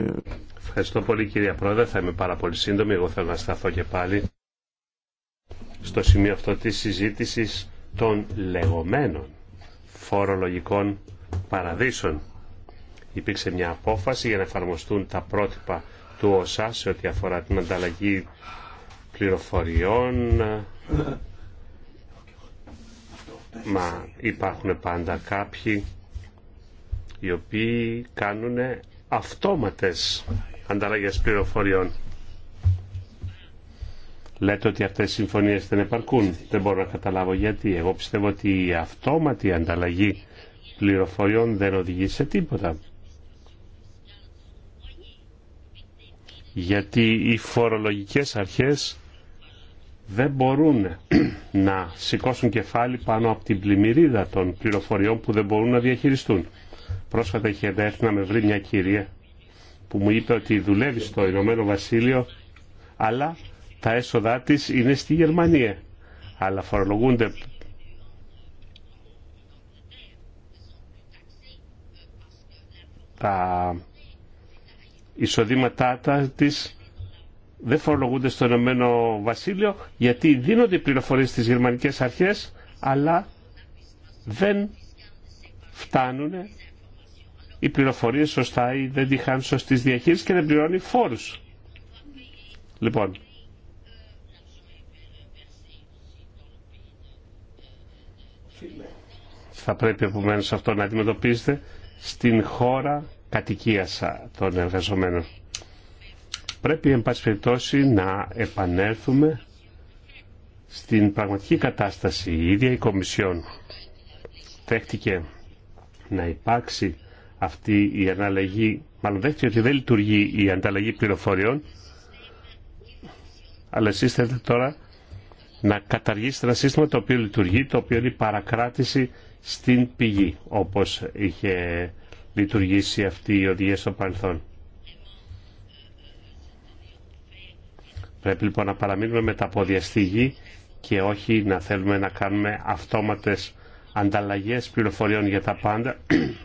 Ευχαριστώ πολύ κυρία Πρόεδρε, θα είμαι πάρα πολύ σύντομη, εγώ θέλω να σταθώ και πάλι στο σημείο αυτό της συζήτησης των λεγόμενων φορολογικών παραδείσων. Υπήρξε μια απόφαση για να εφαρμοστούν τα πρότυπα του ΟΣΑ σε ό,τι αφορά την ανταλλαγή πληροφοριών. Μα υπάρχουν πάντα κάποιοι οι οποίοι κάνουν αυτόματες ανταλλαγές πληροφοριών. Λέτε ότι αυτές οι συμφωνίες δεν επαρκούν. Δεν μπορώ να καταλάβω γιατί. Εγώ πιστεύω ότι η αυτόματη ανταλλαγή πληροφοριών δεν οδηγεί σε τίποτα. Γιατί οι φορολογικές αρχές δεν μπορούν (clears throat) να σηκώσουν κεφάλι πάνω από την πλημμυρίδα των πληροφοριών που δεν μπορούν να διαχειριστούν. Πρόσφατα είχε έρθει να με βρει μια κυρία που μου είπε ότι δουλεύει στο Ηνωμένο Βασίλειο αλλά τα έσοδά της είναι στη Γερμανία αλλά φορολογούνται τα εισοδήματά της δεν φορολογούνται στο Ηνωμένο Βασίλειο γιατί δίνονται οι πληροφορίες στις γερμανικές αρχές αλλά δεν φτάνουν οι πληροφορίες σωστά ή δεν τη χάνουν σωστής διαχείρισης και δεν πληρώνει φόρους. Λοιπόν, θα πρέπει επομένω αυτό να αντιμετωπίσετε στην χώρα κατοικία των εργαζομένων. Πρέπει, εν πάση περιπτώσει, να επανέλθουμε στην πραγματική κατάσταση. Η ίδια η Κομισιόν δέχτηκε να υπάρξει αυτή η αναλλαγή, μάλλον δέχτηκε ότι δεν λειτουργεί η ανταλλαγή πληροφοριών, αλλά εσείς θέλετε τώρα να καταργήσετε ένα σύστημα το οποίο λειτουργεί, το οποίο είναι η παρακράτηση στην πηγή, όπως είχε λειτουργήσει αυτή η οδηγία στο παρελθόν. Πρέπει λοιπόν να παραμείνουμε στη γη και όχι να θέλουμε να κάνουμε αυτόματες ανταλλαγές πληροφοριών για τα πάντα (clears throat)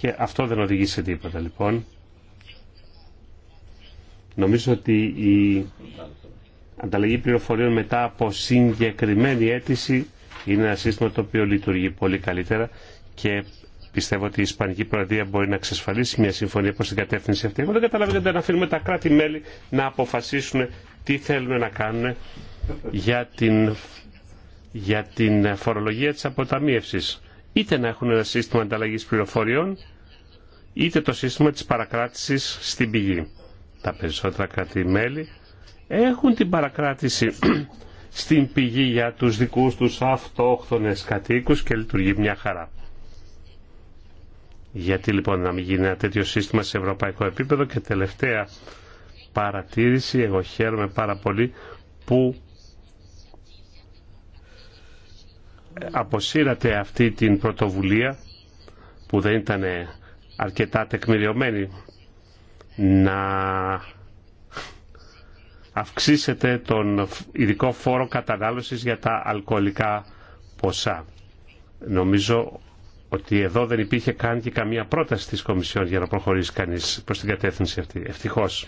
και αυτό δεν οδηγεί σε τίποτα λοιπόν. Νομίζω ότι η ανταλλαγή πληροφοριών μετά από συγκεκριμένη αίτηση είναι ένα σύστημα το οποίο λειτουργεί πολύ καλύτερα και Πιστεύω ότι η Ισπανική Προεδρία μπορεί να εξασφαλίσει μια συμφωνία προ την κατεύθυνση αυτή. Εγώ δεν καταλαβαίνω δεν αφήνουμε τα κράτη-μέλη να αποφασίσουν τι θέλουν να κάνουν για την, για την φορολογία τη αποταμίευση. Είτε να έχουν ένα σύστημα ανταλλαγή πληροφοριών, είτε το σύστημα τη παρακράτηση στην πηγή. Τα περισσότερα κράτη-μέλη έχουν την παρακράτηση (clears throat) στην πηγή για τους δικούς τους αυτόχθονες κατοίκους και λειτουργεί μια χαρά. Γιατί λοιπόν να μην γίνει ένα τέτοιο σύστημα σε ευρωπαϊκό επίπεδο και τελευταία παρατήρηση, εγώ χαίρομαι πάρα πολύ που αποσύρατε αυτή την πρωτοβουλία που δεν ήταν αρκετά τεκμηριωμένη να αυξήσετε τον ειδικό φόρο κατανάλωσης για τα αλκοολικά ποσά. Νομίζω ότι εδώ δεν υπήρχε καν και καμία πρόταση της Κομισιόν για να προχωρήσει κανείς προς την κατεύθυνση αυτή. Ευτυχώς.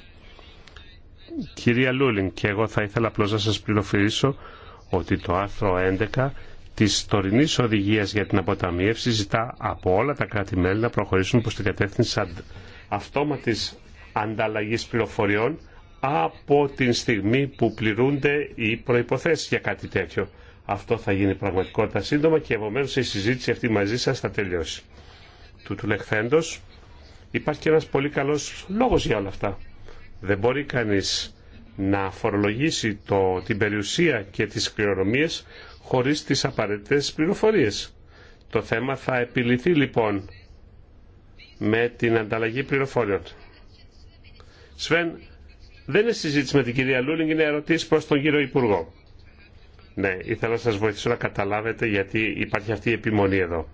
Κυρία Λούλιν, και εγώ θα ήθελα απλώς να σας πληροφορήσω ότι το άρθρο 11 της τωρινής οδηγίας για την αποταμίευση ζητά από όλα τα κράτη-μέλη να προχωρήσουν προς την κατεύθυνση αυτόματης ανταλλαγής πληροφοριών από την στιγμή που πληρούνται οι προϋποθέσεις για κάτι τέτοιο. Αυτό θα γίνει πραγματικότητα σύντομα και επομένω η συζήτηση αυτή μαζί σα θα τελειώσει. Του του τουλεχθέντος υπάρχει και ένα πολύ καλό λόγο για όλα αυτά. Δεν μπορεί κανεί να φορολογήσει το, την περιουσία και τι κληρονομίες χωρί τι απαραίτητε πληροφορίε. Το θέμα θα επιληθεί λοιπόν με την ανταλλαγή πληροφοριών. Σβέν, δεν είναι συζήτηση με την κυρία Λούλινγκ, είναι ερωτήσει προ τον κύριο Υπουργό. Ναι, ήθελα να σας βοηθήσω να καταλάβετε γιατί υπάρχει αυτή η επιμονή εδώ.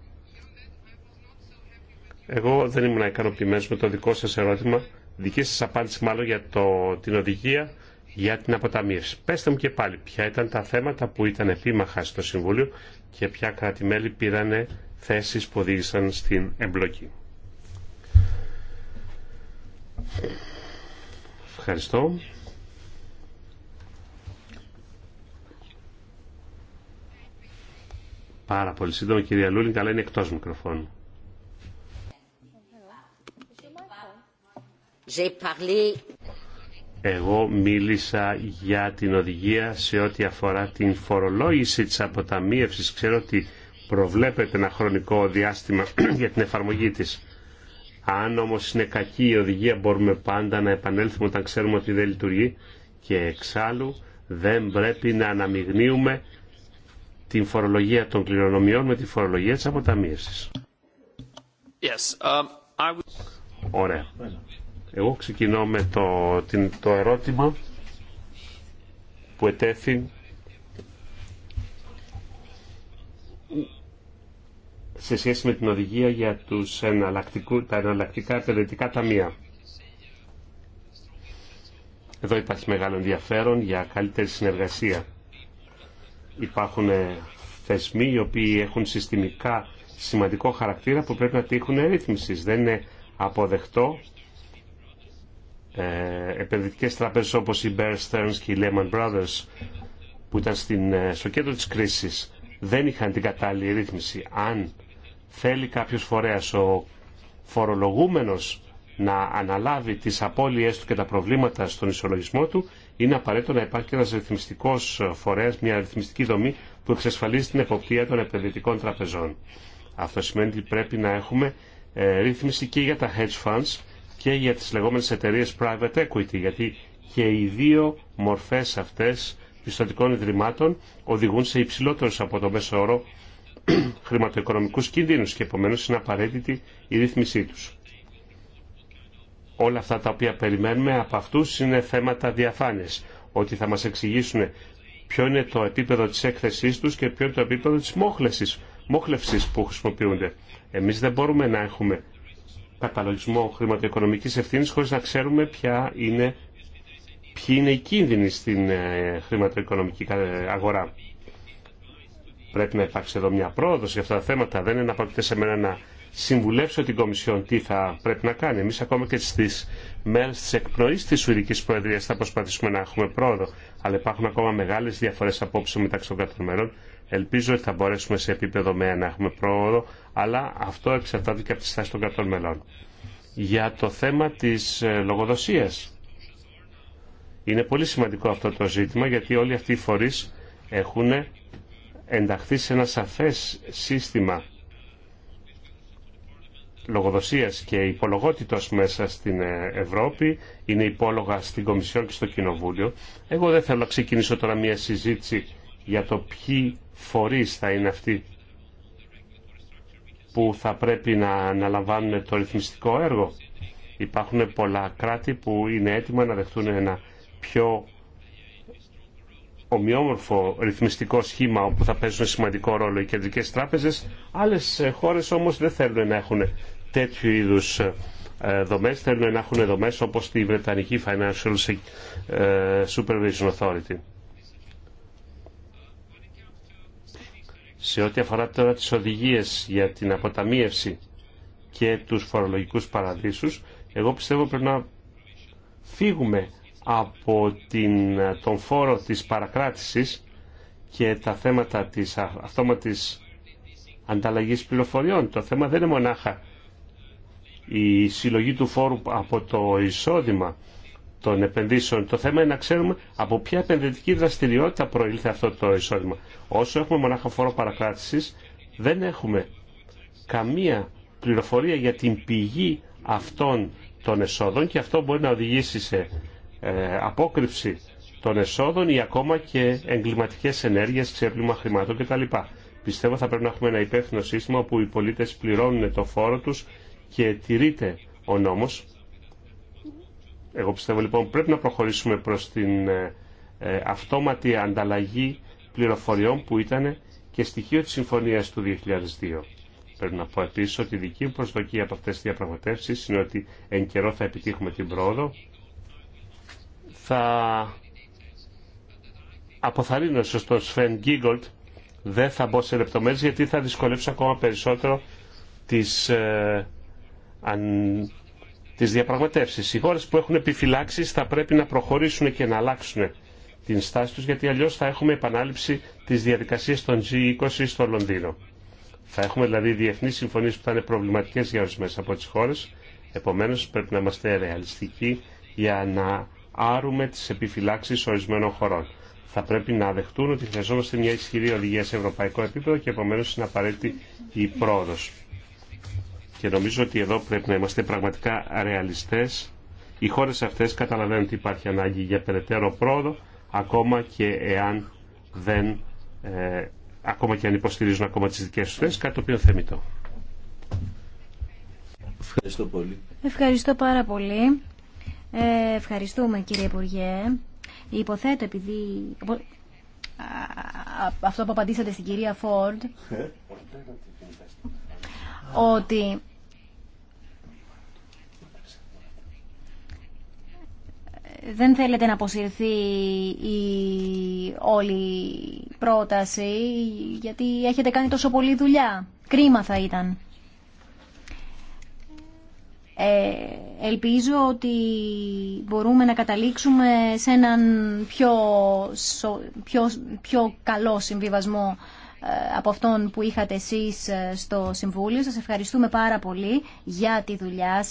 Εγώ δεν ήμουν ικανοποιημένος με το δικό σας ερώτημα, δική σας απάντηση μάλλον για το, την οδηγία για την αποταμίευση. Πέστε μου και πάλι ποια ήταν τα θέματα που ήταν επίμαχα στο Συμβούλιο και ποια κράτη-μέλη πήρανε θέσεις που οδήγησαν στην εμπλοκή. Ευχαριστώ. Πάρα πολύ σύντομα κυρία Λούλινγκ, αλλά είναι εκτός μικροφώνου. Εγώ μίλησα για την οδηγία σε ό,τι αφορά την φορολόγηση της αποταμίευσης. Ξέρω ότι προβλέπεται ένα χρονικό διάστημα (clears throat) για την εφαρμογή της. Αν όμως είναι κακή η οδηγία μπορούμε πάντα να επανέλθουμε όταν ξέρουμε ότι δεν λειτουργεί και εξάλλου δεν πρέπει να αναμειγνύουμε την φορολογία των κληρονομιών με τη φορολογία της αποταμίευσης. Yes, um, I Ωραία. Εγώ ξεκινώ με το, την, το ερώτημα που ετέθη σε σχέση με την οδηγία για τους τα εναλλακτικά επενδυτικά ταμεία. Εδώ υπάρχει μεγάλο ενδιαφέρον για καλύτερη συνεργασία υπάρχουν θεσμοί οι οποίοι έχουν συστημικά σημαντικό χαρακτήρα που πρέπει να τύχουν ρύθμιση. Δεν είναι αποδεκτό ε, επενδυτικές τράπεζες όπως η Bear Stearns και η Lehman Brothers που ήταν στην, ε, στο κέντρο της κρίσης δεν είχαν την κατάλληλη ρύθμιση. Αν θέλει κάποιος φορέας ο φορολογούμενος να αναλάβει τις απώλειές του και τα προβλήματα στον ισολογισμό του, είναι απαραίτητο να υπάρχει ένα ρυθμιστικό φορέα, μια ρυθμιστική δομή που εξασφαλίζει την εποπτεία των επενδυτικών τραπεζών. Αυτό σημαίνει ότι πρέπει να έχουμε ε, ρύθμιση και για τα hedge funds και για τις λεγόμενες εταιρείες private equity, γιατί και οι δύο μορφές αυτές πιστοτικών ιδρυμάτων οδηγούν σε υψηλότερους από το μέσο όρο (clears throat) χρηματοοικονομικούς κινδύνους και επομένως είναι απαραίτητη η ρύθμισή τους όλα αυτά τα οποία περιμένουμε από αυτούς είναι θέματα διαφάνεια. Ότι θα μας εξηγήσουν ποιο είναι το επίπεδο της έκθεσής τους και ποιο είναι το επίπεδο της μόχλεσης, μόχλευσης που χρησιμοποιούνται. Εμείς δεν μπορούμε να έχουμε καταλογισμό χρηματοοικονομικής ευθύνης χωρίς να ξέρουμε ποια είναι, ποιοι είναι οι κίνδυνοι στην ε, χρηματοοικονομική αγορά. Πρέπει να υπάρξει εδώ μια πρόοδο για αυτά τα θέματα. Δεν είναι να σε μένα να συμβουλεύσω την Κομισιόν τι θα πρέπει να κάνει. Εμεί ακόμα και στι μέρε τη εκπνοή τη Σουηδική Προεδρία θα προσπαθήσουμε να έχουμε πρόοδο. Αλλά υπάρχουν ακόμα μεγάλε διαφορέ απόψε μεταξύ των κρατών Ελπίζω ότι θα μπορέσουμε σε επίπεδο ΜΕΑ να έχουμε πρόοδο, αλλά αυτό εξαρτάται και από τη στάση των κρατών μελών. Για το θέμα τη ε, λογοδοσία. Είναι πολύ σημαντικό αυτό το ζήτημα γιατί όλοι αυτοί οι φορεί έχουν ενταχθεί σε ένα σαφές σύστημα λογοδοσίας και υπολογότητος μέσα στην ε, Ευρώπη είναι υπόλογα στην Κομισιόν και στο Κοινοβούλιο. Εγώ δεν θέλω να ξεκινήσω τώρα μια συζήτηση για το ποιοι φορείς θα είναι αυτοί που θα πρέπει να αναλαμβάνουν το ρυθμιστικό έργο. Υπάρχουν πολλά κράτη που είναι έτοιμα να δεχτούν ένα πιο ομοιόμορφο ρυθμιστικό σχήμα όπου θα παίζουν σημαντικό ρόλο οι κεντρικές τράπεζες. Άλλες χώρες όμως δεν θέλουν να έχουν τέτοιου είδους ε, δομές, θέλουν να έχουν δομές όπως τη Βρετανική Financial ε, Supervision Authority. Σε ό,τι αφορά τώρα τις οδηγίες για την αποταμίευση και τους φορολογικούς παραδείσους, εγώ πιστεύω πρέπει να φύγουμε από την, τον φόρο της παρακράτησης και τα θέματα της αυτόματης ανταλλαγής πληροφοριών. Το θέμα δεν είναι μονάχα η συλλογή του φόρου από το εισόδημα των επενδύσεων. Το θέμα είναι να ξέρουμε από ποια επενδυτική δραστηριότητα προήλθε αυτό το εισόδημα. Όσο έχουμε μονάχα φόρο παρακράτησης, δεν έχουμε καμία πληροφορία για την πηγή αυτών των εσόδων και αυτό μπορεί να οδηγήσει σε ε, απόκρυψη των εσόδων ή ακόμα και εγκληματικές ενέργειες, ξέπλυμα χρημάτων κτλ. Πιστεύω θα πρέπει να έχουμε ένα υπεύθυνο σύστημα όπου οι πολίτες πληρώνουν το φόρο τους και τηρείται ο νόμος. Εγώ πιστεύω λοιπόν πρέπει να προχωρήσουμε προς την ε, ε αυτόματη ανταλλαγή πληροφοριών που ήταν και στοιχείο της συμφωνίας του 2002. Πρέπει να πω επίσης ότι η δική μου προσδοκία από αυτές τις διαπραγματεύσεις είναι ότι εν καιρό θα επιτύχουμε την πρόοδο θα αποθαρρύνω ίσως Σφεν δεν θα μπω σε λεπτομέρειες γιατί θα δυσκολεύσω ακόμα περισσότερο τις, ε, αν, τις διαπραγματεύσεις. Οι χώρες που έχουν επιφυλάξεις θα πρέπει να προχωρήσουν και να αλλάξουν την στάση τους γιατί αλλιώς θα έχουμε επανάληψη της διαδικασίας των G20 στο Λονδίνο. Θα έχουμε δηλαδή διεθνείς συμφωνίες που θα είναι προβληματικές για ορισμένες από τις χώρες. Επομένως πρέπει να είμαστε ρεαλιστικοί για να άρουμε τις επιφυλάξεις ορισμένων χωρών. Θα πρέπει να δεχτούν ότι χρειαζόμαστε μια ισχυρή οδηγία σε ευρωπαϊκό επίπεδο και επομένως είναι απαραίτητη η πρόοδος. Και νομίζω ότι εδώ πρέπει να είμαστε πραγματικά ρεαλιστές. Οι χώρες αυτές καταλαβαίνουν ότι υπάρχει ανάγκη για περαιτέρω πρόοδο, ακόμα και εάν δεν, ε, ακόμα και αν υποστηρίζουν ακόμα τις δικές τους θέσεις, κάτι το οποίο θεμητό. Ευχαριστώ πολύ. Ευχαριστώ πάρα πολύ. Ε, ευχαριστούμε κύριε Υπουργέ. Υποθέτω επειδή... Αυτό που απαντήσατε στην κυρία Φόρντ ότι δεν θέλετε να αποσυρθεί η όλη πρόταση γιατί έχετε κάνει τόσο πολλή δουλειά. Κρίμα θα ήταν. Ε, ελπίζω ότι μπορούμε να καταλήξουμε σε έναν πιο, πιο, πιο καλό συμβιβασμό ε, από αυτόν που είχατε εσείς ε, στο Συμβούλιο. Σας ευχαριστούμε πάρα πολύ για τη δουλειά σας.